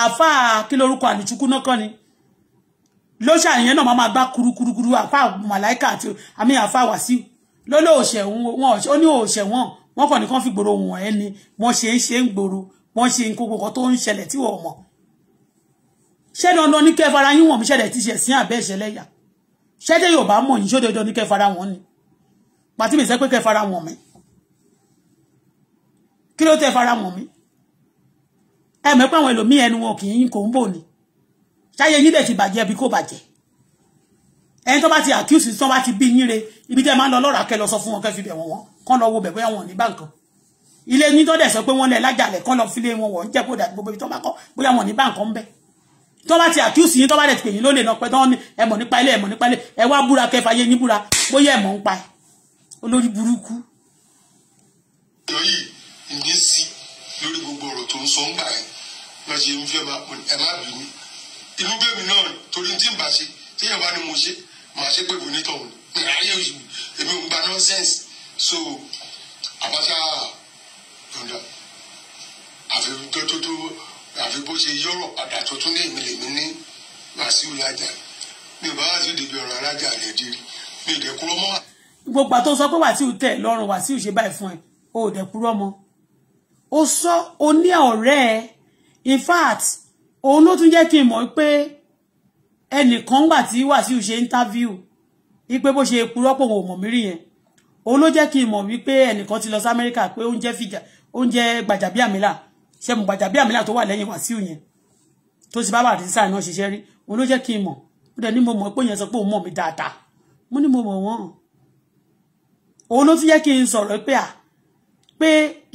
àfà kí lorúkọ àlùchukú náà kọ́ ni ló ṣàyẹn náà máa gbá kurukurukuru àfà màláìkà àti àmì àfà wàsíù lólè òṣèwọ̀n ó ní òṣèwọ̀n wọn kàn ní kán fi gbòòrò wọn ẹ ni wọn ṣe ń ṣe ń gbòòrò wọn ṣe ń gbogbo kan tó ń ṣẹlẹ̀ tí wọn mọ̀ ṣé dandan ní kẹ́ fara yín wọ̀n mi ṣẹlẹ̀ ti ṣẹ̀ sí àbẹ́ ìṣẹ̀lẹ̀yà ṣẹ́jẹ́ yóò bá mọ̀ yín ṣó ní kẹ́ wọn ni pàtí mi sẹ́ pé kẹ́ wọn mi kí ló tẹ́ fara wọn mi ẹ mọ̀ pé àwọn ẹlòmíì ẹnu wọn kì í kò ń bò ní ṣáyé yín dẹ̀ ti bàjẹ́ bí kò bàjẹ́ ẹni tó bá ti accuse tó bá ti bí yín re ibi tẹ́ máa ń lọ lọ́ra kẹ́ lọ sọ fún wọn kẹ́ fi bẹ̀ wọ́n wọn kán lọ wo bẹ̀ bóyá wọn ní bá nǹkan ilé yín tó dẹ̀ sọ pé wọ́n lẹ̀ lájàlẹ̀ kán lọ filé wọn wọ̀ ń jẹ́ kó dà gbogbo ibi tó bá kọ́ bóyá wọn ní bá nǹkan ń bẹ̀ tó bá ti accuse yín tó bá dẹ̀ ti pè yín ló lè nà pé tán ẹ mọ̀ nípa ilé ẹ mọ̀ nípa ilé ẹ wá búra kẹfà yé yín búra bóyá ẹ mọ̀ ń pa ẹ olórí burúkú. ìjọ gbogbo ọ̀rọ̀ tó ń sọ lọ ṣe irúfẹ́ ẹ má bínú inú bẹ́ẹ̀mí náà torí tí n bá ṣe téèyàn bá ní mo ṣe màá ṣe pé bonita òun ìráyè òṣù èmi ò gba nonsense so àbáṣá yọ̀ǹda àfi tó tó àfi bó ṣe yọ̀rọ̀ padà tó ní ìmìlẹ̀ ní Wàsíù lájà mi bá wá sí ọ̀rọ̀ alájà rẹ̀ di mi ìdẹ̀ kúrọ́ mọ́. gbogbo àtọ́ sọ pé Wàsíù tẹ̀ lọ́rùn Wàsíù ṣe báyìí fún ẹ o ò dẹ̀ kúrọ́ mọ́ o sọ o ní ọ̀rẹ́ ẹ in fact òun ló tún jẹ́ kí n mọ̀ pé ẹnìkan wà tí Wàsíù ṣe interview wípé bó ṣe purọ́ pò wọ́n mọ̀ mí rí yẹn òun ló jẹ́ kí n mọ̀ wípé ẹnìkan ti lọ sí Amẹ́ríkà pé oúnjẹ fìjà oúnjẹ gbàjàbíàmílà ṣe mọ̀ gbàjàbíàmílà tó wà lẹ́yìn Wàsíù yẹn tó ti bá wà ní sáà náà ṣiṣẹ́ rí òun ló jẹ́ kí n mọ̀ ó dẹ̀ ní mo mọ̀ pé yẹn sọ pé òun mọ̀ mí dáadáa mo ní mo mọ̀ wọ́n òun ló tún jẹ́ kí n sọ̀rọ̀ pé à pé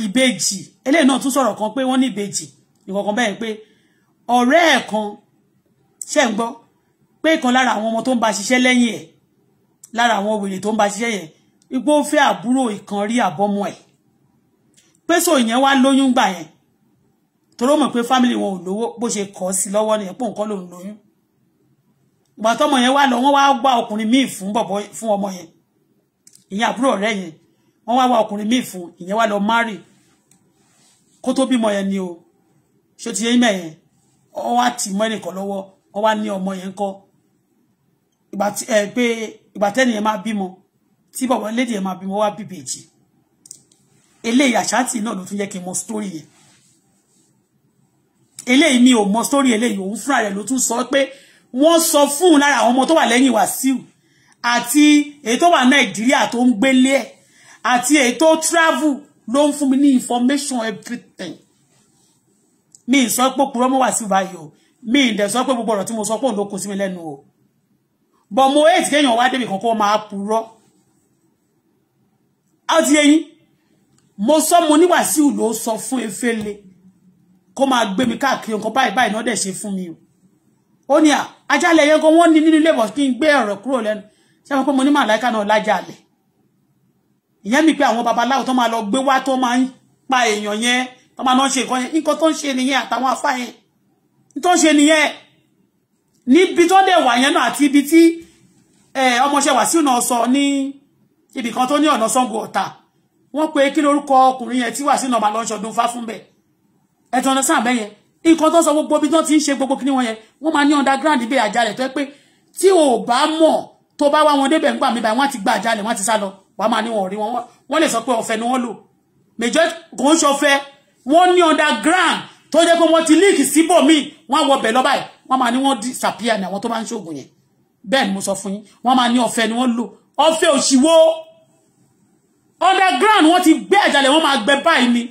ìbejì eléyìí náà tún sọ̀rọ̀ kan pé wọ́n ní ìbejì nǹkan bẹ́ẹ̀ pé ọ̀rẹ́ ẹ̀ kan ṣe ń gbọ́ pé kan lára àwọn ọmọ tó ń bá ṣiṣẹ́ lẹ́yìn ẹ̀ lára àwọn wèrè tó ń bá ṣiṣẹ́ yẹn ipò fẹ́ àbúrò ìkan rí àbọ́mọ ẹ̀ pé sọ ìyẹn wá lóyún gbà yẹn torí ó mọ̀ pé fámìlì wọn ò lówó bó ṣe kọ́ sí lọ́wọ́ ni ẹ̀pọ̀ nǹkan lòún lóyún ìgbà tọmọ yẹn wá lọ wọ́n wá wá ọkùnrin míì fún bọ̀bọ̀ fún ọmọ yẹn ìyẹn àbúrò ọ̀rẹ́ yẹn wọ́n wá wá ọkùnrin míì fún ìyẹn wá lọ márì kó tó bímọ yẹn ni o ṣó ti yẹ yín mẹ́yẹn ọ wá ti mọ́ ẹnìkan lọ́wọ́ ọ wá ní ọmọ yẹn kọ́ ìgbà tí ẹ pé ìgbà tẹ́ni yẹn máa bímọ tí bàbá lédè yẹn máa bímọ wá bí bèjì eléyìí àṣàtì náà ló tún yẹ kí n mọ sítórì yẹn eléyìí mi ò mọ sítórì eléyìí òun fúnra rẹ̀ ló tún sọ pé wọ́n sọ fún un lára àwọn ọmọ tó wà lẹ́yìn Wàsíù àti èyí tó wà Nàìjíríà tó ń gbélé ẹ̀ àti èyí tó travel ló ń fún mi ní information everything mi ń sọ pé purọ́ mọ́ wà sí báyìí o mi ń dẹ̀ sọ pé gbogbo ọ̀rọ̀ tí mo sọ pé òun ló kó sí mi lẹ́nu o bọ̀ mo èyí kéèyàn wá débi kan kó máa purọ́ á ti yẹyin mo sọ mo ní Wàsíù ló sọ fún Efele kó máa gbé mi káàkiri nǹkan báyìí báyìí náà dẹ̀ ṣe fún mi o ó ní à ajálẹ̀ yẹn kan wọ́n ní nínú ilé ìbọ̀sí kí n gbé ọ̀rọ̀ kúrò lẹ́nu ṣé wọn pé mo ní màláìka náà lájàlẹ̀ ìyẹn mi pé àwọn babaláwo tó máa lọ gbé wá tó máa ń pa èèyàn yẹn tó máa náà ṣe nǹkan yẹn nǹkan tó ń ṣe nìyẹn àtàwọn afá yẹn tó ń ṣe nìyẹn níbi tó dẹ̀ wà yẹn náà àti ibi tí ọmọọṣẹ́ Wàsíù náà sọ ní ibì kan tó ní ọ̀nà Ṣàngó Ọ̀tà wọ́n pe kí lórúkọ ọkùnrin yẹn tí Wàsíù náà máa lọ ṣọdún fá fún ẹ̀tọ́ ọ̀nà sáà bẹ́yẹn nǹkan tó sọ gbogbo ibi tó ti ń ṣe gbogbo kíní wọn yẹn wọ́n máa ní underground ibẹ̀ àjálẹ̀ tó yẹ pé tí o bá mọ̀ tó bá wá wọn débẹ̀ ńgbà mi báyìí wọ́n ti gba àjálẹ̀ wọ́n ti sá lọ wàá máa ní wọn rí wọn wọ́n lè sọ pé ọ̀fẹ́ ni wọ́n lò majority kò ń ṣọfẹ́ wọ́n ní underground tó jẹ́ pé wọ́n ti líìkì síbòmíì wọ́n á wọ bẹ̀ lọ́bàá yìí wọ́n máa ní wọ́n disappear ní àwọn tó bá ń ṣoògùn yẹn bẹ́ẹ̀ ni mo sọ fún yín wọ́n máa ní ọ̀fẹ́ ni wọ́n lò ọ̀fẹ́ òṣìwó underground wọ́n ti gbé àjàlẹ̀ wọ́n máa gbẹ báyìí ni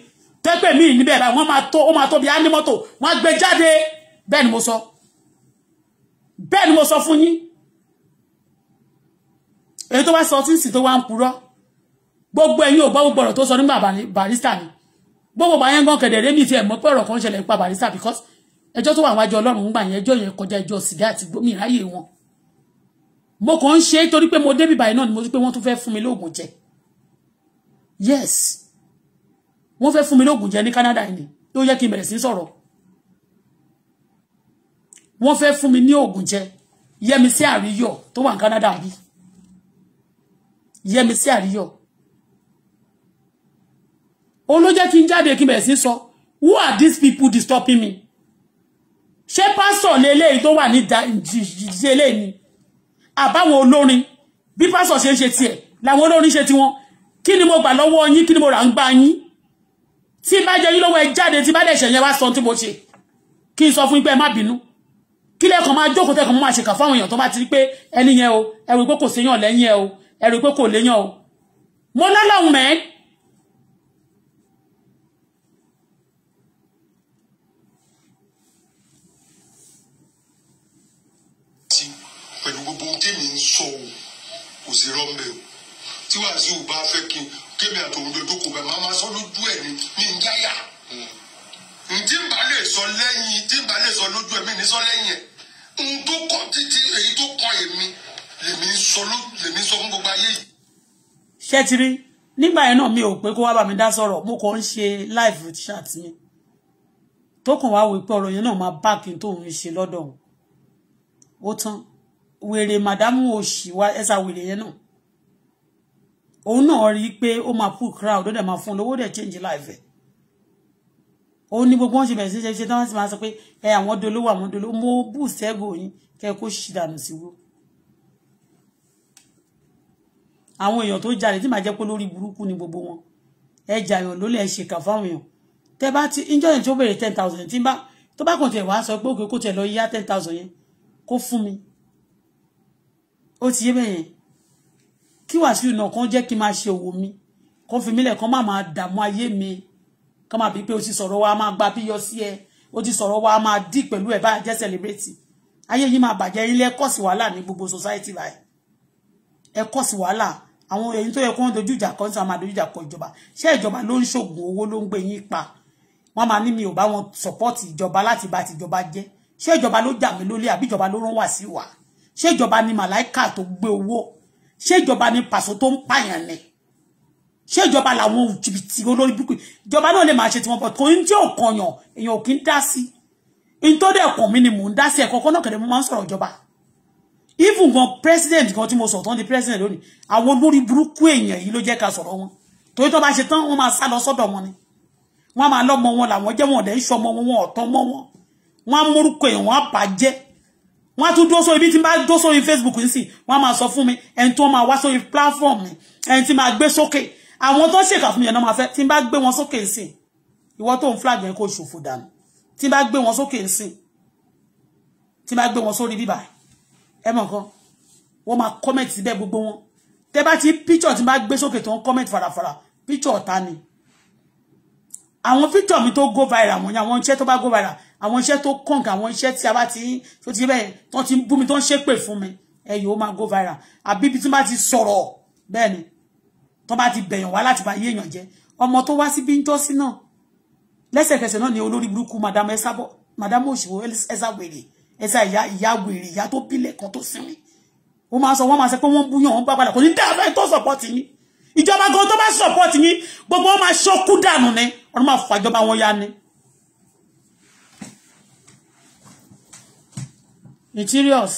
tẹ́pẹ̀ míì níbẹ̀ báyìí wọ́n máa tó ó máa tó bí ánímọ́tò wọ́n á gbé jáde bẹ́ẹ̀ ni mo sọ bẹ́ẹ̀ ni mo sọ fún yín èyí tó wá sọ tí ń sì tó wá ń purọ́ gbogbo ẹ̀yin ò gbọ́ gbogbo ọ̀rọ̀ tó sọ nígbà barista ni gbogbo bàyẹn gan kẹ̀dẹ̀rẹ́ mi ti ẹ̀ mọ́ pé ọ̀rọ̀ kan ṣẹlẹ̀ nípa Barrister because ẹjọ́ tó wà wájú ọlọ́run ń gbà yẹn ẹjọ́ yẹn kọjá ẹjọ́ sìgá àti gbómi ìráyè wọn mo kàn ń ṣe é torí pé mo débì báyìí náà ni mo rí pé wọ́n tún fẹ́ fún mi lóògùn jẹ yes wọ́n fẹ́ fún mi lóògùn jẹ ní Canada ni ló yẹ kí n bẹ̀rẹ̀ sí sọ̀rọ̀ wọ́n fẹ́ fún mi ní oògùn jẹ yẹmi sí àríyọ̀ tó wà ní Canada bí yẹmi sí àríyọ̀ òun ló jẹ́ kí n jáde kí n bẹ̀rẹ̀ sí sọ who are these people disturbing me ṣé pásọ̀ lé eléyìí tó wà ní ìdíje eléyìí ni àbáwọn olórin bí pásọ̀ ṣe ń ṣe tiẹ̀ làwọn olórin ṣe tiwọn kí ni mo gbà lọ́wọ́ yín kí ni mo rà ń gbà yín tí bá jẹ yín lọ́wọ́ ẹ jáde tí bá dẹ̀ ṣẹ̀yẹn wá sọ tí mo ṣe kí n sọ fún yín pé ẹ má bínú kí lẹ́ẹ̀kan máa jókòó tẹ́ẹ̀kan máa ṣèkà fáwọn èèyàn tó bá ti rí pé ẹni yẹn o ẹ rò pé kò séyàn lẹ́yìn ẹ o ẹ rò pé kò léyàn o mo lọ́lọ́run mẹ́ẹ́ tèmi ń sọ o kò sí rọ́ńbẹ́ o tí wàásù bá fẹ́ kí n kémi àtòun dojúkọ bẹ́ẹ̀ máa ma sọ lójú ẹ̀ ni mi ń yáyà ntí n bá lè sọ lẹ́yìn tí n bá lè sọ lójú ẹ̀ mi ní sọ lẹ́yìn ẹ̀ n tó kọ títí èyí tó kọ èmi lèmi sọ lèmi sọ fún gbogbo ayé yìí. ṣé nígbà yẹn náà mi ò pé kó wá bá mi dá sọ̀rọ̀ mo kàn ń ṣe live chat mi tó kàn wá wípé ọ̀rọ̀ yẹn náà máa bá kí n tóun ṣe lọ́dọ̀ ó tán wèrè màdámù òṣì wa ẹ̀sà wèrè yẹn náà òun náà rí i pé ó máa pull crowd ó dẹ̀ máa fún un lówó dẹ̀ change life ẹ̀ ó ní gbogbo wọn ṣe bẹ̀rẹ̀ sí ṣe ṣe tí wọ́n sì máa sọ pé ẹ àwọn dolówó àwọn dolówó mo bù sẹ́gò yín kẹ́ kó ṣì dànù sí wo. àwọn èèyàn tó jalè tí màá jẹ́ pé lórí burúkú ni gbogbo wọn ẹ jàyàn ló lè ṣèkà fáwọn èèyàn tẹ bá ti injọ yẹn tó béèrè ten thousand tí bá tó bá kàn tẹ̀ wá sọ pé òkè kó tẹ̀ lọ yá ten thousand yẹn kó fún mi ó ti yé bẹ́yẹn kí Wàsíù náà kàn jẹ́ kí n máa ṣe òwò mi kàn fi mí lẹ̀ kàn má máa dààmú ayé mi kàn máa bí pé o ti sọ̀rọ̀ wa máa gba bíyọ sí ẹ o ti sọ̀rọ̀ wa máa dì pẹ̀lú ẹ̀ bá jẹ́ celebrate ayé yìí máa bàjẹ́ ilé ẹ̀kọ́ sí wàhálà ní gbogbo society báyìí ẹ̀kọ́ sí wàhálà àwọn èyí tó yẹ kó ń dojú ìjà kan tí wọn máa dojú ìjà kọ ìjọba ṣé ìjọba ló ń ṣògùn owó ló ń gbé yín pa wọn máa ní mi ò bá wọn support ìjọba láti bá tìjọba jẹ ṣé ìjọba ló jà mí lólé àbí ìjọba ló rán wà sí wàá ṣé ìjọba ni màláìkà tó gbé owó ṣé ìjọba ni pàṣọ tó ń pààyàn ni ṣé ìjọba làwọn jìbìtì olórí bíkú ìjọba náà lè máa ṣe tiwọn bọ tó ń jẹ́ òkànyàn èèyàn ò kí ń dá sí in tó dẹ̀ kàn mí ni mò ń dá sí ẹ̀kọ́ kan náà kẹ̀dẹ̀ mo máa ń sọ̀rọ̀ ìjọba even gan president gan tí mo sọ tán di president lónìí àwọn olórí burúkú èèyàn yìí ló jẹ́ ká sọ̀rọ̀ wọn torí tó bá ṣe tán wọ́n máa sá lọ sọ́dọ̀ wọn ni wọ́n máa lọ́mọ wọn làwọn jẹ́ wọn ọ̀dẹ̀ ń ṣọmọ wọn wọn ọ̀tọ́ mọ́ wọn wọ́n á mórúkọ èèyàn wọ́n á wọ́n á tún dúró sórí bí tí n bá dúró sórí Facebook ń sìn wọ́n á máa sọ fún mi ẹni tó máa wá sórí platform mi ẹni tí máa gbé sókè àwọn tó ṣèkà fún mi ẹ̀nà máa fẹ́ tí n bá gbé wọn sókè ń sìn ìwọ tó ń flag yẹn kò ṣòfò dànù tí n bá gbé wọn sókè ń sìn tí n bá gbé wọn sórí bíbà ẹ mọ̀ nǹkan wọ́n máa comment síbẹ̀ gbogbo wọn tẹ́ bá ti picture tí n bá gbé sókè tó ń comment farafara picture ọ̀tá ni àwọn picture mi tó go viral wọ̀nyí àwọn iṣẹ́ tó bá go viral àwọn iṣẹ́ tó kànga àwọn iṣẹ́ tí a bá ti tó ti bẹ́ẹ̀ tó ti bú mi tó ń ṣépè fún mi ẹ̀yìn ó máa go viral àbí ibi tí bá ti sọ̀rọ̀ bẹ́ẹ̀ ni tó bá ti bẹ̀yàn wá láti bá yé èèyàn jẹ́ ọmọ tó wá síbi ń jọ́sí náà lẹ́sẹ̀kẹsẹ̀ náà ni olórí burúkú madam ẹ̀sábọ̀ madam òṣìwò ẹ̀sà wèrè ẹ̀sà ìyá ìyá wèrè ìyá tó bílẹ̀ kan tó sinmi ó máa sọ wọ́n máa sọ pé wọ́n búyàn wọ́n bá padà kò ní dáa fẹ́ tó sọ̀pọ̀tì yín ìjọba gan tó bá sọ̀pọ̀tì yín gbogbo wọn máa ṣọ́kú dànù ni ọdún máa fàjọba wọn yá ni interiors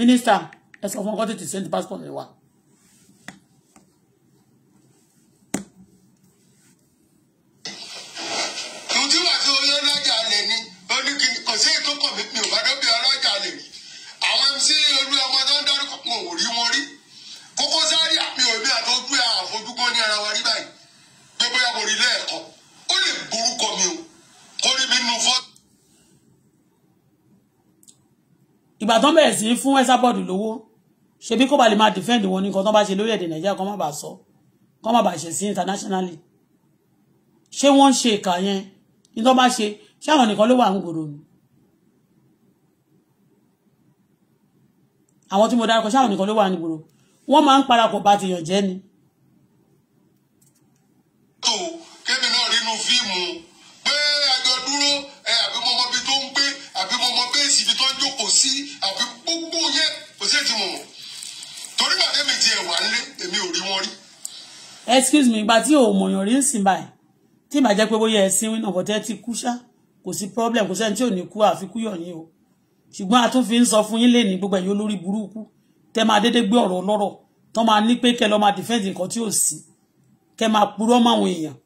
minister ẹ sọ fún ọkọ tètè send passport rẹ wá. tùtùwà tó yẹ lọ́jà lè ní oníkìní kò sí ètò kọ̀ mi ò bá dọ́bí ọlọ́jà lè rí àwọn tí olú ọmọ tó ń dárúkọ wọn ò rí wọn rí Koko Zaria mi ò ní àtọ́jú àfojúgbọ́n ní ara wa rí báyìí gbogbo ya mo rí lẹ́ẹ̀kan ó lè borúkọ mi o kó rí mi nù fọ́tò. ìgbà tán bẹ̀rẹ̀ sí fún Esabod lówó ṣebí kó ba lè máa defend wọn ní nǹkan tán bá ṣe lórílẹ̀‐èdè nàìjíríà kó má bàa sọ kó má bàa ṣe sí internationally ṣé wọ́n ń ṣe ìkà yẹn ní tán bá ṣe ṣé àwọn nìkan ló wà ń gbòòrò ni àwọn tí mo dárúkọ ṣé àwọn nìkan ló wà ń gbòòrò wọ́n máa ń parapọ̀ bá ti yàn jẹ́ ni. kémi náà rínú fíìmù pé àjọ dúró àbí mo mọ ibi tó ń gbé àbí mo mọ bẹ́ẹ̀sì ibi tó ń jókòó sí àbí gbogbo yẹn kò sí ètò mọ̀mọ́ torí màdé mi ti ẹ̀wà ńlé èmi ò rí wọn rí. excuse me ìgbà tí o mọ̀yàn rí ń sìn báyìí tí màá jẹ́ pé bóyá ẹ̀sìn wí náà kò tẹ́ ti kú ṣá kò sí problem kò sẹ́ni tí ò ní kú àfikú yọ̀ yín o ṣùgbọ́n a tún fi ń sọ fún yín lè ní gbogbo ẹ̀yin olórí burúkú tẹ́ máa dédé gbé ọ̀rọ̀ lọ́rọ̀ tán máa ní pé kẹ́ lọ́ọ́ máa defend nǹkan tí ò sí kẹ́ máa purọ́ máwọn èèyàn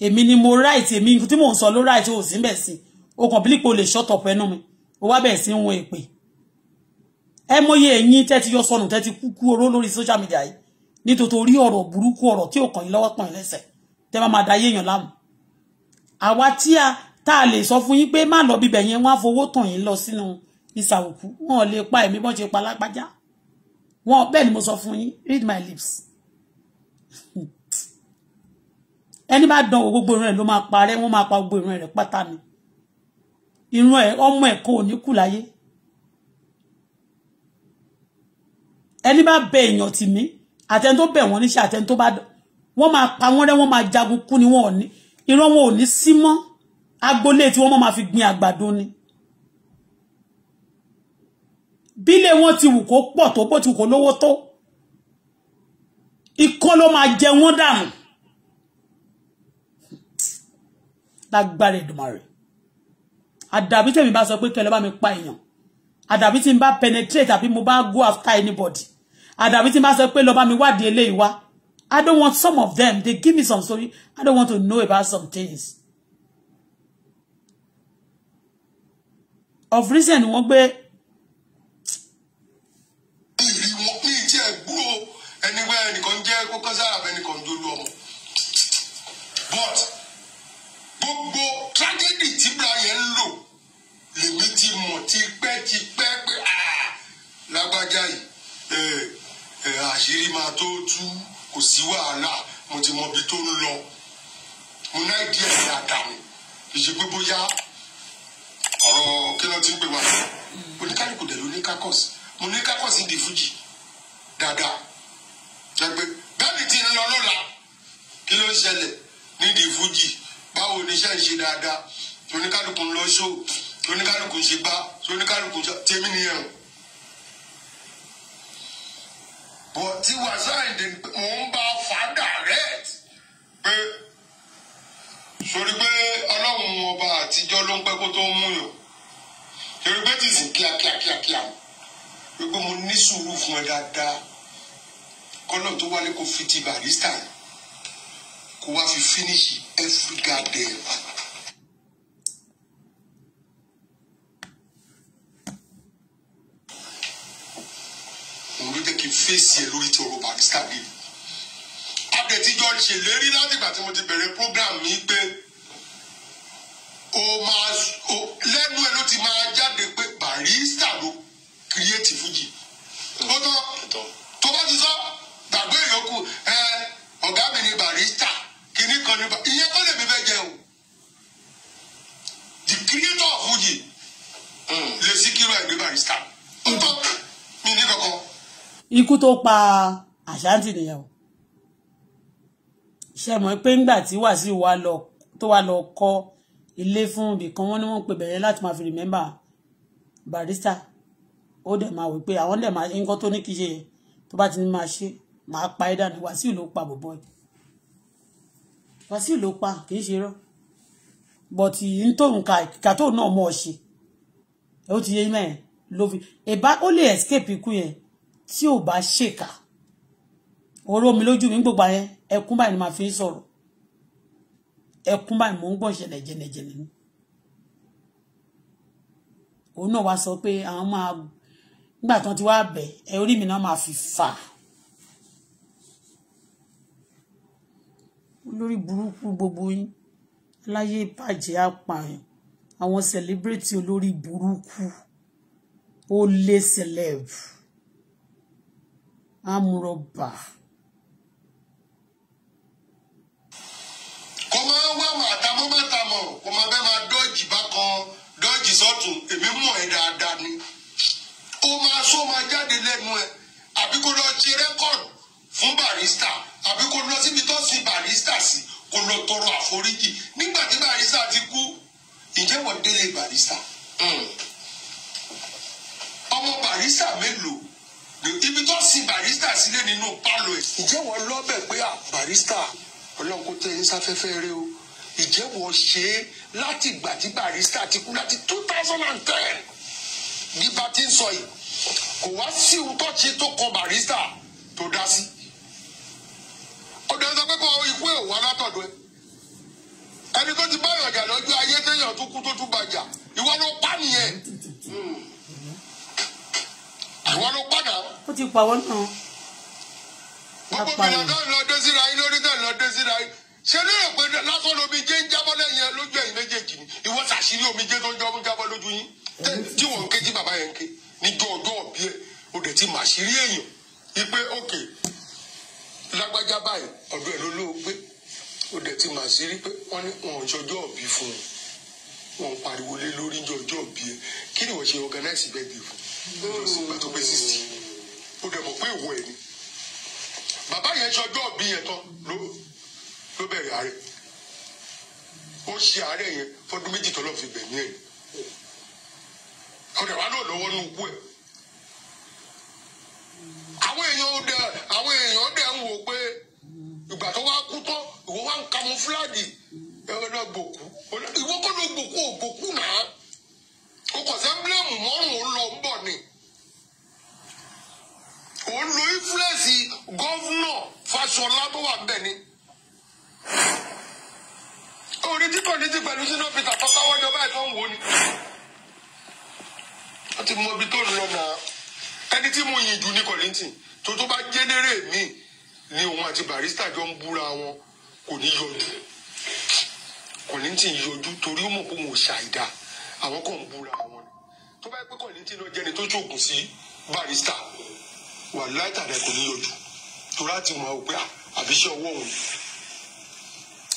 èmi ni mo right èmi tí mò ń sọ ló right ò sí bẹ̀ sí o kàn bílípò lè shut up ẹnu mi o wá bẹ̀ sí ń wọn èpè ẹ mọye ẹ̀yin tẹ́ ti yọ sọnù tẹ́ ti kúkú oró lórí social media yìí nítorí ọ̀rọ̀ burúkú ọ̀rọ̀ tí ò kàn yín lọ́wọ́ pọ̀n lẹ́sẹ̀ tẹ́ bá máa dayé èèyàn láàmú àwa tí a tá a lè sọ fún yín pé má lọ bíbẹ̀ yẹn wọ́n á fowó tàn yín lọ sínú ìsàwòkú wọn ò lè pa ẹ̀mí bọ́n ṣe pa lápájá wọn bẹ́ẹ̀ ni mo sọ fún yín read my lips. ẹni bá dán owó gbogbo irun ẹ̀ ló máa parẹ́ wọ́n máa pa gbogbo irun ẹ̀ rẹ̀ pátá ni irun ẹ̀ ọmọ ẹ̀ kò ní kù láyé ẹni bá bẹ èèyàn tì mí àtẹni tó bẹ̀ wọ́n níṣẹ́ àtẹni tó bá wọ́n máa pa wọ́n rẹ́ wọ́n máa jagun kú ni wọ́n ò ní irọ́ wọn ò ní sí mọ́ agboolé tí wọ́n máa fi gbin àgbàdo ni bílé wọn ti wù kó pọ̀ tó bó ti wù kó lówó tó ikọ́ ló máa jẹ wọ́n dànù lágbára Èdùmàrè àdàbí tèmi bá sọ pé kẹ́ lọ bá mi pa èèyàn àdàbí tí n bá penetrate àbí mo bá go after anybody àdàbí tí n bá sọ pé lọ bá mi wádìí eléyìí wá I don't want some of them they give me some story I don't want to know about some things. of recent wọ́n gbé. ìwọ mi ti ẹ gbúrò ẹni pé ẹnìkan jẹ kókó but gbogbo tragedy tí Brian ń lò lèmi ti mọ̀ tipẹ́tipẹ́ pé ah, lágbájá yìí àṣírí máa tó tú kò sí wàhálà mo ti mọ ibi tó ń lọ mo náà díẹ̀ ní àdàmú ìṣe pé bóyá ọ̀rọ̀ kí ló ti ń pè wá hmm. oníkálukú dẹ̀ ló ní kákọ́sì mo ní kákọ́sì di fújì dáadáa jẹ́ pé bẹ́ẹ̀ ni ti ń lọ lọ́la kí ló ń ṣẹlẹ̀ nídìí fújì báwo ni iṣẹ́ ń ṣe dáadáa oníkálukú ń lọ ṣó oníkálukú ń ṣe gbá oníkálukú ń ṣe tèmi nìyẹn. bọ̀ tí wàsá ìdè mò ń bá fa direct pé sori pé ọlọ́run ọba àtijọ́ ló ń pẹ́ kó tó ń múyàn torí pé tìsín kíákíákíá gbogbo mo ní sùúrù fún ẹ dáadáa kọ́lọ́ tó wálé kó fi ti Barrister yìí kó wá fi fínísì every goddamn. òun ló jẹ́ kí n fèsì ẹ lórí ti ọ̀rọ̀ Barrister Billy. abẹ́tíjọ́ ṣèlérí látìgbà tí mo ti bẹ̀rẹ̀ program mi pé o máa lẹ́nu ẹ ló ti máa jáde pé Barrister ló kírìẹ́tì fújì. ó tán tó bá ti sọ gbàgbé ìyókù ẹ ọ̀gá mi ni Barrister kìíní kan ba, ìyẹn kọ́ lè mi fẹ́ jẹ o the creator of Fuji hmm. lè Síkírù Àyìndé Barrister ntọ́ mi ní kankan. ikú tó pa àṣántì nìyẹn o ṣe mọ̀ pé ńgbà tí Wàsíù wa lọ tó wà lọ kọ́ ilé fún ibìkan wọn ni wọ́n pè bẹ̀rẹ̀ láti máa fi rìmẹ́mbà Barrister ó dẹ̀ máa wí pé àwọn dẹ̀ máa nǹkan tó ní kí ṣe tó bá ti ní máa ṣe máa pa ẹ́ dànù Wàsíù ló pa bọ̀bọ̀ yìí. Wàsíù ló pa kì í ṣe irọ́ but n tóun ka ìka tóun náà mọ̀ ọ́ ṣe ó ti yé mẹ́ẹ̀ ló fi ìbá ó lè escape ikú yẹn tí ò bá ṣèkà oró mi lójú mi gbogbo yẹn ẹkún báyìí ni màá fi ń sọ̀rọ̀ ẹkún báyìí mò ń gbọ̀n ṣẹlẹ̀ jẹnẹjẹnẹ ni òun náà wá sọ pé àwọn máa nígbà tán ti wá bẹ̀ ẹ orí mi náà máa fi fà á. olórí burúkú gbogbo yín láyé ìbàjẹ́ apààyàn àwọn sẹ̀lẹ́bírẹ́tì olórí burúkú ó lé celeb amúrọ̀bà. kò máa wá wà tamọ́ mẹ́ta mọ̀ kò máa bẹ́ẹ̀ máa dọ́ọ̀jì bákan dọ́ọ̀jì sọ́tún èmi mọ̀ ẹ́ dáadáa ni ó máa sọ máa jáde lẹ́nu ẹ̀ àbí kó lọ ṣe rẹ́kọ̀dù fún Barrister àbí kó lọ síbi tó sin barista sí kó lọ tọrọ àforíjì nígbà tí barista ti kú ǹjẹ́ wọ́n délé barista hmm. ọmọ barista mélòó ibi tó sin barista sílé nínú pálọ̀ ẹ̀. ǹjẹ́ wọ́n lọ́bẹ̀ pé à ah, barista ọlọ́run kó tẹ́ ní sáfẹ́fẹ́ rẹ o ǹjẹ́ wọ́n ṣe é láti ìgbà tí barista ti kú láti two thousand and ten bí bá ti ń sọ yìí kò wá sí ohun tó ṣe tó kọ barista tó dá sí ọdọ ẹ sọ pé kó ikú ẹ wà látọ̀dọ̀ ẹ ẹni tó ti bá ìrọ̀jà lọ́jọ́ ayé téèyàn tó kú tó tún bàjà ìwọ ló pa nìyẹn hmm. ìwọ ló pa náà. ó ti pàwọ́ náà. gbogbo bìnrin náà lọ dé síra yín lórí náà lọ dé síra yín ṣé ní ìpè lásán lomijé ń jábọ́ lẹ́yìn lójú ẹ̀yìn méjèèjì ni ìwọ ṣàṣírí omijé tó ń jábọ́ lójú yín tí wọ́n ń ké tí bàbá yẹn ń ké níjọ́ ọjọ́ ọ̀bí ẹ̀ ó dẹ̀ màṣírí èèyàn ìpè òkè lágbájá báyìí ọ̀dọ̀ ẹ̀ ló lóò gbé ó dẹ̀ ti mà sí rí pé wọ́n ní wọn ṣọjọ́ òbí fún un wọn pariwo lé lórí ọjọ́ òbí ẹ kí ni wọ́n ṣe organize birthday fún un ó dẹ̀ mọ̀ pé ìwọ ẹ̀ ni bàbá yẹn ṣọjọ́ òbí yẹn tán ló bẹ̀rẹ̀ àárẹ̀ ó ṣe àárẹ̀ yẹn fọdún méjì tọ́lọ́ fi gbẹ̀mí ẹ̀ ọ̀dẹ̀ wa náà lọ́wọ́ nù kú ẹ̀ àwọn èèyàn ó dẹ àwọn èèyàn ó ń wò pé ìgbà tó wá kú tán ìwọ wá ń gbòkú ìwọ ló gbòkú ò gbòkú náà o kò sẹ́ńbílẹ̀mù mọ́rùn ún lọ ń bọ̀ ni ò ń lo ífúlẹ̀sì gọ́fúnà tó wà bẹ́ẹ̀ ni orí tí kò ní ti pẹ̀lú sínú Peter báyìí tó ń wò ni wọ́n ti mọ ibi lọ náà. ẹni tí mo yìn jù ní Kollington tó tó bá jẹ́nẹ́rẹ́ mi ni òun àti Barrister jọ ń búra wọn kò ní yọjú Kollington yọjú torí ó mọ̀ pé òun ò ṣàìdá àwọn kan ń búra wọn tó bá yẹ pé Kollington náà jẹ́ni tó ṣògùn sí Barrister wà látàrí kò ní yọjú torí àti mọ̀ ọ́ pé àbíṣẹ́ ọwọ́ òun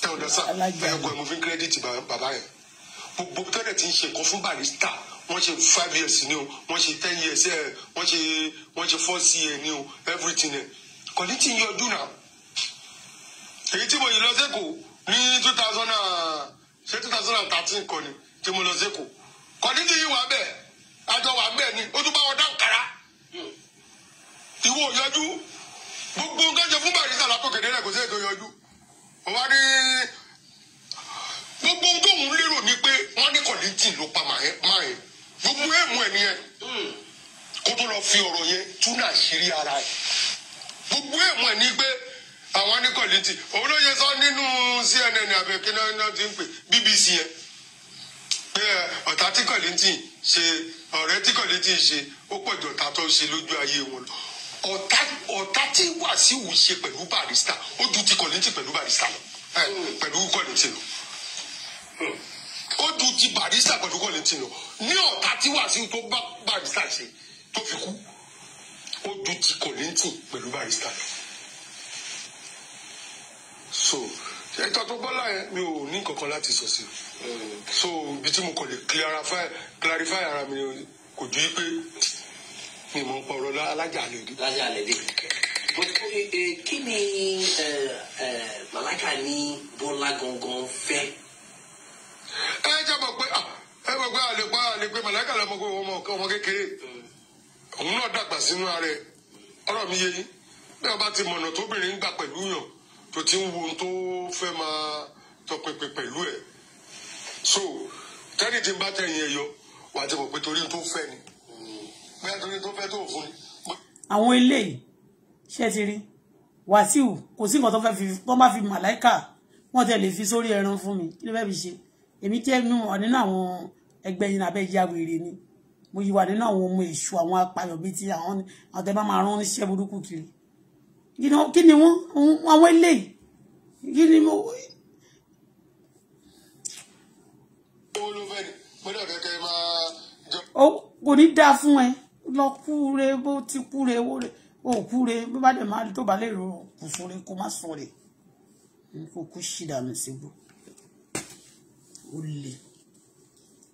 ẹ ọ̀dọ́sà ẹ ọgbọ́n kírẹ́dìtì bàbá yẹn gbogbo tẹ́lẹ̀ ti ń ṣe nǹkan fún Barrister wọ́n ṣe five years ni o wọ́n ṣe ten years ẹ̀ eh, wọ́n ṣe wọ́n ṣe four years ni o everything ẹ̀ kò ní tí ń yọjú náà èyí tí mo yìí lọ sẹ́kọ̀ọ́ ní two thousand and ṣé two thousand and thirteen kọ́ ni tí mo lọ sẹ́kọ̀ọ́ kò ní tí yìí wà bẹ́ẹ̀ àjọ wà bẹ́ẹ̀ ni ó tún bá wọn dá kàrá ìwọ yọjú gbogbo nǹkan jẹ fún bàrísà látòkèdè rẹ kò sí ètò yọjú wọn wá ní gbogbo ohun tóun lérò ni pé wọn ní kọ̀ọ̀lì tì ló pa máa yẹn gbogbo èèmù ẹ̀ nìyẹn kó tó lọ fi ọ̀rọ̀ yẹn tún náà ṣeré ara ẹ̀ gbogbo èèmù ẹ̀ ní pé àwọn anìkọ̀lẹ́tì òun ló yẹ sọ nínú CNN abẹ́kínná náà ti ń pè BBC yẹn pé ọ̀tá tí kọ̀lẹ́tì ṣe ọ̀rẹ́ tí kọ̀lẹ́tì ṣe ó pọ̀ jù ọ̀tá tó ń ṣe lójú ayé wọn lọ ọ̀tá ọ̀tá tí Wàsíù ṣe pẹ̀lú Barrister ó ju ti kọ̀lẹ́tì pẹ̀lú Barrister lọ pẹ̀lú kọ̀lẹ́tì lọ ó ju ti barista pẹ̀lú Kollington lọ ní ọ̀tá tí Wàsíù tó bá barista ṣe tó fi kú ó ju ti Kollington pẹ̀lú barista lọ. so ẹ̀ka tó bọ́lá yẹn mi ò ní kankan láti sọ sí i so ibi tí mo kàn lè clarify ara mi kò ju pé mi mọ̀ ń pa ọ̀rọ̀ alájà àlèdè. alájà eh, eh, kí ni eh, Màláíkà ní Bọ́lá gangan fẹ́ ẹ jẹ́ mọ̀ pé ah, ẹ mọ̀ pé àlepá àlepé màláìka lọ́mọ pé ọmọ kékeré òun náà dàgbà sínú ara ẹ ọ̀rọ̀ mi yé yín bí wọ́n bá ti mọ̀nà tóbìnrin ń gbà pẹ̀lú yàn tó ti ń wo ohun tó fẹ́ máa tọpinpin pẹ̀lú ẹ̀ so tẹ́lẹ̀ tí n bá tẹ̀yìn ẹ̀ yọ wàá ti mọ̀ pé torí tó fẹ́ ni bóyá torí tó fẹ́ tó fún ni. àwọn eléyìí ṣé ti rí Wàsíù kò sí nǹkan tó fẹ́ fi tó má fi màláìkà wọ́n tẹ̀ lè fi sórí ẹran fún mi kí ló fẹ́ fi ṣe èmi jẹ́ nínú àwọn ẹgbẹ́ yín abẹ́ yá wèrè ni mo yí wà nínú àwọn ọmọ èṣù àwọn apayọ̀ bíi ti àwọn àwọn tẹ́lẹ̀ máa rán oníṣẹ́ burúkú kiri kí ni wọ́n àwọn eléyìí kí ni mo. ó kò ní dáa fún ẹ lọ kúre bó ti kúre ó kúre bó bá dẹ̀ máa tó bá lè rò kùsùn rẹ kó má sùn rẹ kó kú ṣì dànù sígbó ó lè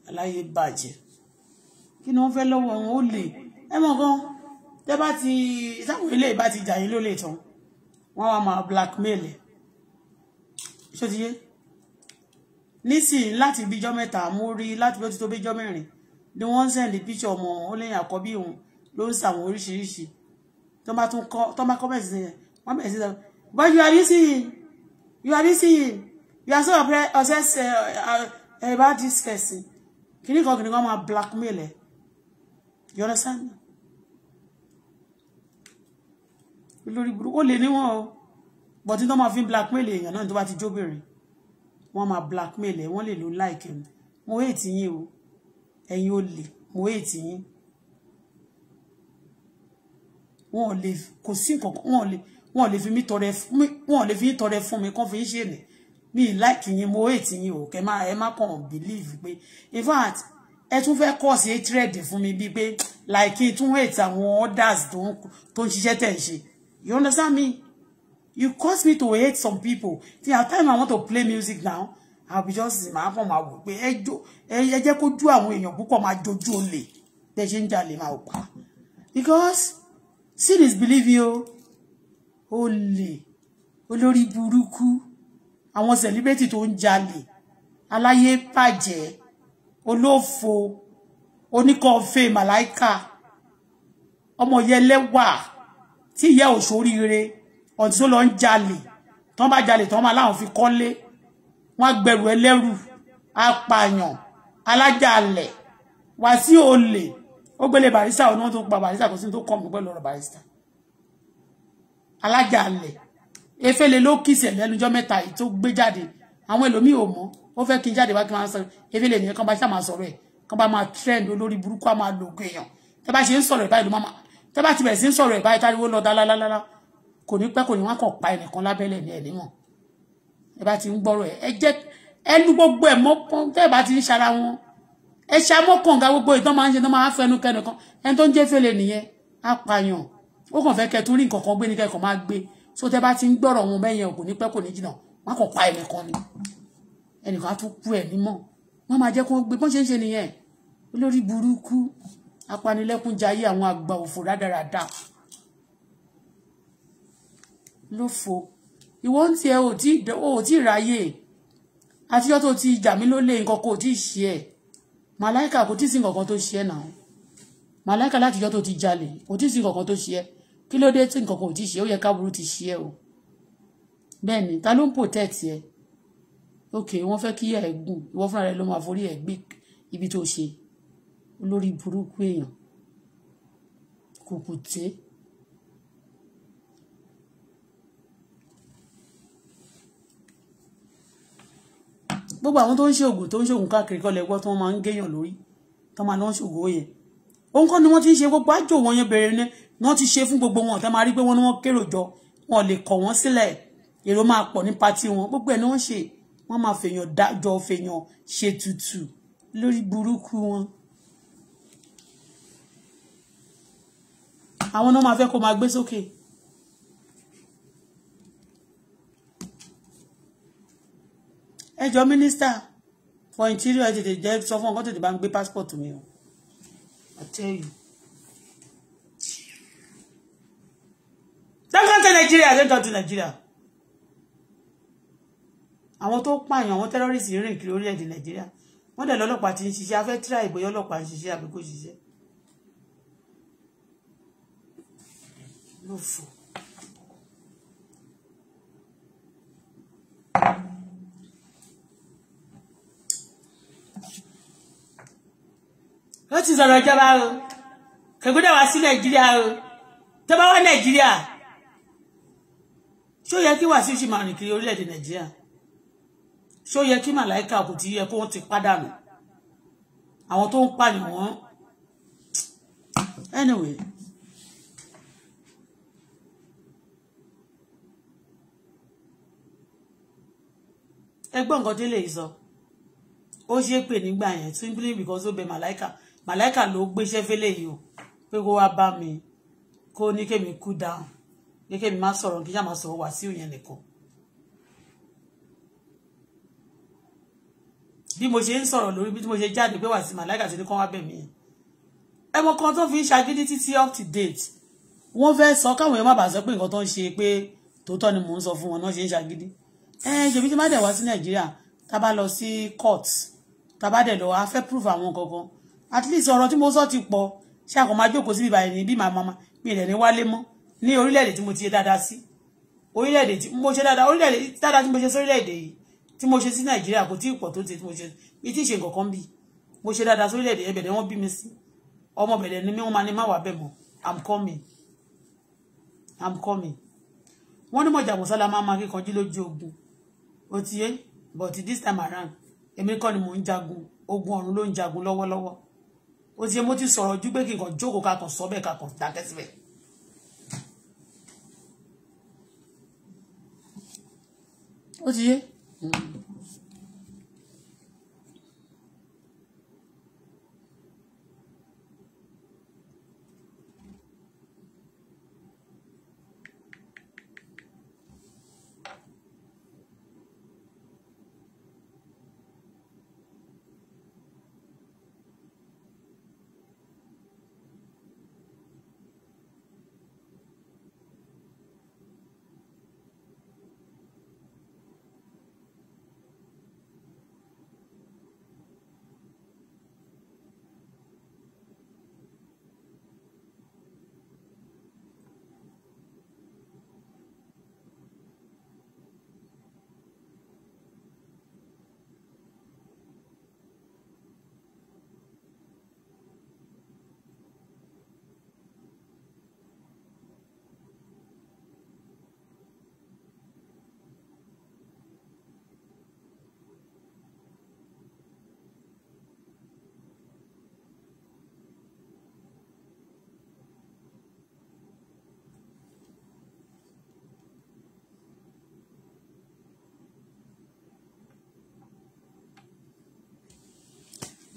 aláyé bàjẹ́ kí ni wọ́n fẹ́ lọ́wọ́ wọn ó lè ẹ mọ̀ gan tẹ́ bá ti sáwọn ilé ìbá ti jà yín ló lè tán wọ́n wá máa blackmail ẹ̀ ṣó ti yé nísìnyí láti bíjọ́ mẹ́ta mo rí láti bí ó ti tó bíjọ́ mẹ́rin ni wọ́n ń sẹ́ndì píṣọ̀ ọmọ ó lẹ́yìn àkọ́bí òun ló ń sàwọn oríṣiríṣi tó bá tún kọ́ tó bá kọ́ bẹ̀rẹ̀ sí yẹn wọ́n bẹ̀rẹ̀ sí yẹn but you are using you are using you are so obsessed uh, uh, uh, about this person kìnnì kan kìnnì kan máa blackmail ẹ e. you understand me olórí burúkú ó lè níwọ̀n o bọ̀tí tó máa fi blackmail èèyàn náà tó bá ti jóbìnrin wọ́n máa blackmail ẹ̀ wọ́n lè lo like ẹ̀ mo hate yín o ẹ̀yin ò lè mo hate yín wọ́n ò lè kò sí nǹkan wọ́n ò lè wọ́n fi mí tọrẹ fún mi wọ́n ò fi mí tọrẹ mi kán fi ń ṣe mi like yín mo hate yín o kẹ ma, ẹ má kàn believe pé in fact ẹ tún fẹ́ cause hatred fún mi bíi pé like it tún hate àwọn others tó ń ṣiṣẹ́ tẹ̀ ń you understand me you cause me to hate some people till at time I want to play music now I'll be just máa kàn máa wò pé ẹ jẹ́ kó ju àwọn èèyàn púpọ̀ máa jojú olè bẹ́ẹ̀ ṣe ń jalè máa pa because sin is believe you holy, olórí buruku àwọn celebrity tó ń jalè aláyé bàjẹ́ olófo oníkọ̀ọ́fẹ́ màláìkà ọmọ yẹlẹ́wà tí ìyá òṣòríire ọ̀tí tó lọ ń jalè tán bá jalè tán máa láwọn fi kọ́lé wọ́n gbẹ̀rù ẹlẹ́rù apààyàn alájàalẹ̀ wá sí olè ó gbélé barista ọ̀nà tó pa barista kò sí tó kọ́ mi pẹ̀lú ọ̀rọ̀ barista alájàalẹ̀ efele ló kìsẹ̀ e lẹ́nujọ́ mẹ́ta yìí tó gbé jáde àwọn ẹlòmíì ò mọ̀ ó fẹ́ kí n jáde wá kí n máa sọ efele nìyẹn e, kan bá ṣáà máa sọ̀rọ̀ ẹ̀ e, kan bá máa trend olórí burúkú á máa lògùn èèyàn tẹ́ bá ṣe ń sọ̀rọ̀ ẹ̀ báyìí ló máa tẹ́ bá ti bẹ̀rẹ̀ sí ń sọ̀rọ̀ ẹ̀ báyìí táriwo lọ dálálálára kò ní pẹ́ kò ní wọ́n kàn pa ẹnìkan lábẹ́lẹ̀ ní ẹ̀nímọ̀ ẹ bá ti ń gbọ́rọ̀ ẹ̀ ẹ jẹ́ ẹnu gbogbo ẹ̀ mọ́ tẹ́ bá ti ń ṣara wọn ẹ ṣe amọ́kànga gbogbo ìtàn máa ń ṣe tán máa ń fẹnu kẹnìkan ẹni tó ń jẹ́ fèlè nìyẹn á pààyàn ó kàn fẹ́ kẹ́ tó rí nǹkan kan gbé ní kẹ́kọ̀ọ́ máa gbé so tẹ́ bá ti ń gbọ́rọ̀ wọn bẹ́yẹn ò kò ní pẹ́ kò ní jìnnà wọn kò pa ẹnì kan ni ẹnìkan á tún kú ẹ̀ nímọ̀ wọn máa jẹ́ kó gbé bọ́n ṣe ń ṣe nìyẹn olórí burúkú apanilẹ́kúnjayé àwọn àgbà òfò rádaràda lófo ìwọ ń tiẹ̀ ò tí ì ráyè àtijọ́ tó ti jà mí lólè nǹkan kò tí ì ṣe ẹ̀ màláìkà kò tí ì sí nǹkan kan tó ṣe ẹ̀ náà màláìkà látijọ́ tó ti jalè kò tí ì sí nǹkan kan tó ṣe ẹ̀ kí ló dé tí nǹkan kan ò ti ṣe ó yẹ káburú ti ṣe ẹ o bẹ́ẹ̀ ni ta ló ń protect ẹ ok wọ́n fẹ́ kí ẹ gùn ìwọ fúnra rẹ ló máa forí ẹ gbé ibi tó ṣe olórí burúkú èèyàn kùkùté. gbogbo àwọn tó ń ṣe oògùn tó ń ṣe oògùn káàkiri kọ́ lẹ́gbọ́ tó máa ń géèyàn lórí tó máa lọ́n ṣògo yẹn òun kọ́ ni wọ́n ti ń ṣe gbogbo àjò wọn yẹn bẹ̀rẹ̀ ní wọ́n ti ṣe fún gbogbo wọn ọ̀tá máa rí pé wọ́n ní wọ́n kérò jọ wọn lè kọ̀ wọ́n sílẹ̀ èrò máa pọ̀ ní pati wọn gbogbo ẹ̀ ni wọ́n ṣe wọ́n máa fèèyàn dájọ́ fèèyàn ṣe tutù lórí burúkú wọn. àwọn náà máa fẹ́ kó máa gbé sókè. ẹ jọ mínísítà for interior ẹ tètè jẹ sọ fún ọkọ tètè bá ń gbé passport mi o i tell you. don't come to Nigeria don't come to Nigeria àwọn tó pààyàn àwọn tẹ́rọ́rìsì rìn kiri Nigeria. èdè Nigeria. wọ́n dẹ̀ lọ́lọ́pàá ti ń Nigeria. afẹ́ tíra ìbòyá ọlọ́pàá ń ṣiṣẹ́ àbí Nigeria. ṣiṣẹ́ lófò. ó ti sọ̀rọ̀ ìjọba o kẹ̀gbọ́dọ̀ wá Nigeria. nàìjíríà o Nigeria. bá wá nàìjíríà ṣó yẹ kí Wàsíù ṣì máa rìn kiri orílẹ̀-èdè Nàìjíríà ṣó yẹ kí màláìka kò ti yẹ kó wọ́n ti pàdánù àwọn tó ń pààyàn wọ́n anyway. ẹgbọ́n nǹkan délé yìí sọ ó ṣe é pè nígbà yẹn simply because ó bẹ màláìka màláìka ló gbéṣẹ́ fẹ́lẹ́ yìí o pé kó wá bá mi kó ní kémi cool down gẹ́gẹ́ mi máa sọ̀rọ̀ kí n yá máa sọ̀rọ̀ Wàsíù yẹn nìkan bí mo ṣe ń sọ̀rọ̀ lórí bí mo ṣe jáde pé Wàsíù màláìka ti ní kán wá bẹ̀ mí yẹn ẹmọ kan tó fi ń ṣagídí títí up to date wọ́n fẹ́ sọ káwọn èèyàn má bàa sọ pé nǹkan tó ń ṣe pé tòótọ́ ni mò ń sọ fún wọn náà ṣe ń ṣagídí ẹ ṣèbí tí má dẹ̀ wá sí Nàìjíríà tá a bá lọ sí court tá a bá dẹ̀ lọ a fẹ́ proof àwọn kankan at least ọ̀rọ̀ tí mo sọ ti pọ̀ ṣé àkọ́ máa jókòó síbi ìbàyẹn ní bí màá máa mi ìrẹ̀ wálé mọ́ ní orílẹ̀-èdè tí mo ti ṣe dáadáa sí orílẹ̀-èdè tí mo ṣe dáadáa orílẹ̀-èdè dáadáa tí mo ṣe sí orílẹ̀-èdè yìí tí mo ṣe sí nàìjíríà kò tí ì pọ̀ tó ti tí mo ṣe mi tí ṣe nǹkan bí mo ṣe dáadáa sí orílẹ̀-èdè yẹn bẹ̀rẹ̀ wọ́n bí mi sí ọmọ bẹ̀rẹ̀ ni mi wọ́n máa ní má wà bẹ̀ mọ́ i'm coming i'm coming wọ́n ní mọ̀jà mọ̀sálà máa máa kíkanjú lójú ogun ó ti yé but this time around èmi kọ́ ni mò ń jagun ogun ọ̀run ló ń jagun lọ́wọ́lọ́wọ́ ó ti yé mo ti sọ̀rọ̀ ojú pé kí jókòó kakàn sọ kakàn dákẹ́ síbẹ̀ 我姐，嗯。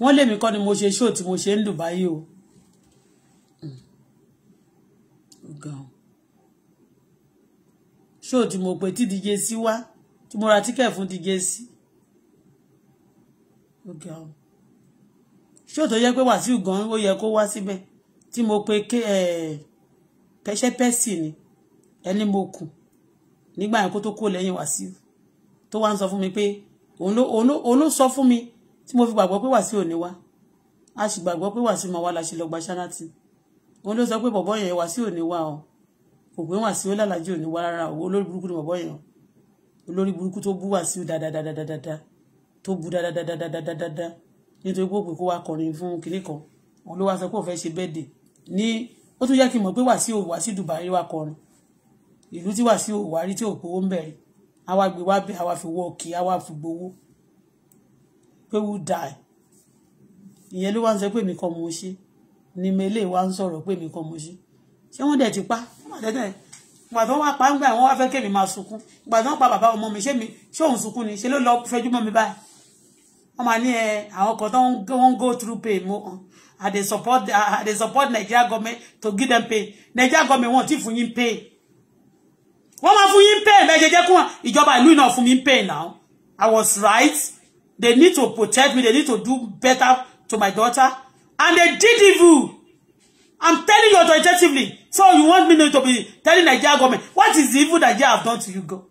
wọ́n lèmi kọ́ ni mo ṣe ṣó tí mo ṣe ń Dubai o. ṣó tí mo pè tí DJ sí wá tí mo ra tíkẹ̀ fún DJ sí. ṣó tó yẹ pé Wàsíù gan ó yẹ kó wá síbẹ̀ tí mo pe pẹ́ṣẹ́pẹ́sì ni ẹni mo kù nígbà yẹn kó tó kó lẹ́yìn Wàsíù tó wá ń sọ fún mi pé òun ló sọ fún mi tí mo fi gbàgbọ́ pé Wàsíù ò ní wá a sì gbàgbọ́ pé Wàsíù máa wá la ṣe lọ gba ṣáláàtì wọn ló sọ pé bọ̀bọ́ yẹn Wàsíù ò ní wá o kò pé Wàsíù lálàjì ò ní wá rárá o olórí burúkú ni bọ̀bọ́ yẹn olórí burúkú tó bú Wàsíù dáadáa tó bú dáadáa nítorí pé ó pè kó wá kọrin fún kinní kan òun ló wá sọ pé òun fẹ́ ṣe bẹ́ẹ̀dẹ̀ ní ó tún yẹ kí n mọ̀ pé Wàsíù wá sí Dubai wá kọrin ìlú tí Wàsíù wá rí tí òkú ó ń bẹ̀rẹ̀ àwa gbé wá bẹ̀ àwa fi wọ́ àwa fi gbowó pé who die ìyẹn ló wá ń sọ pé mi kọ́ mo ṣe ni mele wa ń sọ̀rọ̀ pé mi kọ́ mo ṣe ṣé wọ́n dẹ̀ ti pa ìgbà tó wá pa ńgbà wọn wá fẹ́ kémi máa sunkún ìgbà tó ń pa bàbá ọmọ mi ṣé mi ṣé òun sunkún ni ṣé ló lọ fẹjú mọ́ mi báyìí wọ́n máa ní ẹ àwọn kan tó ń go through pain mo kàn i dey support i dey support nigeria government to give them pay nigeria government wọn ti fún yín pay wọ́n máa fún yín pay mẹ́jẹ̀jẹ̀ kún ìjọba ìlú náà fún mi pay now i was right They need to protect me. They need to do better to my daughter. And they did evil. I'm telling you authoritatively. So you want me to be telling Nigeria government, what is the evil that Nigeria have done to you, God?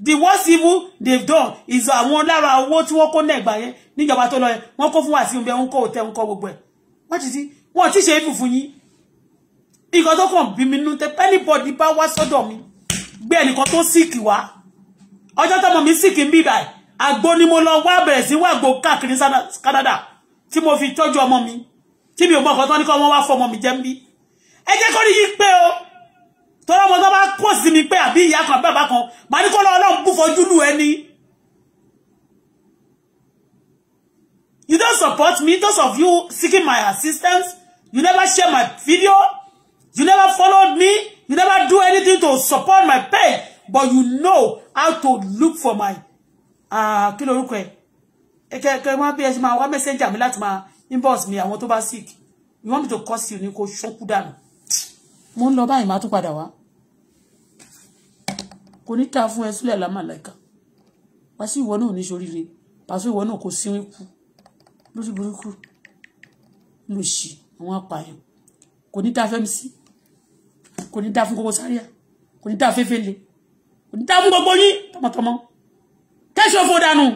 The worst evil they've done is I lára owó tí wọ́n kó nẹ́gbà yẹn níjọba tó lọ yẹn wọ́n kó fún wa sí omi ẹ̀hún kó tẹ̀ ń kọ́ gbogbo ẹ̀ wọ́n ti ti wọ́n ti ṣe evil fún yín nǹkan tó kàn bí mi nú tẹ anybody bá wá sọ́dọ̀ mi gbé ẹnìkan tó síìkì wá ọjọ́ tọmọ mi síìkì ń bí báyìí àgbo ni mo lọ wá bẹ̀rẹ̀ sí wàgbo káàkiri Canada tí mo fi tọ́jú ọmọ mi tí mi ò mọ nǹkan ní kọ́ wọ́n wá fọmọ mi jẹ́ ń bí ẹ jẹ́ kó rí yí pé o tọ́lá ọmọ tó bá kó sí mi pé àbí ìyá kan bàbá kan màá ní kó lọ ọlọ́run bú fojú lù ẹni. you don't support me those of you seeking my assistance you never share my video you never followed me you never do anything to support my page but you know how to look for my kí lorúkọ ẹ̀ kẹ́kẹ́ wọ́n bí ẹ ṣe máa wá mẹ́sẹ́ńjà mi láti máa inbox mi àwọn tó bá sick you want me to cause you ní kó ṣókú dànù mo ń lọ báyìí máa tún padà wá kò ní ta fún ẹ sílẹ̀ lámàlẹ́kà wá sí ìwọ náà níṣoríire pàṣẹ ìwọ náà kò síwín kú lórí burúkú lò sí àwọn apààyàn kò ní ta fẹ́mi sí kò ní ta fún gbogbo sáríà kò ní ta fẹ́fẹ́ le kò ní ta fún gbogbo yín tọmọtọmọ kẹ́sọ̀ fò dànù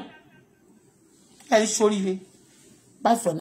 ẹ̀ ń ṣoríire bye for now.